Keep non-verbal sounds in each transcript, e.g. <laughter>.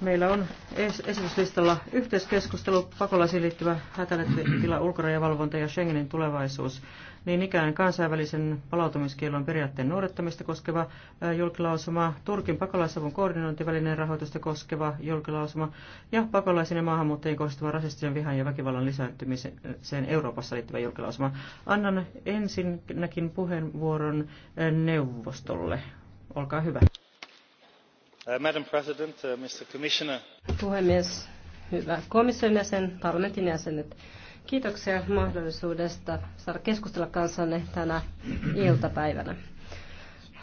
meillä on esityslistalla yhteiskeskustelu pakolaisiin liittyvä hätäletila, ulkorajavalvonta ja Schengenin tulevaisuus. Niin ikään kansainvälisen palautumiskielon periaatteen noudattamista koskeva julkilausuma, Turkin pakolaisavun koordinointivälineen rahoitusta koskeva julkilausuma ja pakolaisiin ja maahanmuuttajien kohdistuva rasistisen vihan ja väkivallan lisääntymiseen Euroopassa liittyvä julkilausuma. Annan ensinnäkin puheenvuoron neuvostolle. Olkaa hyvä. Uh, uh, puhemies hyvä komission jäsen parlamentin jäsenet kiitoksia mahdollisuudesta saada keskustella kanssanne tänä iltapäivänä.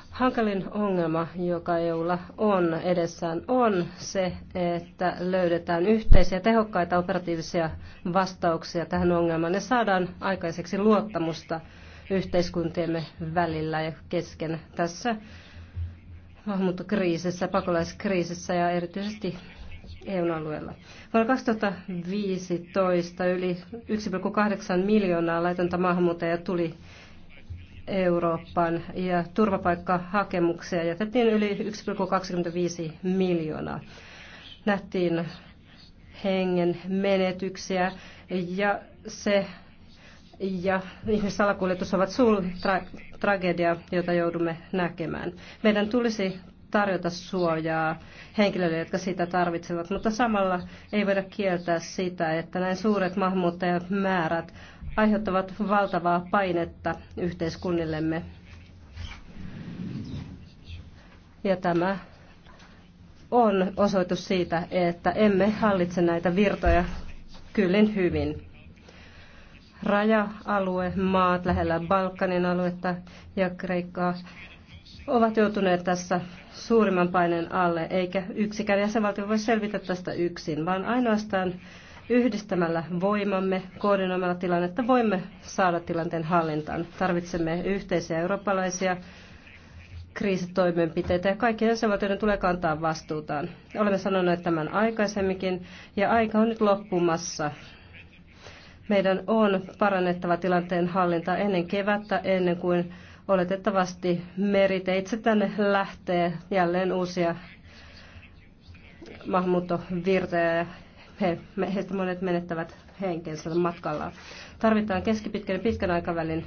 Hankalin ongelma, joka EUlla on edessään, on se, että löydetään yhteisiä tehokkaita operatiivisia vastauksia tähän ongelmaan ja saadaan aikaiseksi luottamusta yhteiskuntiemme välillä ja kesken. Tässä maahanmuuttokriisissä, pakolaiskriisissä ja erityisesti EUn alueella. Vuonna 2015 yli 1,8 miljoonaa laitonta maahanmuuttajaa tuli Eurooppaan ja turvapaikkahakemuksia jätettiin yli 1,25 miljoonaa. Nähtiin hengen menetyksiä ja se ja ihmissalakuljetus ovat suuri tragedia, jota joudumme näkemään. Meidän tulisi tarjota suojaa henkilöille, jotka sitä tarvitsevat, mutta samalla ei voida kieltää sitä, että näin suuret maahanmuuttajamäärät aiheuttavat valtavaa painetta yhteiskunnillemme. Ja tämä on osoitus siitä, että emme hallitse näitä virtoja kyllin hyvin raja-alue, maat lähellä Balkanin aluetta ja Kreikkaa ovat joutuneet tässä suurimman paineen alle, eikä yksikään jäsenvaltio voi selvitä tästä yksin, vaan ainoastaan yhdistämällä voimamme, koordinoimalla tilannetta voimme saada tilanteen hallintaan. Tarvitsemme yhteisiä eurooppalaisia kriisitoimenpiteitä ja kaikkien jäsenvaltioiden tulee kantaa vastuutaan. Olemme sanoneet tämän aikaisemminkin ja aika on nyt loppumassa. Meidän on parannettava tilanteen hallinta ennen kevättä, ennen kuin oletettavasti meriteitse tänne lähtee jälleen uusia maahanmuuttovirtoja ja he, me, heistä monet menettävät henkensä matkallaan. Tarvitaan keskipitkän ja pitkän aikavälin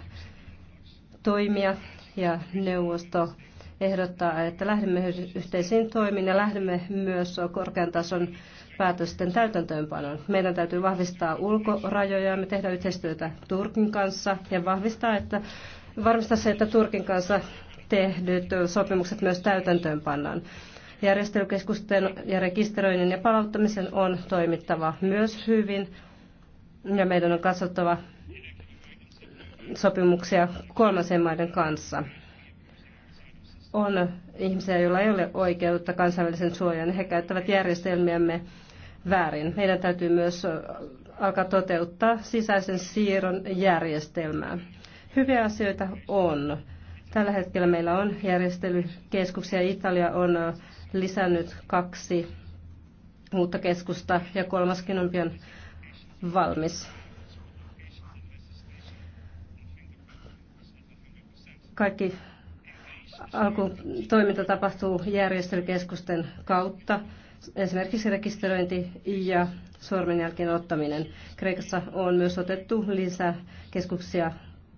toimia ja neuvosto ehdottaa, että lähdemme yhteisiin toimiin ja lähdemme myös korkean tason päätösten täytäntöönpanoon. Meidän täytyy vahvistaa ulkorajoja, me tehdä yhteistyötä Turkin kanssa ja vahvistaa, että, varmistaa se, että Turkin kanssa tehdyt sopimukset myös täytäntöönpannaan. Järjestelykeskusten ja rekisteröinnin ja palauttamisen on toimittava myös hyvin ja meidän on katsottava sopimuksia kolmansien maiden kanssa on ihmisiä, joilla ei ole oikeutta kansainvälisen suojan. He käyttävät järjestelmiämme väärin. Meidän täytyy myös alkaa toteuttaa sisäisen siirron järjestelmää. Hyviä asioita on. Tällä hetkellä meillä on järjestelykeskuksia. Italia on lisännyt kaksi uutta keskusta ja kolmaskin on pian valmis. Kaikki Alku toiminta tapahtuu järjestelykeskusten kautta, esimerkiksi rekisteröinti ja sormenjälkien ottaminen. Kreikassa on myös otettu lisäkeskuksia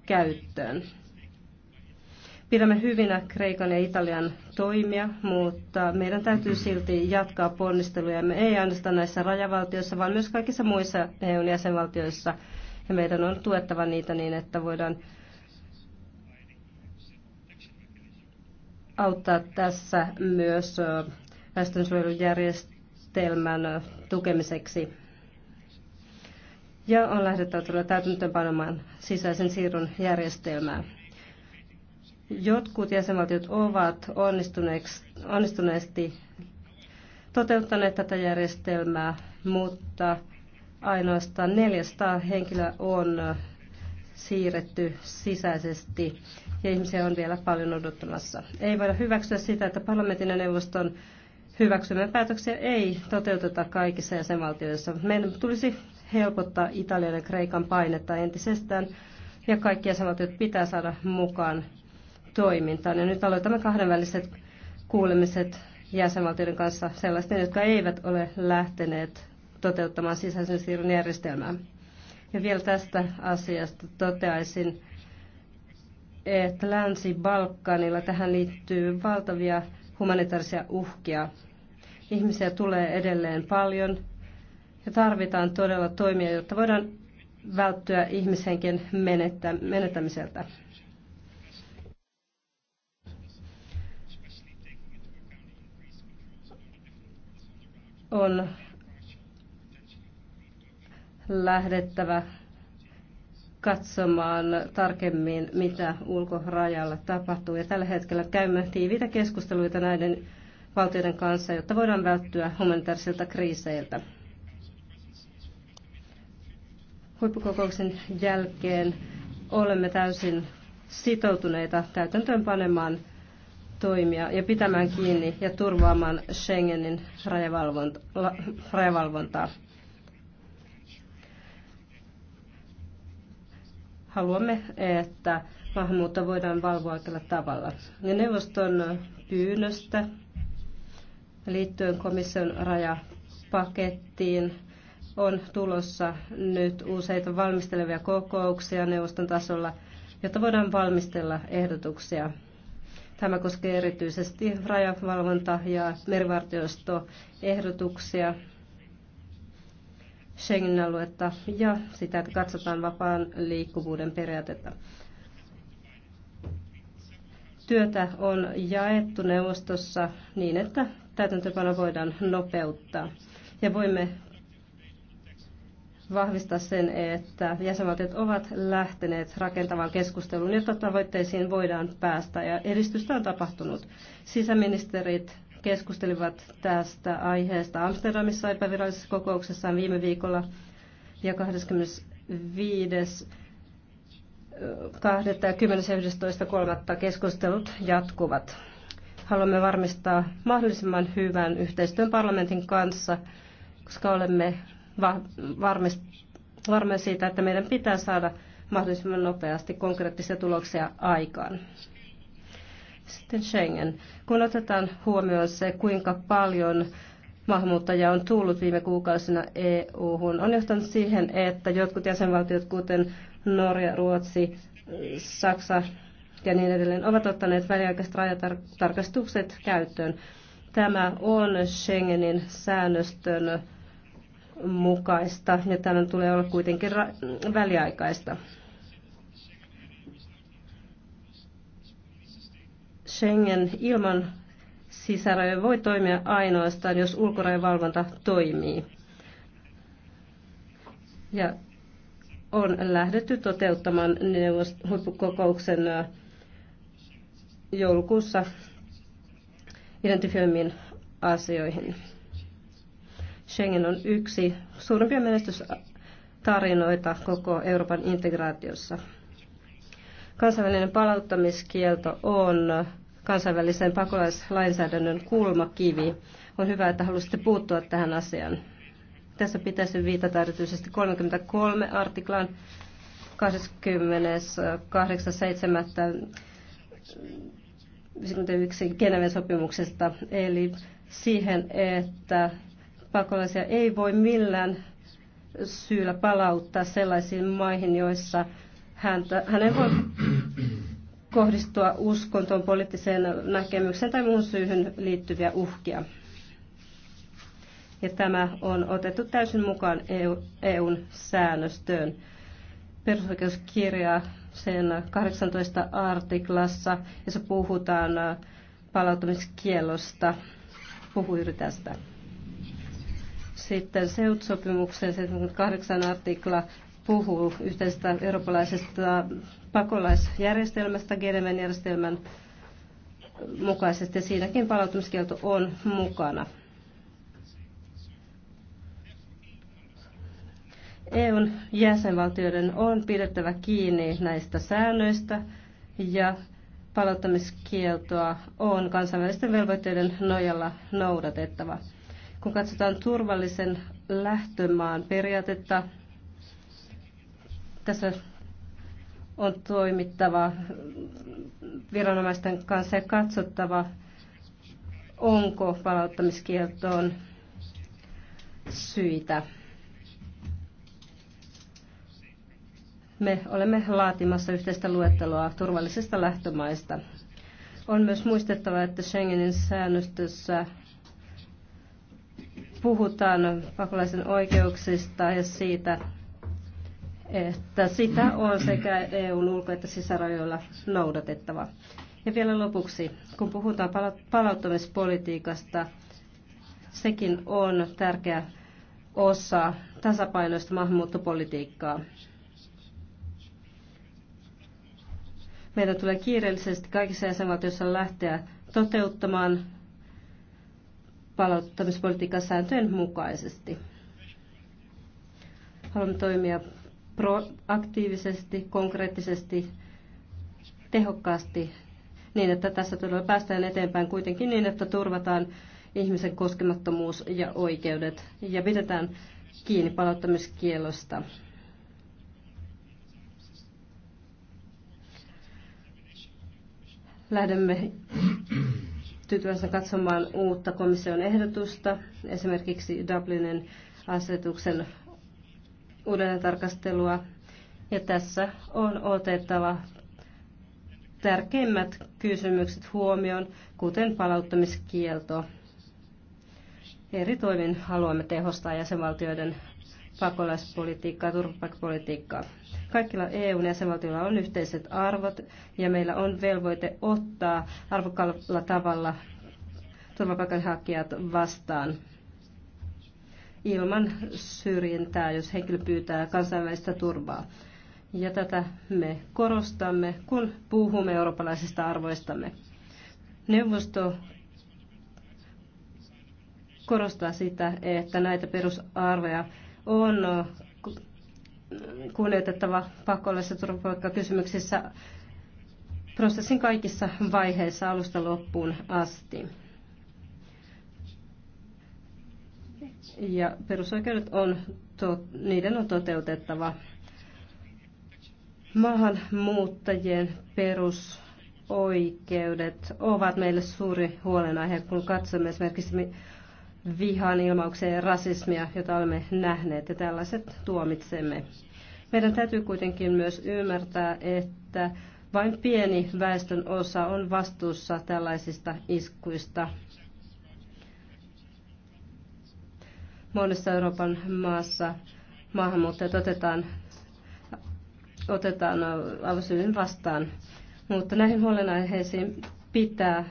käyttöön. Pidämme hyvinä Kreikan ja Italian toimia, mutta meidän täytyy silti jatkaa ponnisteluja. Me ei ainoastaan näissä rajavaltioissa, vaan myös kaikissa muissa EUn jäsenvaltioissa. Ja meidän on tuettava niitä niin, että voidaan auttaa tässä myös väestönsuojelujärjestelmän tukemiseksi. Ja on lähdettävä tulla täytäntöönpanemaan sisäisen siirron järjestelmää. Jotkut jäsenvaltiot ovat onnistuneesti toteuttaneet tätä järjestelmää, mutta ainoastaan 400 henkilöä on siirretty sisäisesti ja ihmisiä on vielä paljon odottamassa. Ei voida hyväksyä sitä, että parlamentin ja neuvoston hyväksymä päätöksiä ei toteuteta kaikissa jäsenvaltioissa. Meidän tulisi helpottaa Italian ja Kreikan painetta entisestään ja kaikki jäsenvaltiot pitää saada mukaan toimintaan. Ja nyt aloitamme kahdenväliset kuulemiset jäsenvaltioiden kanssa sellaisten, jotka eivät ole lähteneet toteuttamaan sisäisen siirron järjestelmää. Ja vielä tästä asiasta toteaisin, että Länsi-Balkanilla tähän liittyy valtavia humanitaarisia uhkia. Ihmisiä tulee edelleen paljon ja tarvitaan todella toimia, jotta voidaan välttyä ihmishenken menettä, menettämiseltä. On lähdettävä katsomaan tarkemmin, mitä ulkorajalla tapahtuu. Ja tällä hetkellä käymme tiiviitä keskusteluita näiden valtioiden kanssa, jotta voidaan välttyä humanitaarisilta kriiseiltä. Huippukokouksen jälkeen olemme täysin sitoutuneita täytäntöön panemaan toimia ja pitämään kiinni ja turvaamaan Schengenin rajavalvontaa. Haluamme, että maahanmuutta voidaan valvoa tällä tavalla. Ja neuvoston pyynnöstä liittyen komission rajapakettiin on tulossa nyt useita valmistelevia kokouksia neuvoston tasolla, jotta voidaan valmistella ehdotuksia. Tämä koskee erityisesti rajavalvonta- ja merivartiostoehdotuksia, Schengen-aluetta ja sitä, että katsotaan vapaan liikkuvuuden periaatetta. Työtä on jaettu neuvostossa niin, että täytäntöpano voidaan nopeuttaa. Ja voimme vahvistaa sen, että jäsenvaltiot ovat lähteneet rakentavaan keskusteluun, jotta tavoitteisiin voidaan päästä ja edistystä on tapahtunut. Sisäministerit keskustelivat tästä aiheesta Amsterdamissa epävirallisessa kokouksessaan viime viikolla ja 25. keskustelut jatkuvat. Haluamme varmistaa mahdollisimman hyvän yhteistyön parlamentin kanssa, koska olemme varmoja siitä, että meidän pitää saada mahdollisimman nopeasti konkreettisia tuloksia aikaan. Sitten Schengen. Kun otetaan huomioon se, kuinka paljon maahanmuuttajia on tullut viime kuukausina EU-hun, on johtanut siihen, että jotkut jäsenvaltiot, kuten Norja, Ruotsi, Saksa ja niin edelleen, ovat ottaneet väliaikaiset rajatarkastukset käyttöön. Tämä on Schengenin säännöstön mukaista ja tämän tulee olla kuitenkin väliaikaista. Schengen ilman sisärajoja voi toimia ainoastaan, jos ulkorajavalvonta toimii. Ja on lähdetty toteuttamaan neuvostokokouksen joulukuussa identifioimiin asioihin. Schengen on yksi suurimpia menestystarinoita koko Euroopan integraatiossa. Kansainvälinen palauttamiskielto on kansainvälisen pakolaislainsäädännön kulmakivi. On hyvä, että halusitte puuttua tähän asiaan. Tässä pitäisi viitata erityisesti 33 artiklan 28.7.51 Geneven sopimuksesta, eli siihen, että pakolaisia ei voi millään syyllä palauttaa sellaisiin maihin, joissa häntä, hänen voi kohdistua uskontoon, poliittiseen näkemykseen tai muun syyhyn liittyviä uhkia. Ja tämä on otettu täysin mukaan EUn säännöstöön. Perusoikeuskirja sen 18 artiklassa, jossa puhutaan äh, palautumiskielosta. puhuu juuri tästä. Sitten seutsopimuksen 78 artikla puhuu yhteisestä eurooppalaisesta pakolaisjärjestelmästä Geneven järjestelmän mukaisesti. Siinäkin palautumiskielto on mukana. EUn jäsenvaltioiden on pidettävä kiinni näistä säännöistä ja palauttamiskieltoa on kansainvälisten velvoitteiden nojalla noudatettava. Kun katsotaan turvallisen lähtömaan periaatetta, tässä on toimittava viranomaisten kanssa ja katsottava, onko palauttamiskieltoon syitä. Me olemme laatimassa yhteistä luetteloa turvallisista lähtömaista. On myös muistettava, että Schengenin säännöstössä puhutaan pakolaisen oikeuksista ja siitä, että sitä on sekä EUn ulko- että sisärajoilla noudatettava. Ja vielä lopuksi, kun puhutaan palauttamispolitiikasta, sekin on tärkeä osa tasapainoista maahanmuuttopolitiikkaa. Meidän tulee kiireellisesti kaikissa jäsenvaltioissa lähteä toteuttamaan palauttamispolitiikan sääntöjen mukaisesti. Haluamme toimia proaktiivisesti, konkreettisesti, tehokkaasti niin, että tässä todella päästään eteenpäin kuitenkin niin, että turvataan ihmisen koskemattomuus ja oikeudet ja pidetään kiinni palauttamiskielosta. Lähdemme tyytyväisenä katsomaan uutta komission ehdotusta, esimerkiksi Dublinin asetuksen uudelleen tarkastelua. Ja tässä on otettava tärkeimmät kysymykset huomioon, kuten palauttamiskielto. Eri toimin haluamme tehostaa jäsenvaltioiden pakolaispolitiikkaa ja turvapaikkapolitiikkaa. Kaikilla EUn jäsenvaltioilla on yhteiset arvot ja meillä on velvoite ottaa arvokkaalla tavalla turvapaikanhakijat vastaan ilman syrjintää, jos henkilö pyytää kansainvälistä turvaa. Ja tätä me korostamme, kun puhumme eurooppalaisista arvoistamme. Neuvosto korostaa sitä, että näitä perusarvoja on kunnioitettava pakollisessa turvapaikkakysymyksissä prosessin kaikissa vaiheissa alusta loppuun asti. Ja perusoikeudet on, to, niiden on toteutettava maahanmuuttajien perusoikeudet ovat meille suuri huolenaihe, kun katsomme esimerkiksi vihan ilmauksia ja rasismia, jota olemme nähneet, ja tällaiset tuomitsemme. Meidän täytyy kuitenkin myös ymmärtää, että vain pieni väestön osa on vastuussa tällaisista iskuista monessa Euroopan maassa maahanmuuttajat otetaan, otetaan avosylin vastaan. Mutta näihin huolenaiheisiin pitää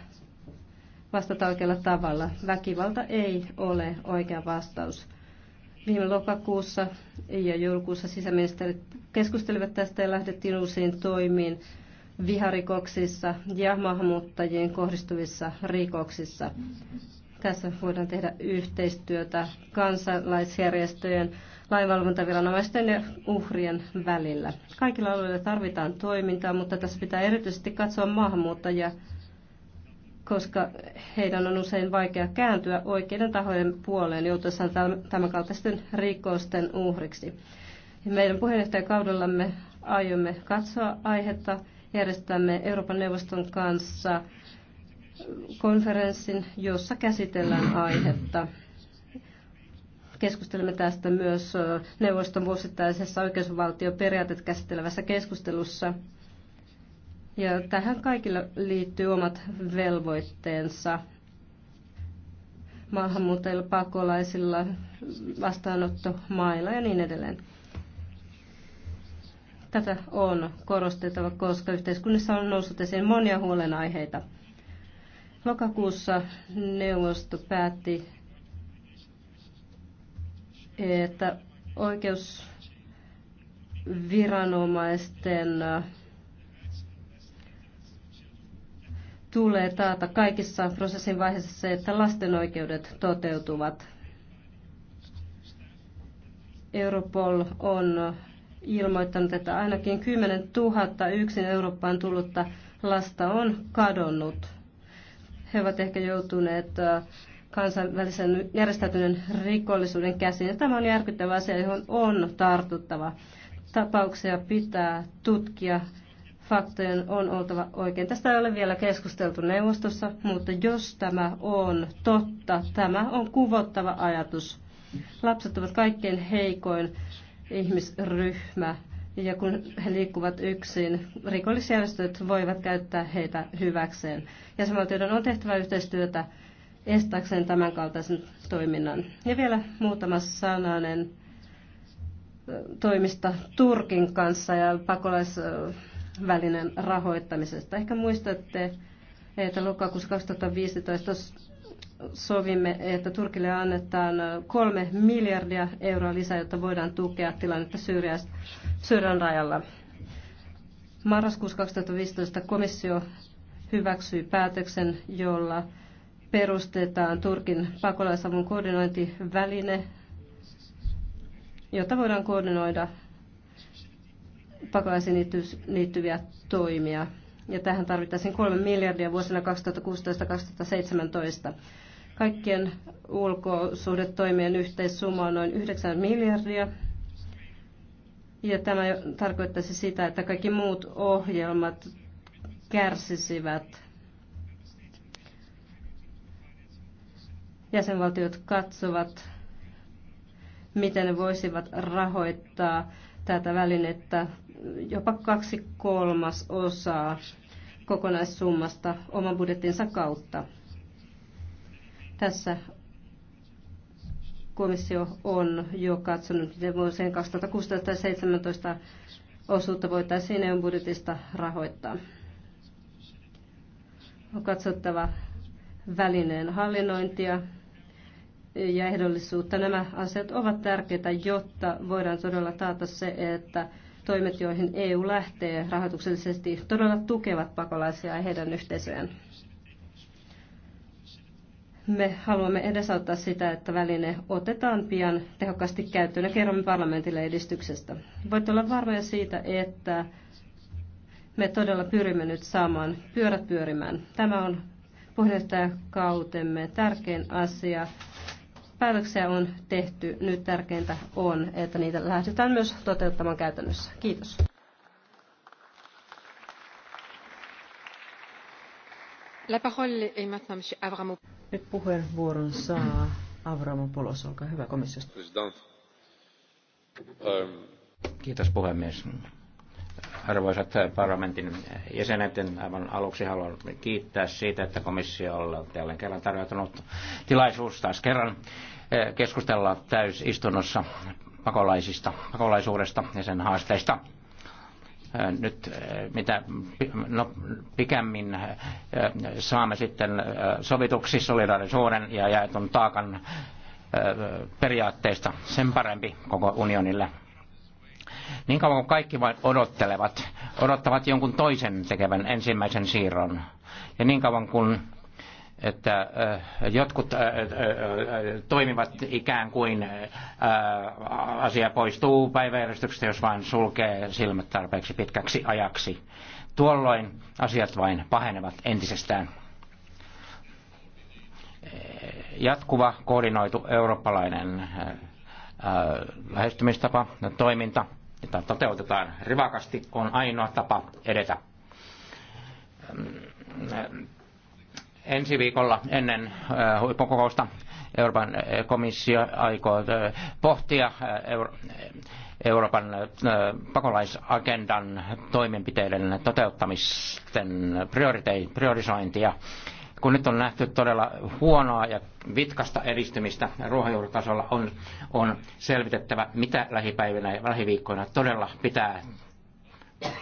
vastata oikealla tavalla. Väkivalta ei ole oikea vastaus. Viime lokakuussa ja joulukuussa sisäministerit keskustelivat tästä ja lähdettiin uusiin toimiin viharikoksissa ja maahanmuuttajien kohdistuvissa rikoksissa. Tässä voidaan tehdä yhteistyötä kansalaisjärjestöjen, lainvalvontaviranomaisten ja uhrien välillä. Kaikilla alueilla tarvitaan toimintaa, mutta tässä pitää erityisesti katsoa maahanmuuttajia, koska heidän on usein vaikea kääntyä oikeiden tahojen puoleen joutuessaan tämänkaltaisten rikosten uhriksi. Meidän puheenjohtajakaudellamme aiomme katsoa aihetta. Järjestämme Euroopan neuvoston kanssa konferenssin, jossa käsitellään aihetta. Keskustelemme tästä myös neuvoston vuosittaisessa oikeusvaltioperiaatet käsittelevässä keskustelussa. Ja tähän kaikilla liittyy omat velvoitteensa maahanmuuttajilla, pakolaisilla, vastaanottomailla ja niin edelleen. Tätä on korostettava, koska yhteiskunnassa on noussut esiin monia huolenaiheita – Lokakuussa neuvosto päätti, että oikeusviranomaisten äh, tulee taata kaikissa prosessin vaiheissa se, että lasten oikeudet toteutuvat. Europol on ilmoittanut, että ainakin 10 000 yksin Eurooppaan tullutta lasta on kadonnut he ovat ehkä joutuneet kansainvälisen järjestäytyneen rikollisuuden käsiin. Ja tämä on järkyttävä asia, johon on tartuttava. Tapauksia pitää tutkia, faktojen on oltava oikein. Tästä ei ole vielä keskusteltu neuvostossa, mutta jos tämä on totta, tämä on kuvottava ajatus. Lapset ovat kaikkein heikoin ihmisryhmä ja kun he liikkuvat yksin, rikollisjärjestöt voivat käyttää heitä hyväkseen. Jäsenvaltioiden on tehtävä yhteistyötä estääkseen tämän kaltaisen toiminnan. Ja vielä muutama sananen toimista Turkin kanssa ja pakolaisvälinen rahoittamisesta. Ehkä muistatte, että lokakuussa 2015 sovimme, että Turkille annetaan kolme miljardia euroa lisää, jotta voidaan tukea tilannetta Syyrian rajalla. Marraskuussa 2015 komissio hyväksyi päätöksen, jolla perustetaan Turkin pakolaisavun koordinointiväline, jota voidaan koordinoida pakolaisiin liittyviä toimia. Ja tähän tarvittaisiin kolme miljardia vuosina 2016-2017. Kaikkien ulkosuhdetoimien yhteissumma on noin 9 miljardia. Ja tämä tarkoittaisi sitä, että kaikki muut ohjelmat kärsisivät. Jäsenvaltiot katsovat, miten ne voisivat rahoittaa tätä välinettä jopa kaksi osaa kokonaissummasta oman budjettinsa kautta. Tässä komissio on jo katsonut, miten vuosien 2016 2017 osuutta voitaisiin EU-budjetista rahoittaa. On katsottava välineen hallinnointia ja ehdollisuutta. Nämä asiat ovat tärkeitä, jotta voidaan todella taata se, että toimet, joihin EU lähtee rahoituksellisesti, todella tukevat pakolaisia ja heidän yhteisöjään. Me haluamme edesauttaa sitä, että väline otetaan pian tehokkaasti käyttöön ja kerromme parlamentille edistyksestä. Voit olla varmoja siitä, että me todella pyrimme nyt saamaan pyörät pyörimään. Tämä on kautemme tärkein asia. Päätöksiä on tehty. Nyt tärkeintä on, että niitä lähdetään myös toteuttamaan käytännössä. Kiitos. parole est maintenant M. Nyt puheenvuoron saa Avramopoulos, olkaa hyvä komissiosta. Um, Kiitos puhemies. Arvoisat parlamentin jäsenet, aivan aluksi haluan kiittää siitä, että komissio on jälleen kerran tarjoutunut tilaisuus taas kerran eh, keskustella täysistunnossa pakolaisista, pakolaisuudesta ja sen haasteista nyt mitä no, pikemmin saamme sitten sovituksi solidaarisuuden ja jaetun taakan periaatteista, sen parempi koko unionille. Niin kauan kuin kaikki vain odottelevat, odottavat jonkun toisen tekevän ensimmäisen siirron. Ja niin kauan kuin että äh, jotkut äh, äh, toimivat ikään kuin asia poistuu päiväjärjestyksestä, jos vain sulkee silmät tarpeeksi pitkäksi ajaksi. Tuolloin asiat vain pahenevat entisestään. Jatkuva koordinoitu eurooppalainen lähestymistapa ja toiminta, jota toteutetaan rivakasti, on ainoa tapa edetä ensi viikolla ennen äh, huippukokousta Euroopan äh, komissio aikoo äh, pohtia Euroopan pakolaisagendan toimenpiteiden toteuttamisten priorisointia. Kun nyt on nähty todella huonoa ja vitkasta edistymistä ruohonjuuritasolla, on, on selvitettävä, mitä lähipäivinä ja lähiviikkoina todella pitää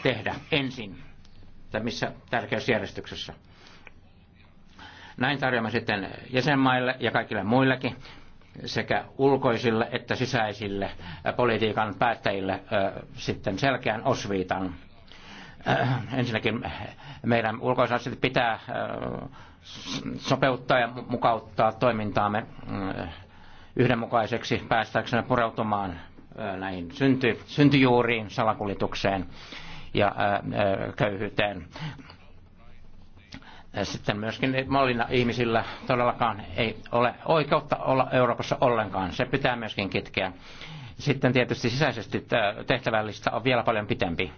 tehdä ensin, tai missä tärkeysjärjestyksessä. Näin tarjoamme sitten jäsenmaille ja kaikille muillekin sekä ulkoisille että sisäisille äh, politiikan päättäjille äh, sitten selkeän osviitan. Äh, ensinnäkin meidän ulkoisasiat pitää sopeuttaa ja mukauttaa toimintaamme yhdenmukaiseksi päästäksemme pureutumaan näihin synty, syntyjuuriin, salakuljetukseen ja köyhyyteen. Sitten myöskin mallina ihmisillä todellakaan ei ole oikeutta olla Euroopassa ollenkaan. Se pitää myöskin kitkeä. Sitten tietysti sisäisesti tehtävällistä on vielä paljon pitempi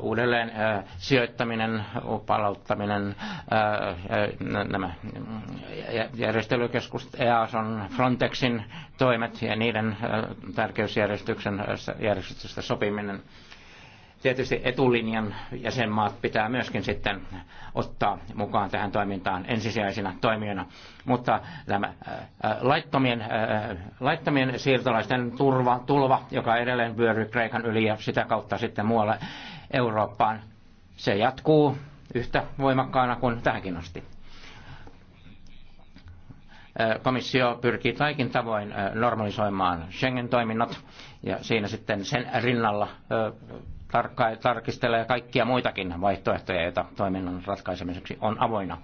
uudelleen sijoittaminen, palauttaminen, nämä järjestelykeskus, EASON, Frontexin toimet ja niiden tärkeysjärjestyksen järjestyksestä sopiminen tietysti etulinjan jäsenmaat pitää myöskin sitten ottaa mukaan tähän toimintaan ensisijaisina toimijoina. Mutta tämä äh, äh, laittomien, äh, laittomien siirtolaisten turva, tulva, joka edelleen vyöryy Kreikan yli ja sitä kautta sitten muualle Eurooppaan, se jatkuu yhtä voimakkaana kuin tähänkin asti. Komissio pyrkii kaikin tavoin normalisoimaan Schengen-toiminnot ja siinä sitten sen rinnalla tarkka- ja kaikkia muitakin vaihtoehtoja, joita toiminnan ratkaisemiseksi on avoinna.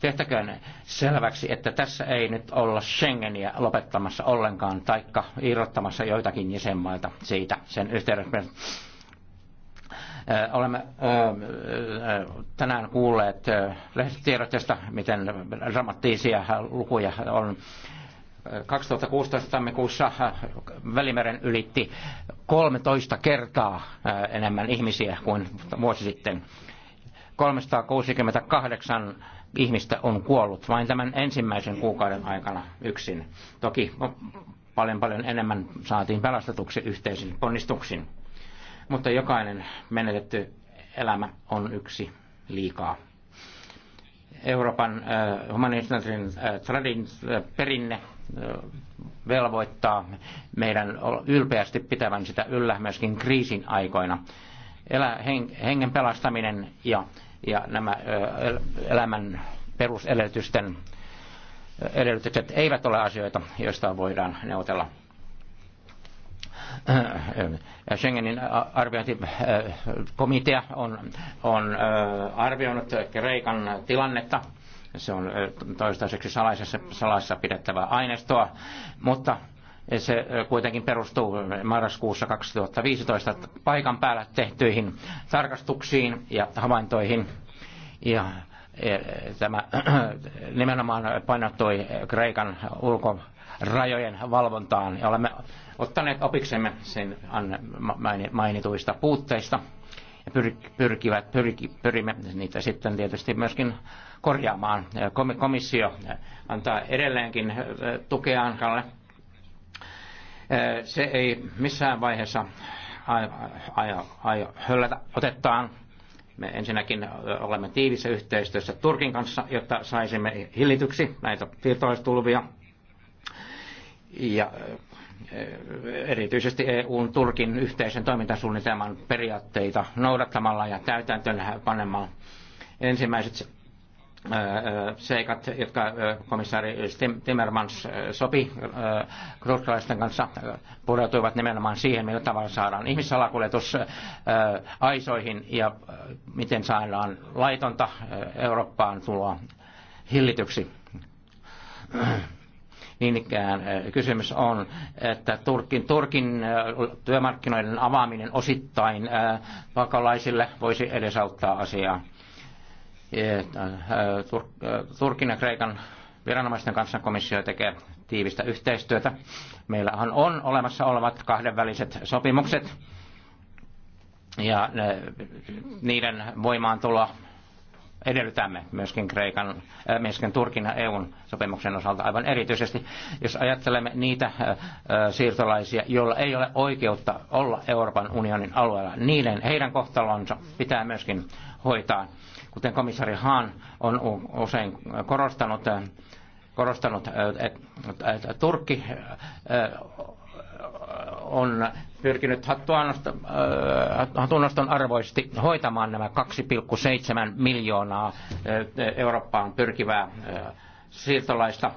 Tehtäköön selväksi, että tässä ei nyt olla Schengeniä lopettamassa ollenkaan, taikka irrottamassa joitakin jäsenmaita siitä sen yhteydessä. Olemme tänään kuulleet lehtitiedotteesta, miten dramatiisia lukuja on 2016 tammikuussa äh, Välimeren ylitti 13 kertaa äh, enemmän ihmisiä kuin vuosi sitten. 368 ihmistä on kuollut vain tämän ensimmäisen kuukauden aikana yksin. Toki paljon paljon enemmän saatiin pelastetuksi yhteisin ponnistuksin. Mutta jokainen menetetty elämä on yksi liikaa. Euroopan äh, humanitaarisen äh, tradin äh, perinne velvoittaa meidän ylpeästi pitävän sitä yllä myöskin kriisin aikoina. Elä, hengen pelastaminen ja, ja nämä elämän perusedellytysten edellytykset eivät ole asioita, joista voidaan neuvotella. Schengenin arviointikomitea on, on arvioinut Kreikan tilannetta se on toistaiseksi salaisessa, salassa pidettävää aineistoa, mutta se kuitenkin perustuu marraskuussa 2015 paikan päällä tehtyihin tarkastuksiin ja havaintoihin. Ja e, tämä <clears throat> nimenomaan painottui Kreikan ulkorajojen valvontaan ja olemme ottaneet opiksemme sen mainituista puutteista ja pyrkivät, pyrki, pyrimme niitä sitten tietysti myöskin korjaamaan. Komissio antaa edelleenkin tukea Ankalle. Se ei missään vaiheessa höllätä otettaan. Me ensinnäkin olemme tiivissä yhteistyössä Turkin kanssa, jotta saisimme hillityksi näitä siirtolaistulvia. Ja erityisesti EUn Turkin yhteisen toimintasuunnitelman periaatteita noudattamalla ja täytäntöön panemalla ensimmäiset Äh, äh, seikat, jotka äh, komissaari Timmermans sopi kruutsalaisten kanssa, pureutuivat nimenomaan siihen, millä tavalla saadaan ihmissalakuljetus aisoihin ja miten saadaan laitonta Eurooppaan tuloa hillityksi. <clears throat> Niin ikään kysymys on, että Turkin, Turkin työmarkkinoiden avaaminen osittain pakolaisille voisi edesauttaa asiaa Äh, äh, Turkin ja Kreikan viranomaisten kanssa komissio tekee tiivistä yhteistyötä. Meillä on olemassa olevat kahdenväliset sopimukset ja äh, niiden voimaantuloa edellytämme myöskin, Kreikan, myöskin Turkin ja EUn sopimuksen osalta aivan erityisesti. Jos ajattelemme niitä siirtolaisia, joilla ei ole oikeutta olla Euroopan unionin alueella, niiden, heidän kohtalonsa pitää myöskin hoitaa Kuten komissari Hahn on usein korostanut, äh, korostanut äh, että Turkki äh, on pyrkinyt hatunnoston arvoisesti hoitamaan nämä 2,7 miljoonaa Eurooppaan pyrkivää siirtolaista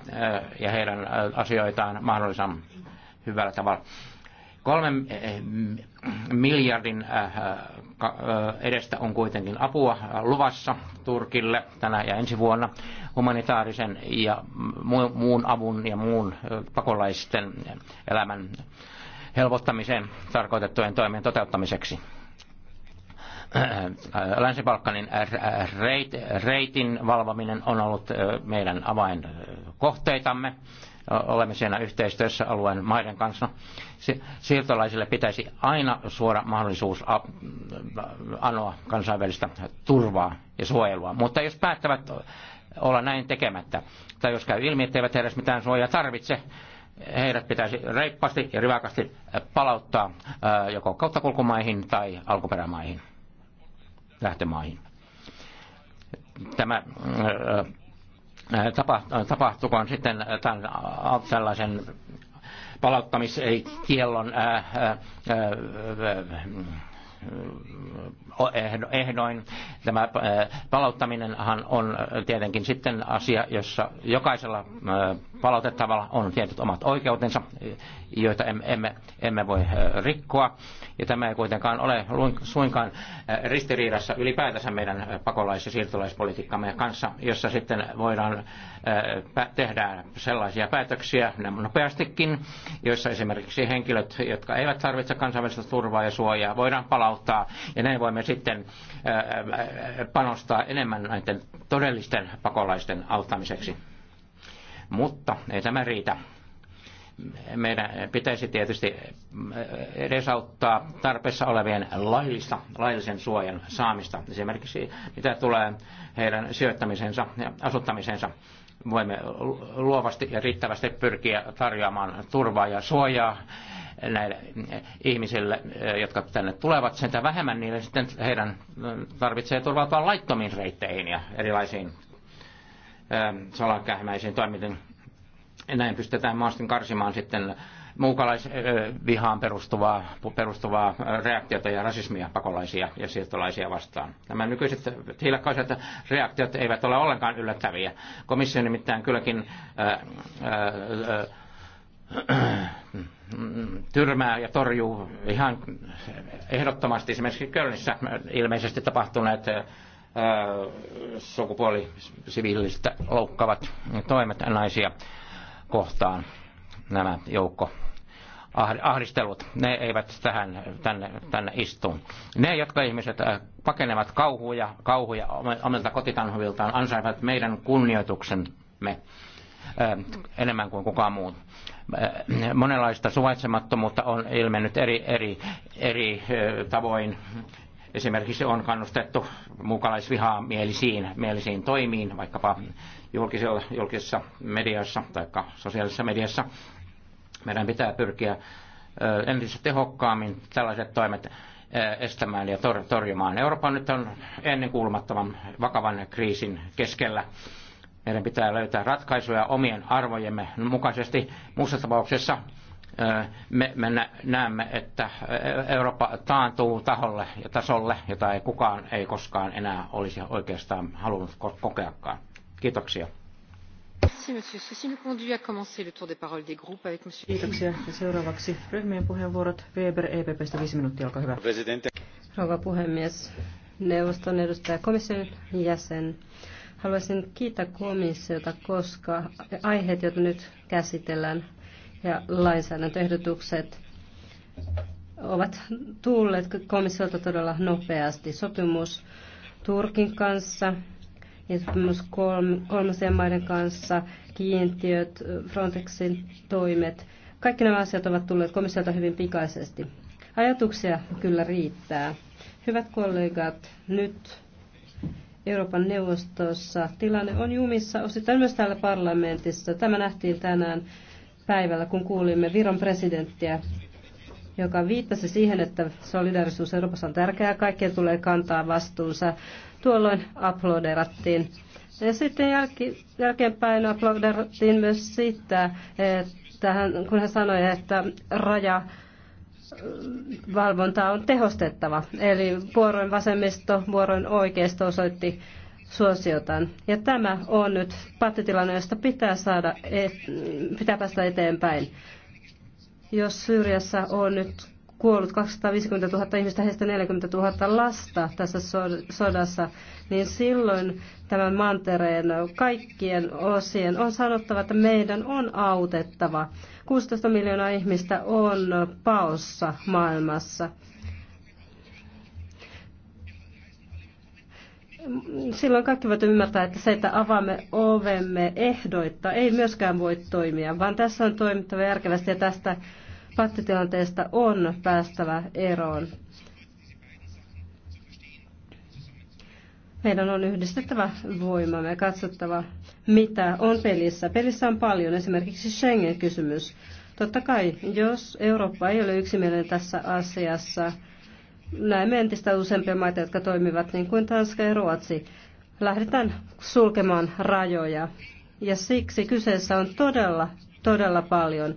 ja heidän asioitaan mahdollisimman hyvällä tavalla. Kolmen miljardin edestä on kuitenkin apua luvassa Turkille tänä ja ensi vuonna humanitaarisen ja muun avun ja muun pakolaisten elämän helpottamiseen tarkoitettujen toimien toteuttamiseksi. Länsi-Balkanin reitin valvominen on ollut meidän avainkohteitamme olemme siinä yhteistyössä alueen maiden kanssa. No, siirtolaisille pitäisi aina suora mahdollisuus anoa kansainvälistä turvaa ja suojelua. Mutta jos päättävät olla näin tekemättä, tai jos käy ilmi, että he edes mitään suojaa tarvitse, heidät pitäisi reippaasti ja rivakasti palauttaa joko kauttakulkumaihin tai alkuperämaihin, lähtömaihin. Tämä tapahtukoon sitten tämän, tällaisen palauttamiskiellon ehdoin. Tämä äh, palauttaminenhan on äh, tietenkin sitten asia, jossa jokaisella äh, palautettavalla on tietyt omat oikeutensa, joita emme, emme voi rikkoa. Ja tämä ei kuitenkaan ole suinkaan ristiriidassa ylipäätänsä meidän pakolais- ja siirtolaispolitiikkamme kanssa, jossa sitten voidaan tehdä sellaisia päätöksiä nopeastikin, joissa esimerkiksi henkilöt, jotka eivät tarvitse kansainvälistä turvaa ja suojaa, voidaan palauttaa auttaa. Ja näin voimme sitten panostaa enemmän näiden todellisten pakolaisten auttamiseksi. Mutta ei tämä riitä meidän pitäisi tietysti edesauttaa tarpeessa olevien laillista, laillisen suojan saamista. Esimerkiksi mitä tulee heidän sijoittamisensa ja asuttamisensa, voimme luovasti ja riittävästi pyrkiä tarjoamaan turvaa ja suojaa näille eh, ihmisille, eh, jotka tänne tulevat, sitä vähemmän niille sitten heidän mm, tarvitsee turvautua laittomiin reitteihin ja erilaisiin eh, salakähmäisiin toimintiin. Näin pystytään maastin karsimaan sitten muukalaisvihaan perustuvaa, perustuvaa reaktiota ja rasismia pakolaisia ja siirtolaisia vastaan. Nämä nykyiset hiilakkaiset reaktiot eivät ole ollenkaan yllättäviä. Komissio nimittäin kylläkin ää, ää, <clears throat> tyrmää ja torjuu ihan ehdottomasti esimerkiksi Kölnissä ilmeisesti tapahtuneet sukupuolisiviilistä loukkaavat toimet naisia kohtaan nämä joukko ahdistelut, ne eivät tähän, tänne, tänne istu. Ne, jotka ihmiset pakenevat kauhuja, kauhuja omilta kotitanhuviltaan, ansaivat meidän kunnioituksemme. Äh, enemmän kuin kukaan muu. Äh, monenlaista suvaitsemattomuutta on ilmennyt eri, eri, eri äh, tavoin. Esimerkiksi on kannustettu muukalaisvihaa mielisiin, mielisiin toimiin, vaikkapa julkisella, julkisessa mediassa tai sosiaalisessa mediassa. Meidän pitää pyrkiä entistä tehokkaammin tällaiset toimet estämään ja torjumaan. Eurooppa nyt on ennenkuulumattoman vakavan kriisin keskellä meidän pitää löytää ratkaisuja omien arvojemme mukaisesti. Muussa tapauksessa me, me näemme, että Eurooppa taantuu taholle ja tasolle, jota ei kukaan ei koskaan enää olisi oikeastaan halunnut kokeakaan. Kiitoksia. Kiitoksia. Ja seuraavaksi ryhmien puheenvuorot. Weber EPPstä viisi minuuttia, olkaa hyvä. Rouva puhemies, neuvoston edustaja, komission jäsen. Haluaisin kiittää komissiota, koska aiheet, joita nyt käsitellään ja lainsäädäntöehdotukset ovat tulleet komissiolta todella nopeasti. Sopimus Turkin kanssa ja sopimus kolmansien maiden kanssa, kiintiöt, Frontexin toimet. Kaikki nämä asiat ovat tulleet komissiolta hyvin pikaisesti. Ajatuksia kyllä riittää. Hyvät kollegat, nyt Euroopan neuvostossa. Tilanne on jumissa osittain myös täällä parlamentissa. Tämä nähtiin tänään päivällä, kun kuulimme Viron presidenttiä, joka viittasi siihen, että solidarisuus Euroopassa on tärkeää, kaikkien tulee kantaa vastuunsa. Tuolloin aplodeerattiin. Ja sitten jälkeenpäin aplodeerattiin myös siitä, että hän, kun hän sanoi, että raja valvontaa on tehostettava. Eli vuoroin vasemmisto, vuoroin oikeisto osoitti suosiotaan. Ja tämä on nyt pattitilanne, josta pitää, saada, pitää päästä eteenpäin. Jos Syyriassa on nyt kuollut 250 000 ihmistä, heistä 40 000 lasta tässä sodassa, niin silloin tämän mantereen kaikkien osien on sanottava, että meidän on autettava. 16 miljoonaa ihmistä on paossa maailmassa. silloin kaikki voivat ymmärtää, että se, että avaamme ovemme ehdoitta, ei myöskään voi toimia, vaan tässä on toimittava järkevästi ja tästä Pattitilanteesta on päästävä eroon. Meidän on yhdistettävä voimamme ja katsottava, mitä on pelissä. Pelissä on paljon, esimerkiksi Schengen-kysymys. Totta kai, jos Eurooppa ei ole yksimielinen tässä asiassa, näemme entistä useampia maita, jotka toimivat niin kuin Tanska ja Ruotsi. Lähdetään sulkemaan rajoja. Ja siksi kyseessä on todella, todella paljon.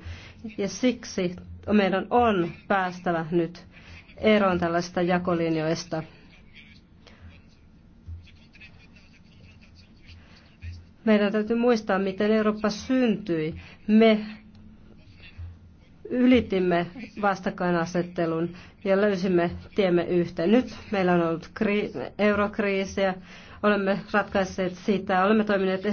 Ja siksi meidän on päästävä nyt eroon tällaista jakolinjoista. Meidän täytyy muistaa, miten Eurooppa syntyi. Me ylitimme vastakkainasettelun ja löysimme tiemme yhteen. Nyt meillä on ollut kri- eurokriisiä, Olemme ratkaisseet sitä, olemme toimineet e,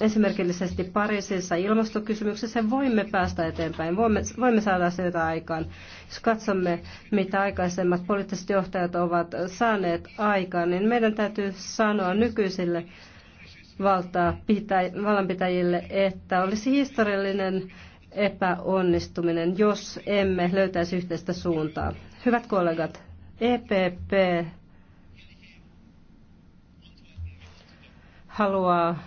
esimerkillisesti Pariisissa ilmastokysymyksessä voimme päästä eteenpäin, voimme, voimme saada sitä aikaan. Jos katsomme, mitä aikaisemmat poliittiset johtajat ovat saaneet aikaan, niin meidän täytyy sanoa nykyisille valtaa pitä, vallanpitäjille, että olisi historiallinen epäonnistuminen, jos emme löytäisi yhteistä suuntaa. Hyvät kollegat, EPP haluaa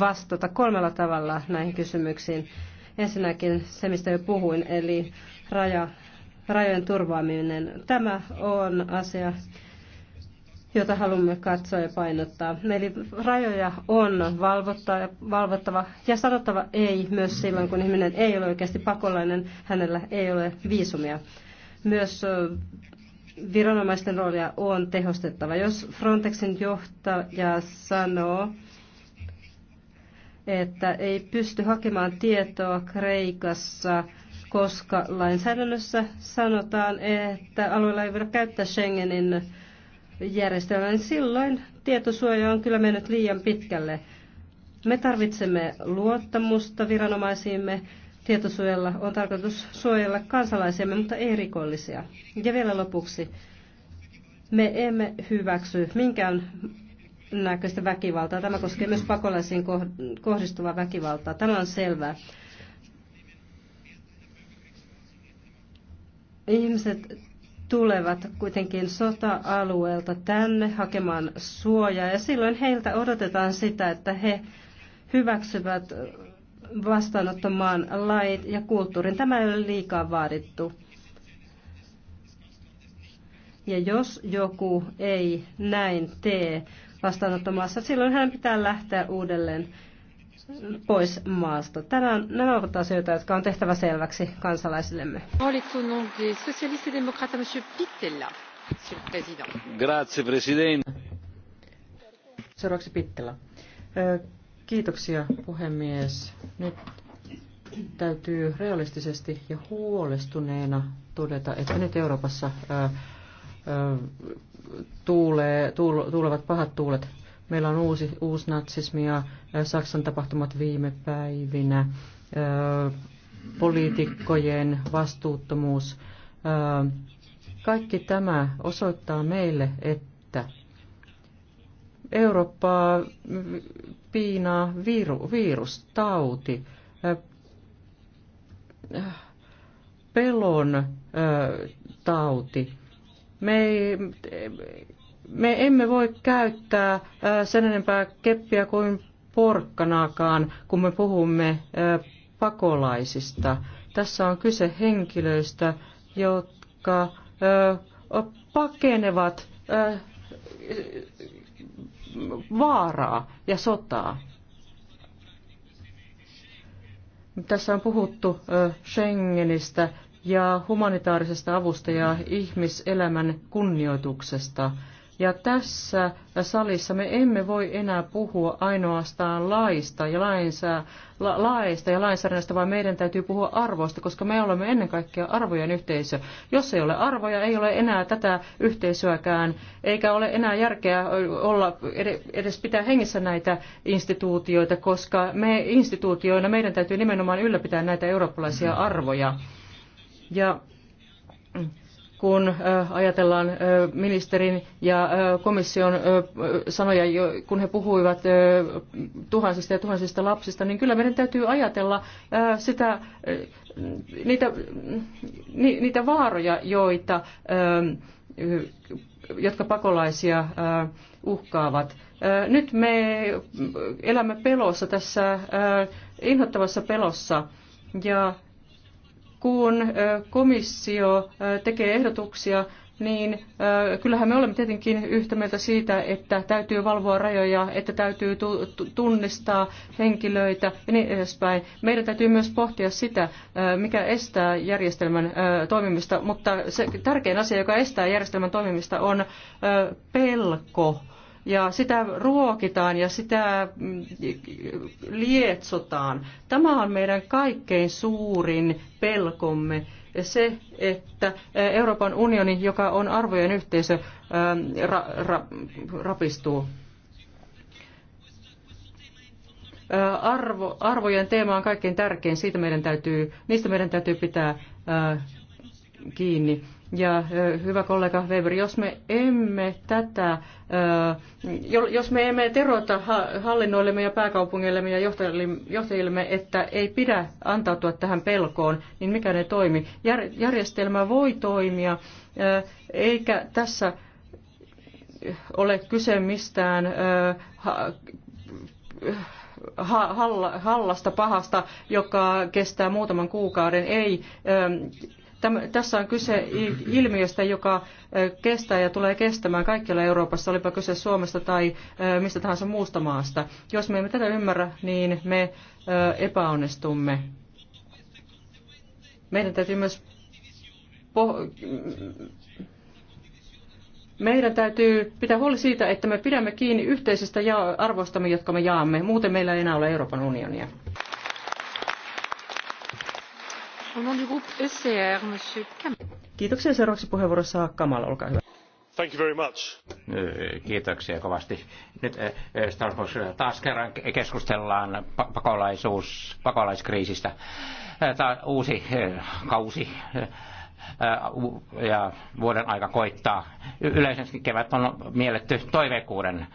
vastata kolmella tavalla näihin kysymyksiin. Ensinnäkin se, mistä jo puhuin, eli raja, rajojen turvaaminen. Tämä on asia, jota haluamme katsoa ja painottaa. Eli rajoja on valvottava ja sanottava ei myös silloin, kun ihminen ei ole oikeasti pakolainen, hänellä ei ole viisumia. Myös viranomaisten roolia on tehostettava. Jos Frontexin johtaja sanoo, että ei pysty hakemaan tietoa Kreikassa, koska lainsäädännössä sanotaan, että alueella ei voida käyttää Schengenin järjestelmää, niin silloin tietosuoja on kyllä mennyt liian pitkälle. Me tarvitsemme luottamusta viranomaisiimme Tietosuojalla on tarkoitus suojella kansalaisiamme, mutta ei rikollisia. Ja vielä lopuksi. Me emme hyväksy minkään näköistä väkivaltaa. Tämä koskee myös pakolaisiin kohdistuvaa väkivaltaa. Tämä on selvää. Ihmiset tulevat kuitenkin sota-alueelta tänne hakemaan suojaa ja silloin heiltä odotetaan sitä, että he hyväksyvät vastaanottamaan lait ja kulttuurin. Tämä ei ole liikaa vaadittu. Ja jos joku ei näin tee vastaanottomaassa, silloin hän pitää lähteä uudelleen pois maasta. Tänään nämä ovat asioita, jotka on tehtävä selväksi kansalaisillemme. Grazie, Presidente. Seuraavaksi Pittela. Kiitoksia puhemies. Nyt täytyy realistisesti ja huolestuneena todeta, että nyt Euroopassa ää, ää, tuulee, tuul, tuulevat pahat tuulet. Meillä on uusi, uusi natsismi ja ää, Saksan tapahtumat viime päivinä, ää, poliitikkojen vastuuttomuus. Ää, kaikki tämä osoittaa meille, että Eurooppaa piinaa viru, virustauti, pelon tauti. Me, ei, me emme voi käyttää sen enempää keppiä kuin porkkanaakaan, kun me puhumme pakolaisista. Tässä on kyse henkilöistä, jotka pakenevat vaaraa ja sotaa. Tässä on puhuttu Schengenistä ja humanitaarisesta avusta ja ihmiselämän kunnioituksesta. Ja tässä salissa me emme voi enää puhua ainoastaan laista ja lainsää, la, laista ja lainsäädännöstä, vaan meidän täytyy puhua arvoista, koska me olemme ennen kaikkea arvojen yhteisö. Jos ei ole arvoja, ei ole enää tätä yhteisöäkään, eikä ole enää järkeä olla edes pitää hengissä näitä instituutioita, koska me instituutioina meidän täytyy nimenomaan ylläpitää näitä eurooppalaisia arvoja. Ja kun ajatellaan ministerin ja komission sanoja, kun he puhuivat tuhansista ja tuhansista lapsista, niin kyllä meidän täytyy ajatella sitä, niitä, niitä vaaroja, joita, jotka pakolaisia uhkaavat. Nyt me elämme pelossa tässä inhottavassa pelossa ja kun komissio tekee ehdotuksia, niin kyllähän me olemme tietenkin yhtä mieltä siitä, että täytyy valvoa rajoja, että täytyy tunnistaa henkilöitä ja niin edespäin. Meidän täytyy myös pohtia sitä, mikä estää järjestelmän toimimista, mutta se tärkein asia, joka estää järjestelmän toimimista, on pelko ja sitä ruokitaan ja sitä mm, lietsotaan. Tämä on meidän kaikkein suurin pelkomme se, että Euroopan unioni, joka on arvojen yhteisö, ra, ra, rapistuu. Arvo, arvojen teema on kaikkein tärkein, siitä meidän täytyy, niistä meidän täytyy pitää kiinni. Ja hyvä kollega Weber, jos me emme tätä, jos me emme terota hallinnoillemme ja pääkaupungillemme ja johtajillemme, että ei pidä antautua tähän pelkoon, niin mikä ne toimi? Järjestelmä voi toimia, eikä tässä ole kyse mistään hallasta pahasta, joka kestää muutaman kuukauden. Ei, tässä on kyse ilmiöstä, joka kestää ja tulee kestämään kaikkialla Euroopassa, olipa kyse Suomesta tai mistä tahansa muusta maasta. Jos me emme tätä ymmärrä, niin me epäonnistumme. Meidän täytyy myös meidän täytyy pitää huoli siitä, että me pidämme kiinni yhteisistä arvoistamme, jotka me jaamme. Muuten meillä ei enää ole Euroopan unionia. E kiitoksia. Seuraavaksi puheenvuoro saa Kamal, olkaa hyvä. Thank you very much. Kiitoksia kovasti. Nyt Starbucks taas kerran keskustellaan pakolaisuus, pakolaiskriisistä. Tämä on uusi kausi ja vuoden aika koittaa. Yleisesti kevät on mielletty toiveikuuden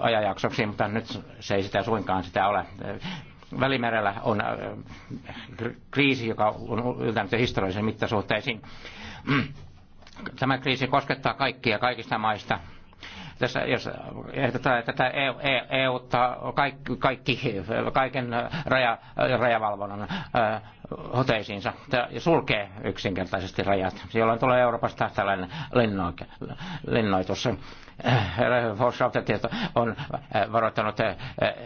ajajaksoksi, mutta nyt se ei sitä suinkaan sitä ole. Välimerellä on äh, kriisi, joka on yltänyt historiallisiin mittasuhteisiin. <clears throat> Tämä kriisi koskettaa kaikkia kaikista maista. Tässä, jos ehdotetaan, että tätä EU, EU, e kaikki, kaiken raja, rajavalvonnan äh, hoteisiinsa ja sulkee yksinkertaisesti rajat, Silloin tulee Euroopasta tällainen lennoitus. Forsautetieto on äh, varoittanut äh,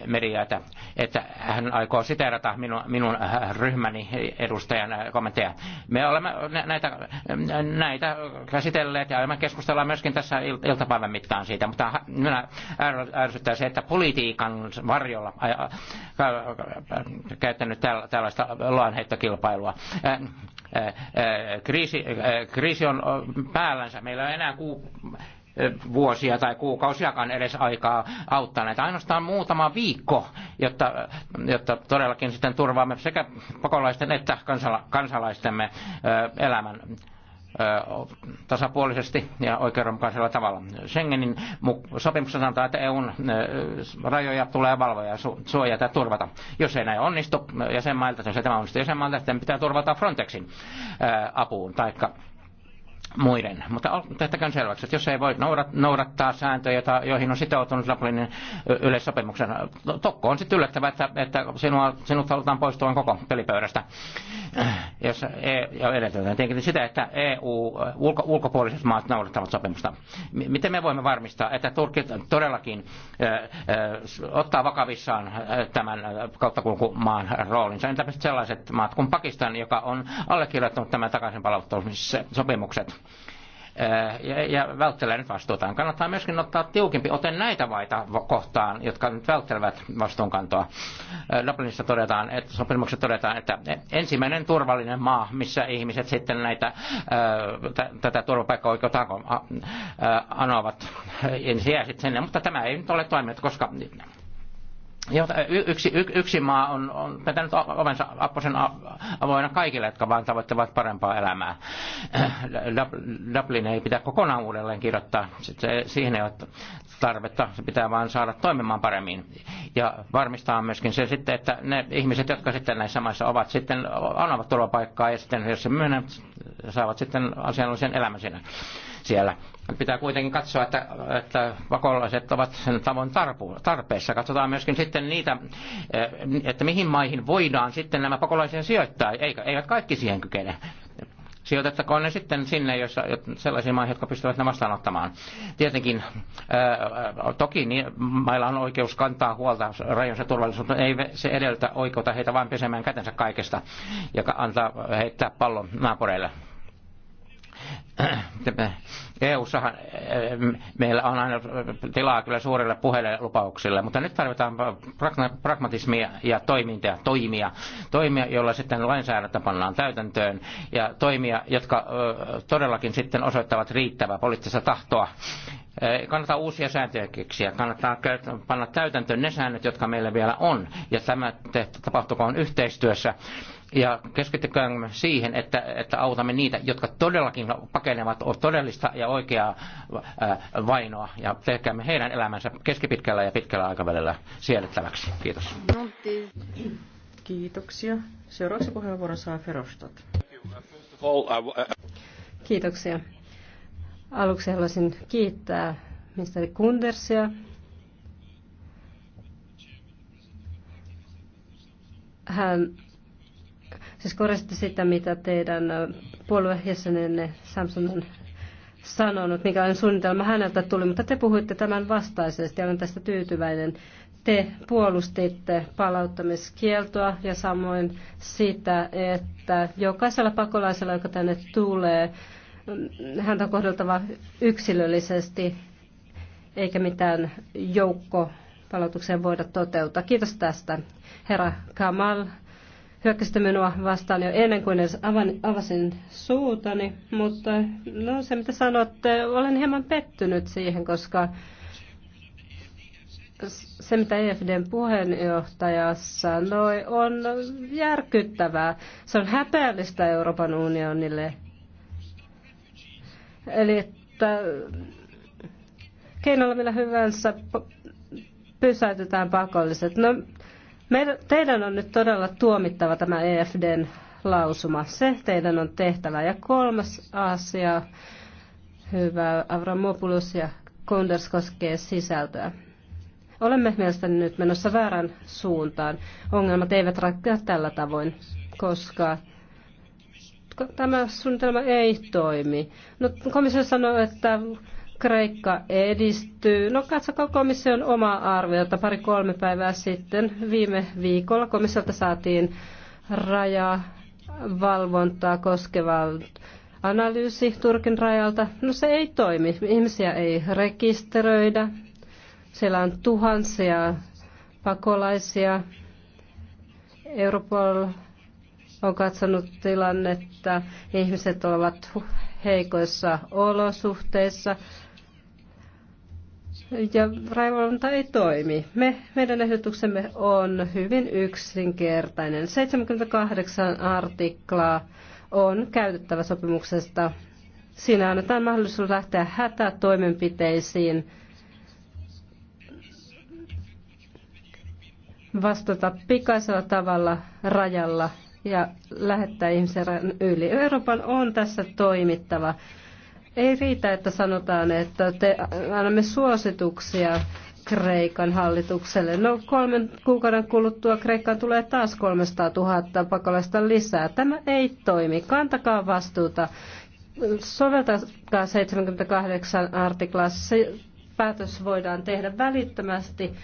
mediaita, että hän aikoo siteerata minun, minun äh, ryhmäni edustajan kommentteja. Me olemme näitä, näitä käsitelleet ja me keskustellaan myöskin tässä iltapäivän mittaan siitä, mutta minä ärsyttää se, että politiikan varjolla käyttänyt tällaista loanheittoa kilpailua. Kriisi, kriisi on päällänsä. Meillä on enää kuu vuosia tai kuukausiakaan edes aikaa auttaa näitä. Ainoastaan muutama viikko, jotta, jotta todellakin sitten turvaamme sekä pakolaisten että kansala, kansalaistemme elämän tasapuolisesti ja oikeudenmukaisella tavalla. Schengenin sopimus sanotaan, että EUn rajoja tulee valvoa ja suojata ja turvata. Jos ei näin onnistu jäsenmailta, jos ei tämä onnistu jäsenmailta, sitten pitää turvata Frontexin apuun taikka muiden. Mutta tehtäkään selväksi, että jos ei voi noudattaa sääntöjä, joihin on sitoutunut Dublinin yleissopimuksen, tokko on sitten yllättävää, että, että sinua, sinut halutaan poistua koko pelipöydästä. Jos e- edellytetään tietenkin sitä, että EU, ulko, ulkopuoliset maat noudattavat sopimusta. Miten me voimme varmistaa, että Turkki todellakin äh, ottaa vakavissaan tämän kauttakulkumaan roolinsa? Entäpä sellaiset maat kuin Pakistan, joka on allekirjoittanut tämän takaisin sopimukset? ja välttelee nyt vastuutaan. Kannattaa myöskin ottaa tiukempi ote näitä vaita kohtaan, jotka nyt välttelevät vastuunkantoa. Dublinissa todetaan, että sopimuksessa todetaan, että ensimmäinen turvallinen maa, missä ihmiset sitten näitä, tätä turvapaikkaoikeutta anovat, jää sitten sinne. Mutta tämä ei nyt ole toiminut, koska Yksi, y, yksi maa on, on pitänyt ovensa apposen avoinna kaikille, jotka vain tavoittavat parempaa elämää. Äh, Dublin ei pitää kokonaan uudelleen kirjoittaa. Sitten se, siihen ei ole tarvetta. Se pitää vain saada toimimaan paremmin. Ja varmistaa myöskin se sitten, että ne ihmiset, jotka sitten näissä maissa ovat, sitten annavat turvapaikkaa ja sitten, jos se myönnä, saavat sitten asiallisen elämän siinä siellä. Pitää kuitenkin katsoa, että, että pakolaiset ovat sen tavoin tarpeessa. Katsotaan myöskin sitten niitä, eh, että mihin maihin voidaan sitten nämä pakolaisia sijoittaa. Eivät kaikki siihen kykene sijoitettakoon ne sitten sinne, jossa, sellaisiin maihin, jotka pystyvät ne vastaanottamaan. Tietenkin, ää, eh, toki niin, mailla on oikeus kantaa huolta rajansa turvallisuutta, ei se edellytä oikeutta heitä vain pesemään kätensä kaikesta ja antaa heittää pallon naapureille. EU-sahan meillä on aina tilaa kyllä suurille puheille ja lupauksille, mutta nyt tarvitaan pragmatismia ja toimintaa, toimia, toimia, joilla sitten lainsäädäntö pannaan täytäntöön ja toimia, jotka todellakin sitten osoittavat riittävää poliittista tahtoa. Kannattaa uusia sääntöjä keksiä, kannattaa panna täytäntöön ne säännöt, jotka meillä vielä on, ja tämä tapahtukoon yhteistyössä ja keskittykäämme siihen, että, että autamme niitä, jotka todellakin pakenevat todellista ja oikeaa vainoa ja tehkäämme heidän elämänsä keskipitkällä ja pitkällä aikavälillä siedettäväksi. Kiitos. Kiitoksia. Seuraavaksi puheenvuoron saa Ferostat. Uh, uh, Kiitoksia. Aluksi haluaisin kiittää ministeri Kundersia hän Siis korjasitte sitä, mitä teidän puoluejäsenenne Samson on sanonut, mikä on suunnitelma häneltä tuli, mutta te puhuitte tämän vastaisesti ja olen tästä tyytyväinen. Te puolustitte palauttamiskieltoa ja samoin sitä, että jokaisella pakolaisella, joka tänne tulee, mm, häntä on kohdeltava yksilöllisesti eikä mitään joukko palautukseen voida toteuttaa. Kiitos tästä. Herra Kamal hyökkäsitte minua vastaan jo ennen kuin edes avan, avasin suutani, mutta no, se mitä sanotte, olen hieman pettynyt siihen, koska se, mitä EFDn puheenjohtaja sanoi, on järkyttävää. Se on häpeällistä Euroopan unionille. Eli että keinolla millä hyvänsä pysäytetään pakolliset. No, meidän, teidän on nyt todella tuomittava tämä EFDn lausuma. Se teidän on tehtävä. Ja kolmas asia, hyvä Avramopoulos ja Konders koskee sisältöä. Olemme mielestäni nyt menossa väärän suuntaan. Ongelmat eivät ratkea tällä tavoin, koska tämä suunnitelma ei toimi. No, komissio sanoi, että Kreikka edistyy. No katsokaa komission omaa arviota. Pari-kolme päivää sitten viime viikolla komissiolta saatiin rajavalvontaa koskeva analyysi Turkin rajalta. No se ei toimi. Ihmisiä ei rekisteröidä. Siellä on tuhansia pakolaisia. Europol on katsonut tilannetta. Ihmiset ovat heikoissa olosuhteissa ja rajavalvonta ei toimi. Me, meidän ehdotuksemme on hyvin yksinkertainen. 78 artiklaa on käytettävä sopimuksesta. Siinä annetaan mahdollisuus lähteä hätätoimenpiteisiin, vastata pikaisella tavalla rajalla ja lähettää ihmisen yli. Euroopan on tässä toimittava. Ei riitä, että sanotaan, että te annamme suosituksia Kreikan hallitukselle. No kolmen kuukauden kuluttua Kreikkaan tulee taas 300 000 pakolaista lisää. Tämä ei toimi. Kantakaa vastuuta. Soveltakaa 78 artiklaa. Se päätös voidaan tehdä välittömästi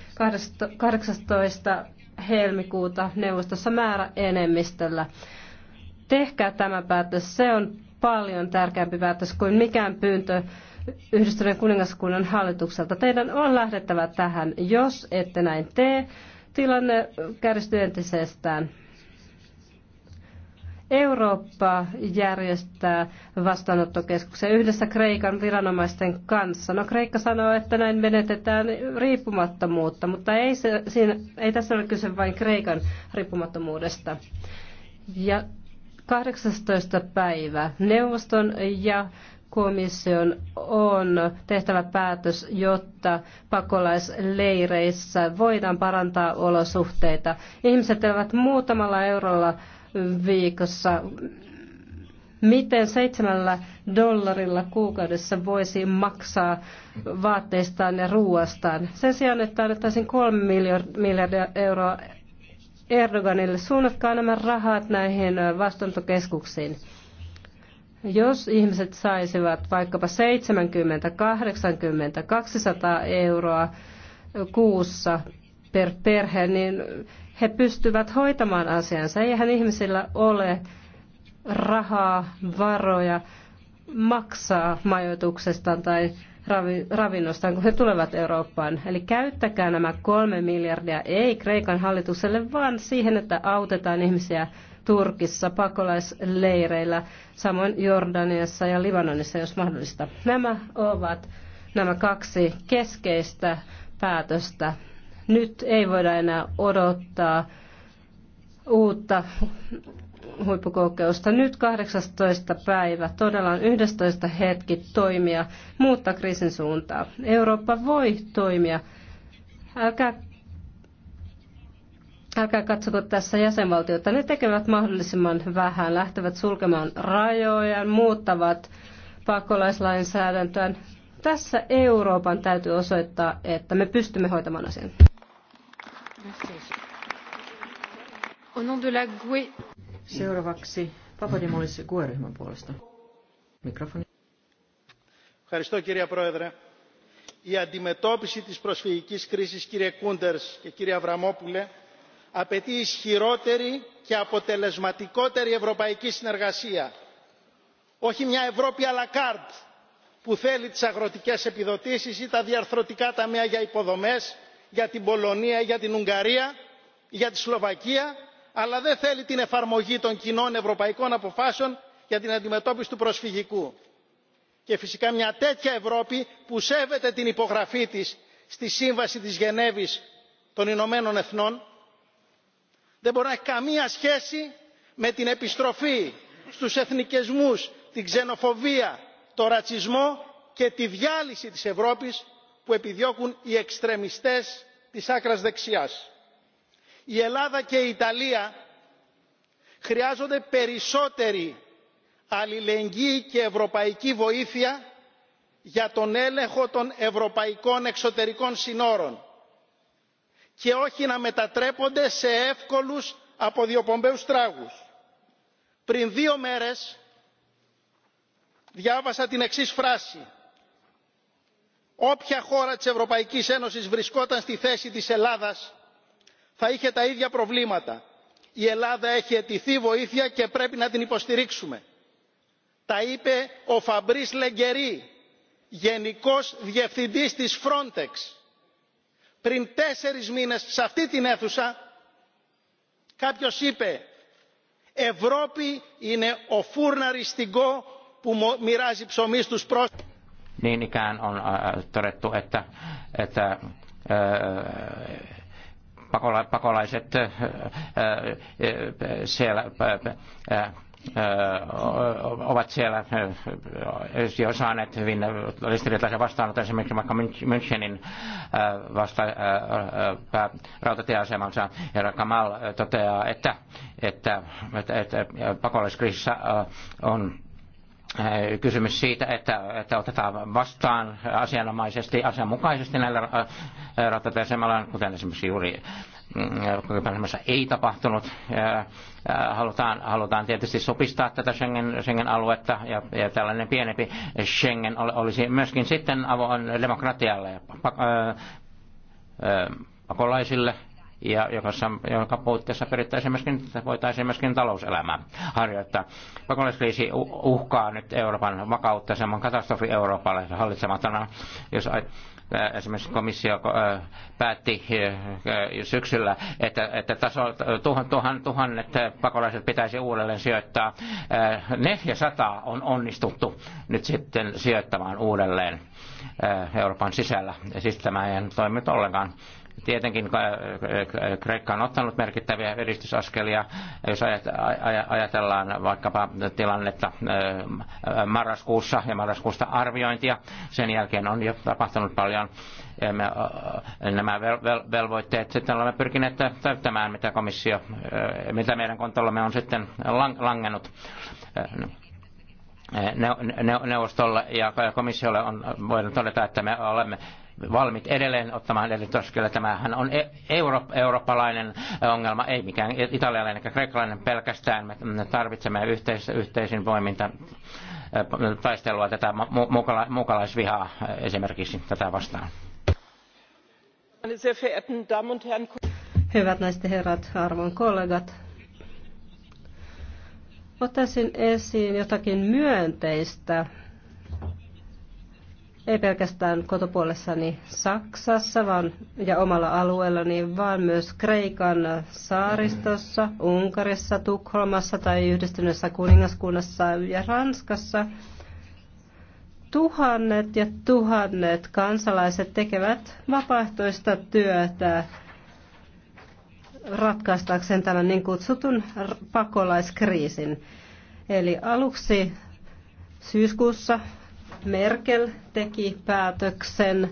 18. helmikuuta neuvostossa määrä enemmistöllä. Tehkää tämä päätös. Se on paljon tärkeämpi päätös kuin mikään pyyntö Yhdistyneen kuningaskunnan hallitukselta. Teidän on lähdettävä tähän. Jos ette näin tee, tilanne kärjistyy entisestään. Eurooppa järjestää vastaanottokeskuksen yhdessä Kreikan viranomaisten kanssa. No Kreikka sanoo, että näin menetetään riippumattomuutta, mutta ei, se, siinä, ei tässä ole kyse vain Kreikan riippumattomuudesta. Ja 18. päivä. Neuvoston ja komission on tehtävä päätös, jotta pakolaisleireissä voidaan parantaa olosuhteita. Ihmiset elävät muutamalla eurolla viikossa. Miten seitsemällä dollarilla kuukaudessa voisi maksaa vaatteistaan ja ruoastaan? Sen sijaan, että annettaisiin kolme miljardia euroa Erdoganille, suunnatkaa nämä rahat näihin vastuuntokeskuksiin. Jos ihmiset saisivat vaikkapa 70, 80, 200 euroa kuussa per perhe, niin he pystyvät hoitamaan asiansa. Eihän ihmisillä ole rahaa, varoja maksaa majoituksestaan tai ravinnostaan, kun he tulevat Eurooppaan. Eli käyttäkää nämä kolme miljardia ei Kreikan hallitukselle, vaan siihen, että autetaan ihmisiä Turkissa, pakolaisleireillä, samoin Jordaniassa ja Libanonissa, jos mahdollista. Nämä ovat nämä kaksi keskeistä päätöstä. Nyt ei voida enää odottaa uutta huippukokousta nyt 18. päivä. Todella on 11 hetki toimia, muuttaa kriisin suuntaa. Eurooppa voi toimia. Älkää, älkää katsoko tässä jäsenvaltioita. Ne tekevät mahdollisimman vähän, lähtevät sulkemaan rajoja, muuttavat pakolaislainsäädäntöä. Tässä Euroopan täytyy osoittaa, että me pystymme hoitamaan asian. Au nom de la GUE, Seuraavaksi Papadimolis GUE-ryhmän puolesta. Mikrofoni. Ευχαριστώ κυρία Πρόεδρε. Η αντιμετώπιση της προσφυγικής κρίσης κύριε Κούντερς και κύριε Αβραμόπουλε απαιτεί ισχυρότερη και αποτελεσματικότερη ευρωπαϊκή συνεργασία. Όχι μια Ευρώπη à la carte που θέλει τις αγροτικές επιδοτήσεις ή τα διαρθρωτικά ταμεία για υποδομές, για την Πολωνία, ή για την Ουγγαρία, ή για τη Σλοβακία αλλά δεν θέλει την εφαρμογή των κοινών ευρωπαϊκών αποφάσεων για την αντιμετώπιση του προσφυγικού. Και φυσικά μια τέτοια Ευρώπη που σέβεται την υπογραφή της στη Σύμβαση της Γενέβης των Ηνωμένων Εθνών δεν μπορεί να έχει καμία σχέση με την επιστροφή στους εθνικισμούς, την ξενοφοβία, το ρατσισμό και τη διάλυση της Ευρώπης που επιδιώκουν οι εξτρεμιστές της άκρας δεξιάς η ελλάδα και η ιταλία χρειάζονται περισσότερη αλληλεγγύη και ευρωπαϊκή βοήθεια για τον έλεγχο των ευρωπαϊκών εξωτερικών συνόρων και όχι να μετατρέπονται σε εύκολους αποδιοπομπαίους τράγους. Πριν δύο μέρες διάβασα την εξής φράση «Όποια χώρα της Ευρωπαϊκής Ένωσης βρισκόταν στη θέση της Ελλάδας θα είχε τα ίδια προβλήματα. η ελλάδα έχει αιτηθεί βοήθεια και πρέπει να την υποστηρίξουμε. τα είπε ο φαμπρίς λεγκερή γενικός διευθυντής της frontex πριν τέσσερις μήνες σε αυτή την αίθουσα κάποιος είπε Ευρώπη είναι ο φούρναρης στην κό που μοιράζει ψωμί στους πρόσφυγες. Niin ikään on todettu, että, että pakola, pakolaiset siellä ovat siellä jo saaneet hyvin ristiriitaisen vastaanoton esimerkiksi vaikka Münchenin vasta, pää, rautatieasemansa herra Kamal toteaa, että, että, että, että pakolaiskriisissä on Äh, kysymys siitä, että, että otetaan vastaan asianomaisesti, asianmukaisesti näillä äh, rautatieasemalla, kuten esimerkiksi juuri Kööpenhaminassa mm, äh, ei tapahtunut. Halutaan, halutaan tietysti sopistaa tätä Schengen, Schengen-aluetta ja, ja tällainen pienempi Schengen olisi myöskin sitten avoin demokratialle ja pakolaisille ja jossa, jonka puutteessa perittäisiin myöskin, voitaisiin myöskin talouselämää harjoittaa. Pakolaiskriisi uhkaa nyt Euroopan vakautta, se on katastrofi Euroopalle hallitsematona, jos esimerkiksi komissio päätti syksyllä, että, että taso, tuhan, tuhannet pakolaiset pitäisi uudelleen sijoittaa. ne ja sata on onnistuttu nyt sitten sijoittamaan uudelleen Euroopan sisällä. Siis tämä ei toimi ollenkaan. Tietenkin Kreikka on ottanut merkittäviä edistysaskelia. Jos ajatellaan vaikkapa tilannetta marraskuussa ja marraskuusta arviointia, sen jälkeen on jo tapahtunut paljon me, nämä velvoitteet sitten olemme pyrkineet täyttämään, mitä komissio, mitä meidän kontollamme on sitten langennut neuvostolle ja komissiolle on, voinut todeta, että me olemme valmiit edelleen ottamaan erityiskelä. Tämähän on e- euro, eurooppalainen ongelma, ei mikään italialainen eikä kreikkalainen pelkästään. Me tarvitsemme yhteis, yhteisin voiminta äh, taistelua tätä mukala, mukalaisvihaa esimerkiksi tätä vastaan. Hyvät naiset herrat, arvon kollegat, ottaisin esiin jotakin myönteistä ei pelkästään kotopuolessani Saksassa vaan, ja omalla alueellani, vaan myös Kreikan saaristossa, Unkarissa, Tukholmassa tai Yhdistyneessä kuningaskunnassa ja Ranskassa. Tuhannet ja tuhannet kansalaiset tekevät vapaaehtoista työtä ratkaistaakseen tämän niin kutsutun pakolaiskriisin. Eli aluksi syyskuussa Merkel teki päätöksen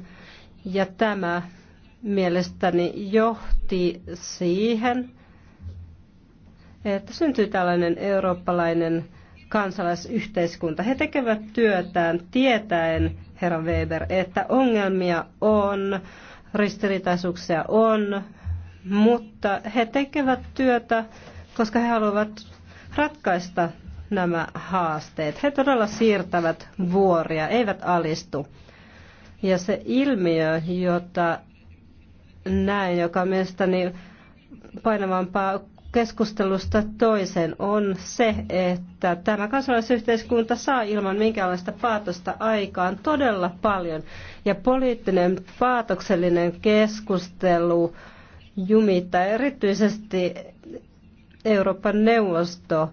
ja tämä mielestäni johti siihen, että syntyi tällainen eurooppalainen kansalaisyhteiskunta. He tekevät työtään tietäen, herra Weber, että ongelmia on, ristiriitaisuuksia on, mutta he tekevät työtä, koska he haluavat ratkaista nämä haasteet. He todella siirtävät vuoria, eivät alistu. Ja se ilmiö, jota näin, joka on mielestäni painavampaa keskustelusta toisen, on se, että tämä kansalaisyhteiskunta saa ilman minkäänlaista paatosta aikaan todella paljon. Ja poliittinen, paatoksellinen keskustelu jumittaa erityisesti Euroopan neuvosto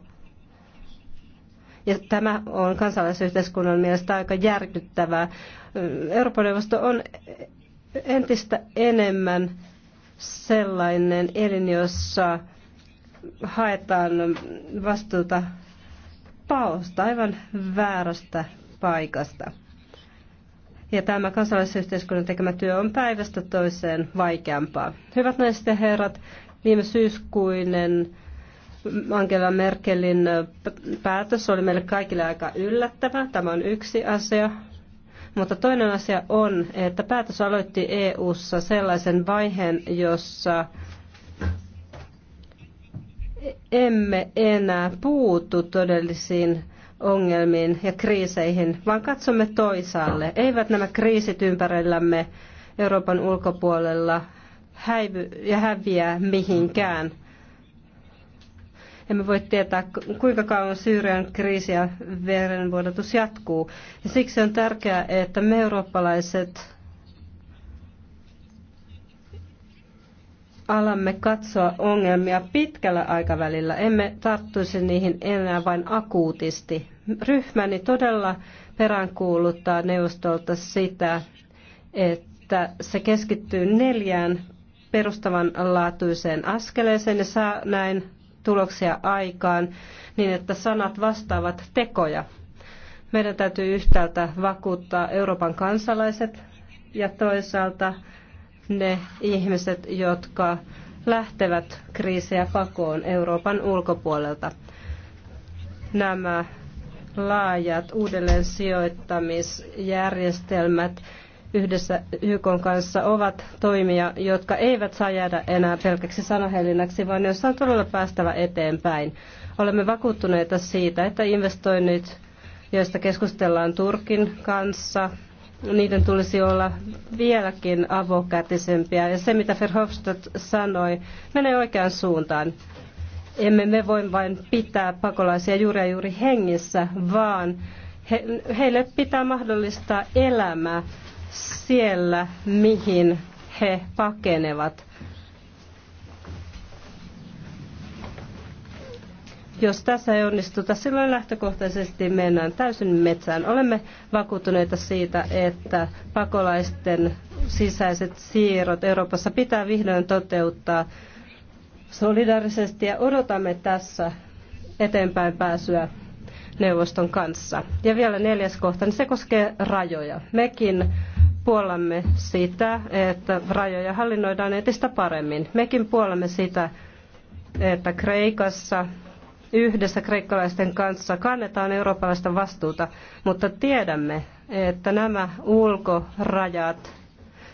ja tämä on kansalaisyhteiskunnan mielestä aika järkyttävää. Euroopan neuvosto on entistä enemmän sellainen elin, jossa haetaan vastuuta paosta, aivan väärästä paikasta. Ja tämä kansalaisyhteiskunnan tekemä työ on päivästä toiseen vaikeampaa. Hyvät naiset ja herrat, viime syyskuinen Angela Merkelin päätös oli meille kaikille aika yllättävä. Tämä on yksi asia. Mutta toinen asia on, että päätös aloitti EU:ssa sellaisen vaiheen, jossa emme enää puutu todellisiin ongelmiin ja kriiseihin, vaan katsomme toisaalle. Eivät nämä kriisit ympärillämme Euroopan ulkopuolella häivy ja häviä mihinkään emme voi tietää, kuinka kauan Syyrian kriisi ja verenvuodatus jatkuu. Ja siksi on tärkeää, että me eurooppalaiset alamme katsoa ongelmia pitkällä aikavälillä, emme tarttuisi niihin enää vain akuutisti. Ryhmäni todella peräänkuuluttaa neuvostolta sitä, että se keskittyy neljään perustavanlaatuiseen askeleeseen ja saa näin tuloksia aikaan niin, että sanat vastaavat tekoja. Meidän täytyy yhtäältä vakuuttaa Euroopan kansalaiset ja toisaalta ne ihmiset, jotka lähtevät kriisejä pakoon Euroopan ulkopuolelta. Nämä laajat uudelleensijoittamisjärjestelmät yhdessä YK kanssa ovat toimia, jotka eivät saa jäädä enää pelkäksi sanahelinäksi, vaan joissa on todella päästävä eteenpäin. Olemme vakuuttuneita siitä, että investoinnit, joista keskustellaan Turkin kanssa, niiden tulisi olla vieläkin avokätisempiä. Ja se, mitä Verhofstadt sanoi, menee oikeaan suuntaan. Emme me voi vain pitää pakolaisia juuri ja juuri hengissä, vaan he, heille pitää mahdollistaa elämä siellä, mihin he pakenevat. Jos tässä ei onnistuta, silloin lähtökohtaisesti mennään täysin metsään. Olemme vakuuttuneita siitä, että pakolaisten sisäiset siirrot Euroopassa pitää vihdoin toteuttaa solidaarisesti ja odotamme tässä eteenpäin pääsyä neuvoston kanssa. Ja vielä neljäs kohta, niin se koskee rajoja. Mekin puolamme sitä, että rajoja hallinnoidaan entistä paremmin. Mekin puolamme sitä, että Kreikassa yhdessä kreikkalaisten kanssa kannetaan eurooppalaista vastuuta, mutta tiedämme, että nämä ulkorajat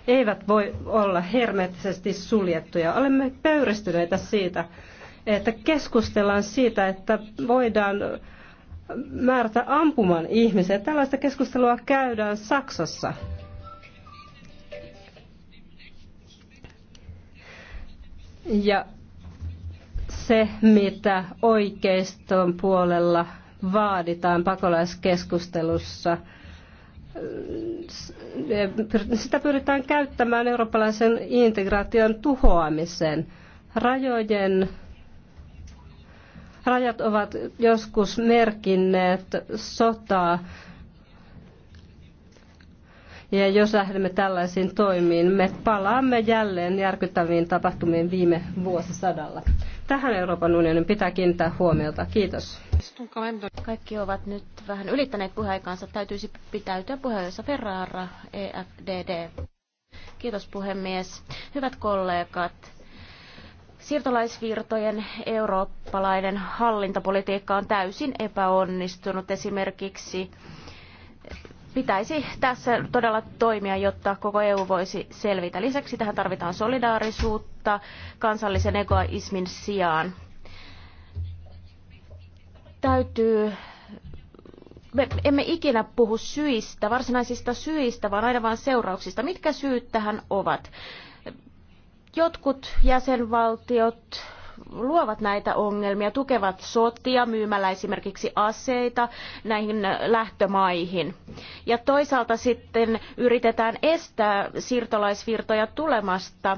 eivät voi olla hermeettisesti suljettuja. Olemme pöyristyneitä siitä, että keskustellaan siitä, että voidaan määrätä ampumaan ihmisiä. Tällaista keskustelua käydään Saksassa. Ja se, mitä oikeiston puolella vaaditaan pakolaiskeskustelussa, sitä pyritään käyttämään eurooppalaisen integraation tuhoamiseen. Rajojen Rajat ovat joskus merkinneet sotaa. Ja jos lähdemme tällaisiin toimiin, me palaamme jälleen järkyttäviin tapahtumiin viime vuosisadalla. Tähän Euroopan unionin pitää kiinnittää huomiota. Kiitos. Kaikki ovat nyt vähän ylittäneet puheaikansa. Täytyisi pitäytyä puheenjohtaja Ferrara, EFDD. Kiitos puhemies. Hyvät kollegat. Siirtolaisvirtojen eurooppalainen hallintapolitiikka on täysin epäonnistunut. Esimerkiksi pitäisi tässä todella toimia, jotta koko EU voisi selvitä. Lisäksi tähän tarvitaan solidaarisuutta kansallisen egoismin sijaan. Täytyy me emme ikinä puhu syistä, varsinaisista syistä, vaan aina vain seurauksista. Mitkä syyt tähän ovat? Jotkut jäsenvaltiot luovat näitä ongelmia, tukevat sotia myymällä esimerkiksi aseita näihin lähtömaihin. Ja toisaalta sitten yritetään estää siirtolaisvirtoja tulemasta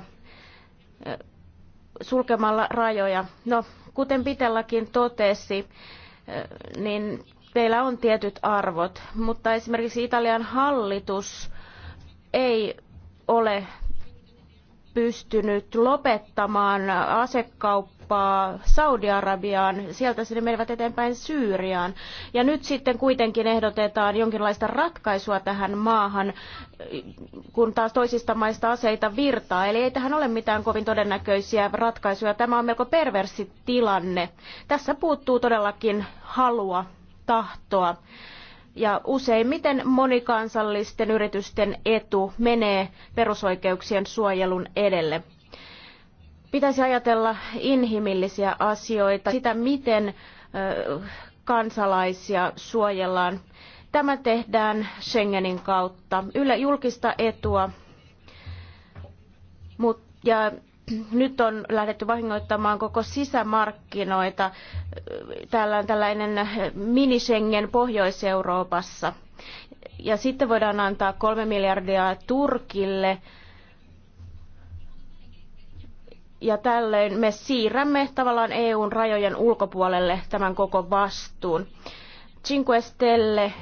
sulkemalla rajoja. No, kuten Pitellakin totesi, niin teillä on tietyt arvot, mutta esimerkiksi Italian hallitus ei ole pystynyt lopettamaan asekauppaa Saudi-Arabiaan. Sieltä sinne menevät eteenpäin Syyriaan. Ja nyt sitten kuitenkin ehdotetaan jonkinlaista ratkaisua tähän maahan, kun taas toisista maista aseita virtaa. Eli ei tähän ole mitään kovin todennäköisiä ratkaisuja. Tämä on melko perversi tilanne. Tässä puuttuu todellakin halua, tahtoa. Ja useimmiten monikansallisten yritysten etu menee perusoikeuksien suojelun edelle. Pitäisi ajatella inhimillisiä asioita, sitä miten kansalaisia suojellaan. Tämä tehdään Schengenin kautta. Yle julkista etua, mutta ja nyt on lähdetty vahingoittamaan koko sisämarkkinoita. Äh, Täällä on tällainen äh, minisengen Pohjois-Euroopassa. Ja sitten voidaan antaa kolme miljardia Turkille. Ja tällöin me siirrämme tavallaan EUn rajojen ulkopuolelle tämän koko vastuun. Cinque Stelle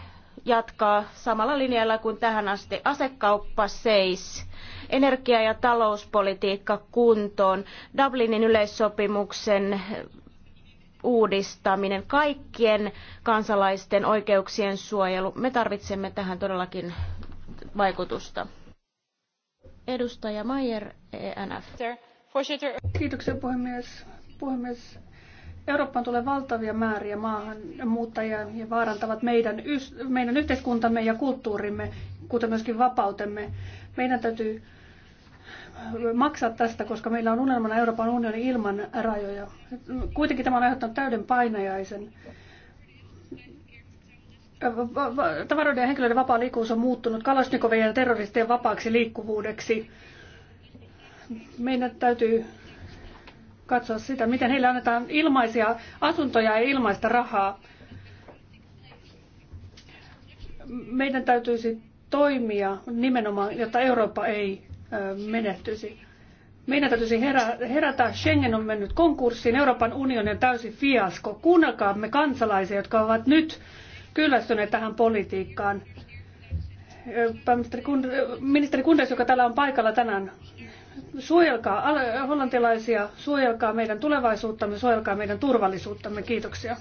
jatkaa samalla linjalla kuin tähän asti. Asekauppa seis energia- ja talouspolitiikka kuntoon, Dublinin yleissopimuksen uudistaminen, kaikkien kansalaisten oikeuksien suojelu. Me tarvitsemme tähän todellakin vaikutusta. Edustaja Mayer, ENF. Kiitoksia puhemies. puhemies. Eurooppaan tulee valtavia määriä maahanmuuttajia ja vaarantavat meidän, meidän yhteiskuntamme ja kulttuurimme, kuten myöskin vapautemme. Meidän täytyy maksaa tästä, koska meillä on unelmana Euroopan unioni ilman rajoja. Kuitenkin tämä on aiheuttanut täyden painajaisen. Tavaroiden ja henkilöiden vapaa liikkuvuus on muuttunut kalasnikovien ja terroristien vapaaksi liikkuvuudeksi. Meidän täytyy katsoa sitä, miten heille annetaan ilmaisia asuntoja ja ilmaista rahaa. Meidän täytyisi toimia nimenomaan, jotta Eurooppa ei menehtyisi. Meidän täytyisi herätä, Schengen on mennyt konkurssiin, Euroopan unioni on täysin fiasko. Kuunnelkaamme kansalaisia, jotka ovat nyt kyllästyneet tähän politiikkaan. ministeri Kundes, joka täällä on paikalla tänään, suojelkaa hollantilaisia, suojelkaa meidän tulevaisuuttamme, suojelkaa meidän turvallisuuttamme. Kiitoksia.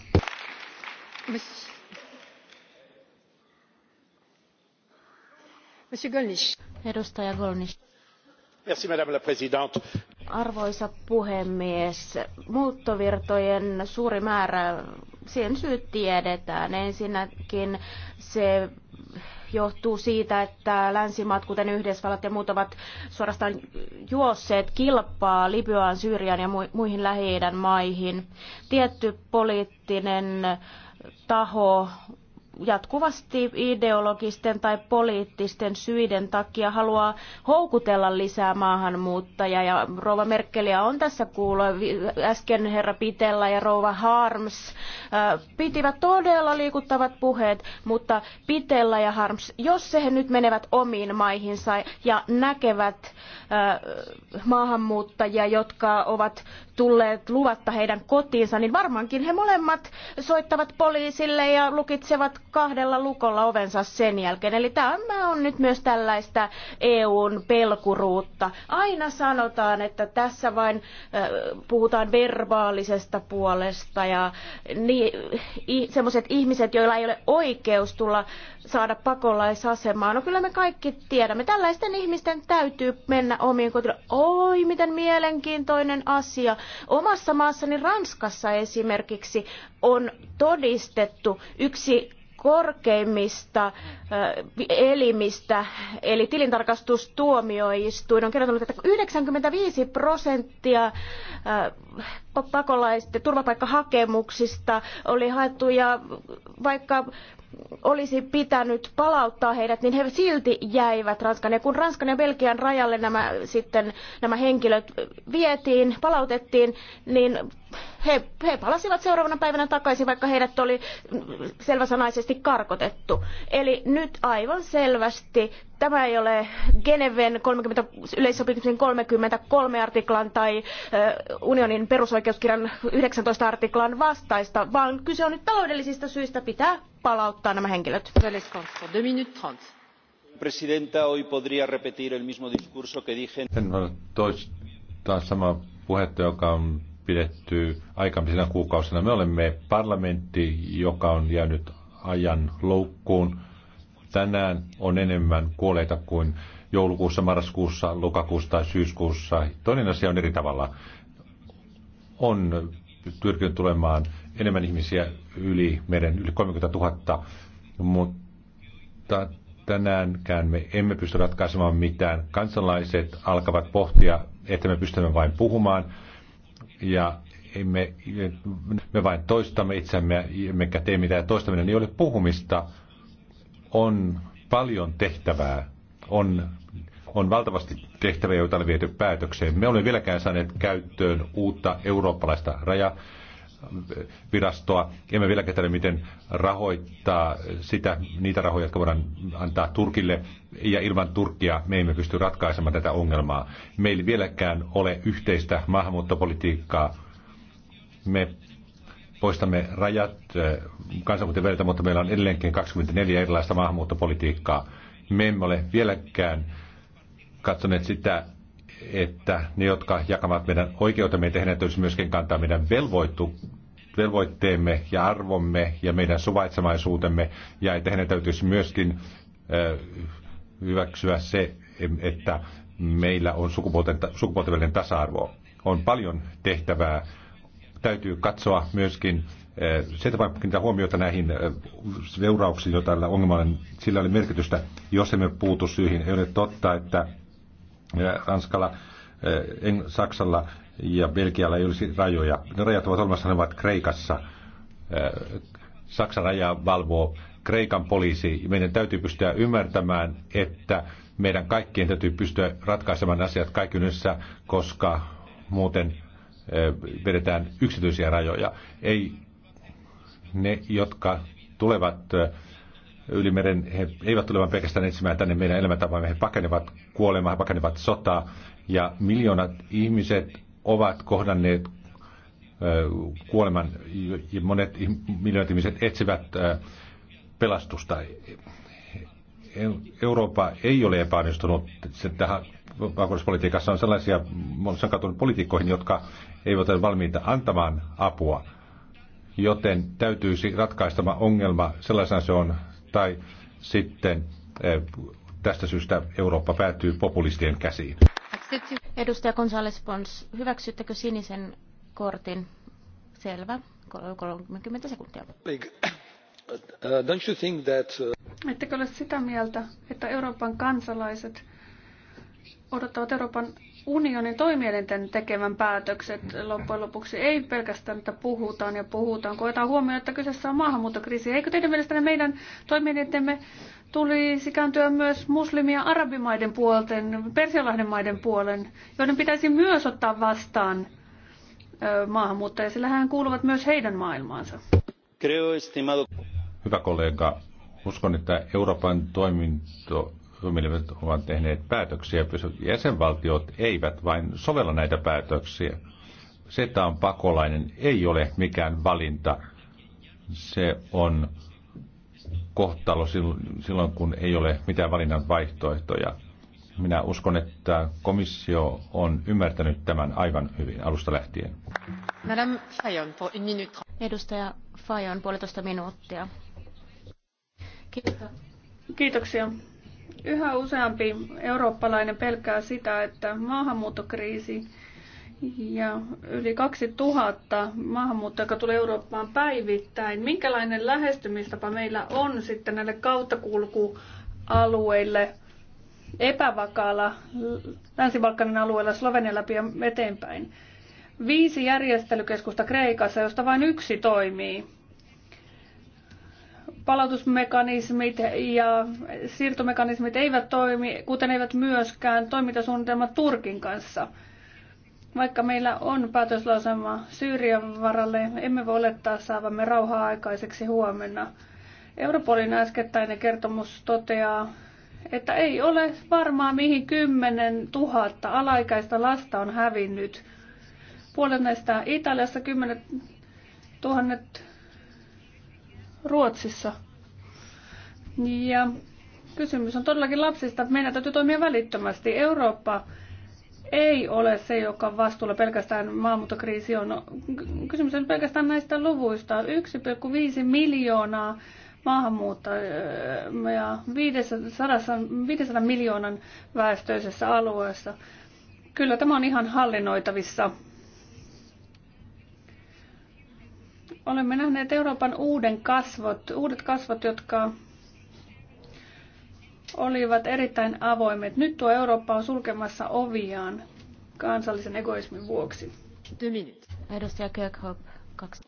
Arvoisa puhemies, muuttovirtojen suuri määrä, sen syyt tiedetään. Ensinnäkin se johtuu siitä, että länsimaat, kuten Yhdysvallat ja muut, ovat suorastaan juosseet kilpaa Libyaan, Syyriaan ja muihin lähi maihin. Tietty poliittinen taho jatkuvasti ideologisten tai poliittisten syiden takia haluaa houkutella lisää maahanmuuttajia. Ja rouva Merkeliä on tässä kuullut. Äsken herra Pitella ja rouva Harms äh, pitivät todella liikuttavat puheet, mutta Pitella ja Harms, jos he nyt menevät omiin maihinsa ja näkevät äh, maahanmuuttajia, jotka ovat tulleet luvatta heidän kotiinsa, niin varmaankin he molemmat soittavat poliisille ja lukitsevat kahdella lukolla ovensa sen jälkeen. Eli tämä on nyt myös tällaista EUn pelkuruutta. Aina sanotaan, että tässä vain puhutaan verbaalisesta puolesta ja niin, sellaiset ihmiset, joilla ei ole oikeus tulla saada pakolaisasemaa. No kyllä me kaikki tiedämme. Tällaisten ihmisten täytyy mennä omiin kotiin. Oi, miten mielenkiintoinen asia. Omassa maassani Ranskassa esimerkiksi on todistettu yksi korkeimmista elimistä, eli tilintarkastustuomioistuin, on kertonut, että 95 prosenttia pakolaisten turvapaikkahakemuksista oli haettu ja vaikka olisi pitänyt palauttaa heidät, niin he silti jäivät Ranskan. Ja kun Ranskan ja Belgian rajalle nämä, sitten, nämä henkilöt vietiin, palautettiin, niin he, he palasivat seuraavana päivänä takaisin, vaikka heidät oli selväsanaisesti karkotettu. Eli nyt aivan selvästi Tämä ei ole Geneven 30, yleissopimuksen 33 artiklan tai unionin perusoikeuskirjan 19 artiklan vastaista, vaan kyse on nyt taloudellisista syistä pitää palauttaa nämä henkilöt. Presidenta, hoy podría repetir el mismo discurso que dije. En toistaa samaa puhetta, joka on pidetty aikaisemmin kuukausina. Me olemme parlamentti, joka on jäänyt ajan loukkuun tänään on enemmän kuoleita kuin joulukuussa, marraskuussa, lokakuussa tai syyskuussa. Toinen asia on eri tavalla. On pyrkinyt tulemaan enemmän ihmisiä yli meren, yli 30 000, mutta tänäänkään me emme pysty ratkaisemaan mitään. Kansalaiset alkavat pohtia, että me pystymme vain puhumaan ja emme, me vain toistamme itsemme, emmekä tee mitään. Toistaminen ei ole puhumista, on paljon tehtävää. On, on valtavasti tehtävää, joita on viety päätökseen. Me olemme vieläkään saaneet käyttöön uutta eurooppalaista raja virastoa. Emme vielä tiedä, miten rahoittaa sitä, niitä rahoja, jotka voidaan antaa Turkille. Ja ilman Turkkia me emme pysty ratkaisemaan tätä ongelmaa. Meillä vieläkään ole yhteistä maahanmuuttopolitiikkaa. Me poistamme rajat kansakuntien väliltä, mutta meillä on edelleenkin 24 erilaista maahanmuuttopolitiikkaa. Me emme ole vieläkään katsoneet sitä, että ne, jotka jakavat meidän oikeutemme ja tehneet, olisi myöskin kantaa meidän velvoittu, velvoitteemme ja arvomme ja meidän suvaitsemaisuutemme, ja että hänen täytyisi myöskin hyväksyä se, että meillä on sukupuolten, sukupuolten välinen tasa-arvo. On paljon tehtävää täytyy katsoa myöskin eh, se tapa kiinnittää huomiota näihin eh, seurauksiin, joita tällä ongelmalla sillä oli merkitystä, jos emme puutu syihin. Ei ole totta, että eh, Ranskalla, Saksalla ja Belgialla ei olisi rajoja. Ne rajat ovat olemassa, ne ovat Kreikassa. Saksan raja valvoo Kreikan poliisi. Meidän täytyy pystyä ymmärtämään, että meidän kaikkien täytyy pystyä ratkaisemaan asiat kaikki yhdessä, koska muuten vedetään yksityisiä rajoja. Ei ne, jotka tulevat ylimeren, he eivät tulevan pelkästään etsimään tänne meidän elämäntapaamme, he pakenevat kuolemaa, he pakenevat sotaa, ja miljoonat ihmiset ovat kohdanneet kuoleman, ja monet miljoonat ihmiset etsivät pelastusta. E-, Eurooppa ei ole epäonnistunut, tähän vakuutuspolitiikassa on sellaisia, on katunut poliitikkoihin, jotka eivät ole valmiita antamaan apua. Joten täytyisi ratkaista tämä ongelma sellaisena se on, tai sitten eh, tästä syystä Eurooppa päätyy populistien käsiin. Edustaja Gonzales Pons, hyväksyttekö sinisen kortin? Selvä. 30 sekuntia. Don't you think that... Uh, Ettekö ole sitä mieltä, että Euroopan kansalaiset odottavat Euroopan unionin toimielinten tekevän päätökset loppujen lopuksi ei pelkästään, että puhutaan ja puhutaan, kun otetaan huomioon, että kyseessä on maahanmuuttokriisi. Eikö teidän mielestänne meidän toimielintemme tulisi kääntyä myös muslimia arabimaiden puolten, persialahden maiden puolen, joiden pitäisi myös ottaa vastaan maahanmuuttajia, sillä hän kuuluvat myös heidän maailmaansa. Hyvä kollega, uskon, että Euroopan toiminto, tuomioistuimet ovat tehneet päätöksiä. Jäsenvaltiot eivät vain sovella näitä päätöksiä. Se, että on pakolainen, ei ole mikään valinta. Se on kohtalo silloin, kun ei ole mitään valinnan vaihtoehtoja. Minä uskon, että komissio on ymmärtänyt tämän aivan hyvin alusta lähtien. Madame Fajon, pour une minute. Edustaja Fajon, puolitoista minuuttia. Kiitoksia. Yhä useampi eurooppalainen pelkää sitä, että maahanmuuttokriisi ja yli 2000 maahanmuuttajaa, joka tulee Eurooppaan päivittäin. Minkälainen lähestymistapa meillä on sitten näille kauttakulkualueille epävakaalla länsi alueella Slovenia läpi ja eteenpäin? Viisi järjestelykeskusta Kreikassa, josta vain yksi toimii palautusmekanismit ja siirtomekanismit eivät toimi, kuten eivät myöskään toimintasuunnitelmat Turkin kanssa. Vaikka meillä on päätöslausema Syyrian varalle, emme voi olettaa saavamme rauhaa aikaiseksi huomenna. Europolin äskettäinen kertomus toteaa, että ei ole varmaa mihin 10 000 alaikäistä lasta on hävinnyt. Puolet näistä Italiassa 10 tuhannet Ruotsissa. Ja kysymys on todellakin lapsista. Meidän täytyy toimia välittömästi. Eurooppa ei ole se, joka on vastuulla pelkästään maahanmuuttokriisi on. Kysymys on pelkästään näistä luvuista. 1,5 miljoonaa maahanmuuttajaa 500, 500 miljoonan väestöisessä alueessa. Kyllä tämä on ihan hallinnoitavissa Olemme nähneet Euroopan uuden kasvot, uudet kasvot, jotka olivat erittäin avoimet. Nyt tuo Eurooppa on sulkemassa oviaan kansallisen egoismin vuoksi. Edustaja Kirkhope, kaksi.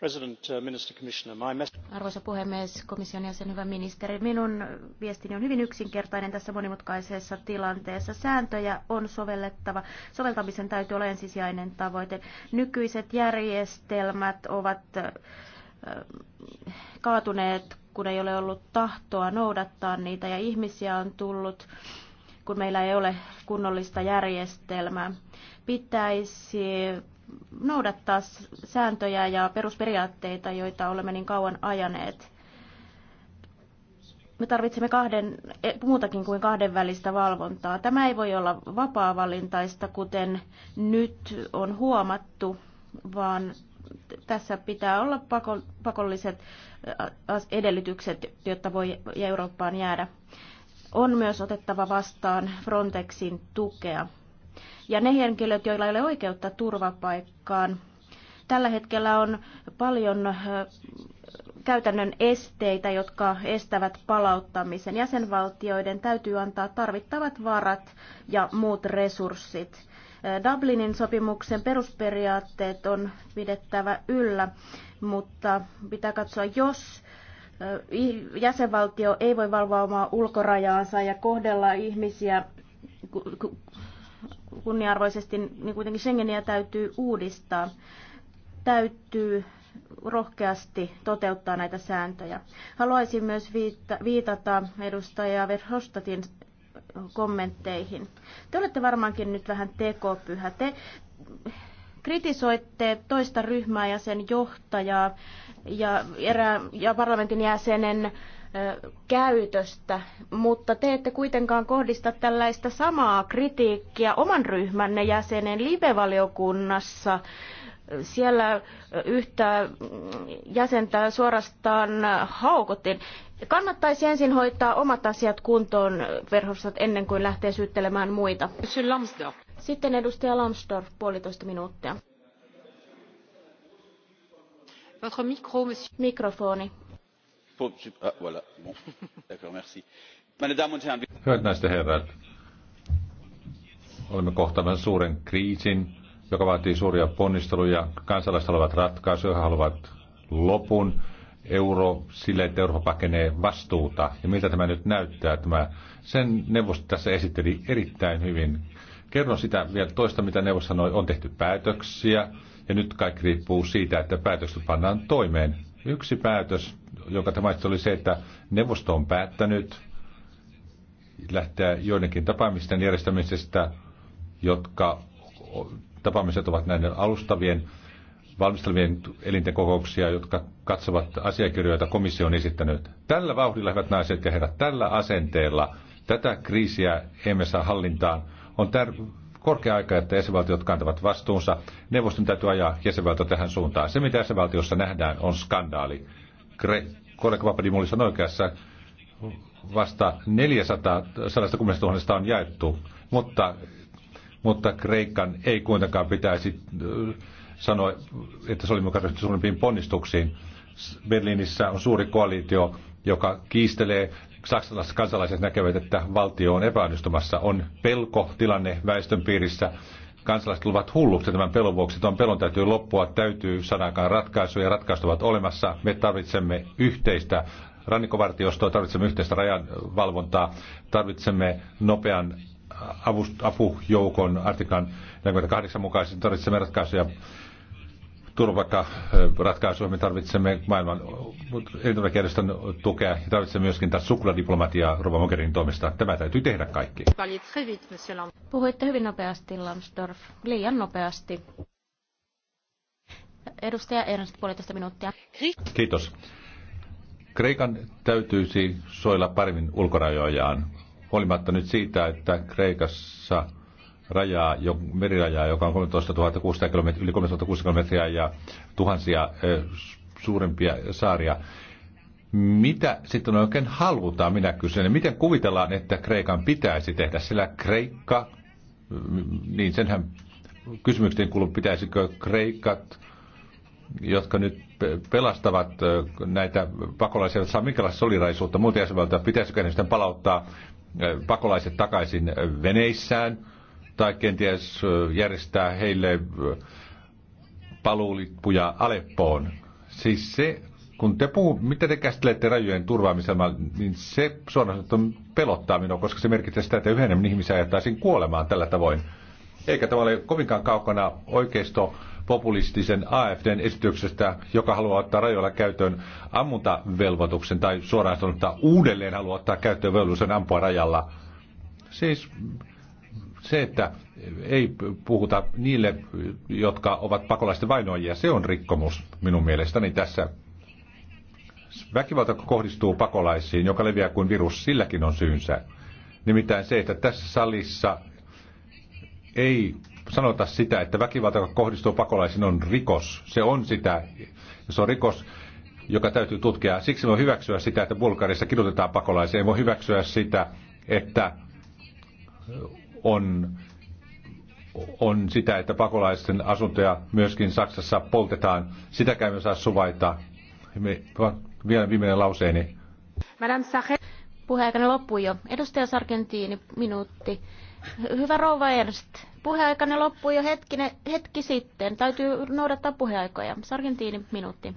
Uh, Arvoisa puhemies, komission jäsen, hyvä ministeri. Minun viestini on hyvin yksinkertainen tässä monimutkaisessa tilanteessa. Sääntöjä on sovellettava. Soveltamisen täytyy olla ensisijainen tavoite. Nykyiset järjestelmät ovat kaatuneet, kun ei ole ollut tahtoa noudattaa niitä ja ihmisiä on tullut kun meillä ei ole kunnollista järjestelmää. Pitäisi noudattaa sääntöjä ja perusperiaatteita, joita olemme niin kauan ajaneet. Me tarvitsemme kahden, e, muutakin kuin kahdenvälistä valvontaa. Tämä ei voi olla vapaa-valintaista, kuten nyt on huomattu, vaan tässä pitää olla pakolliset edellytykset, jotta voi Eurooppaan jäädä. On myös otettava vastaan Frontexin tukea. Ja ne henkilöt, joilla ei ole oikeutta turvapaikkaan, tällä hetkellä on paljon käytännön esteitä, jotka estävät palauttamisen. Jäsenvaltioiden täytyy antaa tarvittavat varat ja muut resurssit. Dublinin sopimuksen perusperiaatteet on pidettävä yllä, mutta pitää katsoa, jos jäsenvaltio ei voi valvoa omaa ulkorajaansa ja kohdella ihmisiä kunnianarvoisesti, niin kuitenkin Schengeniä täytyy uudistaa. Täytyy rohkeasti toteuttaa näitä sääntöjä. Haluaisin myös viitata edustaja Verhostatin kommentteihin. Te olette varmaankin nyt vähän tekopyhä. Te kritisoitte toista ryhmää ja sen johtajaa ja, erä, ja parlamentin jäsenen käytöstä, mutta te ette kuitenkaan kohdista tällaista samaa kritiikkiä oman ryhmänne jäsenen live-valiokunnassa. Siellä yhtä jäsentä suorastaan haukotin. Kannattaisi ensin hoitaa omat asiat kuntoon, Verhofstadt, ennen kuin lähtee syyttelemään muita. Sitten edustaja Lambsdorff, puolitoista minuuttia. Mikrofoni. Ah, Hyvät naiset ja herrat, olemme kohtaamassa suuren kriisin, joka vaatii suuria ponnisteluja. Kansalaiset haluavat ratkaisuja, haluavat lopun euro sille, että Eurooppa pakenee vastuuta. Ja miltä tämä nyt näyttää? Tämä, sen neuvosto tässä esitteli erittäin hyvin. Kerron sitä vielä toista, mitä neuvosto sanoi. On tehty päätöksiä ja nyt kaikki riippuu siitä, että päätökset pannaan toimeen. Yksi päätös jonka tämä oli se, että neuvosto on päättänyt lähteä joidenkin tapaamisten järjestämisestä, jotka tapaamiset ovat näiden alustavien valmistelevien elinten kokouksia, jotka katsovat asiakirjoja, komissio on esittänyt. Tällä vauhdilla, hyvät naiset ja herrat, tällä asenteella tätä kriisiä emme saa hallintaan. On tär- korkea aika, että jäsenvaltiot kantavat vastuunsa. Neuvoston täytyy ajaa jäsenvaltio tähän suuntaan. Se, mitä jäsenvaltiossa nähdään, on skandaali. Gre, kollega Papadimoulis sanoi oikeassa, vasta 400 160 000 on jaettu, mutta, mutta Kreikan ei kuitenkaan pitäisi äh, sanoa, että se oli mukana suurimpiin ponnistuksiin. Berliinissä on suuri koalitio, joka kiistelee. Saksalaiset kansalaiset näkevät, että valtio on epäonnistumassa. On pelko tilanne väestön piirissä kansalaiset luvat hulluksi tämän pelon vuoksi. Tuon pelon täytyy loppua, täytyy sanakaan ratkaisuja, ratkaisut ovat olemassa. Me tarvitsemme yhteistä rannikkovartiostoa, tarvitsemme yhteistä rajanvalvontaa, tarvitsemme nopean avust, apujoukon artiklan 48 mukaisesti tarvitsemme ratkaisuja turvapaikkaratkaisua. Me tarvitsemme maailman elintarvikejärjestön tukea ja tarvitsemme myöskin taas sukladiplomatiaa Rova Mogherinin toimesta. Tämä täytyy tehdä kaikki. Puhuitte hyvin nopeasti, Lambsdorff. Liian nopeasti. Edustaja Ernst, puolitoista minuuttia. Kiitos. Kreikan täytyisi soilla paremmin ulkorajojaan, huolimatta nyt siitä, että Kreikassa rajaa, merirajaa, joka on 13 600 km, yli 13 600 kilometriä ja tuhansia suurempia saaria. Mitä sitten oikein halutaan, minä kysyn. Miten kuvitellaan, että Kreikan pitäisi tehdä, sillä Kreikka, niin senhän kysymykseen kuuluu, pitäisikö Kreikat, jotka nyt pelastavat näitä pakolaisia, saa minkälaista solidaisuutta muuten jäsenvaltioita, pitäisikö ne sitten palauttaa pakolaiset takaisin veneissään – tai kenties järjestää heille paluulippuja Aleppoon. Siis se, kun te puhu, mitä te käsittelette rajojen turvaamisella, niin se suoraan pelottaa minua, koska se merkitsee sitä, että yhä enemmän ihmisiä ajattaisiin kuolemaan tällä tavoin. Eikä tämä ole kovinkaan kaukana oikeisto populistisen AFDn esityksestä, joka haluaa ottaa rajoilla käyttöön ammuntavelvoituksen tai suoraan sanottuna uudelleen haluaa ottaa käyttöön velvollisuuden ampua rajalla. Siis se, että ei puhuta niille, jotka ovat pakolaisten vainoajia, se on rikkomus minun mielestäni tässä. Väkivalta kohdistuu pakolaisiin, joka leviää kuin virus, silläkin on syynsä. Nimittäin se, että tässä salissa ei sanota sitä, että väkivalta, joka kohdistuu pakolaisiin, on rikos. Se on sitä. Se on rikos, joka täytyy tutkia. Siksi voi hyväksyä sitä, että Bulgarissa kidutetaan pakolaisia. Ei voi hyväksyä sitä, että on, on sitä, että pakolaisten asuntoja myöskin Saksassa poltetaan. Sitäkään me saa suvaita. Me, vielä viimeinen lauseeni. Puheaikana loppui jo. Edustaja Sargentini, minuutti. Hyvä rouva Ernst, puheaikana loppui jo hetkine, hetki sitten. Täytyy noudattaa puheaikoja. Sargentini, minuutti.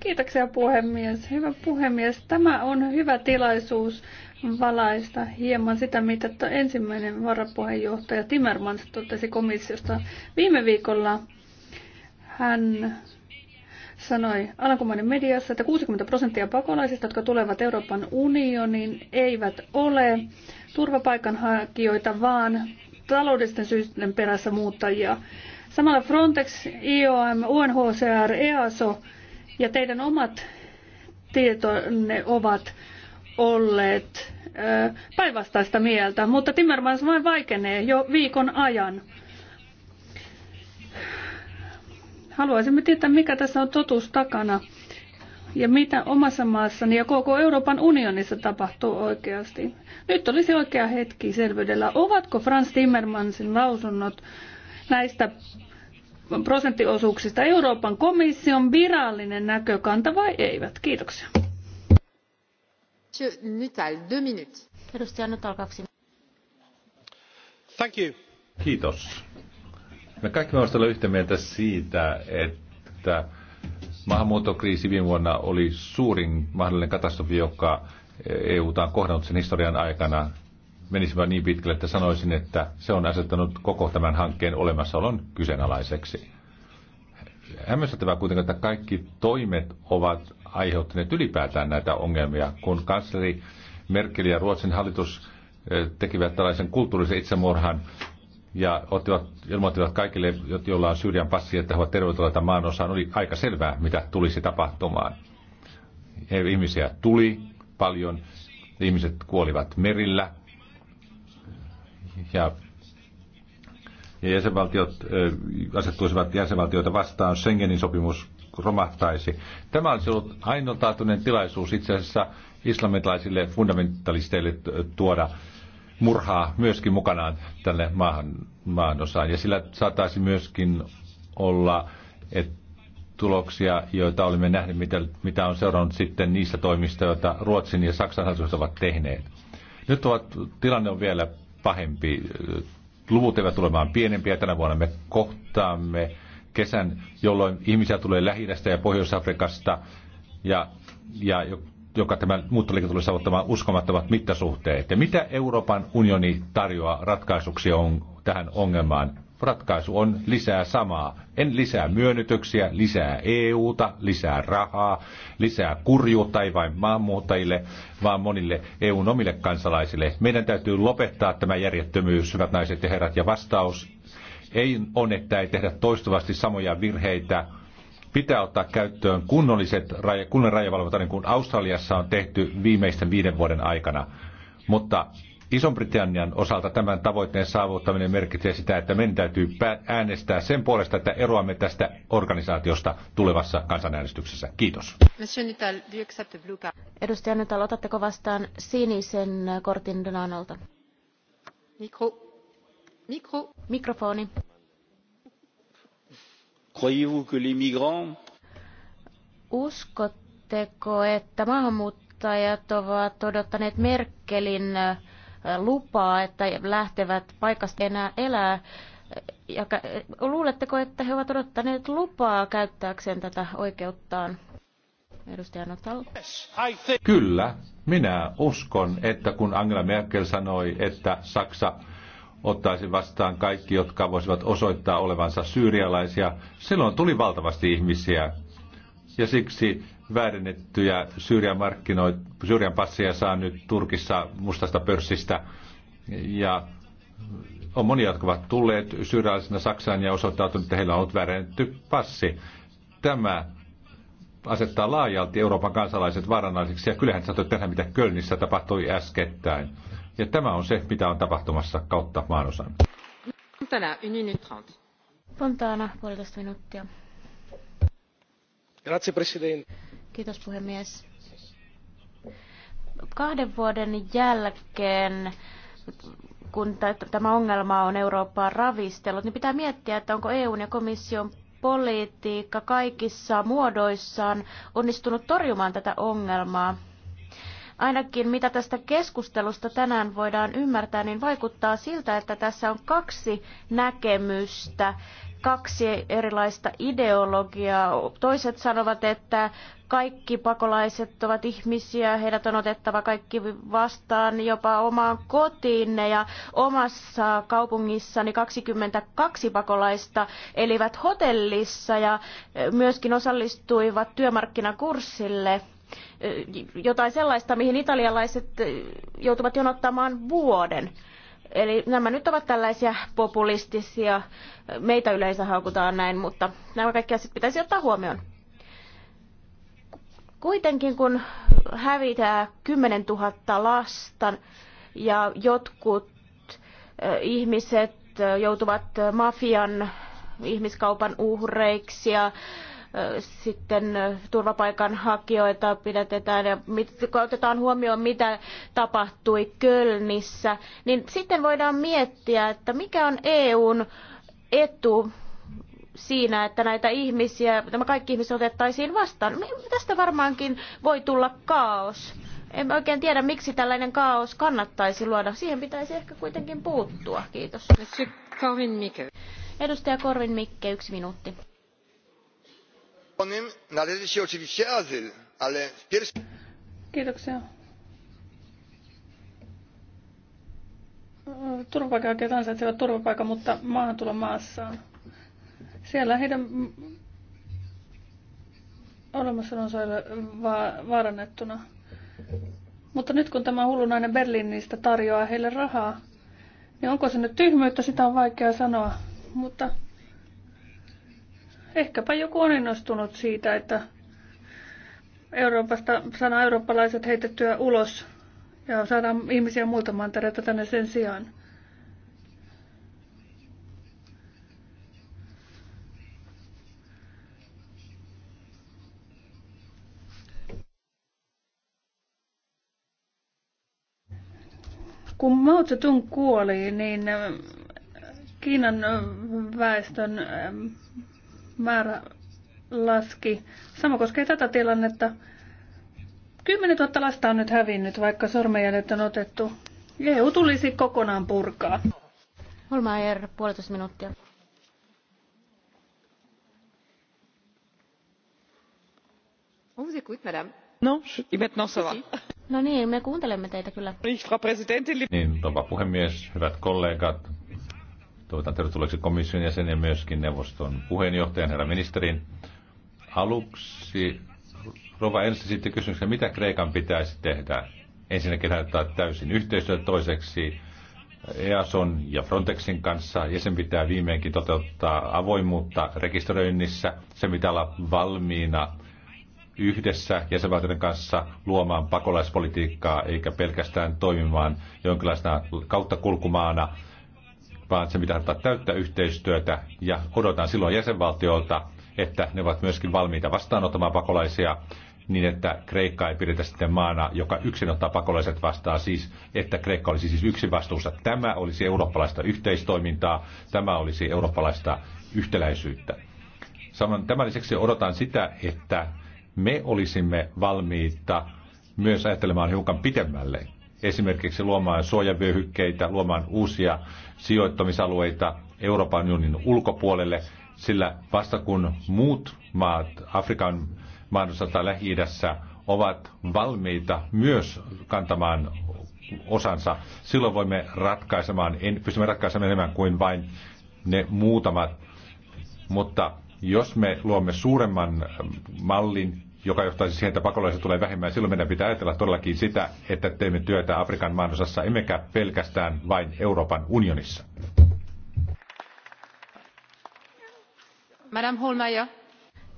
Kiitoksia puhemies. Hyvä puhemies. Tämä on hyvä tilaisuus valaista hieman sitä, mitä ensimmäinen varapuheenjohtaja Timmermans totesi komissiosta. Viime viikolla hän sanoi Alankomainen mediassa, että 60 prosenttia pakolaisista, jotka tulevat Euroopan unioniin, eivät ole turvapaikanhakijoita, vaan taloudellisten syisten perässä muuttajia. Samalla Frontex, IOM, UNHCR, EASO ja teidän omat tietonne ovat olleet päinvastaista mieltä, mutta Timmermans vain vaikenee jo viikon ajan. Haluaisimme tietää, mikä tässä on totuus takana ja mitä omassa maassani ja koko Euroopan unionissa tapahtuu oikeasti. Nyt olisi oikea hetki selvyydellä, ovatko Franz Timmermansin lausunnot näistä prosenttiosuuksista Euroopan komission virallinen näkökanta vai eivät. Kiitoksia. Nytal, deux Thank you. Kiitos. Me kaikki voimme olla yhtä mieltä siitä, että maahanmuuttokriisi viime vuonna oli suurin mahdollinen katastrofi, joka EU on kohdannut sen historian aikana. Menisin niin pitkälle, että sanoisin, että se on asettanut koko tämän hankkeen olemassaolon kyseenalaiseksi. Hämmästyttävää kuitenkin, että kaikki toimet ovat aiheuttaneet ylipäätään näitä ongelmia, kun kansleri Merkel ja Ruotsin hallitus eh, tekivät tällaisen kulttuurisen itsemurhan ja ottivat, ilmoittivat kaikille, joilla on Syyrian passi, että he ovat tervetulleita maan osaan. Oli aika selvää, mitä tulisi tapahtumaan. Ihmisiä tuli paljon, ihmiset kuolivat merillä ja ja jäsenvaltiot eh, asettuisivat jäsenvaltioita vastaan. Schengenin sopimus romahtaisi. Tämä olisi ollut ainutlaatuinen tilaisuus itse asiassa islamilaisille fundamentalisteille tuoda murhaa myöskin mukanaan tälle maahan, maan osaan. Ja sillä saataisi myöskin olla et, tuloksia, joita olemme nähneet, mitä, mitä on seurannut sitten niistä toimista, joita Ruotsin ja Saksan hallitukset ovat tehneet. Nyt ovat, tilanne on vielä pahempi. Luvut eivät tulemaan pienempiä. Tänä vuonna me kohtaamme kesän, jolloin ihmisiä tulee lähi ja Pohjois-Afrikasta, ja, ja joka tämä muuttoliike tulee saavuttamaan uskomattomat mittasuhteet. Ja mitä Euroopan unioni tarjoaa ratkaisuksi on tähän ongelmaan? Ratkaisu on lisää samaa. En lisää myönnytyksiä, lisää EUta, lisää rahaa, lisää kurjuutta ei vain maanmuuttajille, vaan monille EUn omille kansalaisille. Meidän täytyy lopettaa tämä järjettömyys, hyvät naiset ja herrat, ja vastaus ei on, että ei tehdä toistuvasti samoja virheitä. Pitää ottaa käyttöön kunnolliset kunnon rajavalvonta, niin kuin Australiassa on tehty viimeisten viiden vuoden aikana. Mutta iso britannian osalta tämän tavoitteen saavuttaminen merkitsee sitä, että meidän täytyy äänestää sen puolesta, että eroamme tästä organisaatiosta tulevassa kansanäänestyksessä. Kiitos. Edustaja Nytal, otatteko vastaan sinisen kortin Donalta? Mikro. Mikro. Mikrofoni. Croyez-vous que les migrants... Uskotteko, että maahanmuuttajat ovat odottaneet Merkelin äh, lupaa, että lähtevät paikasta enää elää? Ja luuletteko, että he ovat odottaneet lupaa käyttääkseen tätä oikeuttaan? Edustaja Notal. Kyllä, minä uskon, että kun Angela Merkel sanoi, että Saksa ottaisi vastaan kaikki, jotka voisivat osoittaa olevansa syyrialaisia. Silloin tuli valtavasti ihmisiä. Ja siksi väärennettyjä Syyrian, markkinoit, Syyrian passeja saa nyt Turkissa mustasta pörssistä. Ja on monia, jotka ovat tulleet syyrialaisena Saksaan ja osoittautunut, että heillä on ollut väärennetty passi. Tämä asettaa laajalti Euroopan kansalaiset vaaranalaiseksi, ja kyllähän saattoi tehdä, mitä Kölnissä tapahtui äskettäin. Ja tämä on se, mitä on tapahtumassa kautta maanosan. Tänään 1 Fontana, puolitoista minuuttia. Grazie, presidente. Kiitos puhemies. Kahden vuoden jälkeen kun tämä ongelma on Eurooppaa ravistellut, niin pitää miettiä, että onko EUn ja komission politiikka kaikissa muodoissaan onnistunut torjumaan tätä ongelmaa. Ainakin mitä tästä keskustelusta tänään voidaan ymmärtää, niin vaikuttaa siltä, että tässä on kaksi näkemystä, kaksi erilaista ideologiaa. Toiset sanovat, että kaikki pakolaiset ovat ihmisiä, heidät on otettava kaikki vastaan jopa omaan kotiinne ja omassa kaupungissani 22 pakolaista elivät hotellissa ja myöskin osallistuivat työmarkkinakurssille jotain sellaista, mihin italialaiset joutuvat jonottamaan vuoden. Eli nämä nyt ovat tällaisia populistisia, meitä yleensä haukutaan näin, mutta nämä kaikki asiat pitäisi ottaa huomioon. Kuitenkin kun hävitää 10 000 lasta ja jotkut ihmiset joutuvat mafian ihmiskaupan uhreiksi ja sitten turvapaikanhakijoita pidätetään ja kun otetaan huomioon, mitä tapahtui Kölnissä, niin sitten voidaan miettiä, että mikä on EUn etu siinä, että näitä ihmisiä, nämä kaikki ihmiset otettaisiin vastaan. Tästä varmaankin voi tulla kaos. En oikein tiedä, miksi tällainen kaos kannattaisi luoda. Siihen pitäisi ehkä kuitenkin puuttua. Kiitos. Edustaja Korvin Mikke, yksi minuutti należy się oczywiście azyl, ale w pierwszym... Kiitoksia. Turvapaikanhakijat ansaitsevat turvapaikan, mutta maahantulon maassaan. Siellä heidän olemassaolonsa on ole va- vaarannettuna. Mutta nyt kun tämä hullunainen Berliinistä tarjoaa heille rahaa, niin onko se nyt tyhmyyttä, sitä on vaikea sanoa. Mutta Ehkäpä joku on innostunut siitä, että Euroopasta sana eurooppalaiset heitettyä ulos ja saadaan ihmisiä muilta mantereilta tänne sen sijaan. Kun Mao Zedong kuoli, niin Kiinan väestön määrä laski. Sama koskee tätä tilannetta. 10 000 lasta on nyt hävinnyt, vaikka sormenjäljet on otettu. EU tulisi kokonaan purkaa. Holmaier, puolitoista minuuttia. No, vous no, no niin, me kuuntelemme teitä kyllä. Niin, rouva niin, puhemies, hyvät kollegat, Toivotan tervetulleeksi komission jäsen ja myöskin neuvoston puheenjohtajan, herra ministerin. Aluksi Rova ensin sitten kysymyksen, mitä Kreikan pitäisi tehdä? Ensinnäkin näyttää täysin yhteistyötä toiseksi EASON ja Frontexin kanssa, ja sen pitää viimeinkin toteuttaa avoimuutta rekisteröinnissä. Se pitää olla valmiina yhdessä jäsenvaltioiden kanssa luomaan pakolaispolitiikkaa, eikä pelkästään toimimaan jonkinlaisena kulkumaana vaan se pitää täyttä yhteistyötä ja odotan silloin jäsenvaltioilta, että ne ovat myöskin valmiita vastaanottamaan pakolaisia niin, että Kreikka ei pidetä sitten maana, joka yksin ottaa pakolaiset vastaan, siis että Kreikka olisi siis yksin vastuussa. Tämä olisi eurooppalaista yhteistoimintaa, tämä olisi eurooppalaista yhtäläisyyttä. Samoin tämän lisäksi odotan sitä, että me olisimme valmiita myös ajattelemaan hiukan pitemmälle esimerkiksi luomaan suojavyöhykkeitä, luomaan uusia sijoittamisalueita Euroopan unionin ulkopuolelle, sillä vasta kun muut maat Afrikan maanosassa tai lähi ovat valmiita myös kantamaan osansa, silloin voimme ratkaisemaan, en, pystymme ratkaisemaan enemmän kuin vain ne muutamat. Mutta jos me luomme suuremman mallin, joka johtaisi siihen, että pakolaisia tulee vähemmän. Silloin meidän pitää ajatella todellakin sitä, että teemme työtä Afrikan maanosassa, emmekä pelkästään vain Euroopan unionissa. Madame Holmeier.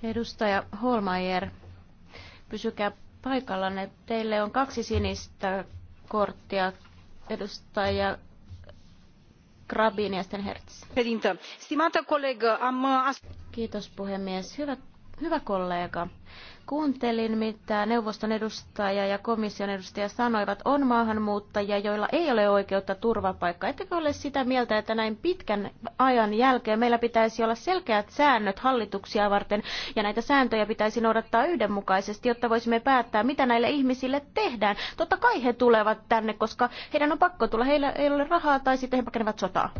Edustaja Holmeier, pysykää paikallanne. Teille on kaksi sinistä korttia. Edustaja Grabin ja sitten Hertz. Kiitos puhemies. Hyvät Hyvä kollega, kuuntelin mitä neuvoston edustaja ja komission edustaja sanoivat. On maahanmuuttajia, joilla ei ole oikeutta turvapaikkaa. Ettekö ole sitä mieltä, että näin pitkän ajan jälkeen meillä pitäisi olla selkeät säännöt hallituksia varten ja näitä sääntöjä pitäisi noudattaa yhdenmukaisesti, jotta voisimme päättää, mitä näille ihmisille tehdään. Totta kai he tulevat tänne, koska heidän on pakko tulla. Heillä ei ole rahaa tai sitten he pakenevat sotaa.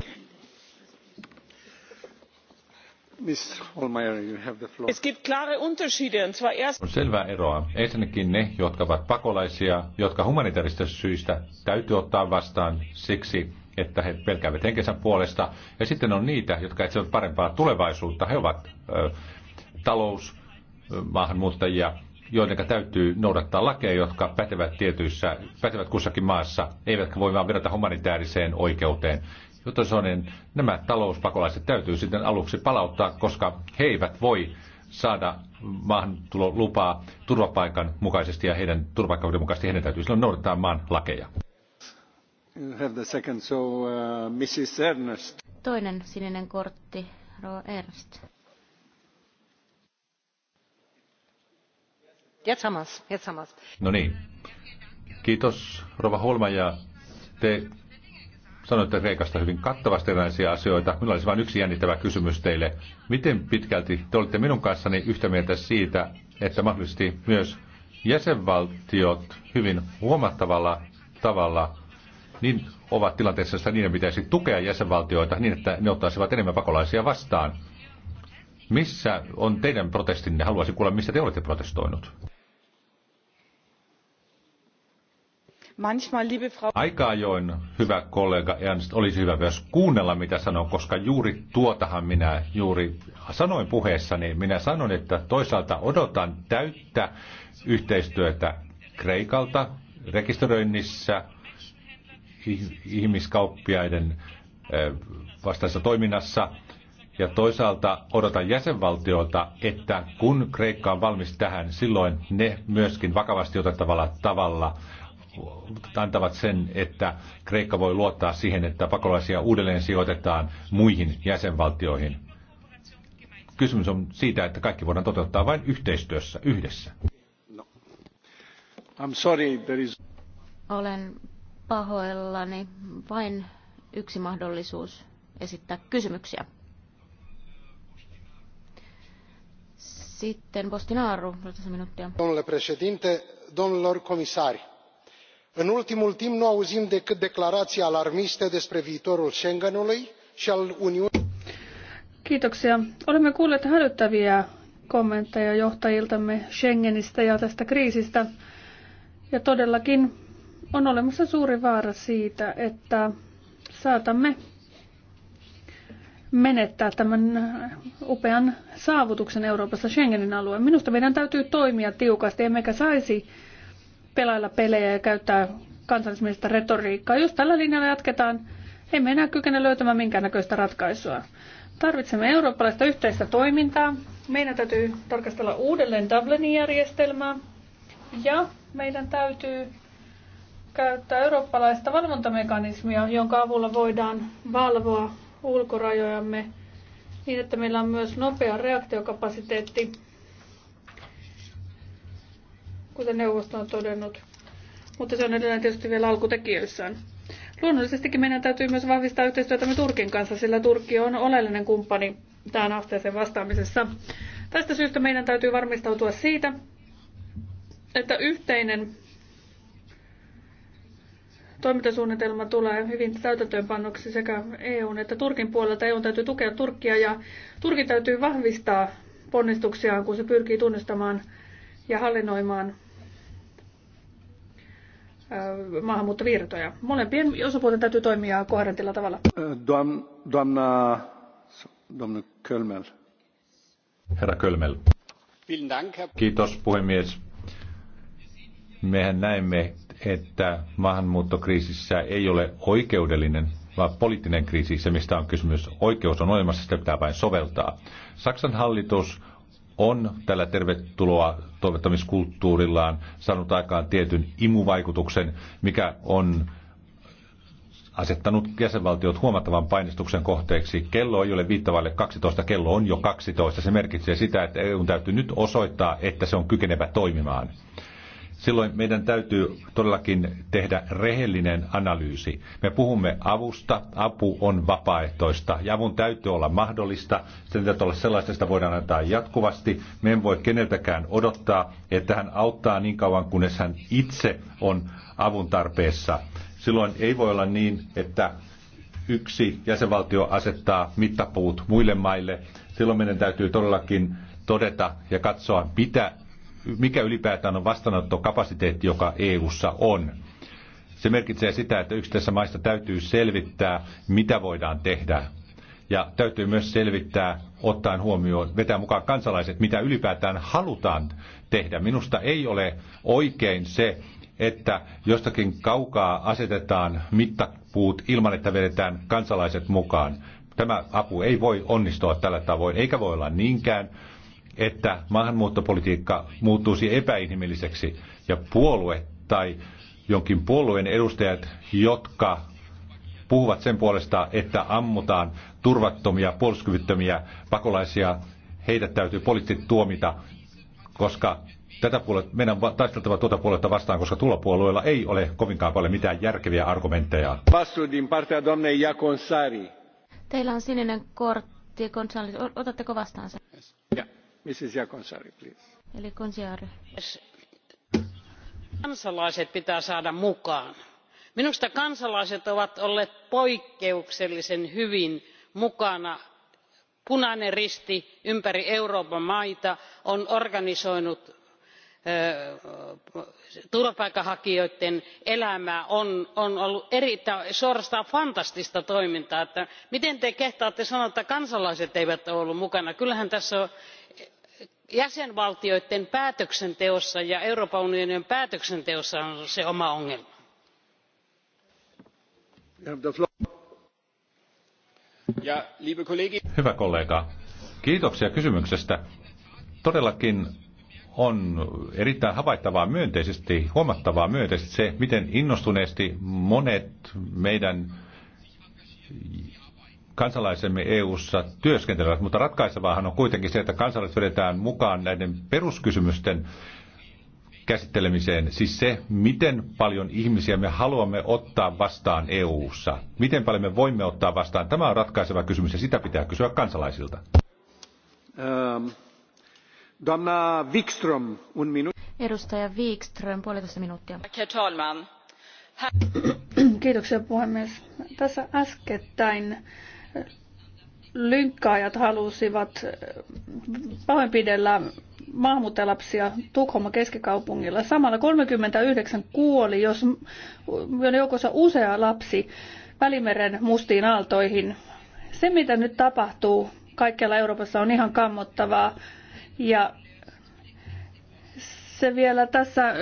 Es gibt klare Unterschiede, und zwar erst... On selvää eroa. Ensinnäkin ne, jotka ovat pakolaisia, jotka humanitaarista syistä täytyy ottaa vastaan siksi, että he pelkäävät henkensä puolesta. Ja sitten on niitä, jotka etsivät parempaa tulevaisuutta. He ovat talousmaahanmuuttajia, joiden täytyy noudattaa lakeja, jotka pätevät tietyissä, pätevät kussakin maassa, eivätkä voi vaan vedota humanitaariseen oikeuteen. Jotosonen, nämä talouspakolaiset täytyy sitten aluksi palauttaa, koska he eivät voi saada maahantulolupaa turvapaikan mukaisesti ja heidän turvapaikkauden mukaisesti heidän täytyy silloin noudattaa maan lakeja. so, uh, Mrs. Ernest. Toinen sininen kortti, Roa Ernst. No niin. Kiitos Rova Holma ja te Sanoitte Kreikasta hyvin kattavasti erilaisia asioita. Minulla olisi vain yksi jännittävä kysymys teille. Miten pitkälti te olitte minun kanssani yhtä mieltä siitä, että mahdollisesti myös jäsenvaltiot hyvin huomattavalla tavalla niin ovat tilanteessa, että niiden pitäisi tukea jäsenvaltioita niin, että ne ottaisivat enemmän pakolaisia vastaan. Missä on teidän protestinne? Haluaisin kuulla, missä te olette protestoinut. Aika ajoin, hyvä kollega Ernst, olisi hyvä myös kuunnella, mitä sanon, koska juuri tuotahan minä juuri sanoin puheessani. Minä sanon, että toisaalta odotan täyttä yhteistyötä Kreikalta rekisteröinnissä ihmiskauppiaiden vastaisessa toiminnassa. Ja toisaalta odotan jäsenvaltioilta, että kun Kreikka on valmis tähän, silloin ne myöskin vakavasti otettavalla tavalla antavat sen, että Kreikka voi luottaa siihen, että pakolaisia uudelleen sijoitetaan muihin jäsenvaltioihin. Kysymys on siitä, että kaikki voidaan toteuttaa vain yhteistyössä, yhdessä. No. I'm sorry, there is... Olen pahoillani. Vain yksi mahdollisuus esittää kysymyksiä. Sitten Bostinaru, minuuttia. Domnule președinte, domnilor comisari în ultimul timp nu auzim decât declarații alarmiste despre viitorul schengenului și al uniunii. Kiitoksia. Olemme kuulleet hälyttäviä kommentteja johtajiltamme Schengenistä ja tästä kriisistä. Ja todellakin on olemassa suuri vaara siitä, että saatamme menettää tämän upean saavutuksen Euroopassa Schengenin alueen. Minusta meidän täytyy toimia tiukasti, emmekä saisi pelailla pelejä ja käyttää kansallismielistä retoriikkaa. Jos tällä linjalla jatketaan, emme enää kykene löytämään minkäännäköistä ratkaisua. Tarvitsemme eurooppalaista yhteistä toimintaa. Meidän täytyy tarkastella uudelleen Dublinin järjestelmää. Ja meidän täytyy käyttää eurooppalaista valvontamekanismia, jonka avulla voidaan valvoa ulkorajojamme niin, että meillä on myös nopea reaktiokapasiteetti kuten neuvosto on todennut. Mutta se on edelleen tietysti vielä alkutekijöissään. Luonnollisestikin meidän täytyy myös vahvistaa yhteistyötämme Turkin kanssa, sillä Turkki on oleellinen kumppani tähän asteeseen vastaamisessa. Tästä syystä meidän täytyy varmistautua siitä, että yhteinen toimintasuunnitelma tulee hyvin täytäntöönpannoksi sekä EUn että Turkin puolelta. EUn täytyy tukea Turkkia ja Turkin täytyy vahvistaa ponnistuksiaan, kun se pyrkii tunnistamaan ja hallinnoimaan maahanmuuttovirtoja. Molempien osapuolten täytyy toimia koherentilla tavalla. Doamna, doamna Kölmel. Herra Kölmel. Kiitos puhemies. Mehän näemme, että maahanmuuttokriisissä ei ole oikeudellinen, vaan poliittinen kriisi, se mistä on kysymys. Oikeus on olemassa, sitä pitää vain soveltaa. Saksan hallitus on tällä tervetuloa toivottamiskulttuurillaan saanut aikaan tietyn imuvaikutuksen, mikä on asettanut jäsenvaltiot huomattavan painostuksen kohteeksi. Kello ei ole viittavalle 12, kello on jo 12. Se merkitsee sitä, että EU täytyy nyt osoittaa, että se on kykenevä toimimaan silloin meidän täytyy todellakin tehdä rehellinen analyysi. Me puhumme avusta, apu on vapaaehtoista ja avun täytyy olla mahdollista. Sen täytyy olla sellaista, sitä voidaan antaa jatkuvasti. Me emme voi keneltäkään odottaa, että hän auttaa niin kauan, kunnes hän itse on avun tarpeessa. Silloin ei voi olla niin, että yksi jäsenvaltio asettaa mittapuut muille maille. Silloin meidän täytyy todellakin todeta ja katsoa, mitä mikä ylipäätään on vastaanottokapasiteetti, joka EU:ssa on. Se merkitsee sitä, että yksittäisessä maista täytyy selvittää, mitä voidaan tehdä. Ja täytyy myös selvittää, ottaen huomioon, vetää mukaan kansalaiset, mitä ylipäätään halutaan tehdä. Minusta ei ole oikein se, että jostakin kaukaa asetetaan mittapuut ilman, että vedetään kansalaiset mukaan. Tämä apu ei voi onnistua tällä tavoin, eikä voi olla niinkään että maahanmuuttopolitiikka muuttuisi epäinhimilliseksi ja puolue tai jonkin puolueen edustajat, jotka puhuvat sen puolesta, että ammutaan turvattomia, puolustuskyvyttömiä pakolaisia, heidät täytyy poliittisesti tuomita, koska tätä puolta, meidän on taisteltava tuota puolelta vastaan, koska tuolla puolueella ei ole kovinkaan paljon mitään järkeviä argumentteja. Teillä on sininen kortti, Gonzales. Otatteko vastaan sen? Mrs. Jakonsari, please. Kansalaiset pitää saada mukaan. Minusta kansalaiset ovat olleet poikkeuksellisen hyvin mukana punainen risti ympäri euroopan maita on organisoinut turvapaikanhakijoiden elämää on, ollut erittäin, suorastaan fantastista toimintaa. miten te kehtaatte sanoa että kansalaiset eivät ole olleet mukana? kyllähän tässä on jäsenvaltioiden päätöksenteossa ja euroopan unionin päätöksenteossa on se oma ongelma. Hyvä kollega, kiitoksia kysymyksestä. Todellakin on erittäin havaittavaa myönteisesti, huomattavaa myönteisesti se, miten innostuneesti monet meidän kansalaisemme EU:ssa työskentelevät, mutta ratkaisevaahan on kuitenkin se, että kansalaiset vedetään mukaan näiden peruskysymysten käsittelemiseen, siis se, miten paljon ihmisiä me haluamme ottaa vastaan EU:ssa, miten paljon me voimme ottaa vastaan, tämä on ratkaiseva kysymys ja sitä pitää kysyä kansalaisilta. Um, ähm, Donna Wikström, un minuut. Edustaja Wikström, puolitoista minuuttia. Kiitoksia puhemies. Tässä äskettäin lynkkaajat halusivat äh, pahoinpidellä maahanmuuttajalapsia Tukholman keskikaupungilla. Samalla 39 kuoli, jos joukossa usea lapsi Välimeren mustiin aaltoihin. Se, mitä nyt tapahtuu kaikkialla Euroopassa, on ihan kammottavaa. Ja se vielä tässä äh,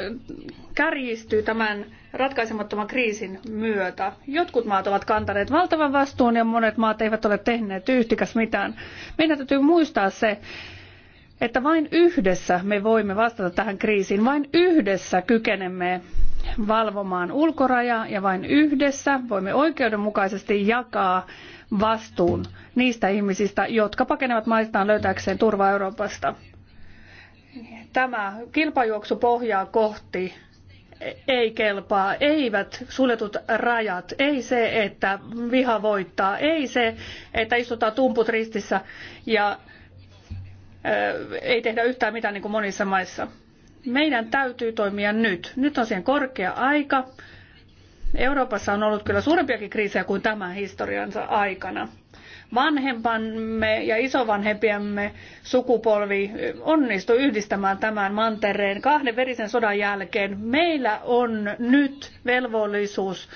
kärjistyy tämän ratkaisemattoman kriisin myötä. Jotkut maat ovat kantaneet valtavan vastuun ja monet maat eivät ole tehneet yhtikäs mitään. Meidän täytyy muistaa se, että vain yhdessä me voimme vastata tähän kriisiin, vain yhdessä kykenemme valvomaan ulkorajaa ja vain yhdessä voimme oikeudenmukaisesti jakaa vastuun niistä ihmisistä, jotka pakenevat maistaan löytääkseen turvaa Euroopasta. Tämä kilpajuoksu pohjaa kohti ei kelpaa, eivät suljetut rajat, ei se, että viha voittaa, ei se, että istutaan tumput ristissä ja ei tehdä yhtään mitään niin kuin monissa maissa. Meidän täytyy toimia nyt. Nyt on siihen korkea aika. Euroopassa on ollut kyllä suurempiakin kriisejä kuin tämän historiansa aikana vanhempamme ja isovanhempiemme sukupolvi onnistui yhdistämään tämän mantereen kahden verisen sodan jälkeen. Meillä on nyt velvollisuus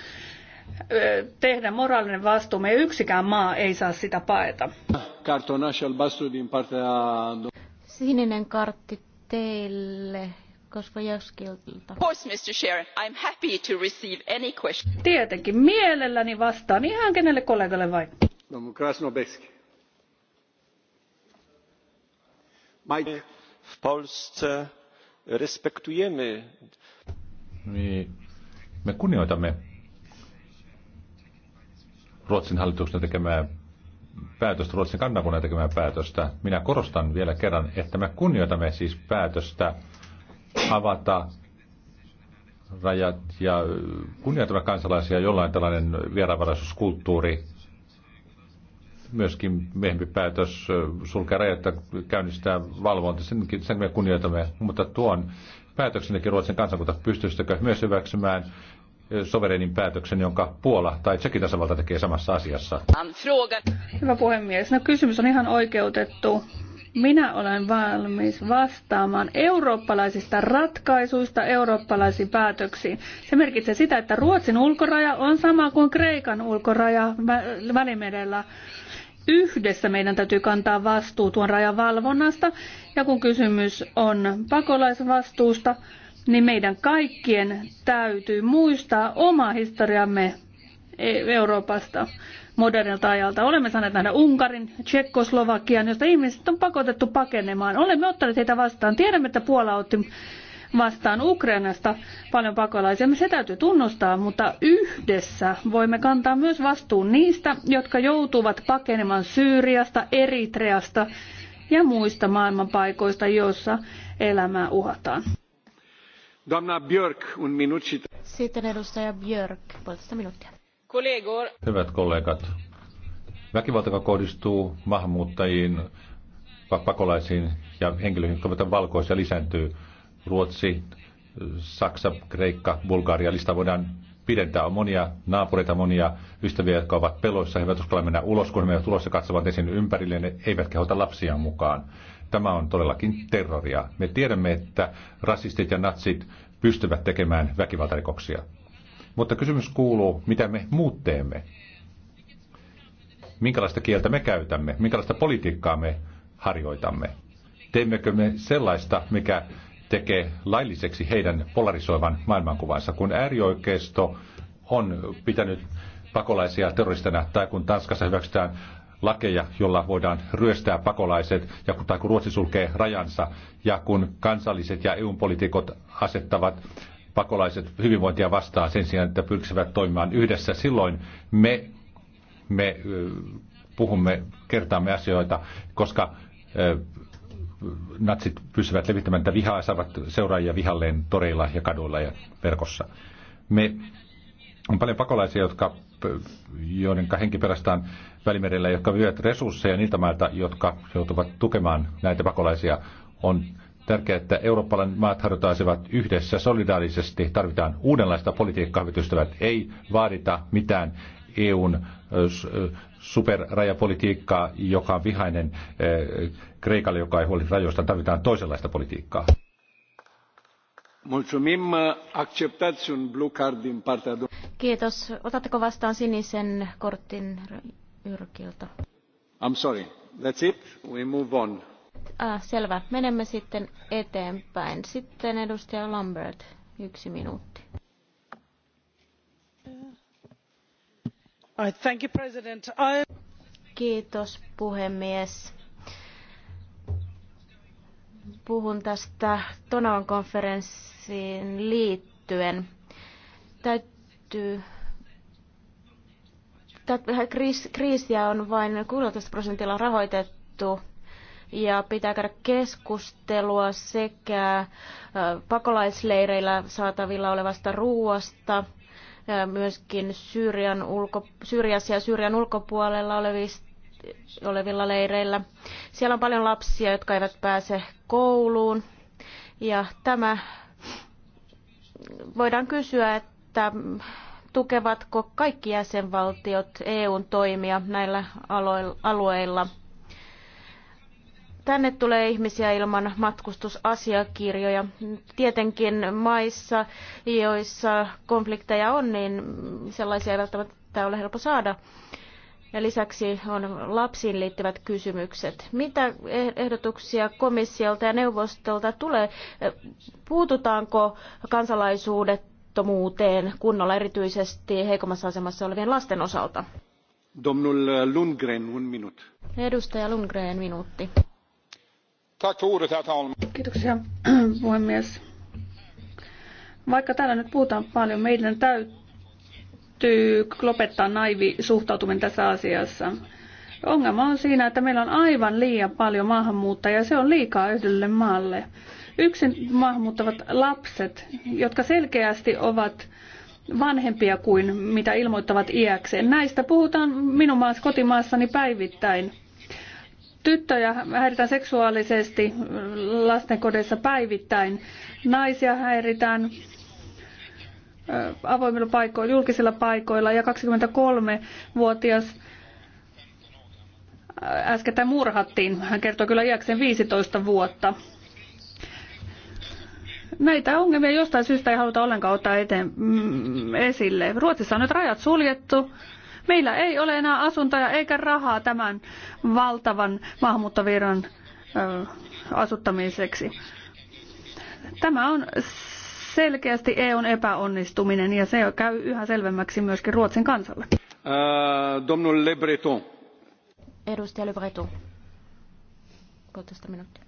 tehdä moraalinen vastuumme ja yksikään maa ei saa sitä paeta. Sininen kartti teille koska Mr. Sharon, I'm happy to receive any question. Tietenkin mielelläni vastaan ihan kenelle kollegalle vain w polsce respektujemy no me kunnioitamme Ruotsin hallituksen tekemää päätöstä, Ruotsin kannakunnan tekemää päätöstä. Minä korostan vielä kerran, että me kunnioitamme siis päätöstä avata rajat ja kunnioitamme kansalaisia jollain tällainen vieraanvaraisuuskulttuuri myöskin mehempi päätös sulkea rajoittaa käynnistää valvonta. Senkin sen me kunnioitamme, mutta tuon päätöksenkin Ruotsin kansakunta pystyisikö myös hyväksymään sovereenin päätöksen, jonka Puola tai Tsekin tasavalta tekee samassa asiassa? Hyvä puhemies. No kysymys on ihan oikeutettu. Minä olen valmis vastaamaan eurooppalaisista ratkaisuista eurooppalaisiin päätöksiin. Se merkitsee sitä, että Ruotsin ulkoraja on sama kuin Kreikan ulkoraja Välimerellä yhdessä meidän täytyy kantaa vastuu tuon rajan valvonnasta. Ja kun kysymys on pakolaisvastuusta, niin meidän kaikkien täytyy muistaa oma historiamme e- Euroopasta modernilta ajalta. Olemme saaneet nähdä Unkarin, Tsekkoslovakian, josta ihmiset on pakotettu pakenemaan. Olemme ottaneet heitä vastaan. Tiedämme, että Puola otti vastaan Ukrainasta paljon pakolaisia. Se täytyy tunnustaa, mutta yhdessä voimme kantaa myös vastuun niistä, jotka joutuvat pakenemaan Syyriasta, Eritreasta ja muista maailman paikoista, joissa elämää uhataan. Donna Björk, un minut. Sitten edustaja Björk, puolitoista minuuttia. Kollegor. Hyvät kollegat, väkivalta, joka kohdistuu maahanmuuttajiin, pakolaisiin ja henkilöihin, jotka ovat valkoisia, lisääntyy. Ruotsi, Saksa, Kreikka, Bulgaria. Lista voidaan pidentää. On monia naapureita, monia ystäviä, jotka ovat peloissa. He eivät uskalla mennä ulos, kun he menevät ulos ja katsovat ensin ympärilleen, ne eivät kehota lapsiaan mukaan. Tämä on todellakin terroria. Me tiedämme, että rasistit ja natsit pystyvät tekemään väkivaltarikoksia. Mutta kysymys kuuluu, mitä me muut teemme? Minkälaista kieltä me käytämme? Minkälaista politiikkaa me harjoitamme? Teemmekö me sellaista, mikä tekee lailliseksi heidän polarisoivan maailmankuvansa. Kun äärioikeisto on pitänyt pakolaisia terroristina tai kun Tanskassa hyväksytään lakeja, jolla voidaan ryöstää pakolaiset, ja kun, tai kun Ruotsi sulkee rajansa, ja kun kansalliset ja eu politiikot asettavat pakolaiset hyvinvointia vastaan sen sijaan, että pyrkisivät toimimaan yhdessä, silloin me, me puhumme, kertaamme asioita, koska natsit pysyvät levittämään tätä vihaa, saavat seuraajia vihalleen toreilla ja kaduilla ja verkossa. Me on paljon pakolaisia, jotka, joiden henki perästään välimerellä, jotka vyöt resursseja niiltä mailta, jotka joutuvat tukemaan näitä pakolaisia. On tärkeää, että Euroopan maat harjoitaisivat yhdessä solidaarisesti. Tarvitaan uudenlaista politiikkaa, hyvät ystävät. Ei vaadita mitään EUn superrajapolitiikkaa, joka on vihainen eh, Kreikalle, joka ei huolehdi rajoista. Tarvitaan toisenlaista politiikkaa. Kiitos. Otatteko vastaan sinisen kortin Jyrkiltä? I'm sorry. That's it. We move on. Ah, selvä. Menemme sitten eteenpäin. Sitten edustaja Lambert, yksi minuutti. Kiitos puhemies. Puhun tästä Tonavan konferenssiin liittyen. Täytyy Tätä kriisiä on vain 16 prosentilla rahoitettu ja pitää käydä keskustelua sekä pakolaisleireillä saatavilla olevasta ruoasta myöskin Syyrian ulko, Syyriassa ja Syyrian ulkopuolella olevista olevilla leireillä. Siellä on paljon lapsia, jotka eivät pääse kouluun. Ja tämä voidaan kysyä, että tukevatko kaikki jäsenvaltiot EUn toimia näillä alueilla. Tänne tulee ihmisiä ilman matkustusasiakirjoja. Tietenkin maissa, joissa konflikteja on, niin sellaisia ei välttämättä ole helppo saada. Ja lisäksi on lapsiin liittyvät kysymykset. Mitä eh- ehdotuksia komissiolta ja neuvostolta tulee? Puututaanko kansalaisuudettomuuteen kunnolla erityisesti heikommassa asemassa olevien lasten osalta? Domnul Lundgren, un minut. Edustaja Lundgren, minuutti Kiitoksia <clears throat> puhemies. Vaikka täällä nyt puhutaan paljon, meidän täytyy lopettaa naivi suhtautuminen tässä asiassa. Ongelma on siinä, että meillä on aivan liian paljon maahanmuuttajia. Se on liikaa yhdelle maalle. Yksin maahanmuuttavat lapset, jotka selkeästi ovat vanhempia kuin mitä ilmoittavat iäkseen. Näistä puhutaan minun maassa, kotimaassani päivittäin Tyttöjä häiritään seksuaalisesti lastenkodeissa päivittäin. Naisia häiritään avoimilla paikoilla, julkisilla paikoilla ja 23-vuotias äskettäin murhattiin. Hän kertoi kyllä iäkseen 15 vuotta. Näitä ongelmia jostain syystä ei haluta ollenkaan ottaa eteen, mm, esille. Ruotsissa on nyt rajat suljettu Meillä ei ole enää asuntoja eikä rahaa tämän valtavan maahanmuuttoviran asuttamiseksi. Tämä on selkeästi EUn epäonnistuminen ja se käy yhä selvemmäksi myöskin Ruotsin kansalle. Uh, Le Breton. Edustaja Le Breton. Puolitoista minuuttia.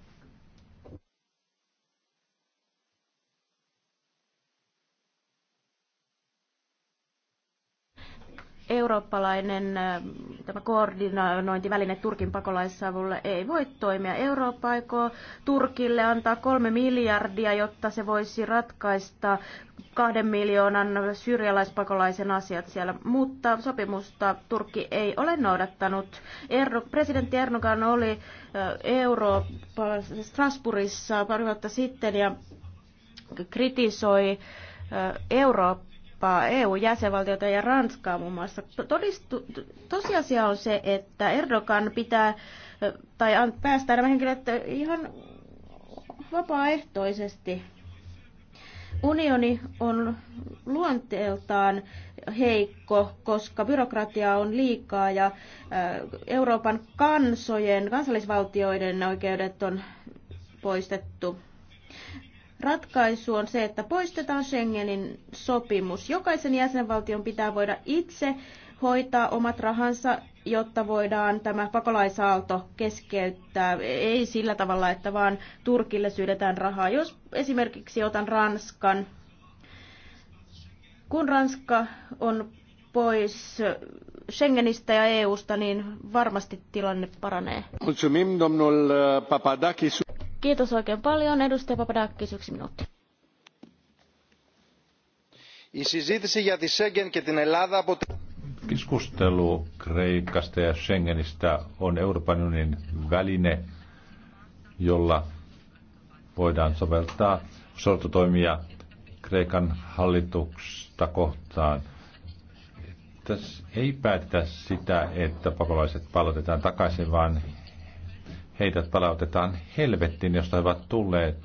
eurooppalainen äh, tämä koordinointiväline Turkin pakolaisavulle ei voi toimia. Eurooppa aikoo Turkille antaa kolme miljardia, jotta se voisi ratkaista kahden miljoonan syyrialaispakolaisen asiat siellä, mutta sopimusta Turkki ei ole noudattanut. Erdo, presidentti Erdogan oli äh, Eurooppa Strasbourgissa pari vuotta sitten ja kritisoi äh, Eurooppaa tapaa EU-jäsenvaltiota ja Ranskaa muun muassa. Todistu, tosiasia on se, että Erdogan pitää tai päästää nämä henkilöt ihan vapaaehtoisesti. Unioni on luonteeltaan heikko, koska byrokratia on liikaa ja Euroopan kansojen, kansallisvaltioiden oikeudet on poistettu. Ratkaisu on se, että poistetaan Schengenin sopimus. Jokaisen jäsenvaltion pitää voida itse hoitaa omat rahansa, jotta voidaan tämä pakolaisaalto keskeyttää. Ei sillä tavalla, että vaan Turkille syydetään rahaa. Jos esimerkiksi otan Ranskan, kun Ranska on pois Schengenistä ja EUsta, niin varmasti tilanne paranee. Kiitos oikein paljon. Edustaja Papadakis, yksi minuutti. Keskustelu Kreikasta ja Schengenistä on Euroopan unionin väline, jolla voidaan soveltaa sortotoimia Kreikan hallituksesta kohtaan. Tässä ei päätetä sitä, että pakolaiset palautetaan takaisin, vaan heitä palautetaan helvettiin, josta he ovat tulleet.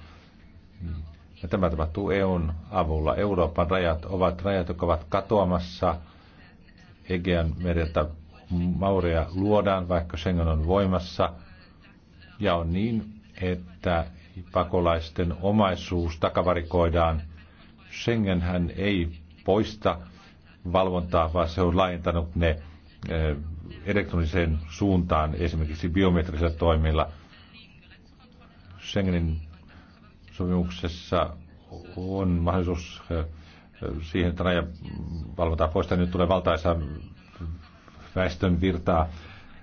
Ja tämä tapahtuu EUn avulla. Euroopan rajat ovat rajat, jotka ovat katoamassa Egean mereltä. Mauria luodaan, vaikka Schengen on voimassa. Ja on niin, että pakolaisten omaisuus takavarikoidaan. Schengenhän ei poista valvontaa, vaan se on laajentanut ne Eh, elektroniseen suuntaan esimerkiksi biometrisillä toimilla. Schengenin sopimuksessa on mahdollisuus eh, siihen, että rajavalvontaa poistaa. Nyt tulee valtaisa väestön virtaa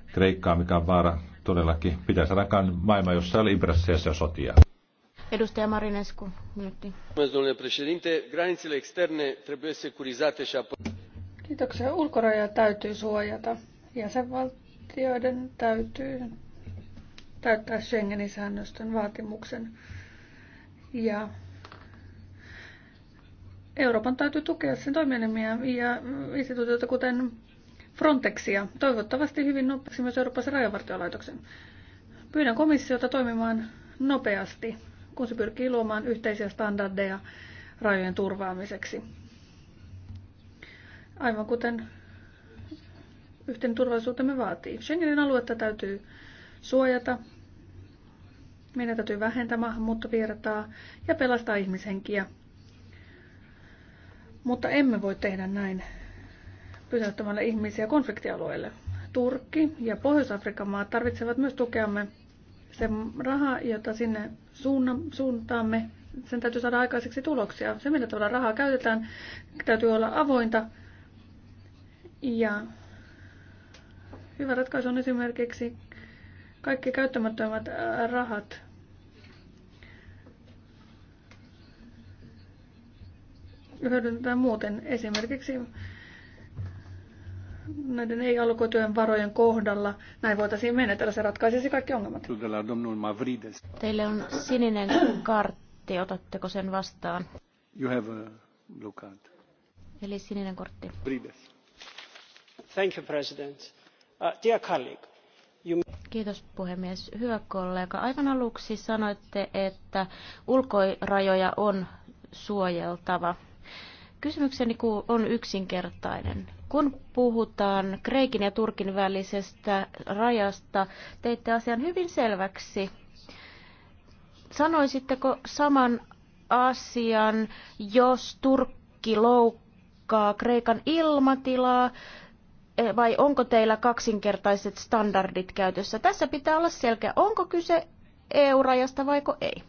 Kreikkaa, mikä on vaara todellakin. Pitäisi saada maailma, jossa oli impressiassa sotia. Edustaja Marinescu, minuutti. externe Kiitoksia. Ulkoraja täytyy suojata. Jäsenvaltioiden täytyy täyttää Schengenin säännöstön vaatimuksen. Ja Euroopan täytyy tukea sen toimielimiä ja instituutioita, kuten Frontexia, toivottavasti hyvin nopeasti myös Euroopassa rajavartiolaitoksen. Pyydän komissiota toimimaan nopeasti, kun se pyrkii luomaan yhteisiä standardeja rajojen turvaamiseksi aivan kuten yhteen turvallisuutemme vaatii. Schengenin aluetta täytyy suojata, meidän täytyy vähentää maahanmuuttovirtaa ja pelastaa ihmishenkiä. Mutta emme voi tehdä näin pysäyttämällä ihmisiä konfliktialueille. Turkki ja Pohjois-Afrikan maat tarvitsevat myös tukeamme. Se raha, jota sinne suuntaamme, sen täytyy saada aikaiseksi tuloksia. Se, millä tavalla rahaa käytetään, täytyy olla avointa ja hyvä ratkaisu on esimerkiksi kaikki käyttämättömät rahat hyödynnetään muuten esimerkiksi näiden ei-alkotyön varojen kohdalla. Näin voitaisiin menetellä. Se ratkaisisi kaikki ongelmat. Teille on sininen kartti. Otatteko sen vastaan? You have a uh, blue card. Eli sininen kortti. Vrides. Uh, Kiitos puhemies. Hyvä kollega, aivan aluksi sanoitte, että ulkorajoja on suojeltava. Kysymykseni on yksinkertainen. Kun puhutaan Kreikin ja Turkin välisestä rajasta, teitte asian hyvin selväksi. Sanoisitteko saman asian, jos Turkki loukkaa Kreikan ilmatilaa Eh, vai onko teillä kaksinkertaiset standardit käytössä? Tässä pitää olla selkeä, onko kyse EU-rajasta vaiko ei.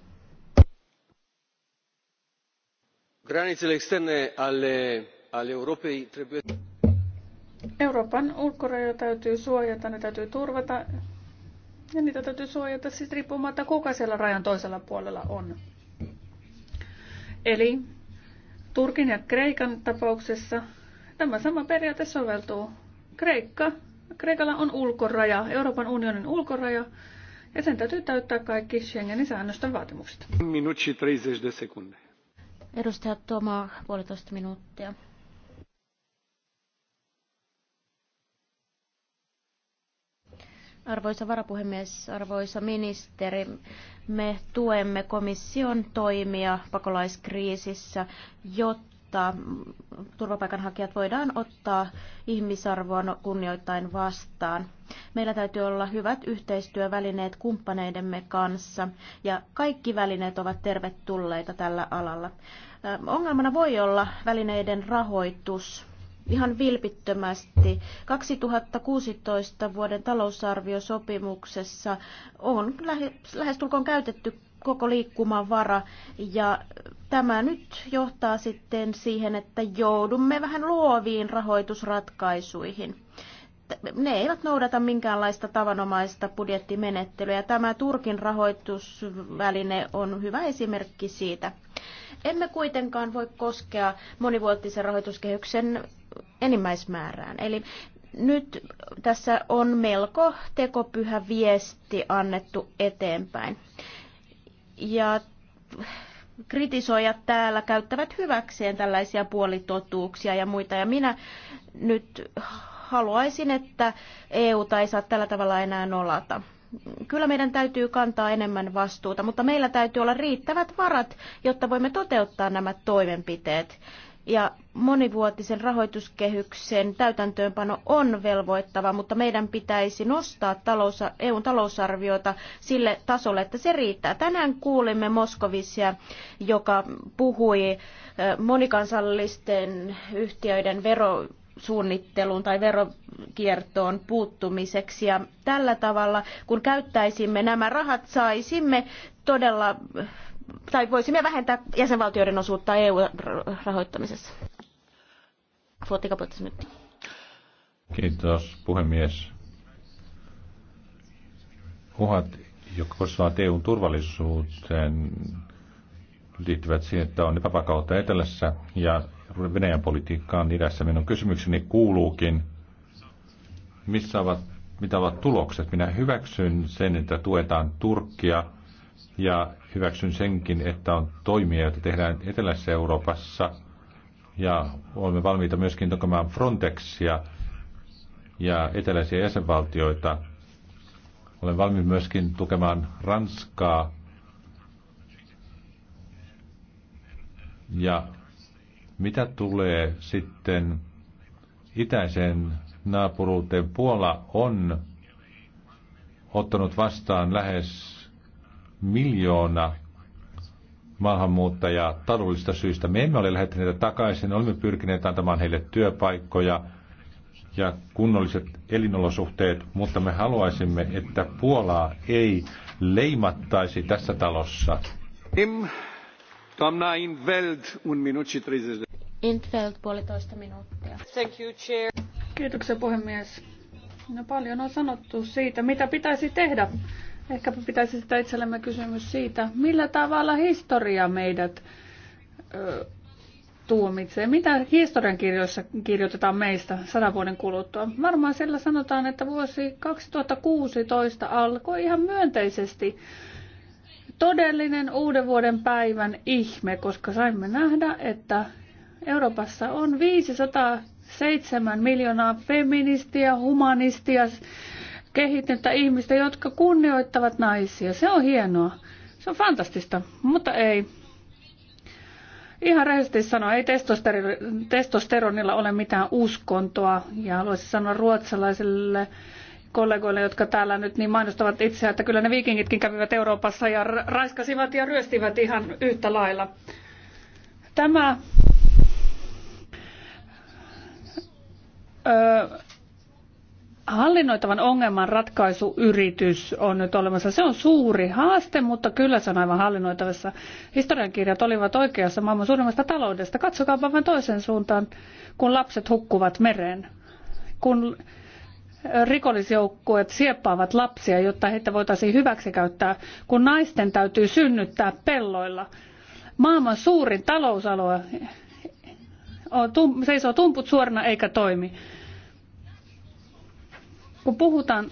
Granițele externe ale, alle, trebuie... Euroopan ulkorajoja täytyy suojata, ne täytyy turvata ja niitä täytyy suojata siis riippumatta kuka siellä rajan toisella puolella on. Eli Turkin ja Kreikan tapauksessa tämä sama periaate soveltuu Kreikka, Kreikalla on ulkoraja, Euroopan unionin ulkoraja, ja sen täytyy täyttää kaikki Schengenin säännösten vaatimukset. Minuutti 30 sekuntia. Edustaja Toma, puolitoista minuuttia. Arvoisa varapuhemies, arvoisa ministeri, me tuemme komission toimia pakolaiskriisissä, jotta ottaa, turvapaikanhakijat voidaan ottaa ihmisarvoa kunnioittain vastaan. Meillä täytyy olla hyvät yhteistyövälineet kumppaneidemme kanssa ja kaikki välineet ovat tervetulleita tällä alalla. Ongelmana voi olla välineiden rahoitus, ihan vilpittömästi. 2016 vuoden talousarviosopimuksessa on lähestulkoon käytetty koko liikkumavara. Ja tämä nyt johtaa sitten siihen, että joudumme vähän luoviin rahoitusratkaisuihin. Ne eivät noudata minkäänlaista tavanomaista budjettimenettelyä. Tämä Turkin rahoitusväline on hyvä esimerkki siitä. Emme kuitenkaan voi koskea monivuotisen rahoituskehyksen enimmäismäärään. Eli nyt tässä on melko tekopyhä viesti annettu eteenpäin ja kritisoijat täällä käyttävät hyväkseen tällaisia puolitotuuksia ja muita. Ja minä nyt haluaisin, että EU ei saa tällä tavalla enää nolata. Kyllä meidän täytyy kantaa enemmän vastuuta, mutta meillä täytyy olla riittävät varat, jotta voimme toteuttaa nämä toimenpiteet ja monivuotisen rahoituskehyksen täytäntöönpano on velvoittava, mutta meidän pitäisi nostaa talous, EUn talousarviota sille tasolle, että se riittää. Tänään kuulimme Moskovisia, joka puhui monikansallisten yhtiöiden verosuunnitteluun tai verokiertoon puuttumiseksi. Ja tällä tavalla, kun käyttäisimme nämä rahat, saisimme todella tai voisimme vähentää jäsenvaltioiden osuutta EU-rahoittamisessa. Fotika, nyt. Kiitos, puhemies. Uhat, jotka koskevat EUn turvallisuuteen, liittyvät siihen, että on epävakautta etelässä ja Venäjän politiikkaan idässä. Minun kysymykseni kuuluukin, missä ovat, mitä ovat tulokset. Minä hyväksyn sen, että tuetaan Turkkia – ja hyväksyn senkin, että on toimia, joita tehdään Etelässä Euroopassa ja olemme valmiita myöskin tukemaan Frontexia ja eteläisiä jäsenvaltioita. Olen valmis myöskin tukemaan Ranskaa ja mitä tulee sitten itäiseen naapuruuteen, Puola on ottanut vastaan lähes miljoona maahanmuuttajaa taloudellisista syistä. Me emme ole lähettäneet takaisin, olemme pyrkineet antamaan heille työpaikkoja ja kunnolliset elinolosuhteet, mutta me haluaisimme, että Puolaa ei leimattaisi tässä talossa. Im, Intveld, puolitoista minuuttia. Thank you, chair. Kiitoksia puhemies. No, paljon on sanottu siitä, mitä pitäisi tehdä Ehkäpä pitäisi sitä itsellemme kysymys siitä, millä tavalla historia meidät ö, tuomitsee. Mitä historiankirjoissa kirjoitetaan meistä sadan vuoden kuluttua? Varmaan siellä sanotaan, että vuosi 2016 alkoi ihan myönteisesti todellinen uuden vuoden päivän ihme, koska saimme nähdä, että Euroopassa on 507 miljoonaa feministia, humanistia, kehitetä ihmistä, jotka kunnioittavat naisia. Se on hienoa. Se on fantastista, mutta ei. Ihan rehellisesti sanoa, ei testosteronilla ole mitään uskontoa. Ja haluaisin sanoa ruotsalaisille kollegoille, jotka täällä nyt niin mainostavat itseään, että kyllä ne viikingitkin kävivät Euroopassa ja raiskasivat ja ryöstivät ihan yhtä lailla. Tämä öö, hallinnoitavan ongelman ratkaisuyritys on nyt olemassa. Se on suuri haaste, mutta kyllä se on aivan hallinnoitavassa. Historiankirjat olivat oikeassa maailman suurimmasta taloudesta. Katsokaapa vain toisen suuntaan, kun lapset hukkuvat mereen. Kun rikollisjoukkueet sieppaavat lapsia, jotta heitä voitaisiin hyväksikäyttää, kun naisten täytyy synnyttää pelloilla. Maailman suurin talousalue seisoo tumput suorana eikä toimi kun puhutaan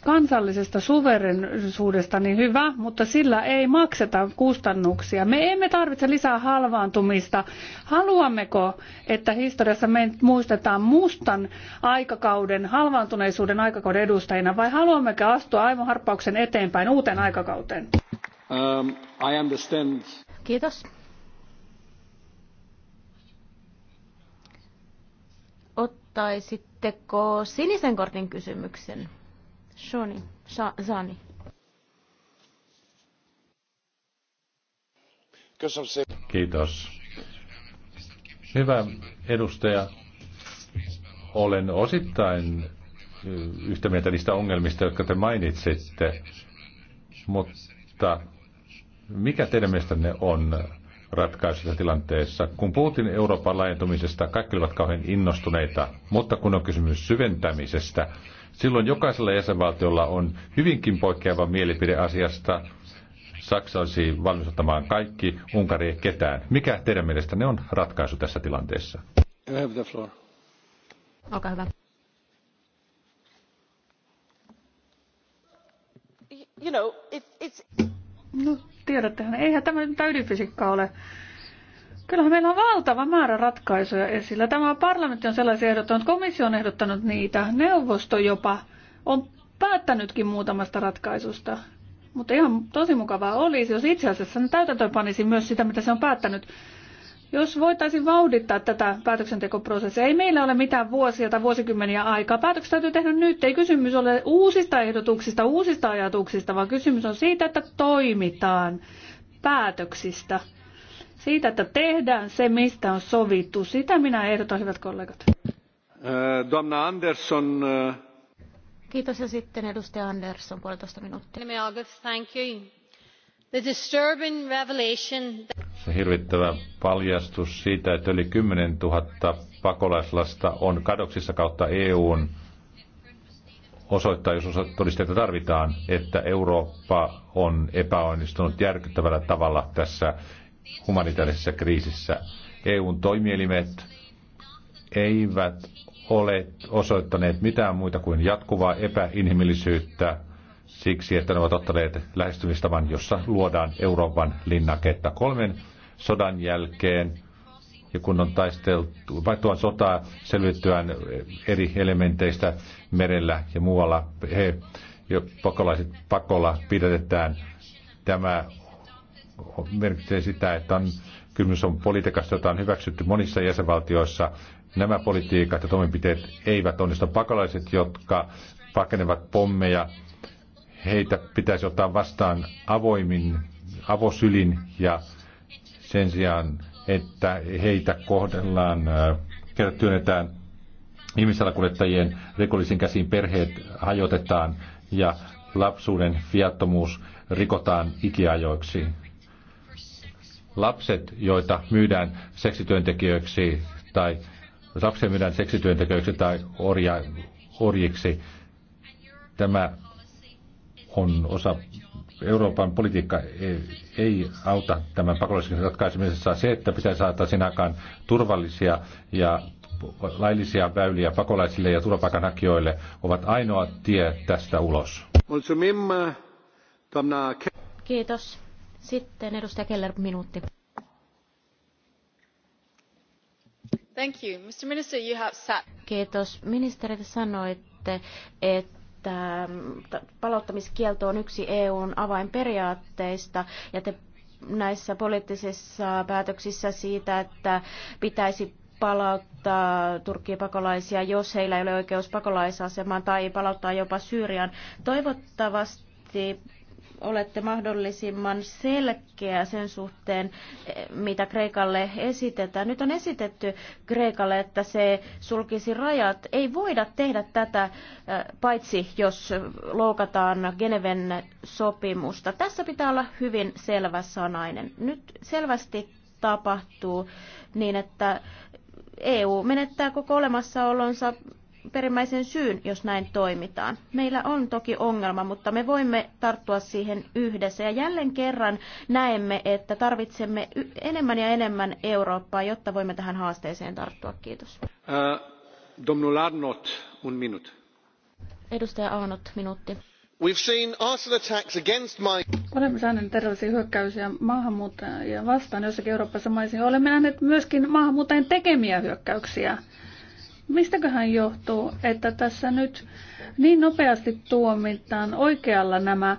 kansallisesta suverenisuudesta, niin hyvä, mutta sillä ei makseta kustannuksia. Me emme tarvitse lisää halvaantumista. Haluammeko, että historiassa me muistetaan mustan aikakauden, halvaantuneisuuden aikakauden edustajina, vai haluammeko astua aivoharppauksen eteenpäin uuteen aikakauteen? Um, I understand. Kiitos. ottaisitteko sinisen kortin kysymyksen? Shoni, Sani. Kiitos. Hyvä edustaja, olen osittain yhtä mieltä niistä ongelmista, jotka te mainitsitte, mutta mikä teidän mielestänne on ratkaisuissa tilanteessa. Kun puhuttiin Euroopan laajentumisesta, kaikki olivat kauhean innostuneita, mutta kun on kysymys syventämisestä, silloin jokaisella jäsenvaltiolla on hyvinkin poikkeava mielipide asiasta. Saksa olisi valmis ottamaan kaikki, Unkari ei ketään. Mikä teidän mielestänne on ratkaisu tässä tilanteessa? You have the floor. Olkaa hyvä. You know, it, it's... No, tiedättehän, eihän tämä mitään ydinfysiikkaa ole. Kyllähän meillä on valtava määrä ratkaisuja esillä. Tämä parlamentti on sellaisia ehdottanut, komissio on ehdottanut niitä, neuvosto jopa on päättänytkin muutamasta ratkaisusta. Mutta ihan tosi mukavaa olisi, jos itse asiassa ne täytäntöön panisi myös sitä, mitä se on päättänyt. Jos voitaisiin vauhdittaa tätä päätöksentekoprosessia, ei meillä ole mitään vuosia tai vuosikymmeniä aikaa. Päätökset täytyy tehdä nyt. Ei kysymys ole uusista ehdotuksista, uusista ajatuksista, vaan kysymys on siitä, että toimitaan päätöksistä. Siitä, että tehdään se, mistä on sovittu. Sitä minä ehdotan, hyvät kollegat. Äh, Doamna Andersson. Äh. Kiitos ja sitten edustaja Andersson, puolitoista minuuttia. Thank you. Se hirvittävä paljastus siitä, että yli 10 000 pakolaislasta on kadoksissa kautta EUn osoittaa, jos todisteita tarvitaan, että Eurooppa on epäonnistunut järkyttävällä tavalla tässä humanitaarisessa kriisissä. EUn toimielimet eivät ole osoittaneet mitään muita kuin jatkuvaa epäinhimillisyyttä siksi, että ne ovat ottaneet lähestymistavan, jossa luodaan Euroopan linnaketta. Kolmen sodan jälkeen ja kun on taisteltu, vaihtuvan sotaa selvittyään eri elementeistä merellä ja muualla, he jo pakolaiset pakolla pidätetään. Tämä merkitsee sitä, että on, kysymys on politiikasta, jota on hyväksytty monissa jäsenvaltioissa. Nämä politiikat ja toimenpiteet eivät onnistu. Pakolaiset, jotka pakenevat pommeja, heitä pitäisi ottaa vastaan avoimin, avosylin ja sen sijaan, että heitä kohdellaan, äh, työnnetään ihmisalakuljettajien rikollisin käsiin, perheet hajotetaan ja lapsuuden viattomuus rikotaan ikiajoiksi. Lapset, joita myydään seksityöntekijöiksi tai lapsia myydään seksityöntekijöiksi tai orja, orjiksi, tämä on osa Euroopan politiikka e, ei auta tämän pakolaisen ratkaisemisessa. Se, että pitää saada sen aikaan turvallisia ja laillisia väyliä pakolaisille ja turvapaikanhakijoille, ovat ainoa tie tästä ulos. Kiitos. Sitten edustaja Keller, minuutti. Thank you. Mr. Minister, you have sat... Kiitos. Ministeri, sanoitte, että että mm, palauttamiskielto on yksi EUn avainperiaatteista ja te näissä poliittisissa päätöksissä siitä, että pitäisi palauttaa Turkkiin pakolaisia, jos heillä ei ole oikeus pakolaisasemaan, tai palauttaa jopa Syyrian. Toivottavasti olette mahdollisimman selkeä sen suhteen, eh, mitä Kreikalle esitetään. Nyt on esitetty Kreikalle, että se sulkisi rajat. Ei voida tehdä tätä eh, paitsi, jos loukataan Geneven sopimusta. Tässä pitää olla hyvin selvä sanainen. Nyt selvästi tapahtuu niin, että EU menettää koko olemassaolonsa perimmäisen syyn, jos näin toimitaan. Meillä on toki ongelma, mutta me voimme tarttua siihen yhdessä. Ja jälleen kerran näemme, että tarvitsemme enemmän ja enemmän Eurooppaa, jotta voimme tähän haasteeseen tarttua. Kiitos. Uh, Domnul Arnott, un minut. Edustaja Arnott, minuutti. We've seen arsenal attacks against my... Olemme saaneet terveisiä hyökkäyksiä maahanmuuttajia vastaan jossakin Euroopassa maisiin. Olemme nähneet myöskin maahanmuuttajien tekemiä hyökkäyksiä Mistäköhän johtuu, että tässä nyt niin nopeasti tuomitaan oikealla nämä äh,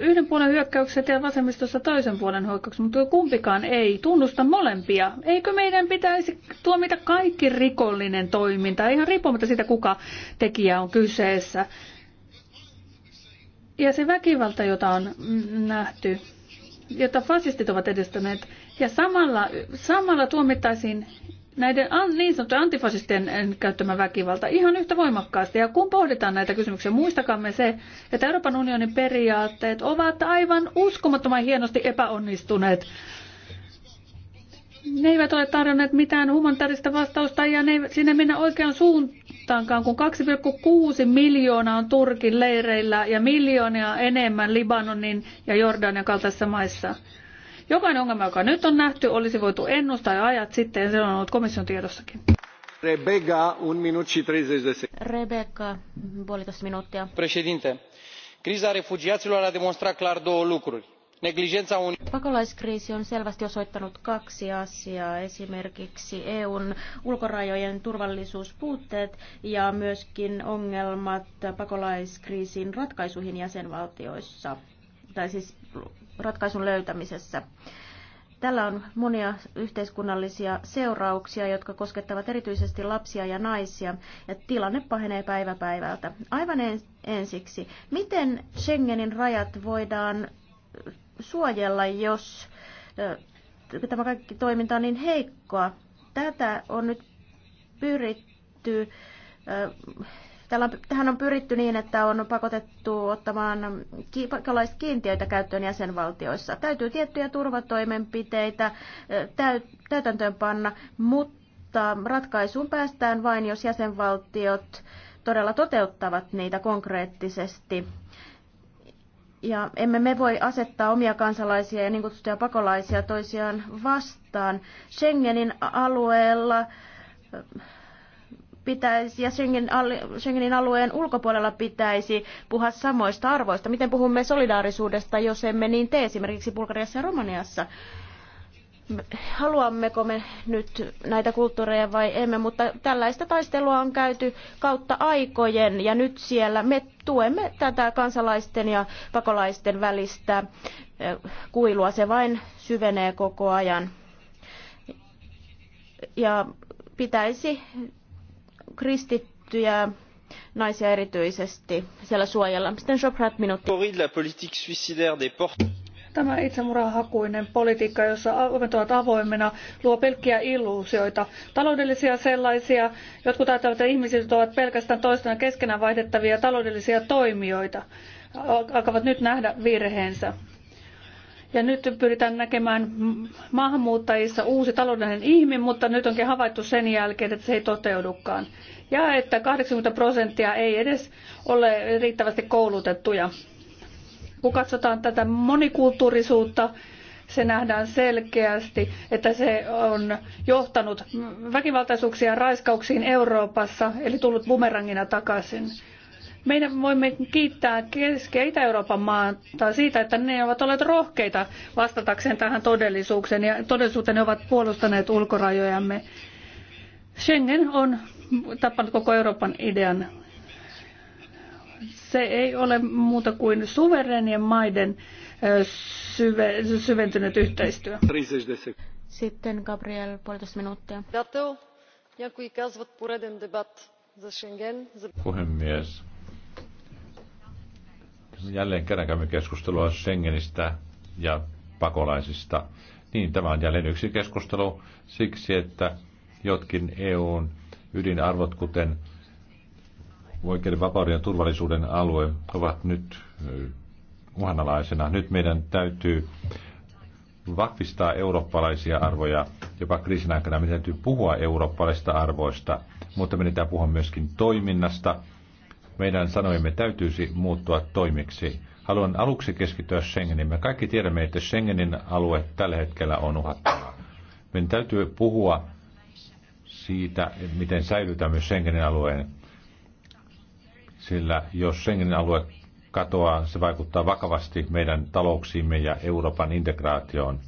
yhden puolen hyökkäykset ja vasemmistossa toisen puolen hyökkäykset, mutta kumpikaan ei tunnusta molempia. Eikö meidän pitäisi tuomita kaikki rikollinen toiminta, ihan riippumatta siitä, kuka tekijä on kyseessä? Ja se väkivalta, jota on nähty, jota fasistit ovat edistäneet, ja samalla, samalla tuomittaisiin näiden niin sanottujen antifasistien eh, käyttämä väkivalta ihan yhtä voimakkaasti. Ja kun pohditaan näitä kysymyksiä, muistakamme se, että Euroopan unionin periaatteet ovat aivan uskomattoman hienosti epäonnistuneet. Ne eivät ole tarjonneet mitään humanitaarista vastausta ja ne eivät sinne mennä oikeaan suuntaankaan, kun 2,6 miljoonaa on Turkin leireillä ja miljoonia enemmän Libanonin ja Jordanian kaltaisissa maissa. Jokainen ongelma, joka nyt on nähty, olisi voitu ennustaa jo ajat sitten ja se on ollut komission tiedossakin. Rebecca, un minut și 30 de secunde. Rebecca, puolitoista minuuttia. Președinte, criza refugiaților a demonstrat clar două lucruri. Neglijența un... Pakolaiskriisi on selvästi osoittanut kaksi asiaa, esimerkiksi EUn ulkorajojen turvallisuuspuutteet ja myöskin ongelmat pakolaiskriisin ratkaisuihin jäsenvaltioissa tai siis ratkaisun löytämisessä. Tällä on monia yhteiskunnallisia seurauksia, jotka koskettavat erityisesti lapsia ja naisia, ja tilanne pahenee päivä päivältä. Aivan ensiksi, miten Schengenin rajat voidaan suojella, jos tämä kaikki toiminta on niin heikkoa? Tätä on nyt pyritty Tällä, tähän on pyritty niin, että on pakotettu ottamaan pakolaiskiintiöitä käyttöön jäsenvaltioissa. Täytyy tiettyjä turvatoimenpiteitä täytäntöönpanna, mutta ratkaisuun päästään vain, jos jäsenvaltiot todella toteuttavat niitä konkreettisesti. Ja emme me voi asettaa omia kansalaisia ja niin kutsuttuja pakolaisia toisiaan vastaan. Schengenin alueella pitäisi, ja Schengen, Schengenin alueen ulkopuolella pitäisi puhua samoista arvoista. Miten puhumme solidaarisuudesta, jos emme niin tee esimerkiksi Bulgariassa ja Romaniassa? haluammeko me nyt näitä kulttuureja vai emme, mutta tällaista taistelua on käyty kautta aikojen ja nyt siellä me tuemme tätä kansalaisten ja pakolaisten välistä eh, kuilua. Se vain syvenee koko ajan. Ja pitäisi kristittyjä naisia erityisesti siellä suojella. Sitten Shoprat minuutti. Tämä itsemurahakuinen politiikka, jossa ovet ovat avoimena, luo pelkkiä illuusioita. Taloudellisia sellaisia, jotkut ajattelevat, että ihmiset ovat pelkästään toistena keskenään vaihdettavia taloudellisia toimijoita, alkavat nyt nähdä virheensä. Ja nyt pyritään näkemään maahanmuuttajissa uusi taloudellinen ihme, mutta nyt onkin havaittu sen jälkeen, että se ei toteudukaan. Ja että 80 prosenttia ei edes ole riittävästi koulutettuja. Kun katsotaan tätä monikulttuurisuutta, se nähdään selkeästi, että se on johtanut väkivaltaisuuksiin ja raiskauksiin Euroopassa, eli tullut bumerangina takaisin. Meidän voimme kiittää Keski- ja Itä-Euroopan maata siitä, että ne ovat olleet rohkeita vastatakseen tähän todellisuuteen ja todellisuuteen ne ovat puolustaneet ulkorajojamme. Schengen on tappanut koko Euroopan idean. Se ei ole muuta kuin suverenien maiden syve, syventynyt yhteistyö. Sitten Gabriel, puolitoista minuuttia. Puhemies, Jälleen kerran käymme keskustelua Schengenistä ja pakolaisista. Niin, tämä on jälleen yksi keskustelu siksi, että jotkin EUn ydinarvot, kuten oikeuden, vapauden ja turvallisuuden alue, ovat nyt uhanalaisena. Nyt meidän täytyy vahvistaa eurooppalaisia arvoja. Jopa kriisin aikana meidän täytyy puhua eurooppalaisista arvoista, mutta meidän täytyy puhua myöskin toiminnasta – meidän sanoimme täytyisi muuttua toimiksi. Haluan aluksi keskittyä Schengeniin. Me kaikki tiedämme, että Schengenin alue tällä hetkellä on uhattava. Meidän täytyy puhua siitä, miten säilytämme Schengenin alueen. Sillä jos Schengenin alue katoaa, se vaikuttaa vakavasti meidän talouksiimme ja Euroopan integraatioon.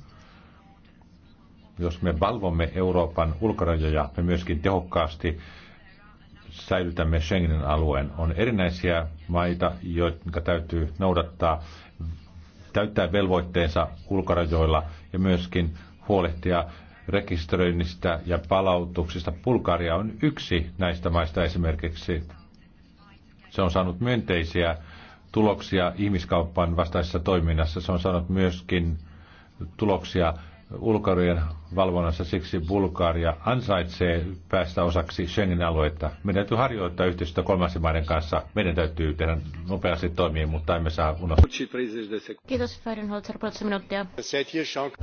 Jos me valvomme Euroopan ulkorajoja, me myöskin tehokkaasti säilytämme Schengenin alueen. On erinäisiä maita, jotka täytyy noudattaa, täyttää velvoitteensa ulkorajoilla ja myöskin huolehtia rekisteröinnistä ja palautuksista. Bulgaria on yksi näistä maista esimerkiksi. Se on saanut myönteisiä tuloksia ihmiskauppan vastaisessa toiminnassa. Se on saanut myöskin tuloksia ulkorien valvonnassa, siksi Bulgaria ansaitsee päästä osaksi schengen alueita. Meidän täytyy harjoittaa yhteistyötä kolmansien maiden kanssa. Meidän täytyy tehdä nopeasti toimia, mutta emme saa unohtaa. Kiitos, Feidenholzer, puolitoista minuuttia.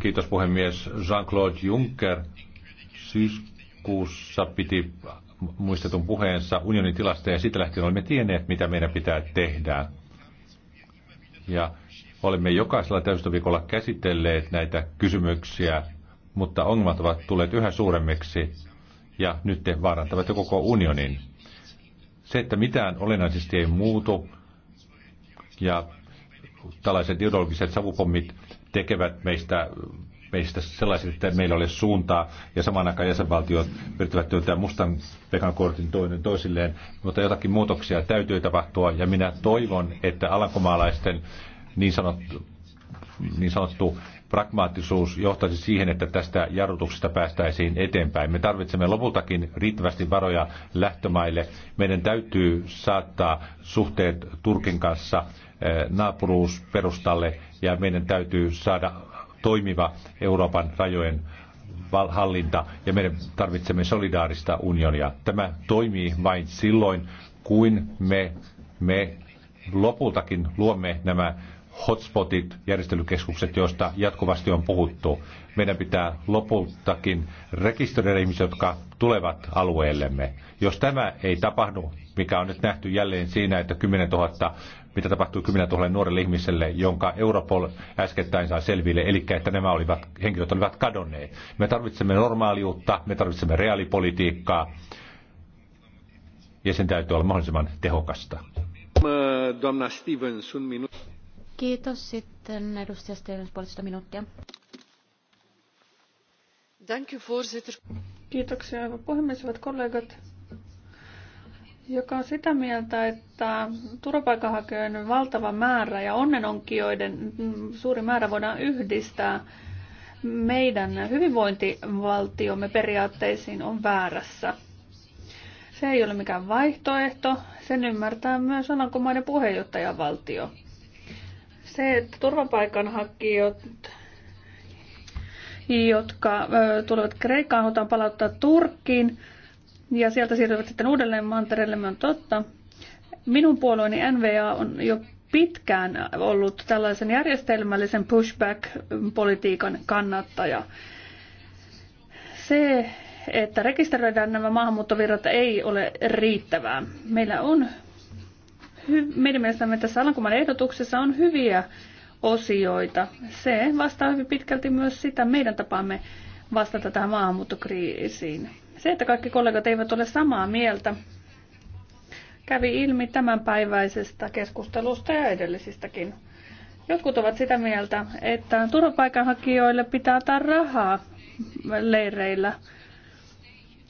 Kiitos, puhemies. Jean-Claude Juncker syyskuussa piti muistetun puheensa unionin tilasta ja siitä lähtien olemme tienneet, mitä meidän pitää tehdä. Ja Olemme jokaisella täysistöviikolla käsitelleet näitä kysymyksiä, mutta ongelmat ovat tulleet yhä suuremmiksi ja nyt te vaarantavat jo koko unionin. Se, että mitään olennaisesti ei muutu ja tällaiset ideologiset savupommit tekevät meistä meistä sellaiset, että meillä ole suuntaa, ja samaan aikaan jäsenvaltiot yrittävät työntää mustan pekan kortin toinen toisilleen, mutta jotakin muutoksia täytyy tapahtua, ja minä toivon, että alankomaalaisten niin sanottu, niin sanottu pragmaattisuus johtaisi siihen, että tästä jarrutuksesta päästäisiin eteenpäin. Me tarvitsemme lopultakin riittävästi varoja lähtömaille. Meidän täytyy saattaa suhteet Turkin kanssa eh, naapuruusperustalle ja meidän täytyy saada toimiva Euroopan rajojen hallinta ja meidän tarvitsemme solidaarista unionia. Tämä toimii vain silloin, kuin me, me lopultakin luomme nämä hotspotit, järjestelykeskukset, joista jatkuvasti on puhuttu. Meidän pitää lopultakin rekisteröidä ihmisiä, jotka tulevat alueellemme. Jos tämä ei tapahdu, mikä on nyt nähty jälleen siinä, että 10 000, mitä tapahtuu 10 000 nuorelle ihmiselle, jonka Europol äskettäin saa selville, eli että nämä olivat, henkilöt olivat kadonneet. Me tarvitsemme normaaliutta, me tarvitsemme reaalipolitiikkaa, ja sen täytyy olla mahdollisimman tehokasta. Stevens, un Kiitos. Sitten edustaja Stevens, puolesta minuuttia. Dank u, voorzitter. Kiitoksia, hyvä puhemies, hyvät kollegat. Joka on sitä mieltä, että turvapaikanhakijoiden valtava määrä ja onnenonkijoiden suuri määrä voidaan yhdistää meidän hyvinvointivaltiomme periaatteisiin on väärässä. Se ei ole mikään vaihtoehto, sen ymmärtää myös Alankomaiden puheenjohtajavaltio. valtio se, että turvapaikanhakijat, jotka tulevat Kreikkaan, halutaan palauttaa Turkkiin ja sieltä siirtyvät sitten uudelleen mantereelle, on totta. Minun puolueeni NVA on jo pitkään ollut tällaisen järjestelmällisen pushback-politiikan kannattaja. Se, että rekisteröidään nämä maahanmuuttovirrat ei ole riittävää. Meillä on meidän mielestämme tässä Alankomaiden ehdotuksessa on hyviä osioita. Se vastaa hyvin pitkälti myös sitä meidän tapaamme vastata tähän maahanmuuttokriisiin. Se, että kaikki kollegat eivät ole samaa mieltä, kävi ilmi tämänpäiväisestä keskustelusta ja edellisistäkin. Jotkut ovat sitä mieltä, että turvapaikanhakijoille pitää antaa rahaa leireillä.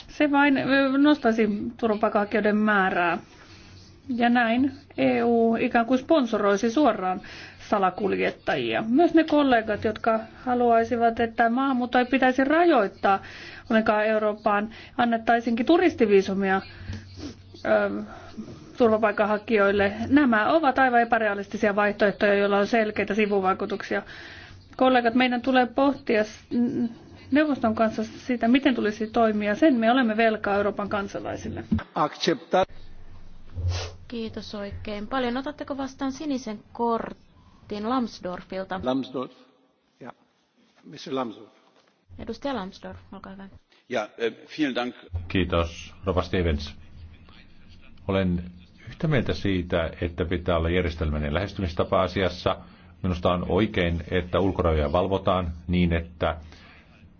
Se vain nostaisi turvapaikanhakijoiden määrää. Ja näin EU ikään kuin sponsoroisi suoraan salakuljettajia. Myös ne kollegat, jotka haluaisivat, että maahanmuutto ei pitäisi rajoittaa ollenkaan Eurooppaan, annettaisinkin turistiviisumia ö, turvapaikanhakijoille. Nämä ovat aivan epärealistisia vaihtoehtoja, joilla on selkeitä sivuvaikutuksia. Kollegat, meidän tulee pohtia neuvoston kanssa siitä, miten tulisi toimia. Sen me olemme velkaa Euroopan kansalaisille. Accepta. Kiitos oikein paljon. Otatteko vastaan sinisen kortin Lamsdorfilta? Lamsdorf. Ja. Mr. Lamsdorf. Edustaja Lamsdorf, olkaa hyvä. Ja, eh, vielen dank. Kiitos, Rova Stevens. Olen yhtä mieltä siitä, että pitää olla järjestelmällinen lähestymistapa asiassa. Minusta on oikein, että ulkorajoja valvotaan niin, että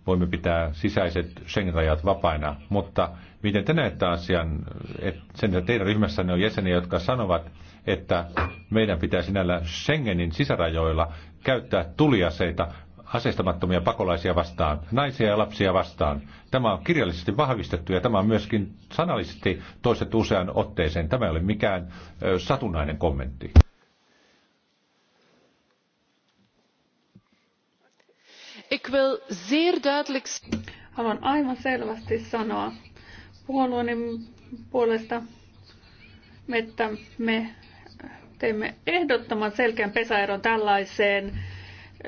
voimme pitää sisäiset Schengen-rajat vapaina. Mutta miten te näette asian, että sen että teidän ryhmässänne on jäseniä, jotka sanovat, että meidän pitäisi näillä Schengenin sisärajoilla käyttää tuliaseita aseistamattomia pakolaisia vastaan, naisia ja lapsia vastaan. Tämä on kirjallisesti vahvistettu ja tämä on myöskin sanallisesti toistettu usean otteeseen. Tämä ei ole mikään satunnainen kommentti. Ik wil zeer duidelijk... Haluan aivan selvästi sanoa puolueeni puolesta, että me teemme ehdottoman selkeän pesäeron tällaiseen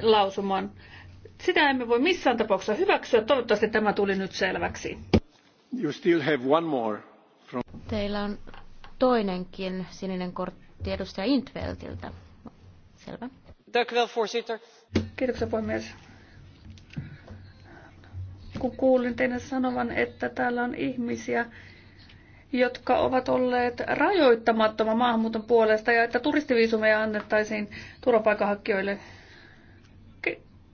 lausumaan. Sitä emme voi missään tapauksessa hyväksyä. Toivottavasti tämä tuli nyt selväksi. You still have one more from... Teillä on toinenkin sininen kortti edustaja Intveltiltä. Selvä. Dank u wel, voorzitter. Kiitoksia puhemies kun kuulin teidän sanovan, että täällä on ihmisiä, jotka ovat olleet rajoittamattoman maahanmuuton puolesta ja että turistiviisumeja annettaisiin turvapaikanhakijoille.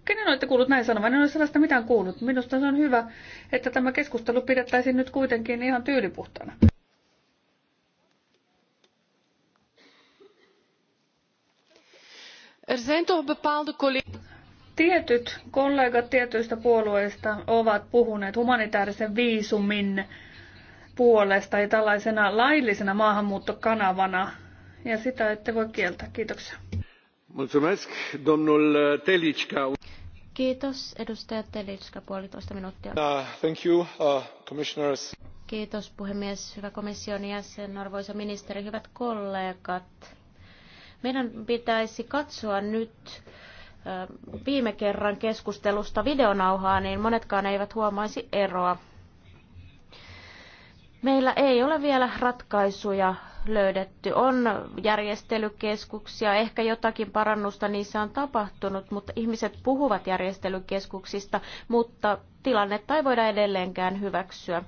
Kenen olette kuullut näin sanovan? En ole sellaista mitään kuullut. Minusta se on hyvä, että tämä keskustelu pidettäisiin nyt kuitenkin ihan tyylipuhtana. Er zijn toch bepaalde collega's. Tietyt kollegat tietyistä puolueista ovat puhuneet humanitaarisen viisumin puolesta ja tällaisena laillisena maahanmuuttokanavana, ja sitä ette voi kieltää. Kiitoksia. Kiitos, edustaja Telitska, puolitoista minuuttia. Uh, thank you, uh, commissioners. Kiitos, puhemies, hyvä komission jäsen, arvoisa ministeri, hyvät kollegat. Meidän pitäisi katsoa nyt viime kerran keskustelusta videonauhaa, niin monetkaan eivät huomaisi eroa. Meillä ei ole vielä ratkaisuja löydetty. On järjestelykeskuksia, ehkä jotakin parannusta niissä on tapahtunut, mutta ihmiset puhuvat järjestelykeskuksista, mutta tilannetta ei voida edelleenkään hyväksyä.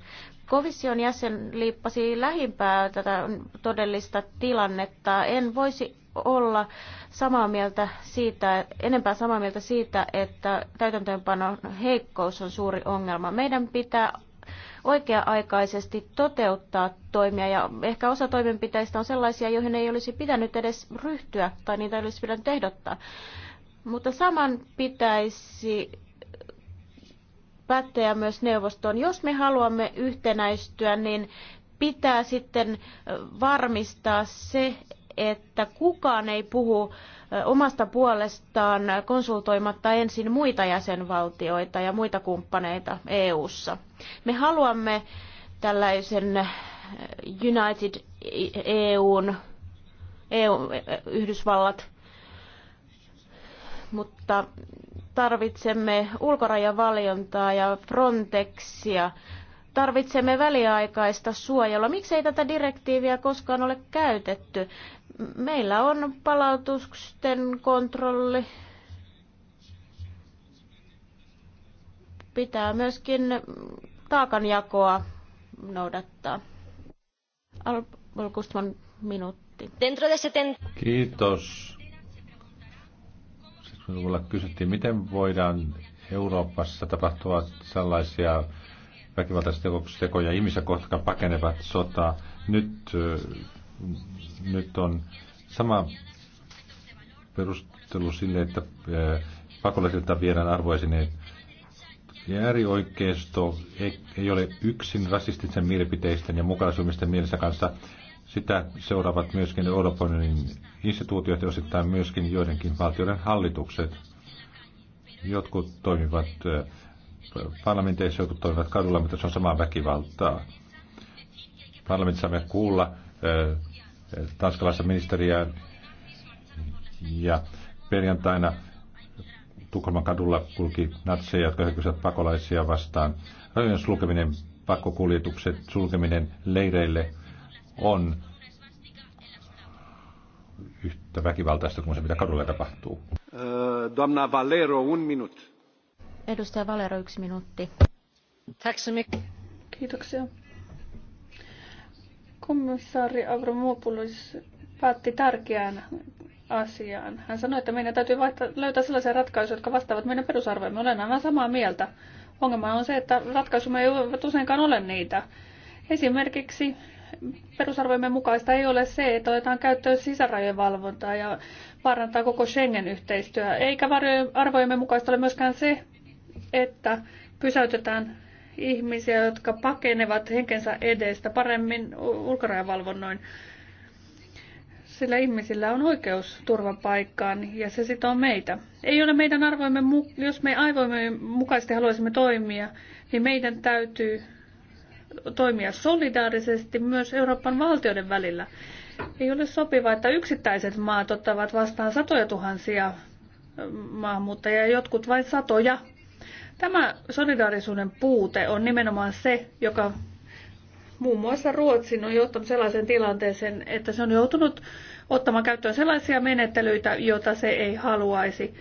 Komission jäsen liippasi lähimpää tätä todellista tilannetta. En voisi olla samaa mieltä siitä, enempää samaa mieltä siitä, että täytäntöönpanon heikkous on suuri ongelma. Meidän pitää oikea-aikaisesti toteuttaa toimia ja ehkä osa toimenpiteistä on sellaisia, joihin ei olisi pitänyt edes ryhtyä tai niitä ei olisi pitänyt ehdottaa. Mutta saman pitäisi päteä myös neuvostoon. Jos me haluamme yhtenäistyä, niin pitää sitten varmistaa se, että kukaan ei puhu omasta puolestaan konsultoimatta ensin muita jäsenvaltioita ja muita kumppaneita EU:ssa. Me haluamme tällaisen United EUn, EU, Yhdysvallat, mutta tarvitsemme ulkorajavaljontaa ja Frontexia tarvitsemme väliaikaista suojelua. Miksei tätä direktiiviä koskaan ole käytetty? Meillä on palautusten kontrolli. Pitää myöskin taakanjakoa noudattaa. Al minuutti. Kiitos. Sitten siis kysyttiin, miten voidaan Euroopassa tapahtua sellaisia väkivaltaisia tekoja ihmisiä, jotka pakenevat sotaa. Nyt, nyt on sama perustelu sille, että pakolaisilta viedään arvoisineet. Ja äärioikeisto ei, ei ole yksin rasistisen mielipiteisten ja mukaisuumisten mielessä kanssa. Sitä seuraavat myöskin Euroopan instituutiot ja osittain myöskin joidenkin valtioiden hallitukset. Jotkut toimivat parlamenteissa jotkut toimivat kadulla, mutta se on samaa väkivaltaa. Parlamentissa me kuulla eh, tanskalaista ministeriä ja perjantaina Tukholman kadulla kulki natseja, jotka hyökkäsivät pakolaisia vastaan. Rajojen sulkeminen, pakkokuljetukset, sulkeminen leireille on yhtä väkivaltaista kuin se, mitä kadulla tapahtuu. Eh, doamna Valero, un minut. Edustaja Valero, yksi minuutti. Kiitoksia. Komissaari Avramopoulos päätti tärkeään asiaan. Hän sanoi, että meidän täytyy vaihtaa, löytää sellaisia ratkaisuja, jotka vastaavat meidän perusarvoimme. Olen aivan samaa mieltä. Ongelma on se, että ratkaisumme eivät useinkaan ole niitä. Esimerkiksi perusarvojemme mukaista ei ole se, että otetaan käyttöön sisärajojen valvontaa ja vaarantaa koko Schengen-yhteistyö. Eikä arvojemme mukaista ole myöskään se, että pysäytetään ihmisiä, jotka pakenevat henkensä edestä paremmin ulkorajavalvonnoin. Sillä ihmisillä on oikeus turvapaikkaan ja se sitoo meitä. Ei ole meidän arvoimme, jos me aivoimme mukaisesti haluaisimme toimia, niin meidän täytyy toimia solidaarisesti myös Euroopan valtioiden välillä. Ei ole sopivaa, että yksittäiset maat ottavat vastaan satoja tuhansia maahanmuuttajia, jotkut vain satoja Tämä solidaarisuuden puute on nimenomaan se, joka muun muassa Ruotsin on johtanut sellaisen tilanteeseen, että se on joutunut ottamaan käyttöön sellaisia menettelyitä, joita se ei haluaisi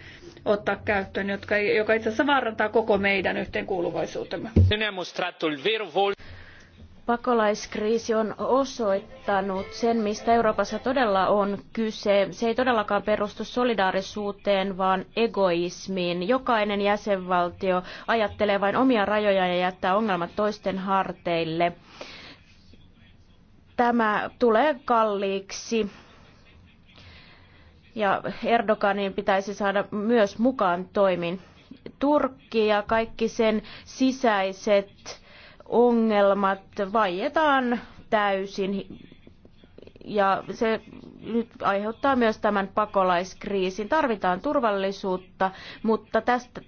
ottaa käyttöön, jotka, joka itse asiassa vaarantaa koko meidän yhteenkuuluvaisuutemme. Pakolaiskriisi on osoittanut sen, mistä Euroopassa todella on kyse. Se ei todellakaan perustu solidaarisuuteen, vaan egoismiin. Jokainen jäsenvaltio ajattelee vain omia rajoja ja jättää ongelmat toisten harteille. Tämä tulee kalliiksi. Ja Erdoganin pitäisi saada myös mukaan toimin. Turkki ja kaikki sen sisäiset ongelmat vaietaan täysin ja se nyt aiheuttaa myös tämän pakolaiskriisin. Tarvitaan turvallisuutta, mutta tästä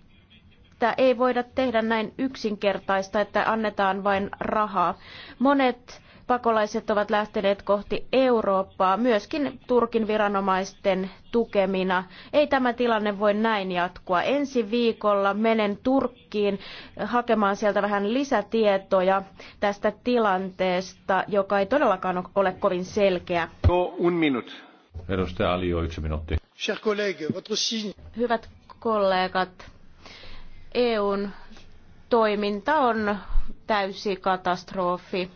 ei voida tehdä näin yksinkertaista, että annetaan vain rahaa. Monet pakolaiset ovat lähteneet kohti Eurooppaa, myöskin Turkin viranomaisten tukemina. Ei tämä tilanne voi näin jatkua. Ensi viikolla menen Turkkiin hakemaan sieltä vähän lisätietoja tästä tilanteesta, joka ei todellakaan ole kovin selkeä. No, un minut. Edustaja Alio, yksi minuutti. Hyvät kollegat, EUn toiminta on täysi katastrofi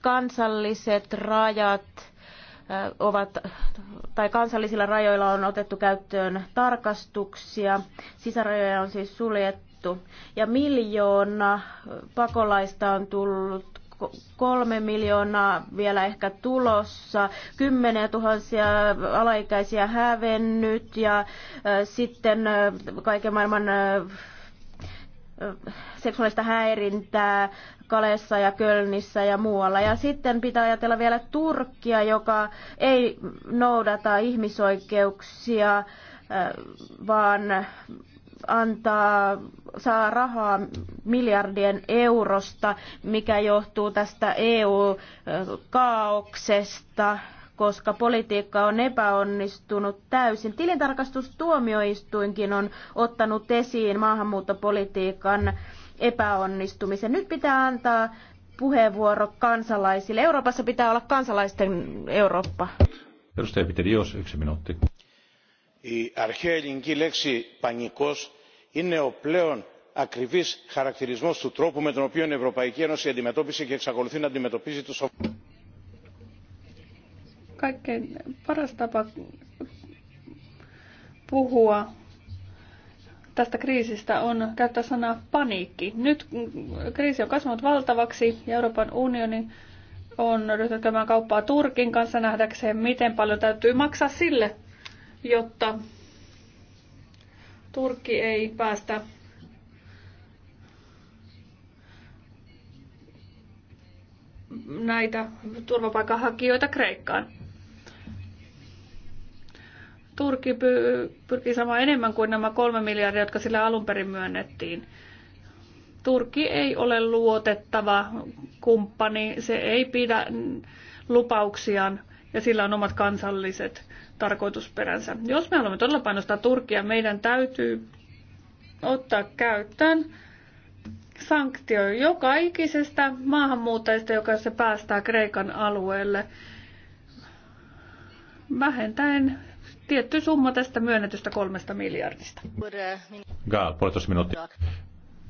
kansalliset rajat ovat, tai kansallisilla rajoilla on otettu käyttöön tarkastuksia, sisärajoja on siis suljettu, ja miljoona pakolaista on tullut kolme miljoonaa vielä ehkä tulossa, kymmeniä tuhansia alaikäisiä hävennyt ja sitten kaiken maailman seksuaalista häirintää Kalessa ja Kölnissä ja muualla. Ja sitten pitää ajatella vielä Turkkia, joka ei noudata ihmisoikeuksia, äh, vaan antaa, saa rahaa miljardien eurosta, mikä johtuu tästä EU-kaauksesta äh, koska politiikka on epäonnistunut täysin. Tilintarkastustuomioistuinkin on ottanut esiin maahanmuuttopolitiikan epäonnistumisen. Nyt pitää antaa puheenvuoro kansalaisille. Euroopassa pitää olla kansalaisten Eurooppa. Edustaja Peter Jos, yksi minuutti. Η αρχαία ελληνική λέξη πανικός είναι ο πλέον ακριβής χαρακτηρισμός του τρόπου με τον οποίο η Ευρωπαϊκή Ένωση αντιμετώπισε και εξακολουθεί να αντιμετωπίζει το kaikkein paras tapa puhua tästä kriisistä on käyttää sanaa paniikki. Nyt kriisi on kasvanut valtavaksi ja Euroopan unioni on ryhtynyt käymään kauppaa Turkin kanssa nähdäkseen, miten paljon täytyy maksaa sille, jotta Turkki ei päästä näitä turvapaikanhakijoita Kreikkaan. Turki pyrkii saamaan enemmän kuin nämä kolme miljardia, jotka sille alun perin myönnettiin. Turki ei ole luotettava kumppani, se ei pidä lupauksiaan ja sillä on omat kansalliset tarkoitusperänsä. Jos me haluamme todella painostaa Turkia, meidän täytyy ottaa käyttöön sanktio joka ikisestä maahanmuuttajista, joka se päästää Kreikan alueelle, vähentäen tietty summa tästä myönnetystä kolmesta miljardista. Gaal, puolitoista minuuttia.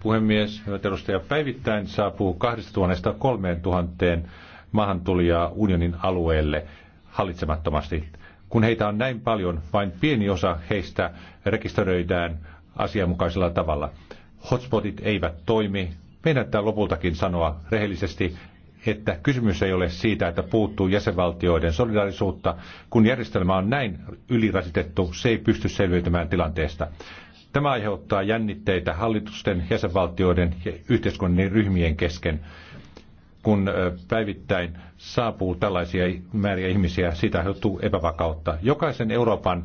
Puhemies, hyvät edustajat, päivittäin saapuu 2000 3000 maahantulijaa unionin alueelle hallitsemattomasti. Kun heitä on näin paljon, vain pieni osa heistä rekisteröidään asianmukaisella tavalla. Hotspotit eivät toimi. Meidän pitää lopultakin sanoa rehellisesti, että kysymys ei ole siitä, että puuttuu jäsenvaltioiden solidaarisuutta. Kun järjestelmä on näin ylirasitettu, se ei pysty selviytymään tilanteesta. Tämä aiheuttaa jännitteitä hallitusten, jäsenvaltioiden ja yhteiskunnan ryhmien kesken kun päivittäin saapuu tällaisia määriä ihmisiä, siitä aiheutuu epävakautta. Jokaisen Euroopan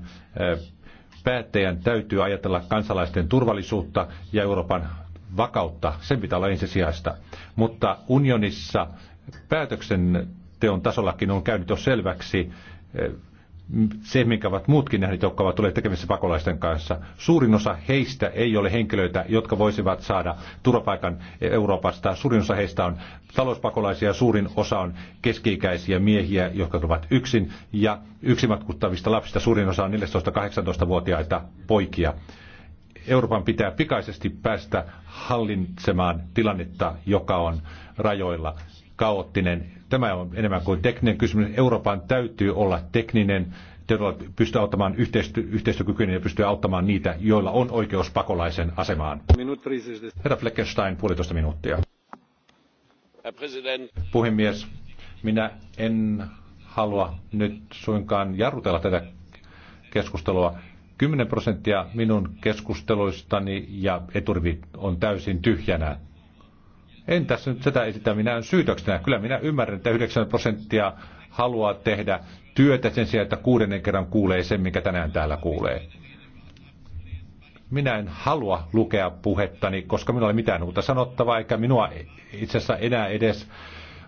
päättäjän täytyy ajatella kansalaisten turvallisuutta ja Euroopan vakautta. Sen pitää olla ensisijaista. Mutta unionissa päätöksenteon tasollakin on käynyt jo selväksi eh, se, minkä ovat muutkin nähneet, jotka ovat tulleet tekemisissä pakolaisten kanssa. Suurin osa heistä ei ole henkilöitä, jotka voisivat saada turvapaikan Euroopasta. Suurin osa heistä on talouspakolaisia, suurin osa on keski-ikäisiä miehiä, jotka ovat yksin, ja yksimatkuttavista lapsista suurin osa on 14-18-vuotiaita poikia. Euroopan pitää pikaisesti päästä hallitsemaan tilannetta, joka on rajoilla kaoottinen. Tämä on enemmän kuin tekninen kysymys. Euroopan täytyy olla tekninen, todella pystyä auttamaan yhteistyö, yhteistyökykyinen ja pystyä auttamaan niitä, joilla on oikeus pakolaisen asemaan. Herra Fleckenstein, puolitoista minuuttia. Puhemies, minä en halua nyt suinkaan jarrutella tätä keskustelua. 10 prosenttia minun keskusteluistani ja eturivi on täysin tyhjänä en tässä nyt tätä esitä minään syytöksenä. Kyllä minä ymmärrän, että 9 prosenttia haluaa tehdä työtä sen sijaan, että kuudennen kerran kuulee sen, mikä tänään täällä kuulee. Minä en halua lukea puhettani, koska minulla ei mitään uutta sanottavaa, eikä minua itse asiassa enää edes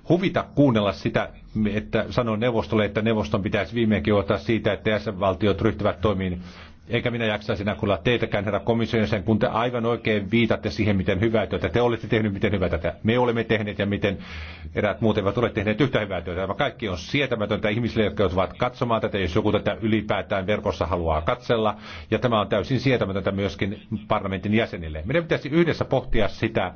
huvita kuunnella sitä, että sanon neuvostolle, että neuvoston pitäisi viimeinkin ottaa siitä, että jäsenvaltiot ryhtyvät toimiin eikä minä jaksaisi enää kuulla teitäkään, herra komission sen, kun te aivan oikein viitatte siihen, miten hyvää työtä te olette tehneet, miten hyvää tätä me olemme tehneet ja miten eräät muut eivät ole tehneet yhtä hyvää työtä. Tämä kaikki on sietämätöntä ihmisille, jotka ovat katsomaan tätä, jos joku tätä ylipäätään verkossa haluaa katsella. Ja tämä on täysin sietämätöntä myöskin parlamentin jäsenille. Meidän pitäisi yhdessä pohtia sitä,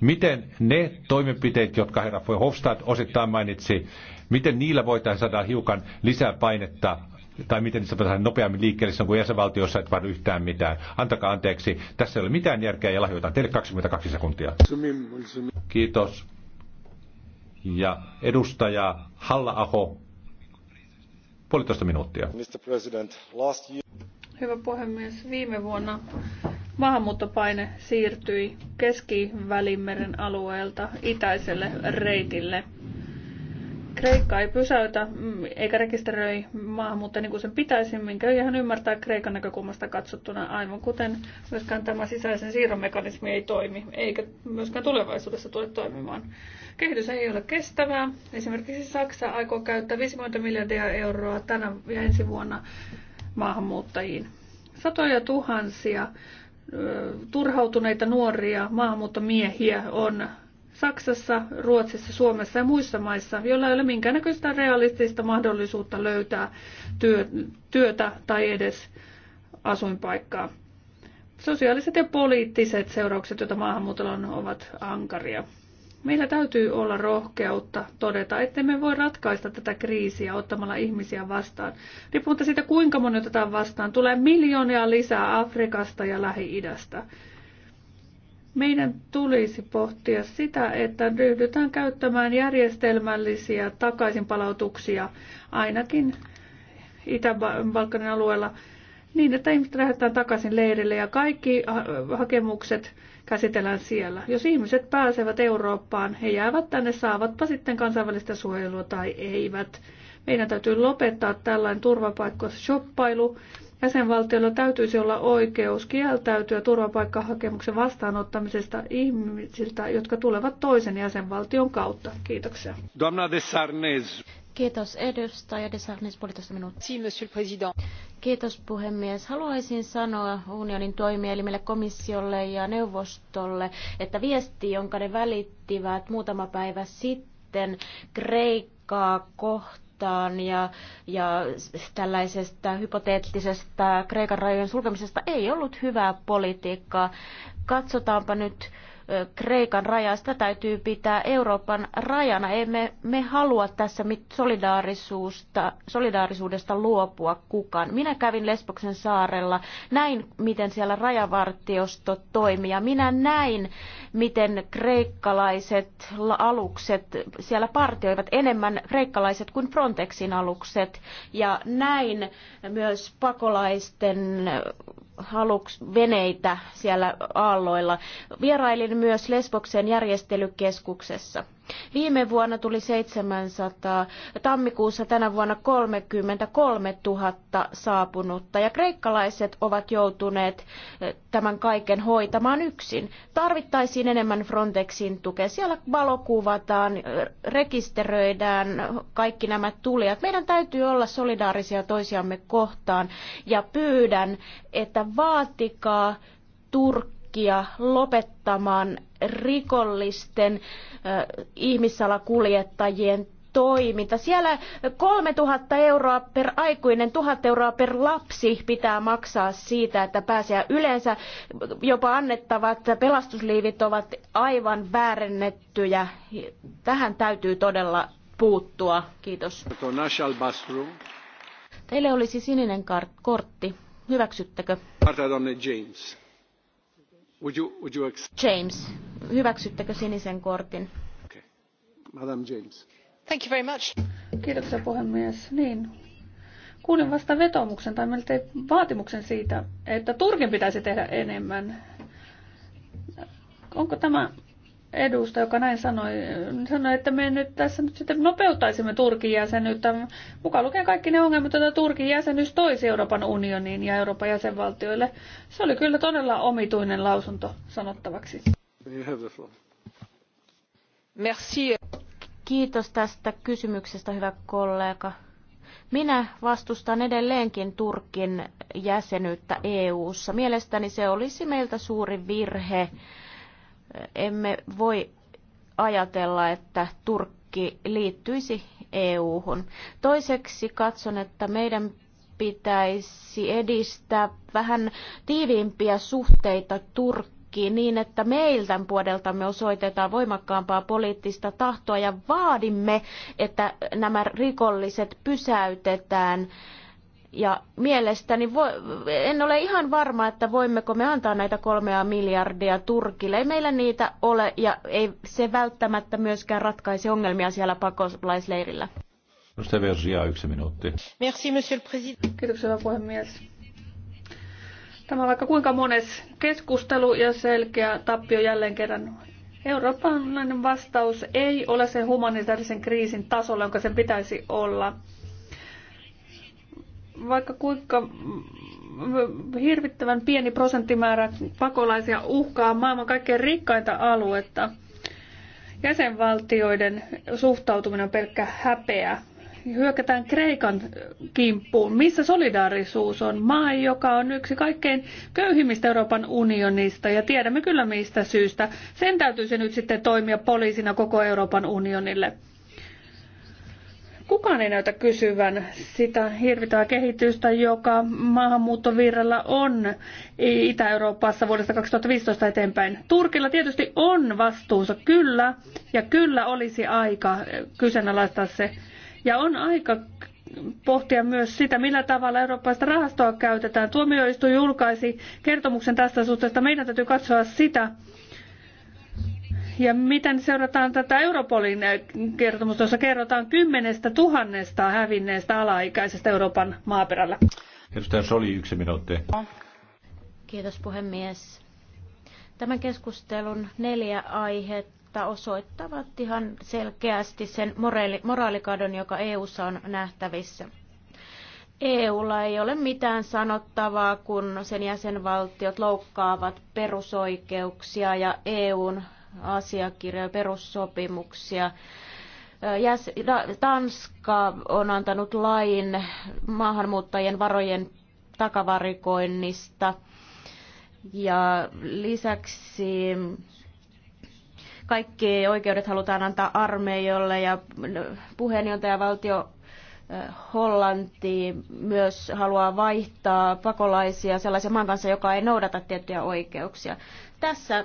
miten ne toimenpiteet, jotka herra Hofstad osittain mainitsi, miten niillä voitaisiin saada hiukan lisää painetta tai miten se päästään nopeammin liikkeelle on kuin jäsenvaltiossa et vaan yhtään mitään. Antakaa anteeksi, tässä ei ole mitään järkeä ja lahjoitan teille 22 sekuntia. Kiitos. Ja edustaja Halla-aho, puolitoista minuuttia. Hyvä puhemies, viime vuonna maahanmuuttopaine siirtyi Keski-Välimeren alueelta itäiselle reitille – Kreikka ei pysäytä mm, eikä rekisteröi maahanmuutta niin kuin sen pitäisi, minkä ihan ymmärtää Kreikan näkökulmasta katsottuna, aivan kuten myöskään tämä sisäisen siirron mekanismi ei toimi, eikä myöskään tulevaisuudessa tule toimimaan. Kehitys ei ole kestävää. Esimerkiksi Saksa aikoo käyttää 50 miljardia euroa tänä ja ensi vuonna maahanmuuttajiin. Satoja tuhansia turhautuneita nuoria maahanmuuttomiehiä on Saksassa, Ruotsissa, Suomessa ja muissa maissa, joilla ei ole minkäännäköistä realistista mahdollisuutta löytää työtä tai edes asuinpaikkaa. Sosiaaliset ja poliittiset seuraukset, joita maahanmuutolla on, ovat ankaria. Meillä täytyy olla rohkeutta todeta, että me voi ratkaista tätä kriisiä ottamalla ihmisiä vastaan. Riippumatta siitä, kuinka moni otetaan vastaan, tulee miljoonia lisää Afrikasta ja Lähi-idästä. Meidän tulisi pohtia sitä, että ryhdytään käyttämään järjestelmällisiä takaisinpalautuksia ainakin Itä-Balkanin alueella niin, että ihmiset lähdetään takaisin leirille ja kaikki hakemukset käsitellään siellä. Jos ihmiset pääsevät Eurooppaan, he jäävät tänne, saavatpa sitten kansainvälistä suojelua tai eivät. Meidän täytyy lopettaa tällainen turvapaikkoshoppailu Jäsenvaltiolla täytyisi olla oikeus kieltäytyä turvapaikkahakemuksen vastaanottamisesta ihmisiltä, jotka tulevat toisen jäsenvaltion kautta. Kiitoksia. de Kiitos edustaja de Sarnes, puolitoista minuuttia. Kiitos puhemies. Haluaisin sanoa unionin toimielimille, komissiolle ja neuvostolle, että viesti, jonka ne välittivät muutama päivä sitten Kreikkaa kohtaan, vastaan ja, ja tällaisesta hypoteettisesta Kreikan rajojen sulkemisesta ei ollut hyvää politiikkaa. Katsotaanpa nyt Kreikan rajaa. Sitä täytyy pitää Euroopan rajana. Emme me halua tässä solidaarisuudesta, solidaarisuudesta luopua kukaan. Minä kävin Lesboksen saarella, näin miten siellä rajavartiosto toimii ja minä näin miten kreikkalaiset alukset siellä partioivat enemmän kreikkalaiset kuin Frontexin alukset ja näin myös pakolaisten haluks veneitä siellä aalloilla. Vierailin myös Lesboksen järjestelykeskuksessa. Viime vuonna tuli 700, tammikuussa tänä vuonna 33 000 saapunutta ja kreikkalaiset ovat joutuneet eh, tämän kaiken hoitamaan yksin. Tarvittaisiin enemmän Frontexin tukea. Siellä valokuvataan, eh, rekisteröidään kaikki nämä tulijat. Meidän täytyy olla solidaarisia toisiamme kohtaan ja pyydän, että vaatikaa Turkki tutkia lopettamaan rikollisten ihmissalakuljettajien toiminta. Siellä 3000 euroa per aikuinen, 1000 euroa per lapsi pitää maksaa siitä, että pääsee yleensä jopa annettavat pelastusliivit ovat aivan väärennettyjä. Tähän täytyy todella puuttua. Kiitos. Teille olisi sininen kortti. Hyväksyttekö? James. James, hyväksyttekö sinisen kortin? arvoisa Thank you very much. puhemies. Niin. Kuulin vasta vetoomuksen tai miltei vaatimuksen siitä, että Turkin pitäisi tehdä enemmän. Onko tämä edusta, joka näin sanoi, sanoi, että me nyt tässä nyt sitten nopeuttaisimme Turkin jäsenyyttä, mukaan lukee kaikki ne ongelmat, joita Turkin jäsenyys toisi Euroopan unioniin ja Euroopan jäsenvaltioille. Se oli kyllä todella omituinen lausunto sanottavaksi. Merci. Kiitos tästä kysymyksestä, hyvä kollega. Minä vastustan edelleenkin Turkin jäsenyyttä EU: EU-ssa. Mielestäni se olisi meiltä suuri virhe emme voi ajatella, että Turkki liittyisi EU-hun. Toiseksi katson, että meidän pitäisi edistää vähän tiiviimpiä suhteita Turkkiin niin, että meiltä puoleltamme osoitetaan voimakkaampaa poliittista tahtoa ja vaadimme, että nämä rikolliset pysäytetään ja mielestäni vo, en ole ihan varma, että voimmeko me antaa näitä kolmea miljardia Turkille. Ei meillä niitä ole ja ei se välttämättä myöskään ratkaise ongelmia siellä pakolaisleirillä. No, Versia, yksi minuutti. Merci, monsieur le président. Kiitoksia, puhemies. Tämä on vaikka kuinka mones keskustelu ja selkeä tappio jälleen kerran. Eurooppalainen vastaus ei ole sen humanitaarisen kriisin tasolla, jonka sen pitäisi olla vaikka kuinka hirvittävän pieni prosenttimäärä pakolaisia uhkaa maailman kaikkein rikkaita aluetta. Jäsenvaltioiden suhtautuminen on pelkkä häpeä. Hyökätään Kreikan kimppuun. Missä solidaarisuus on? Maa, joka on yksi kaikkein köyhimmistä Euroopan unionista ja tiedämme kyllä mistä syystä. Sen täytyisi nyt sitten toimia poliisina koko Euroopan unionille. Kukaan ei näytä kysyvän sitä hirvittävää kehitystä, joka maahanmuuttovirralla on Itä-Euroopassa vuodesta 2015 eteenpäin. Turkilla tietysti on vastuunsa, kyllä, ja kyllä olisi aika eh, kyseenalaistaa se. Ja on aika pohtia myös sitä, millä tavalla eurooppalaista rahastoa käytetään. Tuomioistuin julkaisi kertomuksen tästä suhteesta. Meidän täytyy katsoa sitä, ja miten seurataan tätä Europolin äh, kertomusta, jossa kerrotaan kymmenestä tuhannesta hävinneestä alaikäisestä Euroopan maaperällä? Edustaja Soli, yksi minuutti. Kiitos puhemies. Tämän keskustelun neljä aihetta osoittavat ihan selkeästi sen moraalikadon, joka EU:ssa on nähtävissä. EUlla ei ole mitään sanottavaa, kun sen jäsenvaltiot loukkaavat perusoikeuksia ja EUn asiakirjoja, perussopimuksia. Tanska on antanut lain maahanmuuttajien varojen takavarikoinnista ja lisäksi kaikki oikeudet halutaan antaa armeijolle ja puheenjohtajavaltio Hollanti myös haluaa vaihtaa pakolaisia sellaisen maan kanssa, joka ei noudata tiettyjä oikeuksia. Tässä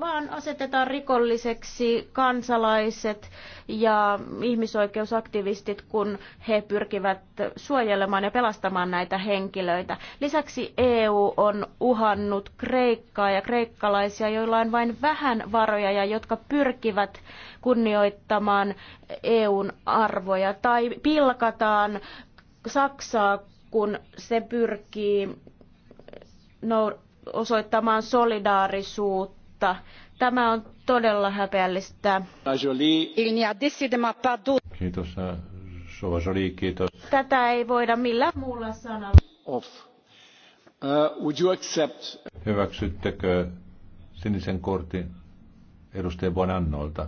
vaan asetetaan rikolliseksi kansalaiset ja ihmisoikeusaktivistit, kun he pyrkivät suojelemaan ja pelastamaan näitä henkilöitä. Lisäksi EU on uhannut Kreikkaa ja kreikkalaisia, joilla on vain vähän varoja ja jotka pyrkivät kunnioittamaan EUn arvoja tai pilkataan Saksaa, kun se pyrkii no osoittamaan solidaarisuutta. Tämä on todella häpeällistä. Kiitos, äh, Sova Jolie, kiitos. Tätä ei voida millään muulla sanalla. Off. Uh, äh, would you accept... Hyväksyttekö sinisen kortin edustaja Bonannolta?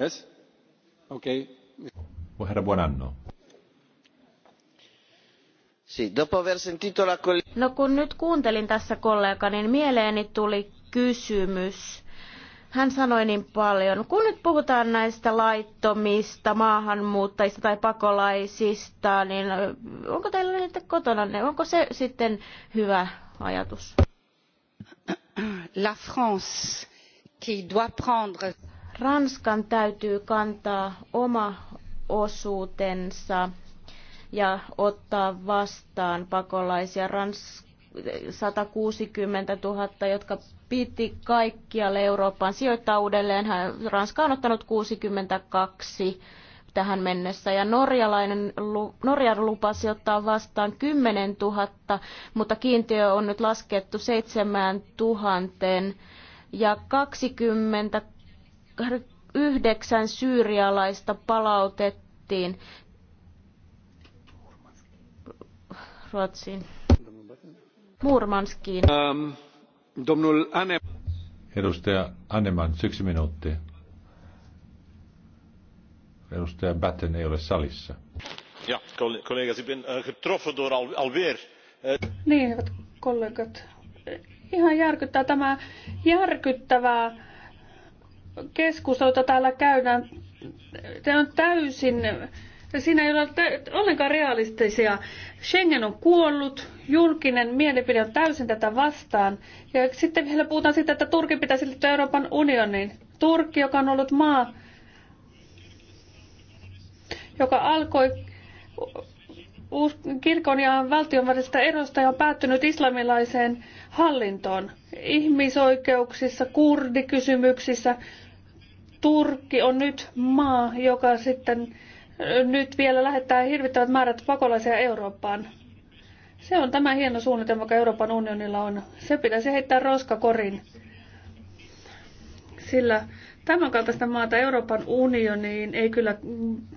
Yes. Okay. Herra Bonanno. No kun nyt kuuntelin tässä kollega, niin mieleeni tuli kysymys. Hän sanoi niin paljon, kun nyt puhutaan näistä laittomista maahanmuuttajista tai pakolaisista, niin onko teillä niitä kotona? Onko se sitten hyvä ajatus? La France, qui doit prendre... Ranskan täytyy kantaa oma osuutensa ja ottaa vastaan pakolaisia. Rans 160 000, jotka piti kaikkialle Eurooppaan sijoittaa uudelleen. Ranska on ottanut 62 tähän mennessä ja norjalainen, Norja lupasi ottaa vastaan 10 000, mutta kiintiö on nyt laskettu 7 000 ja 20 yhdeksän syyrialaista palautettiin. Ruotsiin. Murmanskiin. Um, Anne... Edustaja Anneman, yksi minuutti. Edustaja Batten ei ole salissa. Ja, kollegas, ik ben äh, getroffen door alweer. Äh, niin, hyvät kollegat. Ihan järkyttää tämä järkyttävää keskustelua, jota täällä käydään. Tämä on täysin Siinä ei ole ollenkaan realistisia. Schengen on kuollut, julkinen mielipide on täysin tätä vastaan. Ja sitten vielä puhutaan siitä, että Turkin pitäisi liittyä Euroopan unioniin. Turkki, joka on ollut maa, joka alkoi kirkon ja valtion välisestä erosta ja on päättynyt islamilaiseen hallintoon. Ihmisoikeuksissa, kurdikysymyksissä Turkki on nyt maa, joka sitten nyt vielä lähettää hirvittävät määrät pakolaisia Eurooppaan. Se on tämä hieno suunnitelma, joka Euroopan unionilla on. Se pitäisi heittää roskakorin. Sillä tämän kaltaista maata Euroopan unioniin ei kyllä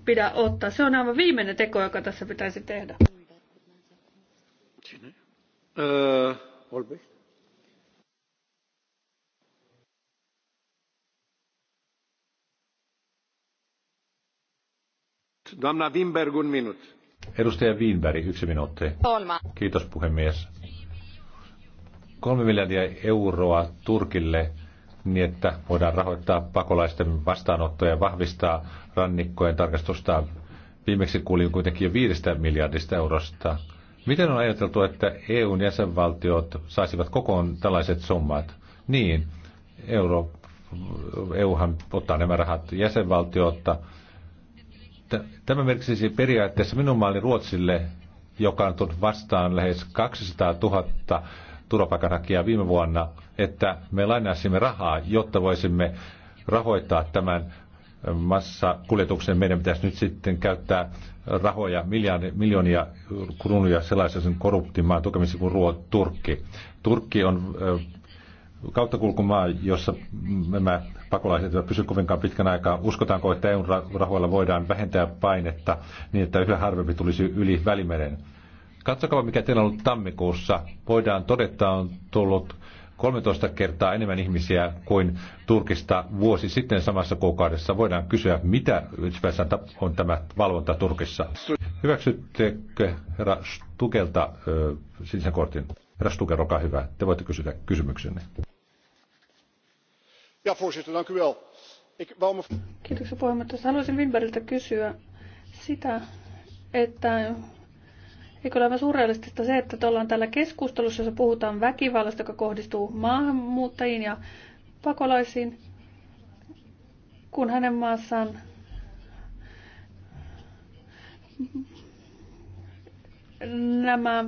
pidä ottaa. Se on aivan viimeinen teko, joka tässä pitäisi tehdä. Äh, arvoisa minut. Olma. Kiitos puhemies. Kolme miljardia euroa Turkille niin, että voidaan rahoittaa pakolaisten vastaanottoja ja vahvistaa rannikkojen tarkastusta. Viimeksi kuulin kuitenkin jo viidestä miljardista eurosta. Miten on ajateltu, että EUn jäsenvaltiot saisivat kokoon tällaiset summat? Niin, euro, EUhan ottaa nämä rahat jäsenvaltiolta Tämä merkitsisi periaatteessa minun maani Ruotsille, joka on tullut vastaan lähes 200 000 turvapaikanhakijaa viime vuonna, että me lainaisimme rahaa, jotta voisimme rahoittaa tämän massakuljetuksen. Meidän pitäisi nyt sitten käyttää rahoja, miljoonia, miljoonia kruunuja sellaisen korruptin maan tukemiseksi kuin Ruo, Turkki. Turkki on kauttakulkumaa, jossa nämä pakolaiset eivät pysy kovinkaan pitkän aikaa. Uskotaanko, että EUn rahoilla voidaan vähentää painetta niin, että yhä harvempi tulisi yli välimeren? Katsokaa, mikä teillä on ollut tammikuussa. Voidaan todeta, on tullut 13 kertaa enemmän ihmisiä kuin Turkista vuosi sitten samassa kuukaudessa. Voidaan kysyä, mitä on tämä valvonta Turkissa. Hyväksyttekö herra Stukelta sinisen kortin? Herra Stuker, olkaa hyvä. Te voitte kysyä kysymyksenne. Kiitoksia puhemies. Haluaisin Winbergiltä kysyä sitä, että eikö ole aivan surrealistista se, että ollaan täällä keskustelussa, jossa puhutaan väkivallasta, joka kohdistuu maahanmuuttajiin ja pakolaisiin, kun hänen maassaan nämä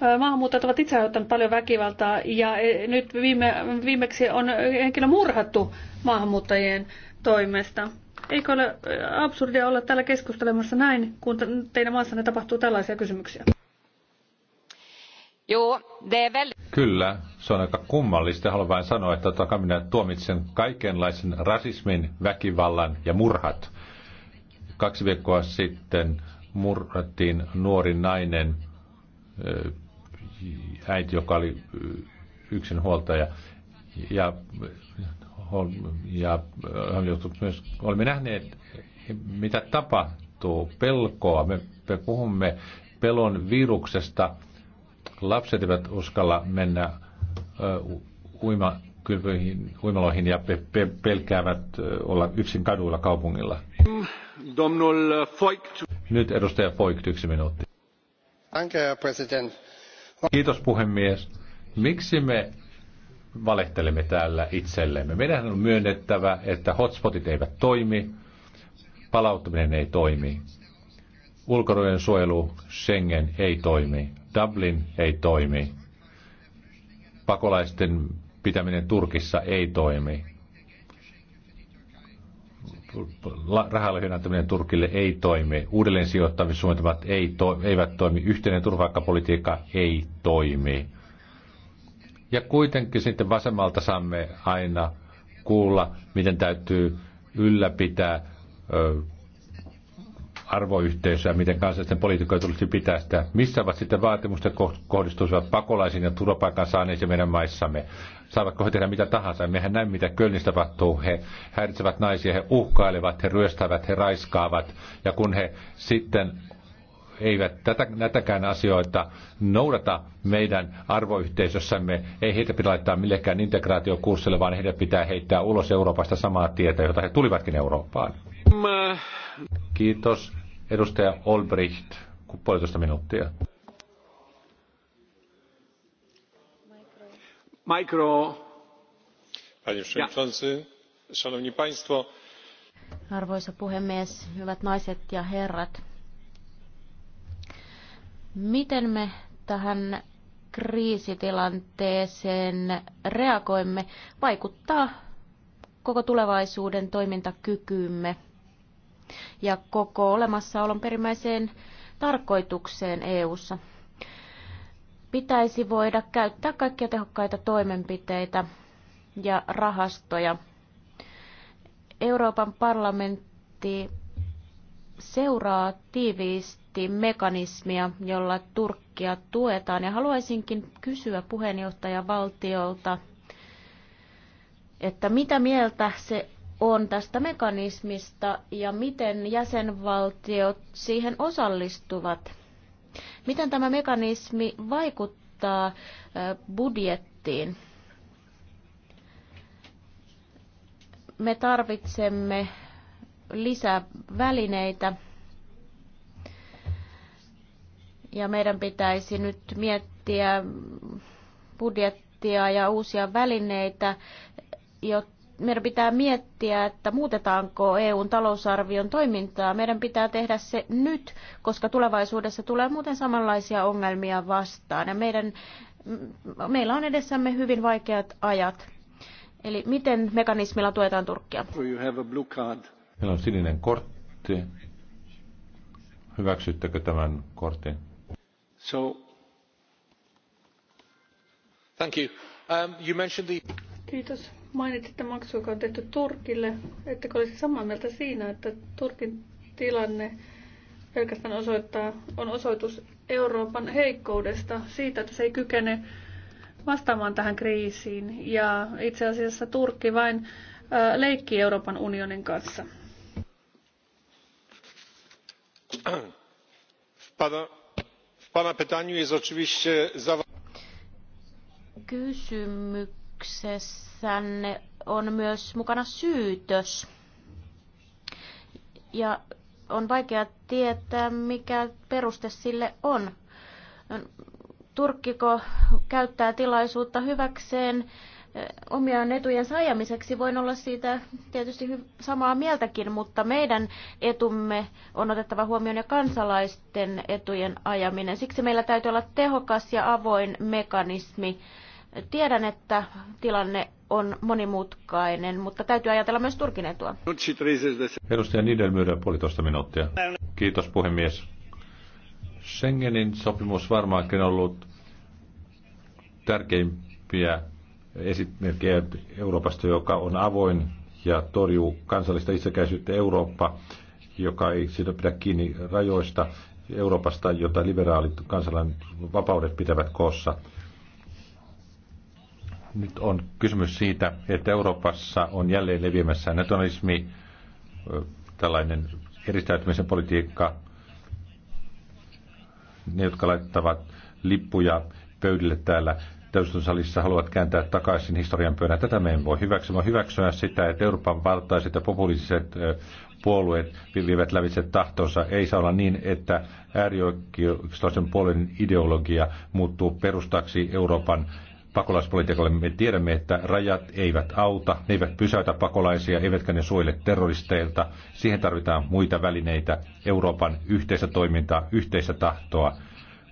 Maahanmuuttajat ovat itse aiheuttaneet paljon väkivaltaa ja e, nyt viime, viimeksi on henkilö murhattu maahanmuuttajien toimesta. Eikö ole absurdia olla täällä keskustelemassa näin, kun teidän maassanne tapahtuu tällaisia kysymyksiä? Kyllä, se on aika kummallista. Haluan vain sanoa, että totta minä tuomitsen kaikenlaisen rasismin, väkivallan ja murhat. Kaksi viikkoa sitten murhattiin nuori nainen äiti, joka oli yksin huoltaja. Ja, ja, ja myös, olemme nähneet, mitä tapahtuu, pelkoa. Me, me puhumme pelon viruksesta. Lapset eivät uskalla mennä uh, uimaloihin ja pe- pe- pelkäävät olla yksin kaduilla kaupungilla. Nyt edustaja Foikt, yksi minuutti. Anke, president. Kiitos puhemies. Miksi me valehtelemme täällä itsellemme? Meidän on myönnettävä, että hotspotit eivät toimi, palauttaminen ei toimi, ulkorajojen suojelu Schengen ei toimi, Dublin ei toimi, pakolaisten pitäminen Turkissa ei toimi. Rahalle antaminen Turkille ei toimi, uudelleen sijoittamissuunnitelmat ei to, eivät toimi, yhteinen turvapaikkapolitiikka ei toimi. Ja kuitenkin sitten vasemmalta saamme aina kuulla, miten täytyy ylläpitää ö, arvoyhteisöä, miten kansallisten poliitikkojen tulisi pitää sitä. Missä ovat sitten vaatimusten kohdistuisivat pakolaisiin ja turvapaikan saaneisiin meidän maissamme? saavatko he tehdä mitä tahansa. Mehän näemme, mitä Kölnissä tapahtuu. He häiritsevät naisia, he uhkailevat, he ryöstävät, he raiskaavat. Ja kun he sitten eivät tätä, näitäkään asioita noudata meidän arvoyhteisössämme, ei heitä pidä laittaa millekään integraatiokurssille, vaan heidät pitää heittää ulos Euroopasta samaa tietä, jota he tulivatkin Eurooppaan. Mä... Kiitos. Edustaja Olbricht, puolitoista minuuttia. panie przewodniczący! arvoisa puhemies hyvät naiset ja herrat miten me tähän kriisitilanteeseen reagoimme vaikuttaa koko tulevaisuuden toimintakykyymme ja koko olemassaolon perimmäiseen tarkoitukseen EU:ssa pitäisi voida käyttää kaikkia tehokkaita toimenpiteitä ja rahastoja. Euroopan parlamentti seuraa tiiviisti mekanismia, jolla Turkkia tuetaan. Ja haluaisinkin kysyä puheenjohtajavaltiolta, että mitä mieltä se on tästä mekanismista ja miten jäsenvaltiot siihen osallistuvat Miten tämä mekanismi vaikuttaa budjettiin? Me tarvitsemme lisää välineitä ja meidän pitäisi nyt miettiä budjettia ja uusia välineitä, jotta meidän pitää miettiä, että muutetaanko EUn talousarvion toimintaa. Meidän pitää tehdä se nyt, koska tulevaisuudessa tulee muuten samanlaisia ongelmia vastaan. Ja meidän, mm, meillä on edessämme hyvin vaikeat ajat. Eli miten mekanismilla tuetaan Turkkia? Oh, meillä on sininen kortti. Hyväksyttekö tämän kortin? So, thank you. Um, you mentioned the... Kiitos että maksu, joka on tehty Turkille. Ettekö olisi samaa mieltä siinä, että Turkin tilanne pelkästään osoittaa, on osoitus Euroopan heikkoudesta, siitä, että se ei kykene vastaamaan tähän kriisiin. Ja itse asiassa Turkki vain leikki Euroopan unionin kanssa. W Pana jest oczywiście esityksessänne on myös mukana syytös. Ja on vaikea tietää, mikä peruste sille on. Turkkiko käyttää tilaisuutta hyväkseen eh, omiaan etujen saajamiseksi. Voin olla siitä tietysti samaa mieltäkin, mutta meidän etumme on otettava huomioon ja kansalaisten etujen ajaminen. Siksi meillä täytyy olla tehokas ja avoin mekanismi Tiedän, että tilanne on monimutkainen, mutta täytyy ajatella myös Turkin etua. Edustaja Niedermyyrä, puolitoista minuuttia. Kiitos puhemies. Schengenin sopimus varmaankin on ollut tärkeimpiä esimerkkejä Euroopasta, joka on avoin ja torjuu kansallista itsekäisyyttä Eurooppa, joka ei siitä pidä kiinni rajoista Euroopasta, jota liberaalit kansalainen vapaudet pitävät koossa. Nyt on kysymys siitä, että Euroopassa on jälleen leviämässä nationalismi, tällainen eristäytymisen politiikka, ne, jotka laittavat lippuja pöydille täällä täysistuntosalissa haluavat kääntää takaisin historian pyörän. Tätä me emme voi hyväksyä. hyväksyä sitä, että Euroopan valtaiset ja populistiset puolueet vievät lävitse tahtonsa. Ei saa olla niin, että äärioikeistoisen puolen ideologia muuttuu perustaksi Euroopan pakolaispolitiikalle. Me tiedämme, että rajat eivät auta, ne eivät pysäytä pakolaisia, eivätkä ne suojele terroristeilta. Siihen tarvitaan muita välineitä, Euroopan yhteistä toimintaa, yhteistä tahtoa.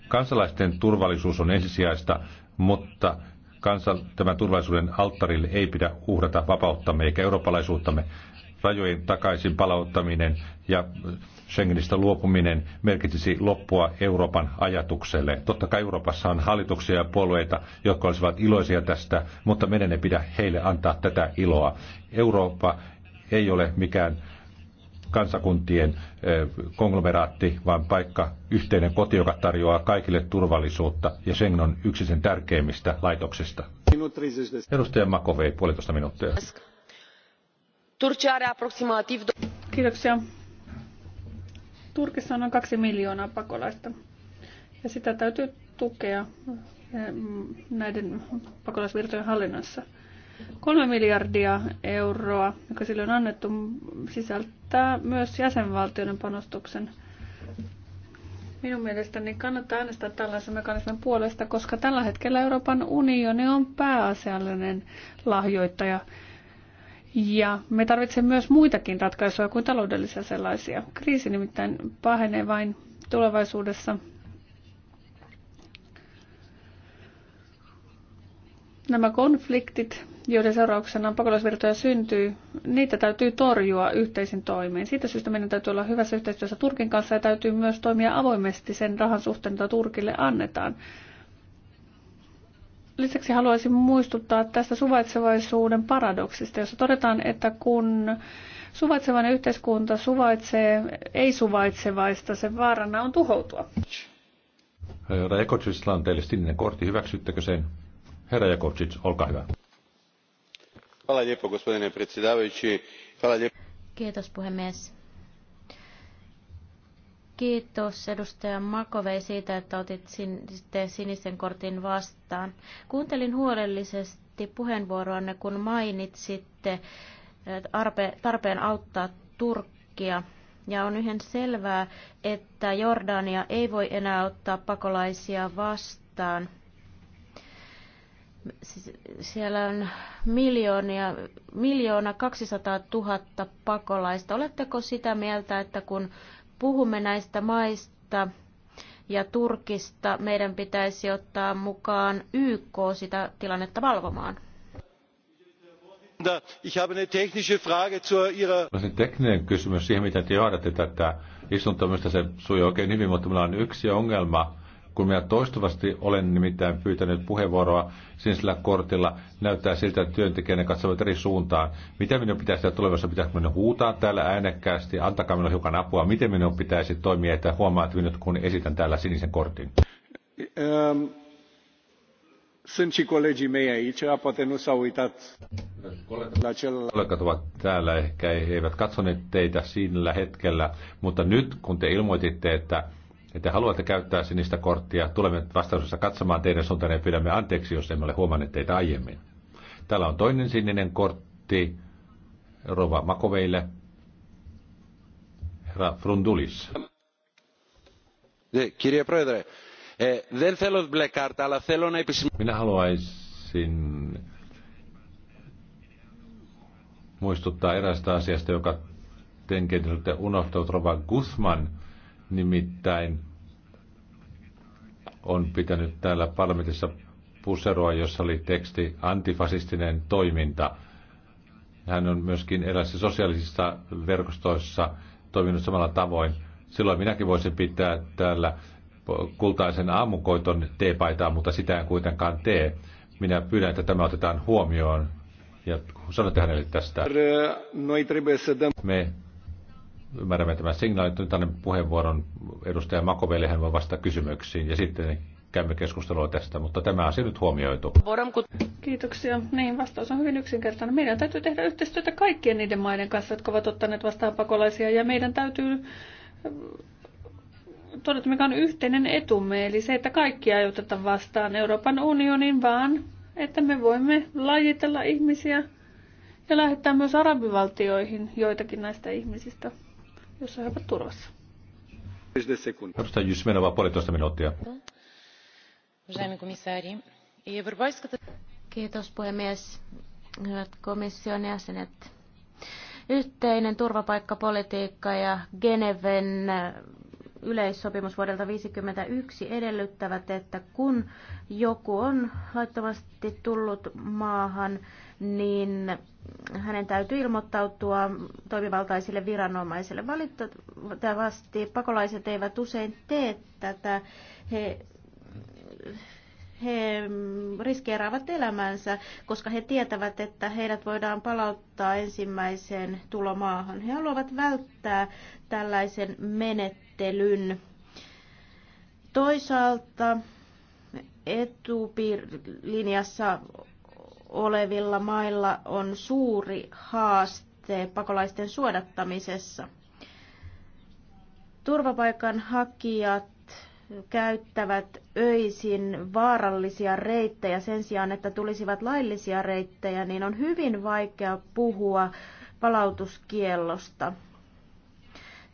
Kansalaisten turvallisuus on ensisijaista, mutta tämän turvallisuuden alttarille ei pidä uhrata vapauttamme eikä eurooppalaisuuttamme. Rajojen takaisin palauttaminen ja Schengenistä luopuminen merkitsisi loppua Euroopan ajatukselle. Totta kai Euroopassa on hallituksia ja puolueita, jotka olisivat iloisia tästä, mutta meidän ei pidä heille antaa tätä iloa. Eurooppa ei ole mikään kansakuntien konglomeraatti, vaan paikka, yhteinen koti, joka tarjoaa kaikille turvallisuutta, ja Schengen on yksi sen tärkeimmistä laitoksista. Edustaja Makovei, puolitoista minuuttia. Turcia are aproximativ... Kiitoksia. Turkissa on noin kaksi miljoonaa pakolaista ja sitä täytyy tukea eh, näiden pakolaisvirtojen hallinnassa. Kolme miljardia euroa, joka sille on annettu, sisältää myös jäsenvaltioiden panostuksen. Minun mielestäni kannattaa äänestää tällaisen mekanismin puolesta, koska tällä hetkellä Euroopan unioni on pääasiallinen lahjoittaja ja me tarvitsemme myös muitakin ratkaisuja kuin taloudellisia sellaisia. Kriisi nimittäin pahenee vain tulevaisuudessa. Nämä konfliktit, joiden seurauksena pakolaisvirtoja syntyy, niitä täytyy torjua yhteisin toimeen. Siitä syystä meidän täytyy olla hyvässä yhteistyössä Turkin kanssa ja täytyy myös toimia avoimesti sen rahan suhteen, jota Turkille annetaan. Lisäksi haluaisin muistuttaa tästä suvaitsevaisuuden paradoksista, jossa todetaan, että kun suvaitsevainen yhteiskunta suvaitsee ei-suvaitsevaista, sen vaarana on tuhoutua. Herra Jakovcicilla on teille sininen kortti. Hyväksyttekö sen? Herra Jakovcic, olkaa hyvä. Kiitos puhemies. Kiitos edustaja Makovei siitä, että otit sinisen kortin vastaan. Kuuntelin huolellisesti puheenvuoroanne, kun mainitsitte tarpeen auttaa Turkkia. Ja on yhden selvää, että Jordania ei voi enää ottaa pakolaisia vastaan. Siellä on miljoonia, miljoona 200 000 pakolaista. Oletteko sitä mieltä, että kun puhumme näistä maista ja Turkista, meidän pitäisi ottaa mukaan YK sitä tilannetta valvomaan. Olisin tekninen kysymys siihen, miten te johdatte tätä istuntoa, mistä se sujuu oikein hyvin, mutta minulla on yksi ongelma kun minä toistuvasti olen nimittäin pyytänyt puheenvuoroa sinisellä kortilla, näyttää siltä, että työntekijänä katsovat eri suuntaan. Mitä minun pitäisi tehdä tulevassa? Pitäisi minun huutaa täällä äänekkäästi? Antakaa minulle hiukan apua. Miten minun pitäisi toimia, että huomaa, minut kun esitän täällä sinisen kortin? Um. Sunt și colegii mei aici, poate nu s-au uitat la celălalt. Kollegat ovat täällä, ehkä eivät katsoneet teitä sillä hetkellä, mutta nyt kun te ilmoititte, että ja te haluatte käyttää sinistä korttia, tulemme vastaisuudessa katsomaan teidän suuntaan ja pyydämme anteeksi, jos emme ole huomanneet teitä aiemmin. Täällä on toinen sininen kortti Rova Makoveille. Herra Frundulis. Kirje Prödre, δεν θέλω μπλε κάρτα, αλλά θέλω να επισημάνω... Minä haluaisin muistuttaa erästä asiasta, joka tenkin kenties olette unohtanut Rova Guzman nimittäin on pitänyt täällä parlamentissa puseroa, jossa oli teksti antifasistinen toiminta. Hän on myöskin eräissä sosiaalisissa verkostoissa toiminut samalla tavoin. Silloin minäkin voisin pitää täällä kultaisen aamukoiton teepaitaa, mutta sitä en kuitenkaan tee. Minä pyydän, että tämä otetaan huomioon ja sanotte hänelle tästä. Me ymmärrämme tämän signaalin. Nyt annan puheenvuoron edustaja Makovelle, hän voi vastata kysymyksiin ja sitten käymme keskustelua tästä, mutta tämä asia nyt huomioitu. Kiitoksia. Niin, vastaus on hyvin yksinkertainen. Meidän täytyy tehdä yhteistyötä kaikkien niiden maiden kanssa, jotka ovat ottaneet vastaan pakolaisia, ja meidän täytyy äh, todeta, mikä on yhteinen etumme, eli se, että kaikki ei oteta vastaan Euroopan unionin, vaan että me voimme lajitella ihmisiä ja lähettää myös arabivaltioihin joitakin näistä ihmisistä jossa he ovat turvassa. Kiitos puhemies. Hyvät komission jäsenet. Yhteinen turvapaikkapolitiikka ja Geneven äh, yleissopimus vuodelta 1951 edellyttävät, että kun joku on laittomasti tullut maahan, niin hänen täytyy ilmoittautua toimivaltaisille viranomaisille. Valitettavasti pakolaiset eivät usein tee tätä. He, he riskeeraavat elämänsä, koska he tietävät, että heidät voidaan palauttaa ensimmäiseen tulomaahan. He haluavat välttää tällaisen menettelyn. Toisaalta etupiirilinjassa olevilla mailla on suuri haaste pakolaisten suodattamisessa. Turvapaikanhakijat käyttävät öisin vaarallisia reittejä sen sijaan, että tulisivat laillisia reittejä, niin on hyvin vaikea puhua palautuskiellosta.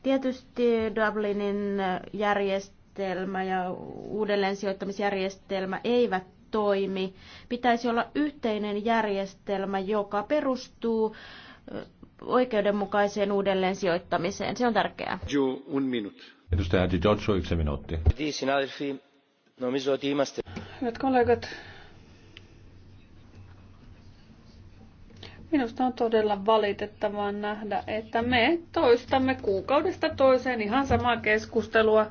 Tietysti Dublinin järjestelmä ja uudelleensijoittamisjärjestelmä eivät toimi. Pitäisi olla yhteinen järjestelmä, joka perustuu oikeudenmukaiseen uudelleen sijoittamiseen. Se on tärkeää. Joo, un minut. Edustaja Di Giorgio, yksi minuutti. Hyvät kollegat, Minusta on todella valitettavaa nähdä, että me toistamme kuukaudesta toiseen ihan samaa keskustelua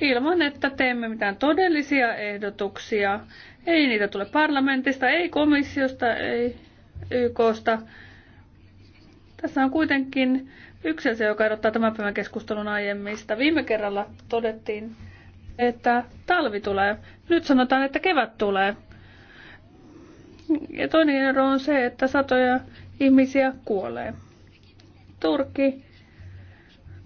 ilman, että teemme mitään todellisia ehdotuksia ei niitä tule parlamentista, ei komissiosta, ei YKsta. Tässä on kuitenkin yksi asia, joka erottaa tämän päivän keskustelun aiemmista. Viime kerralla todettiin, että talvi tulee. Nyt sanotaan, että kevät tulee. Ja toinen ero on se, että satoja ihmisiä kuolee. Turkki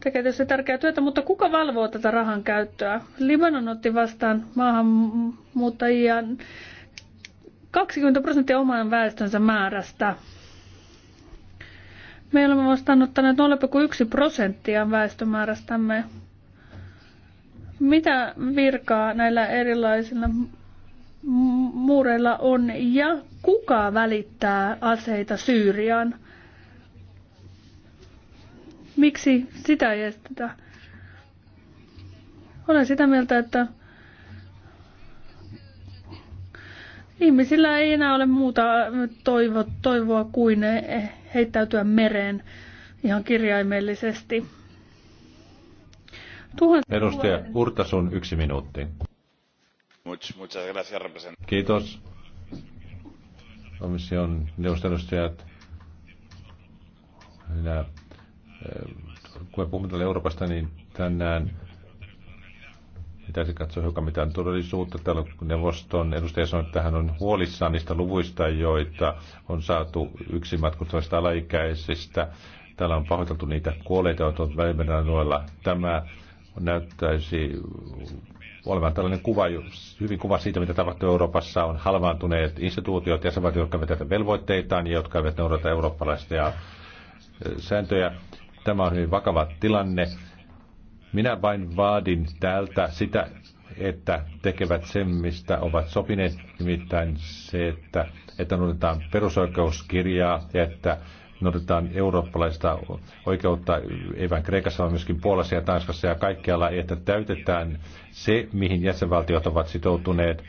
tekee tässä tärkeää työtä, mutta kuka valvoo tätä rahan käyttöä? Libanon otti vastaan maahanmuuttajia 20 prosenttia oman väestönsä määrästä. Me olemme vastaanottaneet 0,1 prosenttia väestömäärästämme. Mitä virkaa näillä erilaisilla muureilla on ja kuka välittää aseita Syyriaan? Miksi sitä ei estetä? Olen sitä mieltä, että ihmisillä ei enää ole muuta toivo, toivoa kuin heittäytyä mereen ihan kirjaimellisesti. Tuhan... Edustaja Urtasun yksi minuutti. Kiitos. Komission neuvoston Minä kun me puhumme täällä Euroopasta, niin tänään pitäisi katsoa hiukan mitään todellisuutta. Täällä neuvoston edustaja sanoi, että hän on huolissaan niistä luvuista, joita on saatu yksi matkustavista alaikäisistä. Täällä on pahoiteltu niitä kuolleita, joita on välimeren noilla. Tämä näyttäisi olevan tällainen kuva, hyvin kuva siitä, mitä tapahtuu Euroopassa, on halvaantuneet instituutiot, jäsenvaltiot, jotka vetävät velvoitteitaan ja jotka eivät noudata eurooppalaisia sääntöjä. Tämä on hyvin vakava tilanne. Minä vain vaadin täältä sitä, että tekevät sen, mistä ovat sopineet, nimittäin se, että, että noudatetaan perusoikeuskirjaa ja että noudatetaan eurooppalaista oikeutta, ei vain Kreikassa, vaan myöskin Puolassa ja Tanskassa ja kaikkialla, että täytetään se, mihin jäsenvaltiot ovat sitoutuneet,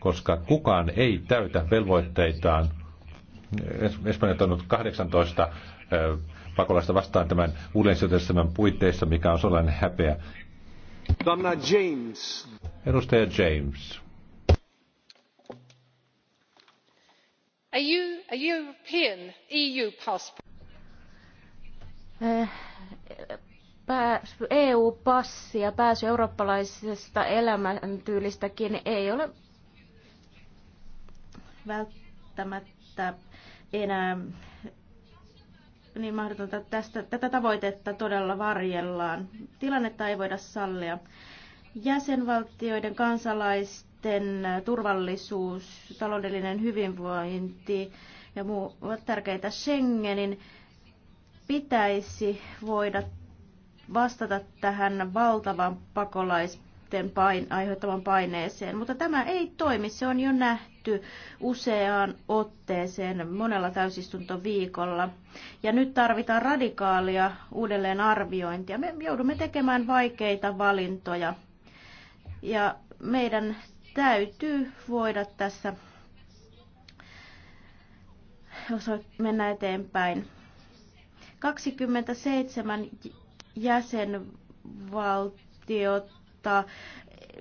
koska kukaan ei täytä velvoitteitaan. Espanja on 18 pakolaista vastaan tämän uudelleensijoitusjärjestelmän puitteissa, mikä on sellainen häpeä. Donna James. Edustaja James. A, you a European EU passport. EU-passi eh, e ja pääsy eurooppalaisesta elämäntyylistäkin ei ole välttämättä enää niin mahdotonta tästä, tätä tavoitetta todella varjellaan. Tilannetta ei voida sallia. Jäsenvaltioiden kansalaisten turvallisuus, taloudellinen hyvinvointi ja muu ovat tärkeitä. Schengenin pitäisi voida vastata tähän valtavan pakolaisten pain, aiheuttavan paineeseen, mutta tämä ei toimi, se on jo nähty tehty useaan otteeseen monella täysistuntoviikolla. Ja nyt tarvitaan radikaalia uudelleenarviointia. Me joudumme tekemään vaikeita valintoja ja meidän täytyy voida tässä mennä eteenpäin. 27 jäsenvaltiota,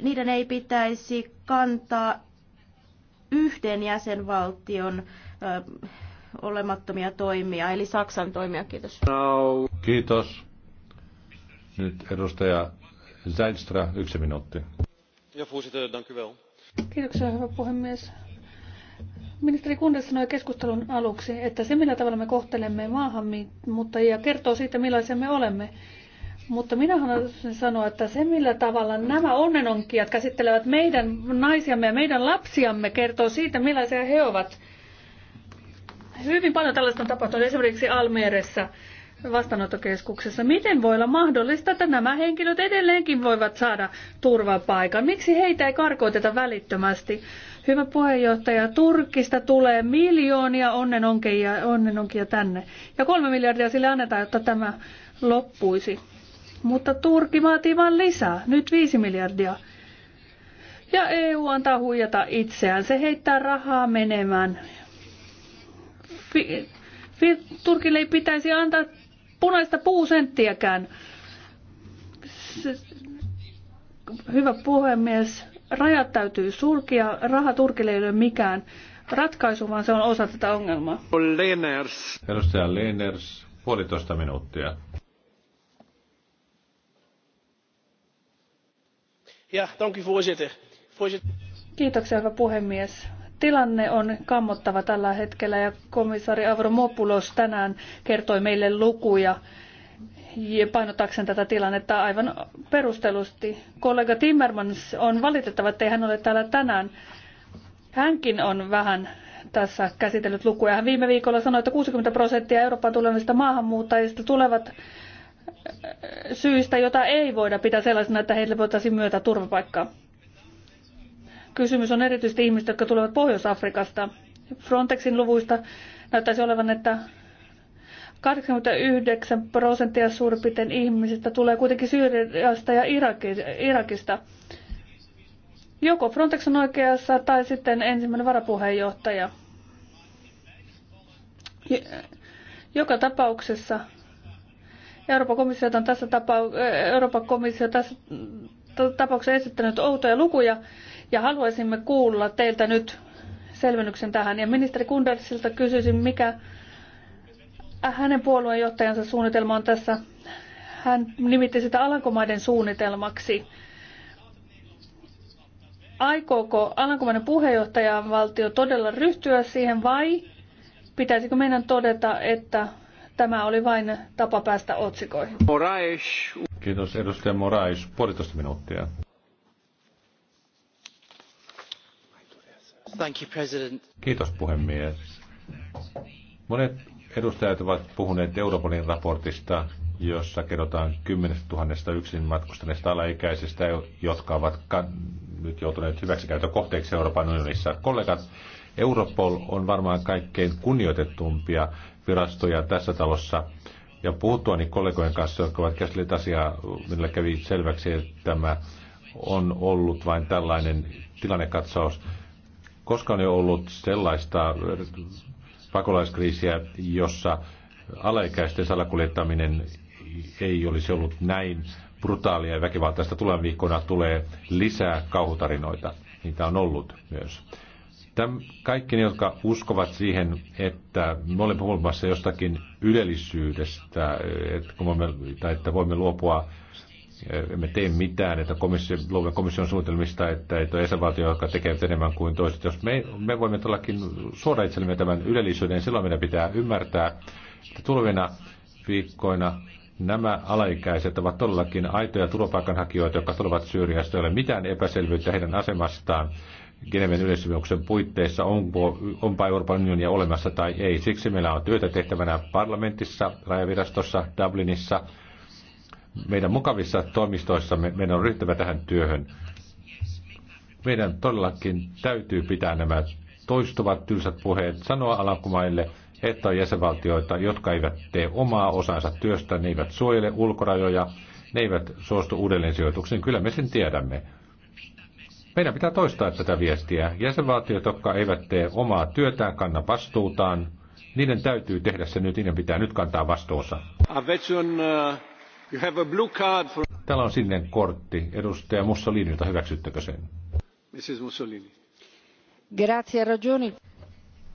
niiden ei pitäisi kantaa yhden jäsenvaltion olemattomia toimia, eli Saksan toimia. Kiitos. Kiitos. Nyt edustaja Zeinstra, yksi minuutti. Ja voorzitter, Kiitoksia, hyvä puhemies. Ministeri Kundes sanoi keskustelun aluksi, että se millä tavalla me kohtelemme maahanmuuttajia kertoo siitä, millaisia me olemme. Mutta minä haluaisin sanoa, että se millä tavalla nämä onnenonkijat käsittelevät meidän naisiamme ja meidän lapsiamme kertoo siitä, millaisia he ovat. Hyvin paljon tällaista on tapahtunut esimerkiksi Almeressä vastaanottokeskuksessa. Miten voi olla mahdollista, että nämä henkilöt edelleenkin voivat saada turvapaikan? Miksi heitä ei karkoiteta välittömästi? Hyvä puheenjohtaja, Turkista tulee miljoonia onnenonkia, onnenonkia tänne. Ja kolme miljardia sille annetaan, jotta tämä loppuisi mutta Turki vaatii vain lisää, nyt 5 miljardia. Ja EU antaa huijata itseään, se heittää rahaa menemään. Fi- fi- Turkille ei pitäisi antaa punaista puusenttiäkään. S- hyvä puhemies, rajat täytyy sulkia, raha Turkille ei ole mikään ratkaisu, vaan se on osa tätä ongelmaa. Leners. Edustaja Leners, puolitoista minuuttia. Kiitoksia, hyvä puhemies. Tilanne on kammottava tällä hetkellä ja komissaari Avramopoulos tänään kertoi meille lukuja painotaksen tätä tilannetta aivan perustellusti. Kollega Timmermans on valitettava, että hän ole täällä tänään. Hänkin on vähän tässä käsitellyt lukuja. Hän viime viikolla sanoi, että 60 prosenttia Euroopan tulevista maahanmuuttajista tulevat syistä, jota ei voida pitää sellaisena, että heille voitaisiin myötä turvapaikkaa. Kysymys on erityisesti ihmistä, jotka tulevat Pohjois-Afrikasta. Frontexin luvuista näyttäisi olevan, että 89 prosenttia suurin piirtein ihmisistä tulee kuitenkin Syyriasta ja Irakista. Joko Frontex on oikeassa tai sitten ensimmäinen varapuheenjohtaja. Joka tapauksessa Euroopan komissio on tässä, tapau- Euroopan komissio tässä tapauksessa esittänyt outoja lukuja ja haluaisimme kuulla teiltä nyt selvennyksen tähän. Ja ministeri Kundersilta kysyisin, mikä hänen puolueenjohtajansa suunnitelma on tässä. Hän nimitti sitä Alankomaiden suunnitelmaksi. Aikooko Alankomaiden valtio todella ryhtyä siihen vai pitäisikö meidän todeta, että Tämä oli vain tapa päästä otsikoihin. Moraes. Kiitos edustaja Moraes. Puolitoista minuuttia. Thank you, President. Kiitos puhemies. Monet edustajat ovat puhuneet Europolin raportista, jossa kerrotaan 10 000: yksin matkustaneista alaikäisistä, jotka ovat nyt joutuneet hyväksikäytön kohteeksi Euroopan unionissa. Kollegat, Europol on varmaan kaikkein kunnioitetumpia virastoja tässä talossa. Ja puhuttuani kollegojen kanssa, jotka ovat käsitelleet asiaa, minulle kävi selväksi, että tämä on ollut vain tällainen tilannekatsaus. Koska on jo ollut sellaista pakolaiskriisiä, jossa alaikäisten salakuljettaminen ei olisi ollut näin brutaalia ja väkivaltaista. Tulevan viikkoina tulee lisää kauhutarinoita. Niitä on ollut myös. Täm, kaikki ne, jotka uskovat siihen, että me olemme puhumassa jostakin ylellisyydestä, että, kun me, tai että voimme luopua, emme tee mitään, että komissio, luomme komission suunnitelmista, että, ei ole esävaltio, joka tekee enemmän kuin toiset. Jos me, me voimme todellakin suoraan itsellemme tämän ylellisyyden, niin silloin meidän pitää ymmärtää, että tulevina viikkoina nämä alaikäiset ovat todellakin aitoja turvapaikanhakijoita, jotka tulevat Syyriasta, ei ole mitään epäselvyyttä heidän asemastaan. Geneven yleissopimuksen puitteissa, onko, onpa Euroopan unionia olemassa tai ei. Siksi meillä on työtä tehtävänä parlamentissa, rajavirastossa, Dublinissa, meidän mukavissa toimistoissamme. Meidän on ryhtyvä tähän työhön. Meidän todellakin täytyy pitää nämä toistuvat tylsät puheet, sanoa alankumaille, että on jäsenvaltioita, jotka eivät tee omaa osansa työstä, ne eivät suojele ulkorajoja, ne eivät suostu uudelleen sijoituksiin. Kyllä me sen tiedämme. Meidän pitää toistaa tätä viestiä. Jäsenvaltiot, jotka eivät tee omaa työtään, kanna vastuutaan, niiden täytyy tehdä se nyt, niiden pitää nyt kantaa vastuunsa. Uh, Täällä on sininen kortti. Edustaja jota hyväksyttekö sen? Mrs. Mussolini. Grazie, ragioni.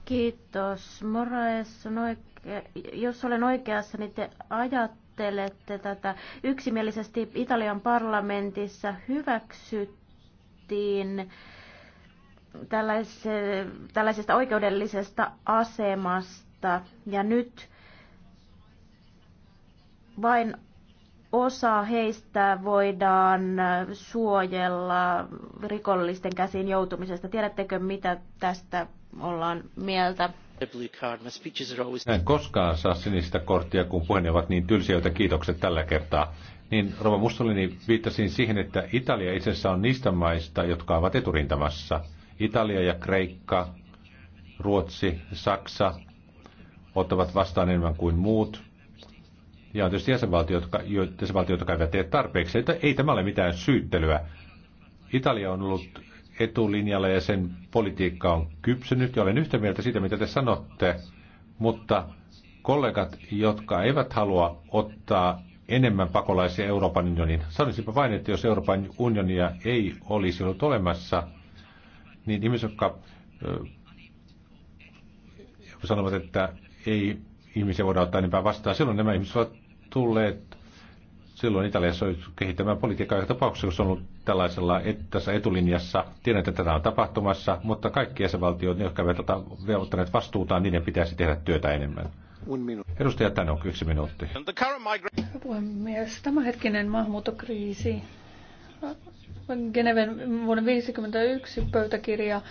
Kiitos. Morales, on oikea. Jos olen oikeassa, niin te ajattelette tätä yksimielisesti Italian parlamentissa hyväksyt puhuttiin tällaisesta oikeudellisesta asemasta ja nyt vain osa heistä voidaan suojella rikollisten käsiin joutumisesta. Tiedättekö, mitä tästä ollaan mieltä? En koskaan saa sinistä korttia, kun puheeni ovat niin tylsiä, joita kiitokset tällä kertaa niin Rova Mussolini viittasin siihen, että Italia itse asiassa on niistä maista, jotka ovat eturintamassa. Italia ja Kreikka, Ruotsi, Saksa ottavat vastaan enemmän kuin muut. Ja on tietysti jäsenvaltiot, jotka, jäsenvaltiot, jotka eivät tee tarpeeksi. Että ei tämä ole mitään syyttelyä. Italia on ollut etulinjalla ja sen politiikka on kypsynyt ja olen yhtä mieltä siitä, mitä te sanotte, mutta kollegat, jotka eivät halua ottaa enemmän pakolaisia Euroopan unionin. Sanoisinpa vain, että jos Euroopan unionia ei olisi ollut olemassa, niin ihmiset, jotka sanovat, että ei ihmisiä voida ottaa enempää vastaan, silloin nämä ihmiset ovat tulleet silloin Italiassa on kehittämään politiikkaa joka tapauksessa, on ollut tällaisella et, tässä etulinjassa. Tiedän, että tätä on tapahtumassa, mutta kaikki jäsenvaltiot, jotka ovat ottaneet vastuutaan, niiden pitäisi tehdä työtä enemmän. Edustaja Tano, yksi minuutti. Herra puhemies, tämänhetkinen maahanmuuttokriisi, Geneven vuoden 1951 pöytäkirja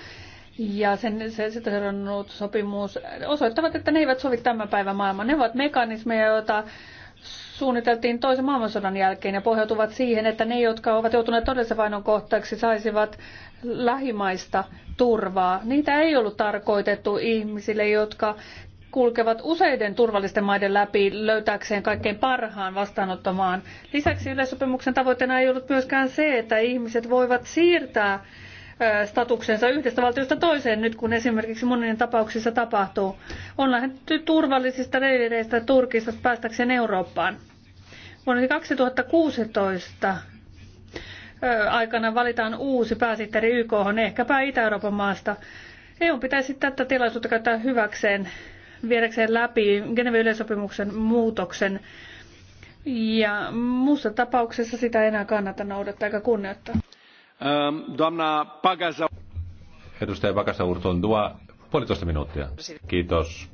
ja sen, se, sitä seurannut sopimus osoittavat, että ne eivät sovi tämän päivän maailmaan. Ne ovat mekanismeja, joita suunniteltiin toisen maailmansodan jälkeen ja pohjautuvat siihen, että ne, jotka ovat joutuneet todellisen vainon kohtaaksi, saisivat lähimaista turvaa. Niitä ei ollut tarkoitettu ihmisille, jotka kulkevat useiden turvallisten maiden läpi löytääkseen kaikkein parhaan vastaanottamaan. Lisäksi yleissopimuksen tavoitteena ei ollut myöskään se, että ihmiset voivat siirtää statuksensa yhdestä valtiosta toiseen, nyt kun esimerkiksi monien tapauksissa tapahtuu. On lähdetty turvallisista reilireistä Turkista päästäkseen Eurooppaan. Vuonna 2016 aikana valitaan uusi pääsihteeri YK, ehkäpä Itä-Euroopan maasta. EU pitäisi tätä tilaisuutta käyttää hyväkseen viedäkseen läpi Geneven yleisopimuksen muutoksen. Ja muussa tapauksessa sitä ei enää kannata noudattaa eikä kunnioittaa. Ähm, doamna Pagasa. Edustaja Pagasa Urtundua, puolitoista minuuttia. Kiitos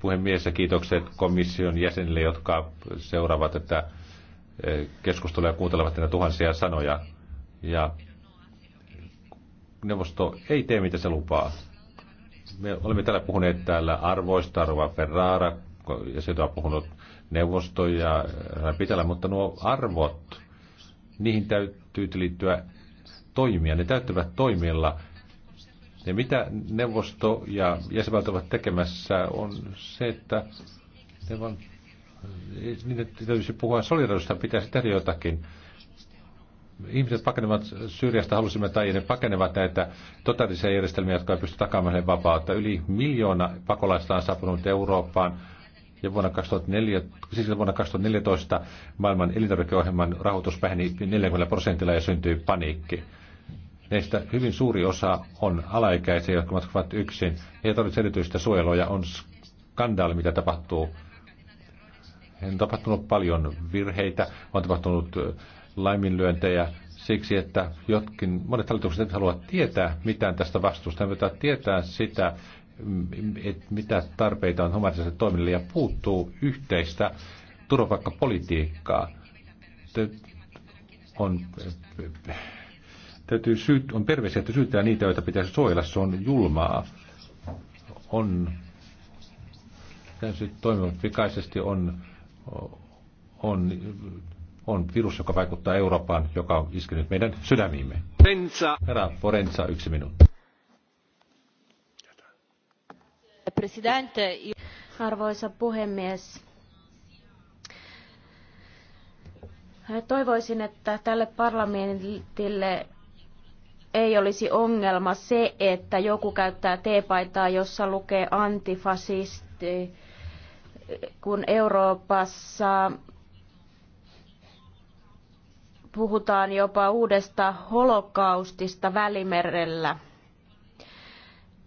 puhemies ja kiitokset komission jäsenille, jotka seuraavat tätä e, keskustelua ja kuuntelevat näitä tuhansia sanoja. Ja neuvosto ei tee, mitä se lupaa. Me olemme täällä puhuneet täällä arvoista, arvoa Ferrara, ja siitä on puhunut neuvostoja ja mutta nuo arvot, niihin täytyy liittyä toimia. Ne täyttävät toimilla. Ja mitä neuvosto ja jäsenvaltio ovat tekemässä on se, että ne vaan, niitä täytyisi puhua solidarisuudesta, pitäisi tehdä jotakin ihmiset pakenevat Syyriasta, halusimme tai ne pakenevat näitä totaalisia järjestelmiä, jotka ei pysty takaamaan heidän vapautta. Yli miljoona pakolaista on saapunut Eurooppaan ja vuonna 2014, siis vuonna 2014 maailman elintarvikeohjelman rahoitus väheni 40 prosentilla ja syntyi paniikki. Neistä hyvin suuri osa on alaikäisiä, jotka matkavat yksin. Heitä tarvitse erityistä suojelua ja on skandaali, mitä tapahtuu. On tapahtunut paljon virheitä, on tapahtunut laiminlyöntejä siksi, että jotkin, monet hallitukset eivät halua tietää mitään tästä vastuusta, eivät tietää sitä, mm, että mitä tarpeita on humanitaariselle toimille ja puuttuu yhteistä turvapaikkapolitiikkaa. On, täytyy syyt, on perveisiä, että syyttää niitä, joita pitäisi suojella. Se on julmaa. On täysin toimivat pikaisesti, on, on on virus, joka vaikuttaa Eurooppaan, joka on iskenyt meidän sydämiimme. Forenza. Herra Forenza, yksi minuutti. Presidente. Arvoisa puhemies, toivoisin, että tälle parlamentille ei olisi ongelma se, että joku käyttää teepaitaa, jossa lukee antifasisti, kun Euroopassa puhutaan jopa uudesta holokaustista Välimerellä.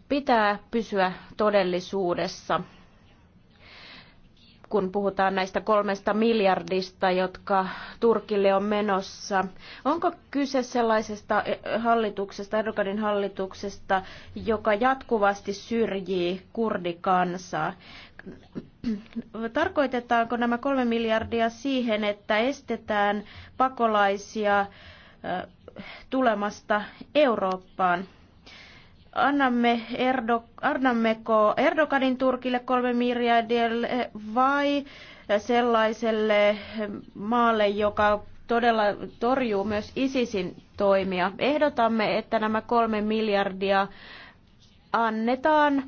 Pitää pysyä todellisuudessa, kun puhutaan näistä kolmesta miljardista, jotka Turkille on menossa. Onko kyse sellaisesta eh, hallituksesta, Erdoganin hallituksesta, joka jatkuvasti syrjii kurdikansaa? Tarkoitetaanko nämä kolme miljardia siihen, että estetään pakolaisia tulemasta Eurooppaan? Annamme Erdo, annammeko Erdoganin Turkille kolme miljardia vai sellaiselle maalle, joka todella torjuu myös ISISin toimia? Ehdotamme, että nämä kolme miljardia annetaan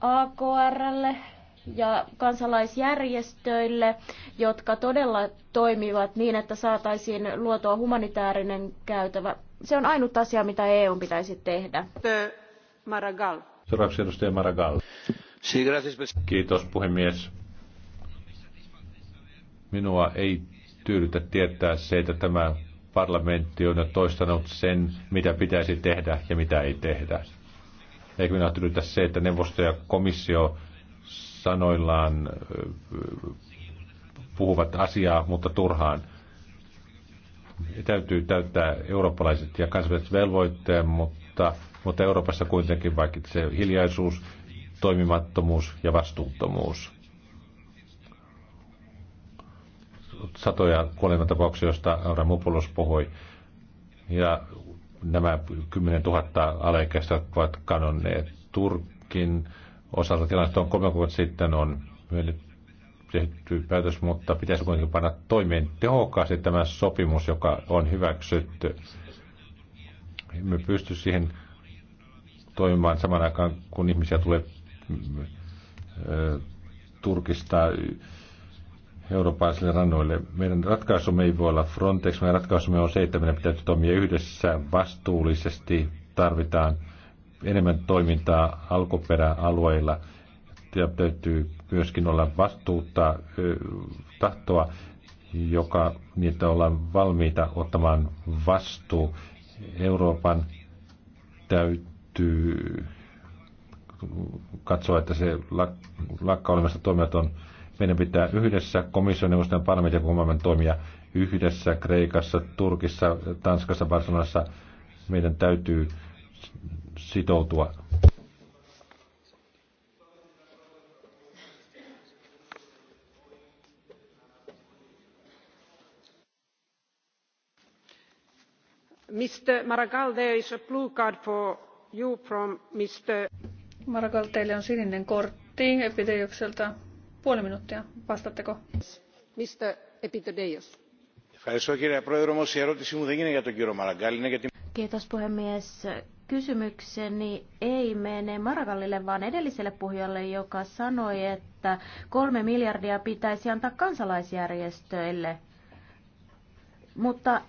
AKRlle ja kansalaisjärjestöille, jotka todella toimivat niin, että saataisiin luotua humanitaarinen käytävä. Se on ainut asia, mitä EU pitäisi tehdä. Maragall. Seuraavaksi edustaja Maragall. Kiitos puhemies. Minua ei tyydytä tietää se, että tämä parlamentti on jo toistanut sen, mitä pitäisi tehdä ja mitä ei tehdä. Eikö minä tyydytä se, että neuvosto ja komissio sanoillaan puhuvat asiaa, mutta turhaan. Täytyy täyttää eurooppalaiset ja kansainväliset velvoitteet, mutta, mutta Euroopassa kuitenkin vaikka se hiljaisuus, toimimattomuus ja vastuuttomuus. Satoja kuolematapauksia, joista Mupulos puhui. Ja nämä 10 000 alaikäistä ovat kadonneet. Turkin osalta tilanne on kolme vuotta sitten on tehty päätös, mutta pitäisi kuitenkin panna toimeen tehokkaasti tämä sopimus, joka on hyväksytty. Emme pysty siihen toimimaan saman aikaan, kun ihmisiä tulee Turkista eurooppalaisille rannoille. Meidän ratkaisumme ei voi olla Frontex, meidän ratkaisumme on se, että meidän pitää toimia yhdessä vastuullisesti. Tarvitaan enemmän toimintaa alkuperäalueilla ja täytyy myöskin olla vastuutta, tahtoa, joka niin, että ollaan valmiita ottamaan vastuu. Euroopan täytyy katsoa, että se lakka toimijat on meidän pitää yhdessä komission neuvoston parlamentin ja toimia yhdessä Kreikassa, Turkissa, Tanskassa, Barcelonassa. Meidän täytyy sitoutua. Mr. Maragall, there is a blue card for you from Mr. Maragall, teille on sininen kortti epidemiokselta. Puoli minuuttia. Vastatteko? Mr. Epitodeios. Ευχαριστώ κύριε Πρόεδρο, όμως η ερώτησή μου δεν είναι για τον κύριο Μαραγκάλη, είναι για την... Kiitos puhemies. Kysymykseni ei mene Maragallille, vaan edelliselle puhujalle, joka sanoi, että kolme miljardia pitäisi antaa kansalaisjärjestöille. Mutta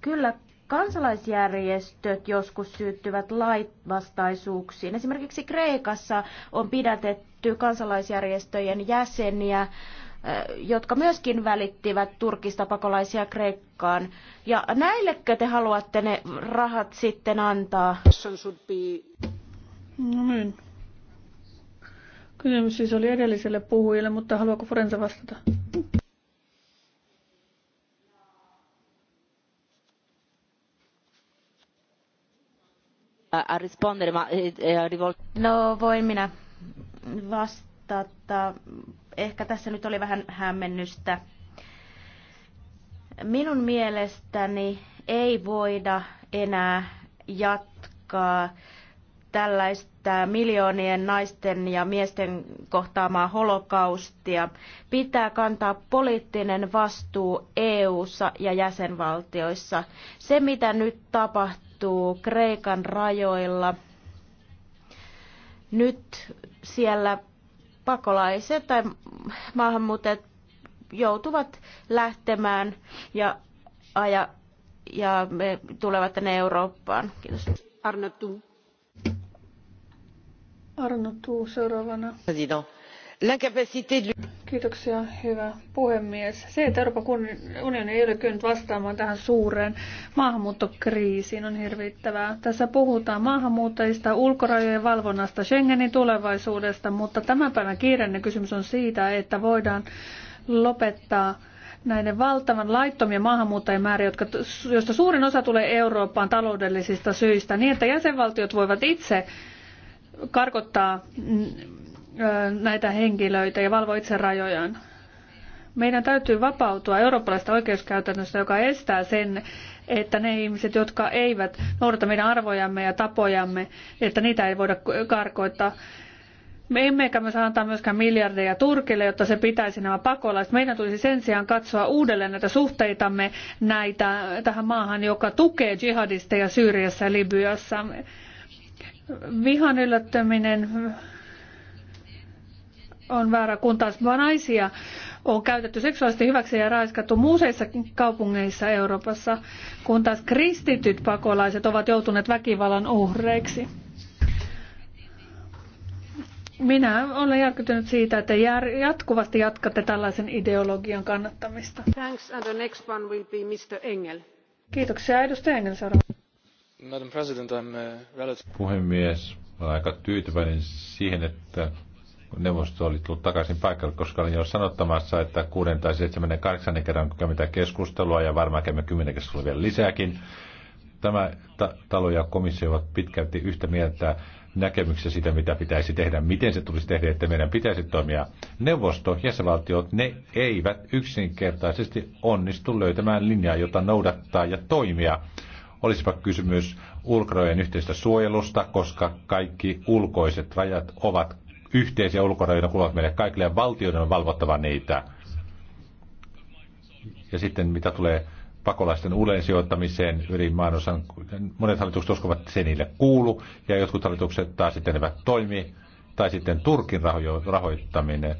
kyllä kansalaisjärjestöt joskus syyttyvät laitvastaisuuksiin. Esimerkiksi Kreikassa on pidätetty kansalaisjärjestöjen jäseniä, eh, jotka myöskin välittivät Turkista pakolaisia Kreikkaan. Ja näillekö te haluatte ne rahat sitten antaa? No niin. Kysymys siis oli edelliselle puhujille, mutta haluaako Forensa vastata? a rispondere, ma eh, eh, No voin minä vastata. Ehkä tässä nyt oli vähän hämmennystä. Minun mielestäni ei voida enää jatkaa tällaista miljoonien naisten ja miesten kohtaamaa holokaustia. Pitää kantaa poliittinen vastuu EU:ssa ja jäsenvaltioissa. Se mitä nyt tapahtuu tapahtuu Kreikan rajoilla. Nyt siellä pakolaiset tai maahanmuuttajat joutuvat lähtemään ja, ja, ja me tulevat tänne Eurooppaan. Kiitos. Arno Tuu. seuraavana. President. Kiitoksia, hyvä puhemies. Se, että Euroopan unioni ei ole kyennyt vastaamaan tähän suureen maahanmuuttokriisiin, on hirvittävää. Tässä puhutaan maahanmuuttajista, ulkorajojen valvonnasta, Schengenin tulevaisuudesta, mutta tämän päivän kiireinen kysymys on siitä, että voidaan lopettaa näiden valtavan laittomien maahanmuuttajien määrä, jotka, josta suurin osa tulee Eurooppaan taloudellisista syistä, niin että jäsenvaltiot voivat itse karkottaa mm, näitä henkilöitä ja valvoo itse rajojaan. Meidän täytyy vapautua eurooppalaisesta oikeuskäytännöstä, joka estää sen, että ne ihmiset, jotka eivät noudata meidän arvojamme ja tapojamme, että niitä ei voida karkoittaa. Me emmekä myös antaa myöskään miljardeja Turkille, jotta se pitäisi nämä pakolaiset. Meidän tulisi sen sijaan katsoa uudelleen näitä suhteitamme näitä, tähän maahan, joka tukee jihadisteja Syyriassa ja Libyassa. Vihan yllättäminen on väärä, kun taas naisia on käytetty seksuaalisesti hyväksi ja raiskattu museissa kaupungeissa Euroopassa, kun taas kristityt pakolaiset ovat joutuneet väkivallan uhreiksi. Minä olen järkytynyt siitä, että jatkuvasti jatkatte tällaisen ideologian kannattamista. Thanks, and the next one will be Mr. Engel. Kiitoksia. Edustaja Engel seuraava. Uh, Puhemies, olen aika tyytyväinen siihen, että neuvosto oli tullut takaisin paikalle, koska olin jo sanottamassa, että kuuden tai seitsemännen kahdeksannen kerran kun käymme keskustelua ja varmaan käymme kymmenen keskustelua vielä lisääkin. Tämä ta- talo ja komissio ovat pitkälti yhtä mieltä näkemyksessä siitä, mitä pitäisi tehdä, miten se tulisi tehdä, että meidän pitäisi toimia. Neuvosto, jäsenvaltiot, ne eivät yksinkertaisesti onnistu löytämään linjaa, jota noudattaa ja toimia. Olisipa kysymys ulkorajojen yhteistä suojelusta, koska kaikki ulkoiset rajat ovat yhteisiä ulkorajoja kuuluvat meille kaikille ja valtioiden on valvottava niitä. Ja sitten mitä tulee pakolaisten uudelleen sijoittamiseen yli maanosan, monet hallitukset uskovat, se niille kuulu, ja jotkut hallitukset taas sitten eivät toimi, tai sitten Turkin rahoittaminen.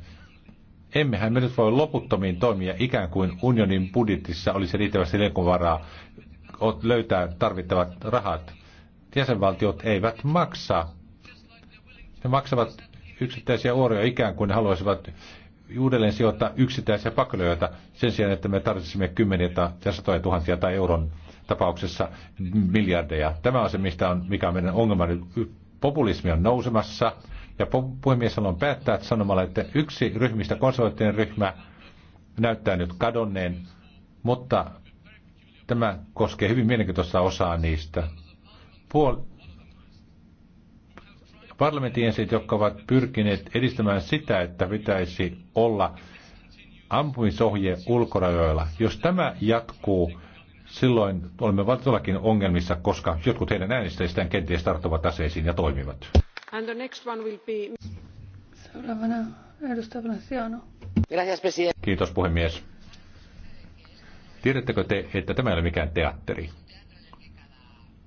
Emmehän me nyt voi loputtomiin toimia ikään kuin unionin budjetissa olisi riittävästi lenkovaraa löytää tarvittavat rahat. Jäsenvaltiot eivät maksa. Ne maksavat yksittäisiä uoria ikään kuin haluaisivat uudelleen sijoittaa yksittäisiä pakoilijoita sen sijaan, että me tarvitsisimme kymmeniä tai satoja tuhansia tai euron tapauksessa miljardeja. Tämä on se, mistä on, mikä on meidän ongelma. Populismi on nousemassa ja puhemies haluan päättää että sanomalla, että yksi ryhmistä, konservatiivinen ryhmä, näyttää nyt kadonneen, mutta tämä koskee hyvin mielenkiintoista osaa niistä. Puol- parlamentin jäsenet, jotka ovat pyrkineet edistämään sitä, että pitäisi olla ampumisohje ulkorajoilla. Jos tämä jatkuu, silloin olemme valtakin ongelmissa, koska jotkut heidän äänestäjistään kenties tarttuvat aseisiin ja toimivat. And the next one will be... Seuraavana edustaja Kiitos puhemies. Tiedättekö te, että tämä ei ole mikään teatteri?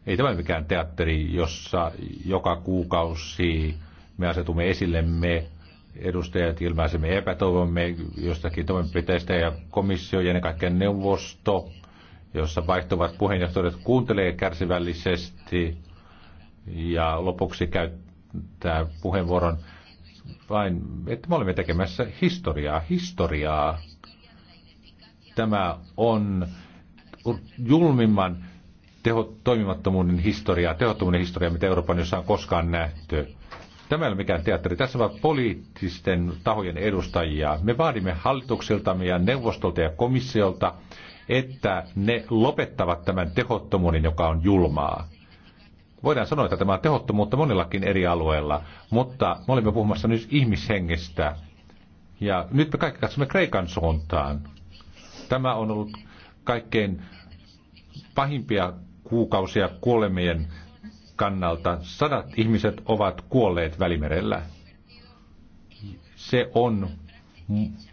Ei tämä mikään teatteri, jossa joka kuukausi me asetumme esillemme edustajat ilmaisemme epätoivomme jostakin toimenpiteistä ja komissio ja ennen kaikkea neuvosto, jossa vaihtuvat puheenjohtajat kuuntelee kärsivällisesti ja lopuksi käyttää puheenvuoron vain, että me olemme tekemässä historiaa, historiaa. Tämä on julmimman teho, toimimattomuuden historiaa, tehottomuuden historiaa, mitä Euroopan jossain on koskaan nähty. Tämä ei ole mikään teatteri. Tässä ovat poliittisten tahojen edustajia. Me vaadimme hallitukselta, ja neuvostolta ja komissiolta, että ne lopettavat tämän tehottomuuden, joka on julmaa. Voidaan sanoa, että tämä on tehottomuutta monillakin eri alueilla, mutta me olemme puhumassa nyt ihmishengestä. Ja nyt me kaikki katsomme Kreikan suuntaan. Tämä on ollut kaikkein pahimpia kuukausia kuolemien kannalta. Sadat ihmiset ovat kuolleet Välimerellä. Se on,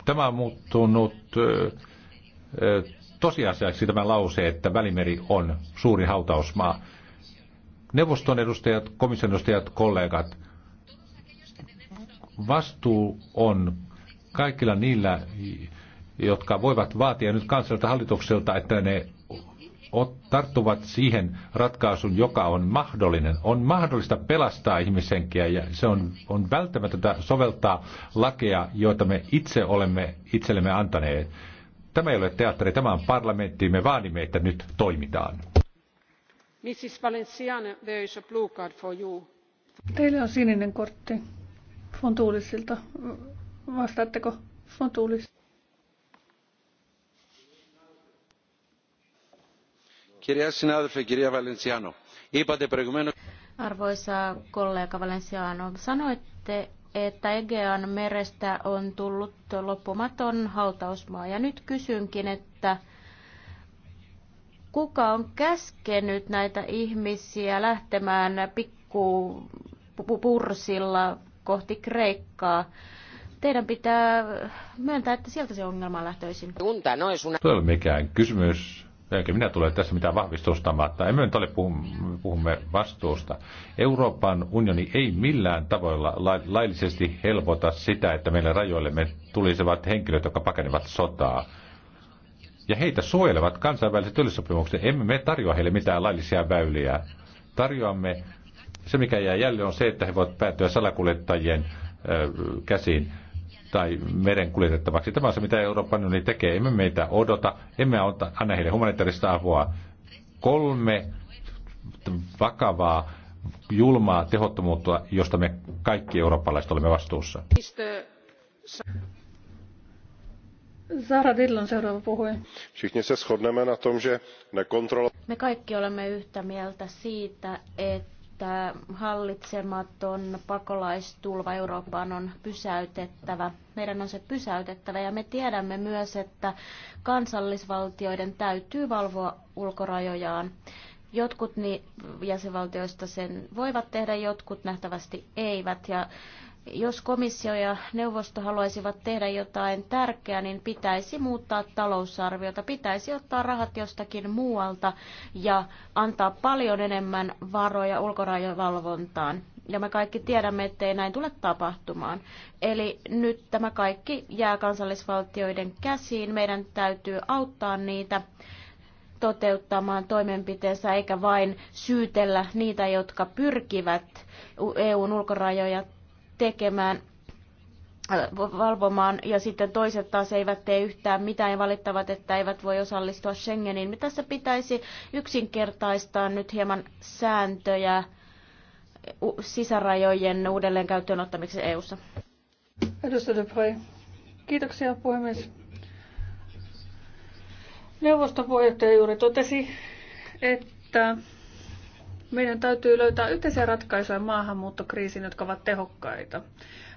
tämä on muuttunut tosiasiaksi tämä lause, että Välimeri on suuri hautausmaa. Neuvoston edustajat, komission edustajat, kollegat, vastuu on kaikilla niillä, jotka voivat vaatia nyt kansalta hallitukselta, että ne tarttuvat siihen ratkaisuun, joka on mahdollinen. On mahdollista pelastaa ihmishenkiä ja se on, on välttämätöntä soveltaa lakeja, joita me itse olemme itsellemme antaneet. Tämä ei ole teatteri, tämä on parlamentti. Me vaadimme, että nyt toimitaan. Mrs. Valenciana, there is a blue card for you. Teillä on sininen kortti Fontuulisilta. Vastaatteko Fontuulisilta? Arvoisa kollega Valenciano, sanoitte, että Egean merestä on tullut loppumaton hautausmaa. Ja nyt kysynkin, että kuka on käskenyt näitä ihmisiä lähtemään pikkupursilla kohti Kreikkaa? Teidän pitää myöntää, että sieltä se ongelma on lähtöisin. Tuo no, ei ole mikään kysymys eikä minä tule tässä mitään vahvistustamatta. Emme nyt ole puhumme vastuusta. Euroopan unioni ei millään tavoilla laillisesti helpota sitä, että meillä rajoillemme tulisivat henkilöt, jotka pakenevat sotaa. Ja heitä suojelevat kansainväliset yleissopimukset. Emme me tarjoa heille mitään laillisia väyliä. Tarjoamme, se mikä jää jäljelle on se, että he voivat päätyä salakuljettajien käsiin tai meren kuljetettavaksi. Tämä on se, mitä Euroopan unioni tekee. Emme meitä odota, emme anna heille humanitaarista apua. Kolme vakavaa, julmaa tehottomuutta, josta me kaikki eurooppalaiset olemme vastuussa. Zahra Dillon seuraava puhuja. se Me kaikki olemme yhtä mieltä siitä, että että hallitsematon pakolaistulva Eurooppaan on pysäytettävä. Meidän on se pysäytettävä ja me tiedämme myös, että kansallisvaltioiden täytyy valvoa ulkorajojaan. Jotkut jäsenvaltioista sen voivat tehdä, jotkut nähtävästi eivät. Ja jos komissio ja neuvosto haluaisivat tehdä jotain tärkeää, niin pitäisi muuttaa talousarviota, pitäisi ottaa rahat jostakin muualta ja antaa paljon enemmän varoja ulkorajavalvontaan. Ja me kaikki tiedämme, ettei näin tule tapahtumaan. Eli nyt tämä kaikki jää kansallisvaltioiden käsiin. Meidän täytyy auttaa niitä toteuttamaan toimenpiteensä eikä vain syytellä niitä, jotka pyrkivät EUn ulkorajoja tekemään valvomaan ja sitten toiset taas eivät tee yhtään mitään ja valittavat, että eivät voi osallistua Schengeniin. Tässä pitäisi yksinkertaistaa nyt hieman sääntöjä sisärajojen uudelleen käyttöön ottamiseksi EU-ssa. Kiitoksia puhemies. Neuvoston puheenjohtaja juuri totesi, että meidän täytyy löytää yhteisiä ratkaisuja maahanmuuttokriisiin, jotka ovat tehokkaita.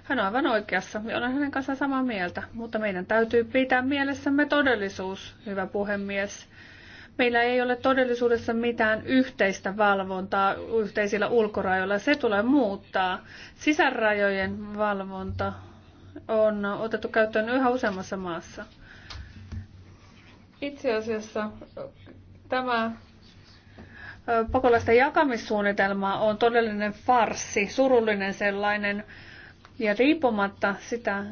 Hän on aivan oikeassa ja olen hänen kanssaan samaa mieltä, mutta meidän täytyy pitää mielessämme todellisuus, hyvä puhemies. Meillä ei ole todellisuudessa mitään yhteistä valvontaa yhteisillä ulkorajoilla. Se tulee muuttaa. Sisärajojen valvonta on otettu käyttöön yhä useammassa maassa. Itse asiassa tämä pakolaisten jakamissuunnitelma on todellinen farsi, surullinen sellainen, ja riippumatta sitä,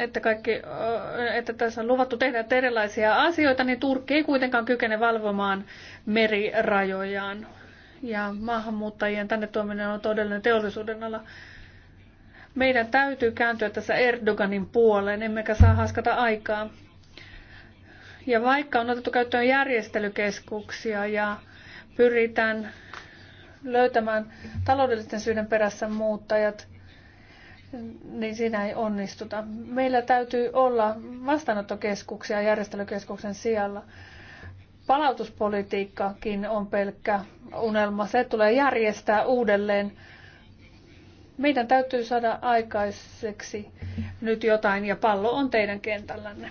että, kaikki, että tässä on luvattu tehdä erilaisia asioita, niin Turkki ei kuitenkaan kykene valvomaan merirajojaan. Ja maahanmuuttajien tänne tuominen on todellinen teollisuuden ala. Meidän täytyy kääntyä tässä Erdoganin puoleen, emmekä saa haskata aikaa. Ja vaikka on otettu käyttöön järjestelykeskuksia ja pyritään löytämään taloudellisten syiden perässä muuttajat, niin siinä ei onnistuta. Meillä täytyy olla vastaanottokeskuksia järjestelykeskuksen sijalla. Palautuspolitiikkakin on pelkkä unelma. Se tulee järjestää uudelleen. Meidän täytyy saada aikaiseksi nyt jotain ja pallo on teidän kentällänne.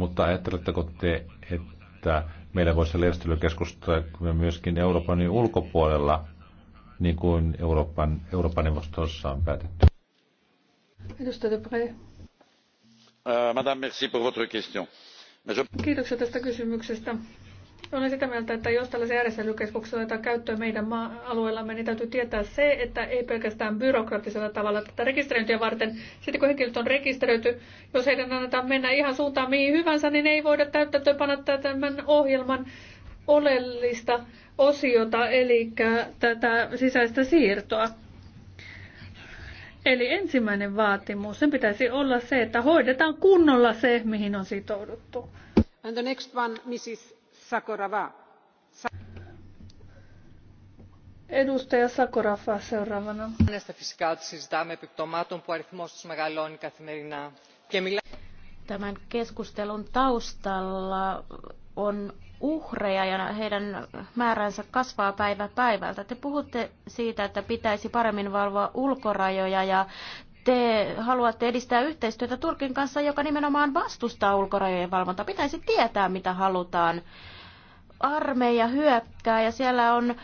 mutta ajatteletteko te, että meillä voisi olla järjestelykeskusta myöskin Euroopan niin ulkopuolella, niin kuin Euroopan, Euroopan neuvostossa on päätetty? Edustaja Depré. Euh, madame, merci pour votre question. Kiitoksia tästä kysymyksestä. Olen sitä mieltä, että jos tällaisia järjestelykeskuksia otetaan käyttöön meidän maa-alueellamme, niin täytyy tietää se, että ei pelkästään byrokraattisella tavalla tätä rekisteröintiä varten. Sitten kun henkilöt on rekisteröity, jos heidän annetaan mennä ihan suuntaan mihin hyvänsä, niin ei voida täyttää tämän ohjelman oleellista osiota, eli tätä sisäistä siirtoa. Eli ensimmäinen vaatimus, sen pitäisi olla se, että hoidetaan kunnolla se, mihin on sitouduttu. And the next one, Mrs. Edustaja Sakorafa seuraavana. Näistä φυσικά ότι συζητάμε Tämän keskustelun taustalla on uhreja ja heidän määränsä kasvaa päivä päivältä. Te puhutte siitä, että pitäisi paremmin valvoa ulkorajoja ja te haluatte edistää yhteistyötä Turkin kanssa, joka nimenomaan vastustaa ulkorajojen valvontaa. Pitäisi tietää, mitä halutaan armeija hyökkää ja siellä on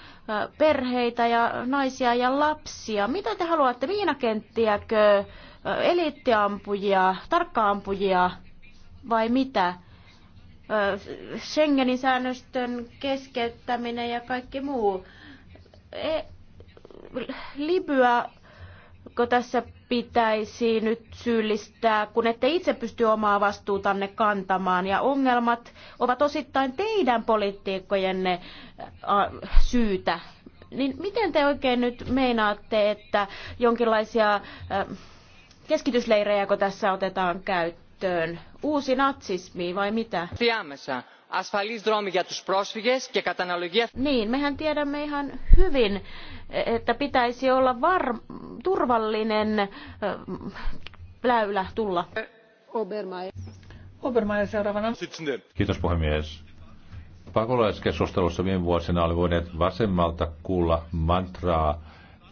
perheitä ja naisia ja lapsia. Mitä te haluatte? Miinakenttiäkö? Eliittiampujia? Tarkkaampujia? Vai mitä? Schengenin säännöstön keskeyttäminen ja kaikki muu. E- Libyä, kun tässä pitäisi nyt syyllistää, kun ette itse pysty omaa vastuutanne kantamaan. Ja ongelmat ovat osittain teidän politiikkojenne äh, syytä. Niin miten te oikein nyt meinaatte, että jonkinlaisia äh, keskitysleirejäkö tässä otetaan käyttöön? Uusi natsismi vai mitä? Tiamessa. Niin, mehän tiedämme ihan hyvin, että pitäisi olla var- turvallinen väylä tulla. Obermaier. Obermeier seuraavana. Kiitos puhemies. Pakolaiskeskustelussa viime vuosina oli voineet vasemmalta kuulla mantraa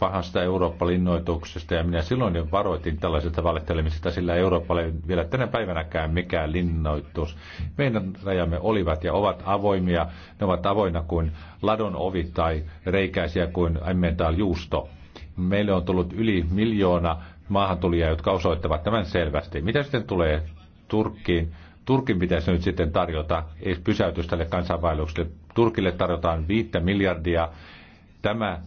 pahasta Eurooppa-linnoituksesta, ja minä silloin jo varoitin tällaisesta valehtelemisesta, sillä Euroopalle ei vielä tänä päivänäkään mikään linnoitus. Meidän rajamme olivat ja ovat avoimia, ne ovat avoina kuin ladon ovi tai reikäisiä kuin emmental juusto. Meille on tullut yli miljoona maahantulijaa, jotka osoittavat tämän selvästi. Mitä sitten tulee Turkkiin? Turkin pitäisi nyt sitten tarjota pysäytys tälle kansainvaellukselle. Turkille tarjotaan viittä miljardia. Tämä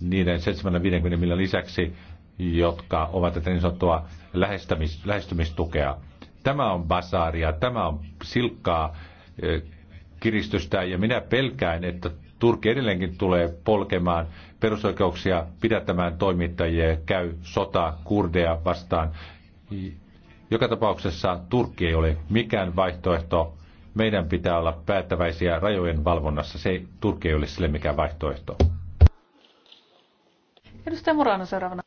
niiden 750 miljoonan lisäksi, jotka ovat tätä niin sanottua lähestymis, lähestymistukea. Tämä on basaaria, tämä on silkkaa eh, kiristystä ja minä pelkään, että Turkki edelleenkin tulee polkemaan perusoikeuksia, pidättämään toimittajia, käy sota kurdeja vastaan. Joka tapauksessa Turkki ei ole mikään vaihtoehto. Meidän pitää olla päättäväisiä rajojen valvonnassa. Se Turkki ei ole sille mikään vaihtoehto. Edustaja Murano seuraavana.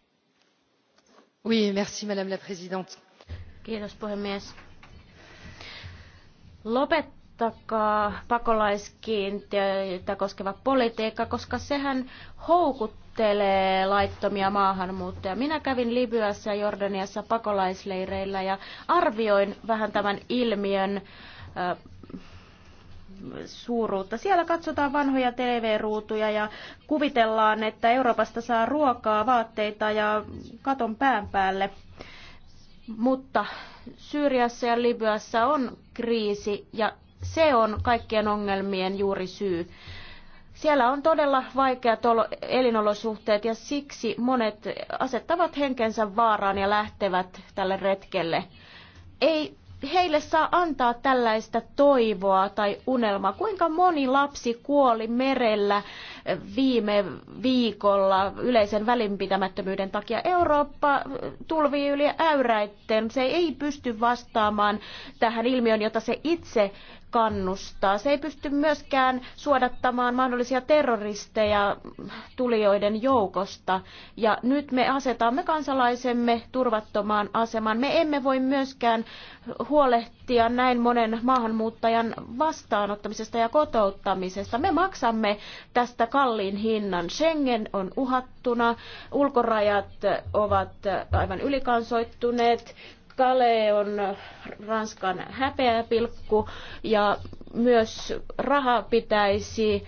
Oui, merci, madame la présidente. Kiitos puhemies. Lopettakaa pakolaiskiintiöitä koskeva politiikka, koska sehän houkuttelee laittomia maahanmuuttajia. Minä kävin Libyassa ja Jordaniassa pakolaisleireillä ja arvioin vähän tämän ilmiön suuruutta. Siellä katsotaan vanhoja TV-ruutuja ja kuvitellaan, että Euroopasta saa ruokaa, vaatteita ja katon pään päälle. Mutta Syyriassa ja Libyassa on kriisi ja se on kaikkien ongelmien juuri syy. Siellä on todella vaikeat elinolosuhteet ja siksi monet asettavat henkensä vaaraan ja lähtevät tälle retkelle. Ei heille saa antaa tällaista toivoa tai unelmaa? Kuinka moni lapsi kuoli merellä viime viikolla yleisen välinpitämättömyyden takia? Eurooppa tulvii yli äyräitten. Se ei pysty vastaamaan tähän ilmiön, jota se itse kannustaa. Se ei pysty myöskään suodattamaan mahdollisia terroristeja tulijoiden joukosta. Ja nyt me asetamme kansalaisemme turvattomaan asemaan. Me emme voi myöskään huolehtia näin monen maahanmuuttajan vastaanottamisesta ja kotouttamisesta. Me maksamme tästä kalliin hinnan. Schengen on uhattuna, ulkorajat ovat aivan ylikansoittuneet, Kale on Ranskan häpeäpilkku ja myös raha pitäisi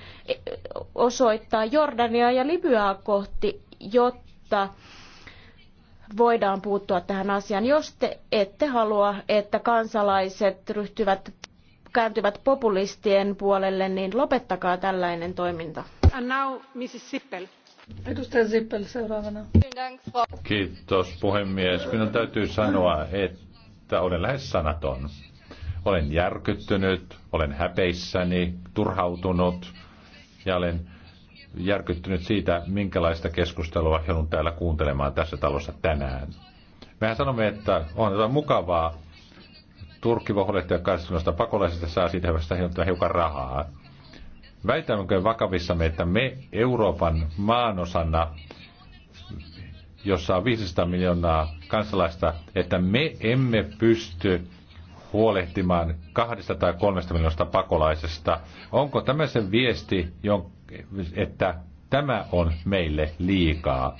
osoittaa Jordania ja Libyaa kohti, jotta voidaan puuttua tähän asiaan, jos te ette halua, että kansalaiset ryhtyvät kääntyvät populistien puolelle, niin lopettakaa tällainen toiminta. And now, Mrs. Edustaja Zippel seuraavana. Kiitos puhemies. Minun täytyy sanoa, että olen lähes sanaton. Olen järkyttynyt, olen häpeissäni, turhautunut ja olen järkyttynyt siitä, minkälaista keskustelua joudun täällä kuuntelemaan tässä talossa tänään. Mehän sanomme, että on jotain mukavaa. Turkki voi huolehtia 20 pakolaisista, saa siitä hyvästä hiukan rahaa. Väitämmekö vakavissamme, että me Euroopan maanosana, jossa on 500 miljoonaa kansalaista, että me emme pysty huolehtimaan kahdesta tai kolmesta miljoonasta pakolaisesta. Onko tämä se viesti, että tämä on meille liikaa?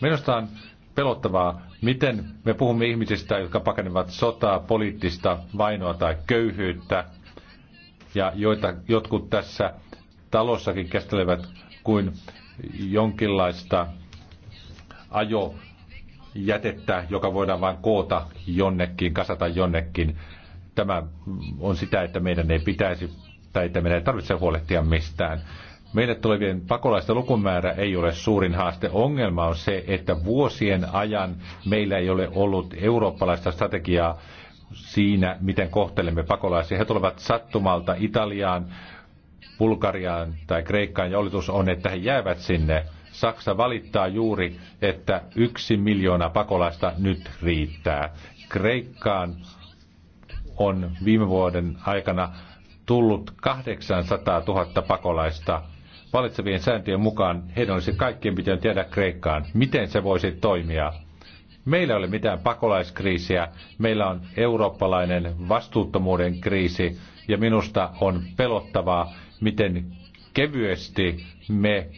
Minusta on pelottavaa, miten me puhumme ihmisistä, jotka pakenevat sotaa, poliittista vainoa tai köyhyyttä, ja joita jotkut tässä talossakin käsittelevät kuin jonkinlaista ajo jätettä, joka voidaan vain koota jonnekin, kasata jonnekin. Tämä on sitä, että meidän ei pitäisi tai että meidän ei tarvitse huolehtia mistään. Meille tulevien pakolaisten lukumäärä ei ole suurin haaste. Ongelma on se, että vuosien ajan meillä ei ole ollut eurooppalaista strategiaa, siinä, miten kohtelemme pakolaisia. He tulevat sattumalta Italiaan, Bulgariaan tai Kreikkaan ja olitus on, että he jäävät sinne. Saksa valittaa juuri, että yksi miljoona pakolaista nyt riittää. Kreikkaan on viime vuoden aikana tullut 800 000 pakolaista. Valitsevien sääntöjen mukaan heidän olisi kaikkien pitänyt jäädä Kreikkaan. Miten se voisi toimia? Meillä ei ole mitään pakolaiskriisiä, meillä on eurooppalainen vastuuttomuuden kriisi ja minusta on pelottavaa, miten kevyesti me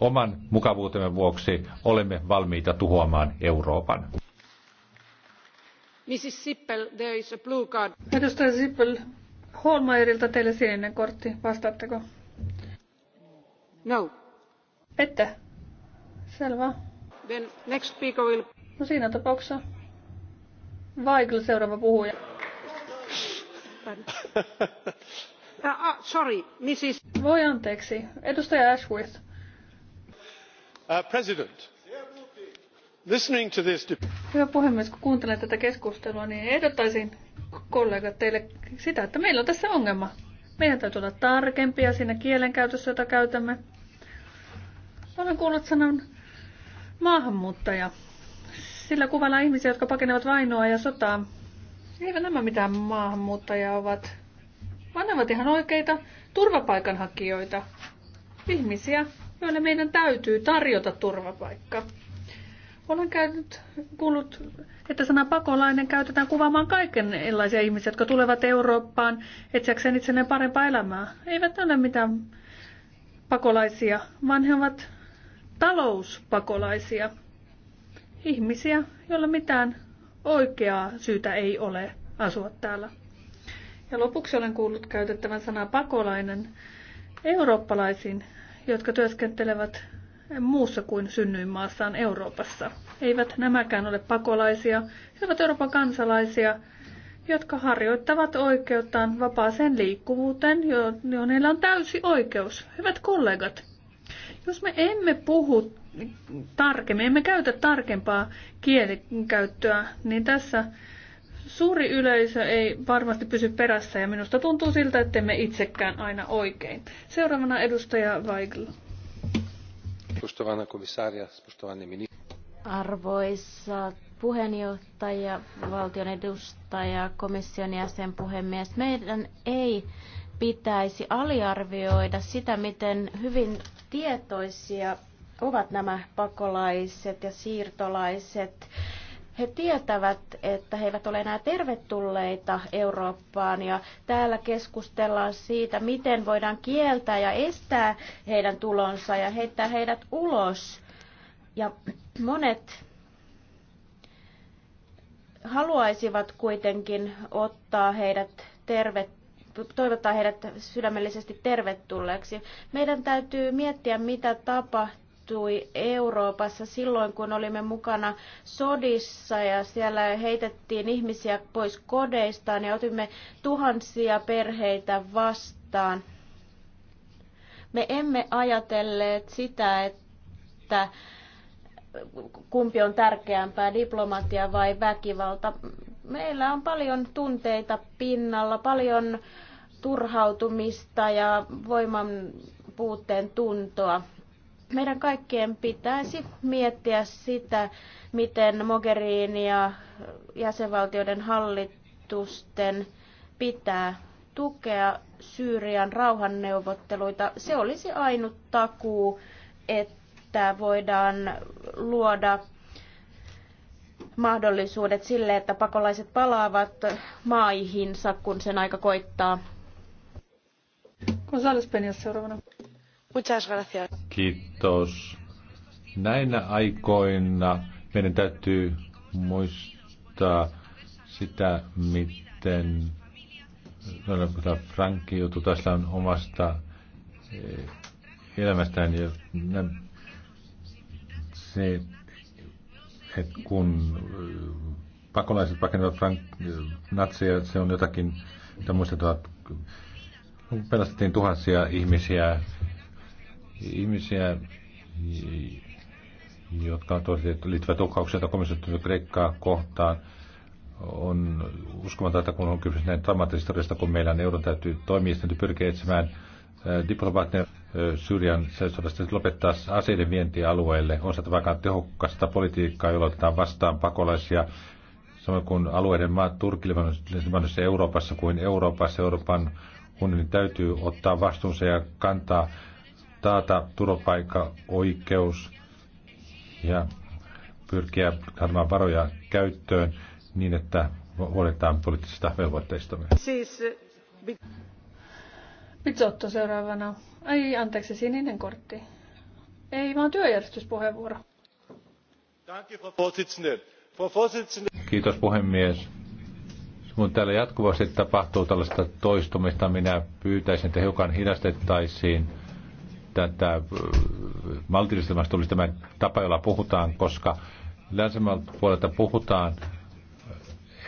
oman mukavuutemme vuoksi olemme valmiita tuhoamaan Euroopan. Mrs. Sippel, there is a blue card. Edustaja Sippel, Holmeierilta teille sininen kortti. Vastaatteko? No. Ette. Selvä. Then next speaker will No siinä tapauksessa Weigl seuraava puhuja. uh, <laughs> sorry, Mrs. Voi anteeksi. Edustaja Ashworth. Uh, president. Listening to this... Hyvä puhemies, kun kuuntelen tätä keskustelua, niin ehdottaisin kollegat teille sitä, että meillä on tässä ongelma. Meidän täytyy olla tarkempia siinä kielenkäytössä, jota käytämme. Olen kuullut sanan maahanmuuttaja. Sillä kuvalla ihmisiä, jotka pakenevat vainoa ja sotaa. Eivät nämä mitään maahanmuuttajia ovat, vaan ne ovat ihan oikeita turvapaikanhakijoita. Ihmisiä, joille meidän täytyy tarjota turvapaikka. Olen käynyt, kuullut, että sana pakolainen käytetään kuvaamaan kaikenlaisia ihmisiä, jotka tulevat Eurooppaan etsiäkseen itselleen parempaa elämää. Eivät ole mitään pakolaisia, vaan he ovat talouspakolaisia ihmisiä, joilla mitään oikeaa syytä ei ole asua täällä. Ja lopuksi olen kuullut käytettävän sanaa pakolainen eurooppalaisiin, jotka työskentelevät muussa kuin synnyinmaassaan Euroopassa. Eivät nämäkään ole pakolaisia, he ovat Euroopan kansalaisia, jotka harjoittavat oikeuttaan vapaaseen liikkuvuuteen, johon heillä on täysi oikeus. Hyvät kollegat, jos me emme puhu tarkemmin, emme käytä tarkempaa kielenkäyttöä, niin tässä suuri yleisö ei varmasti pysy perässä ja minusta tuntuu siltä, että me itsekään aina oikein. Seuraavana edustaja Weigl. Arvoisa puheenjohtaja, valtion edustaja, komission jäsen, puhemies, meidän ei pitäisi aliarvioida sitä, miten hyvin tietoisia ovat nämä pakolaiset ja siirtolaiset. He tietävät, että he eivät ole enää tervetulleita Eurooppaan ja täällä keskustellaan siitä, miten voidaan kieltää ja estää heidän tulonsa ja heittää heidät ulos. Ja monet haluaisivat kuitenkin ottaa heidät tervet, toivottaa heidät sydämellisesti tervetulleeksi. Meidän täytyy miettiä, mitä tapa tapahtui Euroopassa silloin, kun olimme mukana sodissa ja siellä heitettiin ihmisiä pois kodeistaan ja otimme tuhansia perheitä vastaan. Me emme ajatelleet sitä, että kumpi on tärkeämpää, diplomatia vai väkivalta. Meillä on paljon tunteita pinnalla, paljon turhautumista ja voiman puutteen tuntoa meidän kaikkien pitäisi miettiä sitä, miten Mogherini ja jäsenvaltioiden hallitusten pitää tukea Syyrian rauhanneuvotteluita. Se olisi ainut takuu, että voidaan luoda mahdollisuudet sille, että pakolaiset palaavat maihinsa, kun sen aika koittaa. Gonzales Peñas seuraavana. Muchas gracias. Kiitos. Näinä aikoina meidän täytyy muistaa sitä, miten Frankki joutuu tässä on omasta eh, elämästään ja se, että kun eh, pakolaiset pakenevat frank- eh, natseja, se on jotakin, mitä muistetaan, pelastettiin tuhansia ihmisiä ihmisiä, jotka on todettu, liittyvät uhkauksia, tai komissio Kreikkaa kohtaan, on uskomatonta, kun on kyse näin dramaattisesta kun meillä on euron täytyy toimia, sitten pyrkiä etsimään äh, diplomaattinen äh, Syyrian sodasta lopettaa aseiden vientialueelle. On saatava aikaan tehokkaista politiikkaa, jolla otetaan vastaan pakolaisia, samoin kuin alueiden maat Turkille, Euroopassa kuin Euroopassa. Euroopan unionin täytyy ottaa vastuunsa ja kantaa taata turvapaikkaoikeus oikeus ja pyrkiä saamaan varoja käyttöön niin, että huolehditaan poliittisista velvoitteistamme. Siis Pizzotto seuraavana. Ai, anteeksi, sininen kortti. Ei, vaan työjärjestyspuheenvuoro. Kiitos puhemies. Kun täällä jatkuvasti tapahtuu tällaista toistumista, minä pyytäisin, että hiukan hidastettaisiin tätä äh, maltillisemmasta tulisi tämä tapa, jolla puhutaan, koska länsimaalta puolelta puhutaan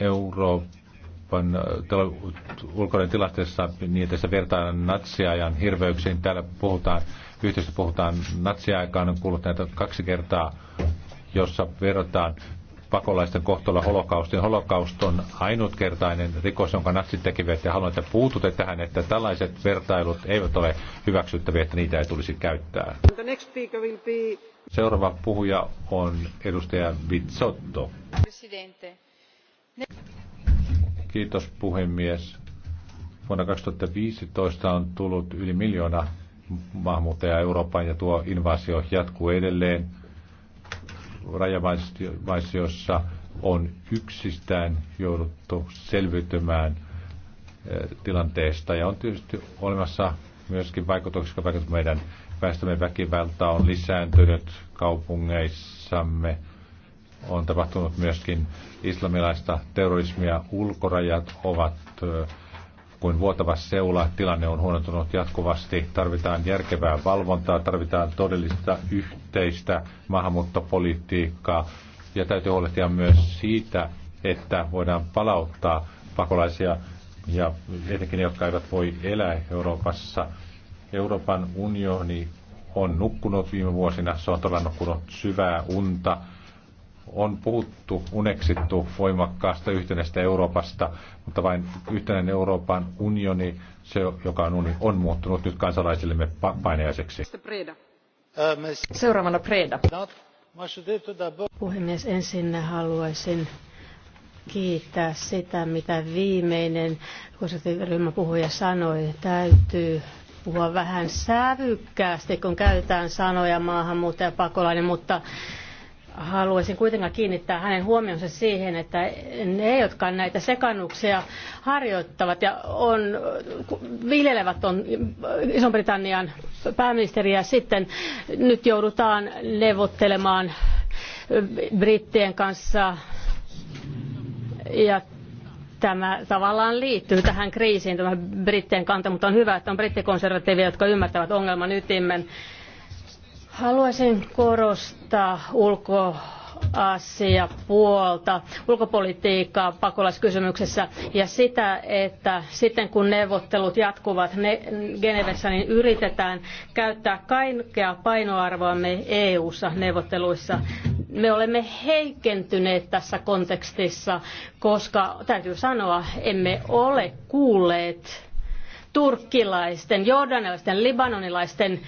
Euroopan äh, ulkoinen tilanteessa niin, että se vertaa natsiajan hirveyksiin. Täällä puhutaan, yhteydessä puhutaan natsiaikaan, on kuullut näitä kaksi kertaa, jossa verrataan pakolaisten kohtalo holokaustin. Holokaust on ainutkertainen rikos, jonka natsit tekivät ja haluan, että puututte tähän, että tällaiset vertailut eivät ole hyväksyttäviä, että niitä ei tulisi käyttää. Seuraava puhuja on edustaja Vitsotto. Kiitos puhemies. Vuonna 2015 on tullut yli miljoona maahanmuuttajaa Eurooppaan ja tuo invasio jatkuu edelleen jossa on yksistään jouduttu selviytymään eh, tilanteesta. Ja on tietysti olemassa myöskin vaikutuksia, vaikka meidän väestömme väkivalta on lisääntynyt kaupungeissamme. On tapahtunut myöskin islamilaista terrorismia. Ulkorajat ovat eh, kuin vuotava seula. Tilanne on huonontunut jatkuvasti. Tarvitaan järkevää valvontaa, tarvitaan todellista yhteistä maahanmuuttopolitiikkaa ja täytyy huolehtia myös siitä, että voidaan palauttaa pakolaisia ja etenkin ne, jotka eivät voi elää Euroopassa. Euroopan unioni on nukkunut viime vuosina, se on todella nukkunut syvää unta on puhuttu, uneksittu voimakkaasta yhtenäistä Euroopasta, mutta vain yhtenäinen Euroopan unioni, se joka on, unioni, on muuttunut nyt kansalaisillemme painajaiseksi. Seuraavana Preda. Puhemies, ensin haluaisin kiittää sitä, mitä viimeinen konservatiiviryhmän puhuja sanoi. Täytyy puhua vähän sävykkäästi, kun käytetään sanoja maahanmuuttaja pakolainen, mutta haluaisin kuitenkin kiinnittää hänen huomionsa siihen, että ne, jotka näitä sekannuksia harjoittavat ja on, viljelevät on Iso-Britannian pääministeriä, sitten nyt joudutaan neuvottelemaan brittien kanssa ja tämä tavallaan liittyy tähän kriisiin, tämä brittien kanta, mutta on hyvä, että on brittikonservatiivia, jotka ymmärtävät ongelman ytimen Haluaisin korostaa ulko asia puolta ulkopolitiikkaa pakolaiskysymyksessä ja sitä, että sitten kun neuvottelut jatkuvat ne, Genevessä, niin yritetään käyttää kaikkea painoarvoamme EU-ssa neuvotteluissa. Me olemme heikentyneet tässä kontekstissa, koska täytyy sanoa, emme ole kuulleet turkkilaisten, jordanilaisten, libanonilaisten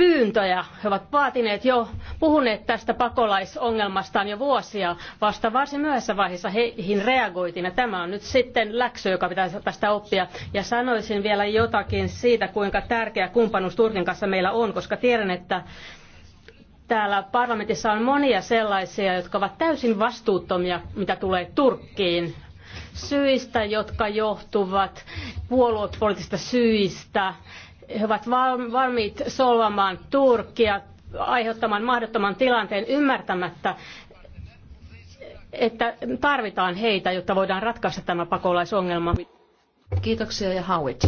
pyyntöjä. He ovat vaatineet jo, puhuneet tästä pakolaisongelmastaan jo vuosia. Vasta varsin myöhässä vaiheessa heihin reagoitiin ja tämä on nyt sitten läksy, joka pitää tästä oppia. Ja sanoisin vielä jotakin siitä, kuinka tärkeä kumppanuus Turkin kanssa meillä on, koska tiedän, että täällä parlamentissa on monia sellaisia, jotka ovat täysin vastuuttomia, mitä tulee Turkkiin syistä, jotka johtuvat puoluepoliittisista syistä he ovat valmiit solvamaan Turkia, aiheuttamaan mahdottoman tilanteen ymmärtämättä, että tarvitaan heitä, jotta voidaan ratkaista tämä pakolaisongelma. Kiitoksia ja Howitt.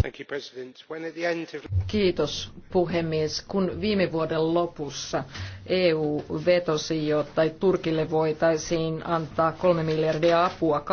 Kiitos puhemies. Kun viime vuoden lopussa EU vetosi, jotta Turkille voitaisiin antaa kolme miljardia apua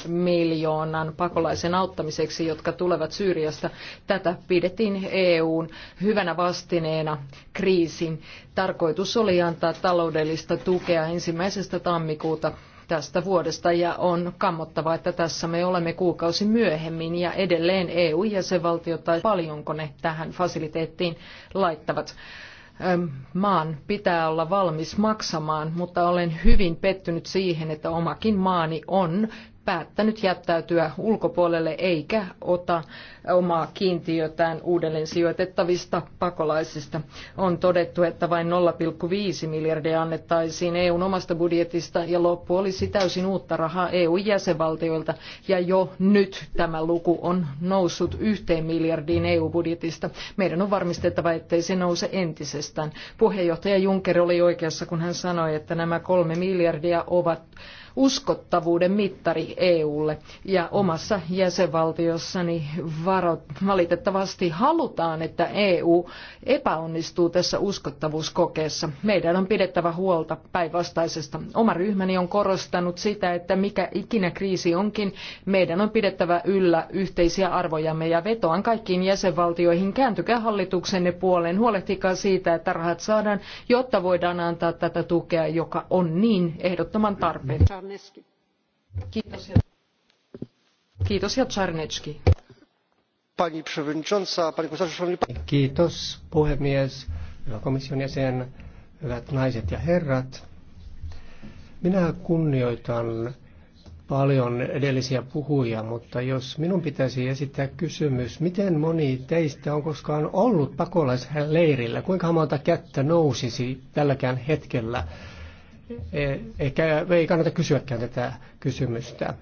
2,75 miljoonan pakolaisen auttamiseksi, jotka tulevat Syyriasta, tätä pidettiin EUn hyvänä vastineena kriisin. Tarkoitus oli antaa taloudellista tukea ensimmäisestä tammikuuta tästä vuodesta ja on kammottavaa, että tässä me olemme kuukausi myöhemmin ja edelleen EU-jäsenvaltiot tai paljonko ne tähän fasiliteettiin laittavat maan pitää olla valmis maksamaan, mutta olen hyvin pettynyt siihen, että omakin maani on päättänyt jättäytyä ulkopuolelle eikä ota omaa kiintiötään uudelleen sijoitettavista pakolaisista. On todettu, että vain 0,5 miljardia annettaisiin EUn omasta budjetista ja loppu olisi täysin uutta rahaa EU-jäsenvaltioilta ja jo nyt tämä luku on noussut yhteen miljardiin EU-budjetista. Meidän on varmistettava, ettei se nouse entisestään. Puheenjohtaja Juncker oli oikeassa, kun hän sanoi, että nämä kolme miljardia ovat uskottavuuden mittari EUlle. Ja omassa jäsenvaltiossani varot, valitettavasti halutaan, että EU epäonnistuu tässä uskottavuuskokeessa. Meidän on pidettävä huolta päinvastaisesta. Oma ryhmäni on korostanut sitä, että mikä ikinä kriisi onkin, meidän on pidettävä yllä yhteisiä arvojamme ja vetoan kaikkiin jäsenvaltioihin. Kääntykää hallituksenne puoleen, huolehtikaa siitä, että rahat saadaan, jotta voidaan antaa tätä tukea, joka on niin ehdottoman tarpeen. Kiitos. Pani przewodnicząca, pani komisarz, Kiitos puhemies, hyvä komission jäsen, hyvät naiset ja herrat. Minä kunnioitan paljon edellisiä puhujia, mutta jos minun pitäisi esittää kysymys, miten moni teistä on koskaan ollut pakolaisleirillä, kuinka monta kättä nousisi tälläkään hetkellä Ehkä ei kannata kysyäkään tätä kysymystä.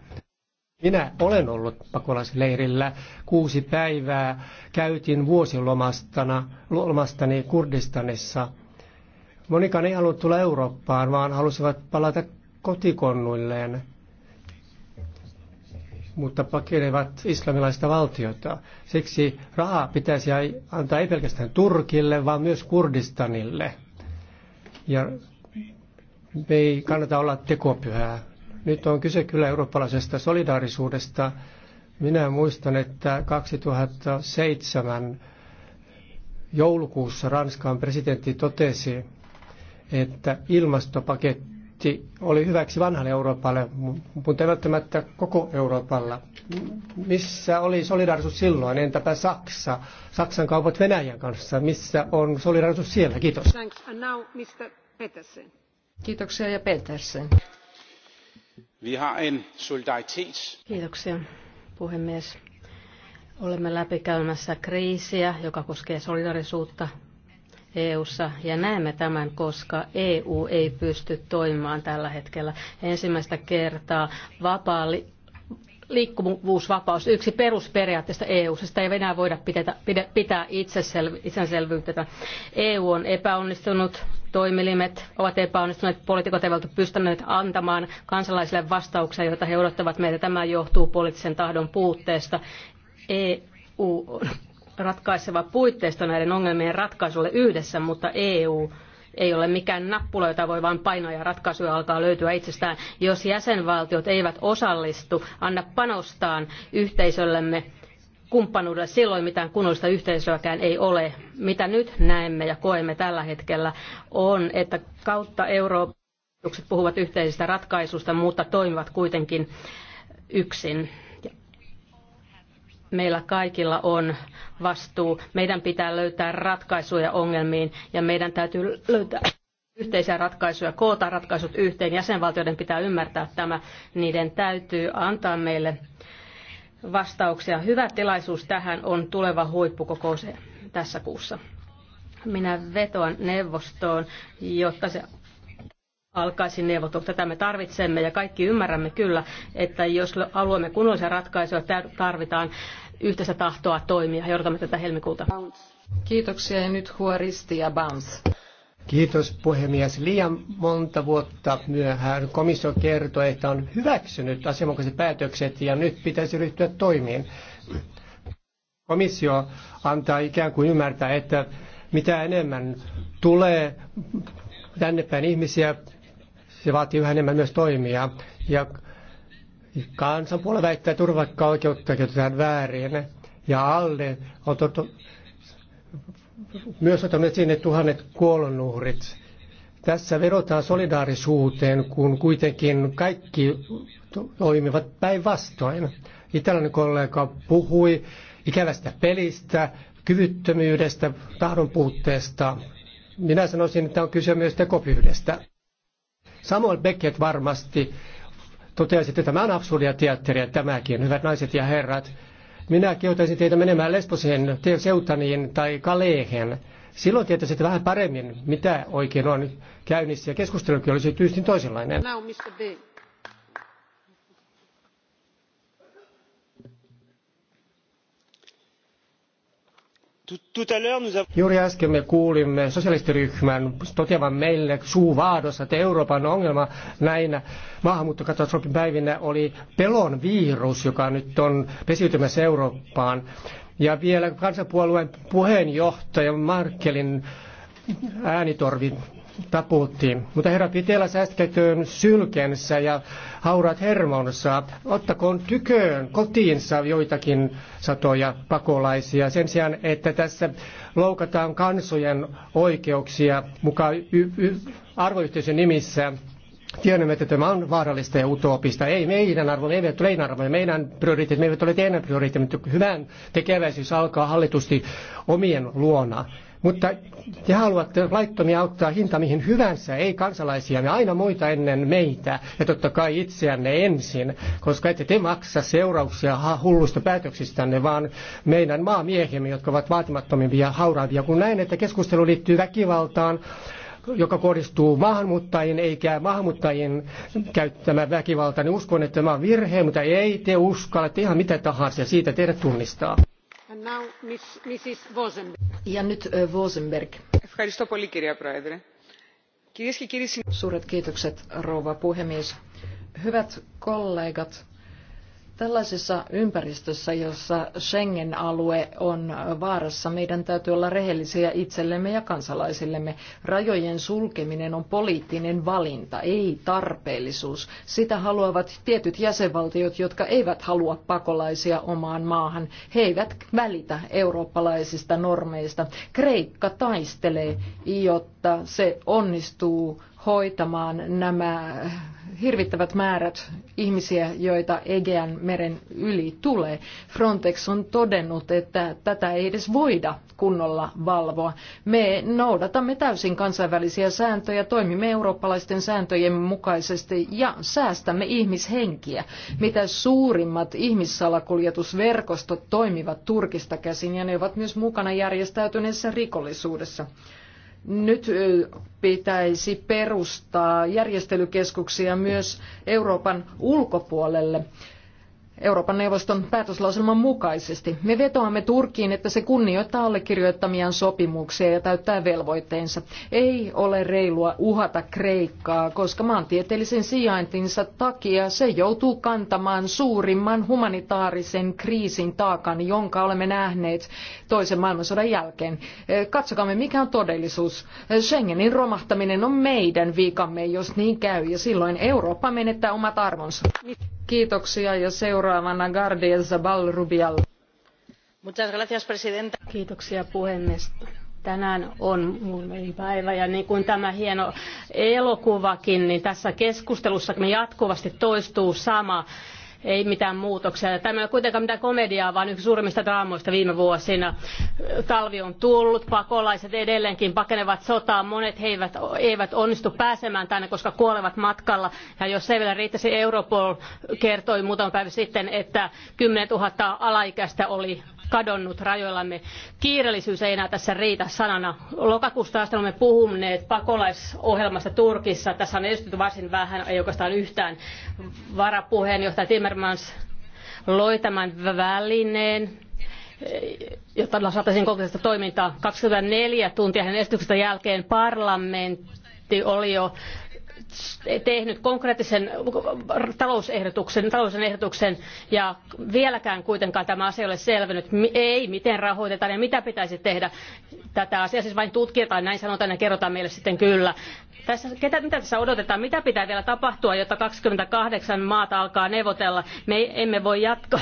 Minä olen ollut pakolaisleirillä kuusi päivää. Käytin vuosilomastani Kurdistanissa. Monikaan ei halunnut tulla Eurooppaan, vaan halusivat palata kotikonnuilleen, mutta pakenevat islamilaista valtiota. Siksi rahaa pitäisi antaa ei pelkästään Turkille, vaan myös Kurdistanille. Ja ei kannata olla tekopyhää. Nyt on kyse kyllä eurooppalaisesta solidaarisuudesta. Minä muistan, että 2007 joulukuussa Ranskan presidentti totesi, että ilmastopaketti oli hyväksi vanhalle Euroopalle, mutta ei välttämättä koko Euroopalla. Missä oli solidaarisuus silloin? Entäpä Saksa? Saksan kaupat Venäjän kanssa. Missä on solidaarisuus siellä? Kiitos. Thanks. And now Mr. Petersen. Kiitoksia ja Petersen. Vi har en solidaritets... Kiitoksia, puhemies. Olemme läpikäymässä kriisiä, joka koskee solidarisuutta EU:ssa ja näemme tämän, koska EU ei pysty toimimaan tällä hetkellä. Ensimmäistä kertaa vapaa li- liikkuvuusvapaus yksi perusperiaatteista EU:ssa. Sitä ei Venäjä voida pitää, pitää itseselvyyttä. EU on epäonnistunut toimilimet ovat epäonnistuneet, poliitikot eivät ole pystyneet antamaan kansalaisille vastauksia, joita he odottavat meiltä. Tämä johtuu poliittisen tahdon puutteesta. EU on ratkaiseva puitteisto näiden ongelmien ratkaisulle yhdessä, mutta EU ei ole mikään nappula, jota voi vain painaa ja ratkaisuja alkaa löytyä itsestään. Jos jäsenvaltiot eivät osallistu, anna panostaan yhteisöllemme kumppanuudelle silloin mitään kunnollista yhteisöäkään ei ole. Mitä nyt näemme ja koemme tällä hetkellä on, että kautta Euroopan puhuvat yhteisistä ratkaisuista, mutta toimivat kuitenkin yksin meillä kaikilla on vastuu. Meidän pitää löytää ratkaisuja ongelmiin ja meidän täytyy löytää yhteisiä ratkaisuja, koota ratkaisut yhteen. Jäsenvaltioiden pitää ymmärtää tämä. Niiden täytyy antaa meille vastauksia. Hyvä tilaisuus tähän on tuleva huippukokous tässä kuussa. Minä vetoan neuvostoon, jotta se alkaisi neuvotella. Tätä me tarvitsemme ja kaikki ymmärrämme kyllä, että jos haluamme kunnollisia ratkaisuja, tarvitaan yhteistä tahtoa toimia. Joudutamme tätä helmikuuta. Kiitoksia ja nyt huoristi ja bounce. Kiitos puhemies. Liian monta vuotta myöhään komissio kertoi, että on hyväksynyt asianmukaiset päätökset ja nyt pitäisi ryhtyä toimiin. Komissio antaa ikään kuin ymmärtää, että mitä enemmän tulee tänne päin ihmisiä, se vaatii yhä enemmän myös toimia. Ja kansan puolella väittää turvakka-oikeutta käytetään väärin. Ja alle on totu, myös esiin sinne tuhannet kuolonuhrit. Tässä vedotaan solidaarisuuteen, kun kuitenkin kaikki toimivat päinvastoin. Italian kollega puhui ikävästä pelistä, kyvyttömyydestä, tahdon puutteesta. Minä sanoisin, että on kyse myös tekopyhdestä. Samuel Beckett varmasti totesi, että tämä on absurdia teatteria tämäkin, hyvät naiset ja herrat. Minä kehotaisin teitä menemään Lesboseen, Seutaniin tai Kaleehen. Silloin tietäisitte vähän paremmin, mitä oikein on käynnissä ja keskustelukin olisi tyystin toisenlainen. Now, Mr. Juuri äsken me kuulimme sosialistiryhmän toteavan meille suuvaadossa, että Euroopan ongelma näinä maahanmuuttokatastrofin päivinä oli pelon virus, joka nyt on pesiytymässä Eurooppaan. Ja vielä kansanpuolueen puheenjohtaja Markelin äänitorvi taputti. Mutta herra pitellä säästäköön sylkensä ja haurat hermonsa. Ottakoon tyköön kotiinsa joitakin satoja pakolaisia sen sijaan, että tässä loukataan kansojen oikeuksia mukaan y- y- arvoyhteisön nimissä. Tiedämme, että tämä on vaarallista ja utopista. Ei meidän arvomme, eivät ole arvo, arvomme, meidän me eivät ole teidän prioriteettimme. Hyvän tekeväisyys alkaa hallitusti omien luona. Mutta te haluatte laittomia auttaa hinta mihin hyvänsä, ei kansalaisia, me aina muita ennen meitä. Ja totta kai itseänne ensin, koska ette te maksa seurauksia hullusta päätöksistänne, vaan meidän maamiehemme, jotka ovat vaatimattomimpia ja hauraampia. Kun näin, että keskustelu liittyy väkivaltaan, joka kohdistuu maahanmuuttajiin eikä maahanmuuttajien käyttämä väkivalta, niin uskon, että tämä on virhe, mutta ei te uskalla, että ihan mitä tahansa ja siitä teidät tunnistaa arvoisa puhemies Ja nyt Vosenberg. Ευχαριστώ πολύ κυρία Πρόεδρε. kiitokset rouva Hyvät kollegat, Tällaisessa ympäristössä, jossa Schengen-alue on vaarassa, meidän täytyy olla rehellisiä itsellemme ja kansalaisillemme. Rajojen sulkeminen on poliittinen valinta, ei tarpeellisuus. Sitä haluavat tietyt jäsenvaltiot, jotka eivät halua pakolaisia omaan maahan. He eivät välitä eurooppalaisista normeista. Kreikka taistelee, jotta se onnistuu hoitamaan nämä hirvittävät määrät ihmisiä, joita Egean meren yli tulee. Frontex on todennut, että tätä ei edes voida kunnolla valvoa. Me noudatamme täysin kansainvälisiä sääntöjä, toimimme eurooppalaisten sääntöjen mukaisesti ja säästämme ihmishenkiä. Mitä suurimmat ihmissalakuljetusverkostot toimivat Turkista käsin ja ne ovat myös mukana järjestäytyneessä rikollisuudessa. Nyt pitäisi perustaa järjestelykeskuksia myös Euroopan ulkopuolelle Euroopan neuvoston päätöslauselman mukaisesti. Me vetoamme Turkkiin, että se kunnioittaa allekirjoittamiaan sopimuksia ja täyttää velvoitteensa. Ei ole reilua uhata Kreikkaa, koska maantieteellisen sijaintinsa takia se joutuu kantamaan suurimman humanitaarisen kriisin taakan, jonka olemme nähneet toisen maailmansodan jälkeen. Eh, katsokaamme, mikä on todellisuus. Schengenin romahtaminen on meidän vikamme, jos niin käy, ja silloin Eurooppa menettää omat arvonsa. Kiitoksia ja seuraava arvoisa Kiitoksia puhemies. Tänään on päivä ja niin kuin tämä hieno elokuvakin, niin tässä keskustelussa me jatkuvasti toistuu sama ei mitään muutoksia. Tämä ei ole kuitenkaan mitään komediaa, vaan yksi suurimmista draamoista viime vuosina. Talvi on tullut, pakolaiset edelleenkin pakenevat sotaa, monet he eivät, eivät onnistu pääsemään tänne, koska kuolevat matkalla. Ja jos se vielä riittäisi, Europol kertoi muutama päivä sitten, että 10 000 alaikäistä oli kadonnut rajoillamme. Kiireellisyys ei enää tässä riitä sanana. Lokakuusta asti olemme puhuneet pakolaisohjelmasta Turkissa. Tässä on esitetty varsin vähän, ei oikeastaan yhtään. Varapuheenjohtaja Timmermans loi tämän välineen jotta saataisiin konkreettista toimintaa. 24 tuntia hänen esityksestä jälkeen parlamentti oli jo tehnyt konkreettisen talousehdotuksen, talousen ehdotuksen ja vieläkään kuitenkaan tämä asia ei ole selvinnyt, ei miten rahoitetaan ja mitä pitäisi tehdä. Tätä asiaa siis vain tutkitaan, näin sanotaan ja kerrotaan meille sitten kyllä. Tässä, ketä, mitä tässä odotetaan, mitä pitää vielä tapahtua, jotta 28 maata alkaa neuvotella? Me emme voi jatkaa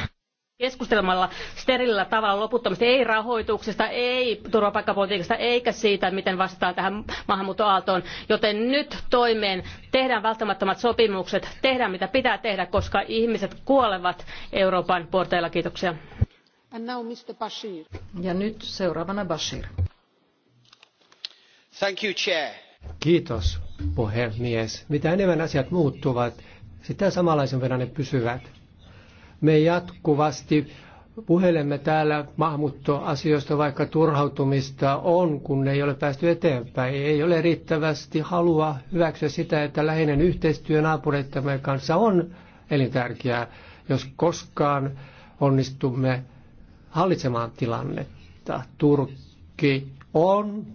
keskustelemalla sterillä tavalla loputtomasti ei rahoituksesta, ei turvapaikkapolitiikasta eikä siitä, miten vastataan tähän maahanmuuttoaaltoon. Joten nyt toimeen tehdään välttämättömät sopimukset, tehdään mitä pitää tehdä, koska ihmiset kuolevat Euroopan porteilla. Kiitoksia. Ja nyt seuraavana Bashir. Thank you, chair. Kiitos, puhemies. Mitä enemmän asiat muuttuvat, sitä samanlaisen verran ne pysyvät me jatkuvasti puhelemme täällä maahanmuuttoasioista, vaikka turhautumista on, kun ei ole päästy eteenpäin. Ei ole riittävästi halua hyväksyä sitä, että läheinen yhteistyö naapureittamme kanssa on elintärkeää, jos koskaan onnistumme hallitsemaan tilannetta. Turkki on,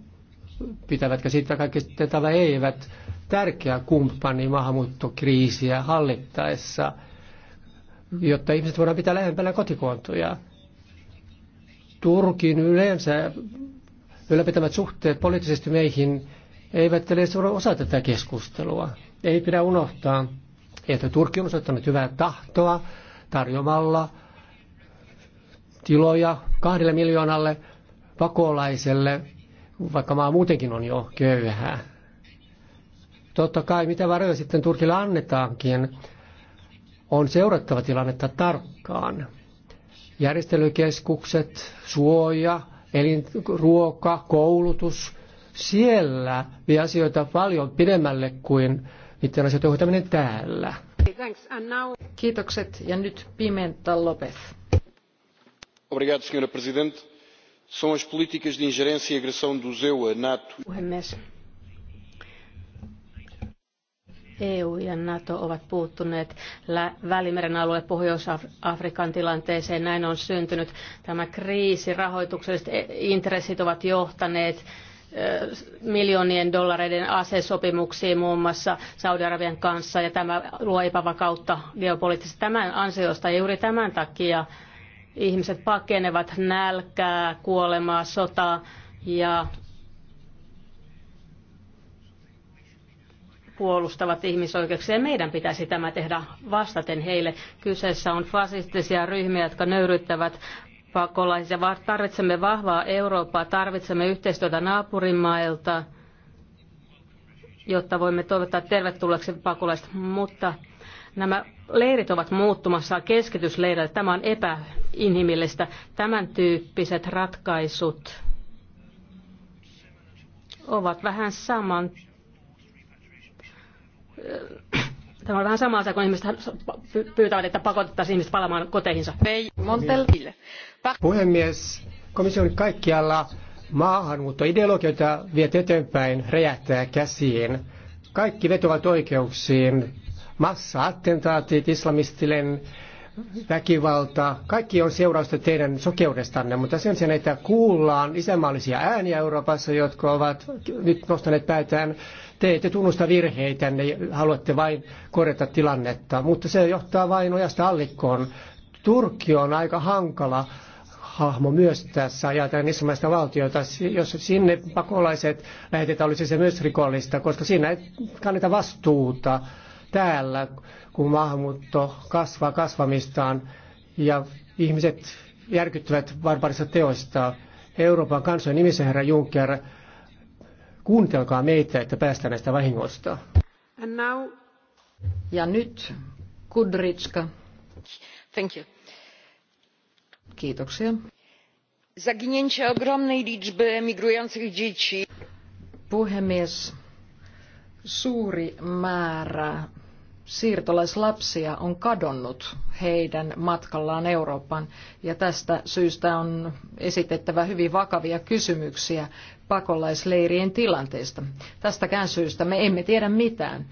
pitävätkä siitä kaikki tätä vai eivät, tärkeä kumppani maahanmuuttokriisiä hallittaessa – jotta ihmiset voidaan pitää lähempänä kotikontoja. Turkin yleensä ylläpitämät suhteet poliittisesti meihin eivät edes ole osa tätä keskustelua. Ei pidä unohtaa, että Turkki on osoittanut hyvää tahtoa tarjomalla tiloja kahdelle miljoonalle pakolaiselle, vaikka maa muutenkin on jo köyhää. Totta kai, mitä varoja sitten Turkille annetaankin, on seurattava tilannetta tarkkaan. Järjestelykeskukset, suoja, elin, ruoka, koulutus, siellä vie asioita paljon pidemmälle kuin niiden asioiden hoitaminen täällä. Kiitokset ja nyt Pimenta Lopez. Obrigado, senhora Presidente. São as políticas de ingerência e agressão do ZEU NATO. Puhemies EU ja NATO ovat puuttuneet Välimeren alueelle Pohjois-Afrikan tilanteeseen. Näin on syntynyt tämä kriisi. Rahoitukselliset e-, intressit ovat johtaneet miljoonien dollareiden asesopimuksiin muun muassa Saudi-Arabian kanssa ja tämä luo epävakautta geopoliittisesti tämän ansiosta ja juuri tämän takia ihmiset pakenevat nälkää, kuolemaa, sotaa ja puolustavat ihmisoikeuksia. Meidän pitäisi tämä tehdä vastaten heille. Kyseessä on fasistisia ryhmiä, jotka nöyryttävät pakolaisia. Tarvitsemme vahvaa Eurooppaa, tarvitsemme yhteistyötä naapurimailta, jotta voimme toivottaa tervetulleeksi pakolaiset. Mutta nämä leirit ovat muuttumassa keskitysleireille. Tämä on epäinhimillistä. Tämän tyyppiset ratkaisut ovat vähän saman Tämä on vähän sama asia, kun ihmiset pyytävät, että pakotettaisiin ihmiset palaamaan koteihinsa. Puhemies, komission kaikkialla maahanmuuttoideologioita viet eteenpäin, räjähtää käsiin. Kaikki vetovat oikeuksiin. Massa-attentaatit, islamistinen väkivalta, kaikki on seurausta teidän sokeudestanne, mutta sen sijaan, että kuullaan isänmaallisia ääniä Euroopassa, jotka ovat nyt nostaneet päätään te ette tunnusta virheitä, ne haluatte vain korjata tilannetta, mutta se johtaa vain ojasta allikkoon. Turkki on aika hankala hahmo myös tässä, ajatellen islamista valtiota, jos sinne pakolaiset lähetetään, olisi se myös rikollista, koska siinä ei kanneta vastuuta täällä, kun maahanmuutto kasvaa kasvamistaan ja ihmiset järkyttyvät barbarista teoista. Euroopan kansojen nimissä herra Juncker Kuuntelkaa meitä, että päästään näistä vahingoista. Now... Ja nyt Kudritska. Thank you. Kiitoksia. Zaginięcie ogromnej liczby emigrujących dzieci. Puhemies, suuri määrä siirtolaislapsia on kadonnut heidän matkallaan Eurooppaan. Ja tästä syystä on esitettävä hyvin vakavia kysymyksiä pakolaisleirien tilanteesta. Tästäkään syystä me emme tiedä mitään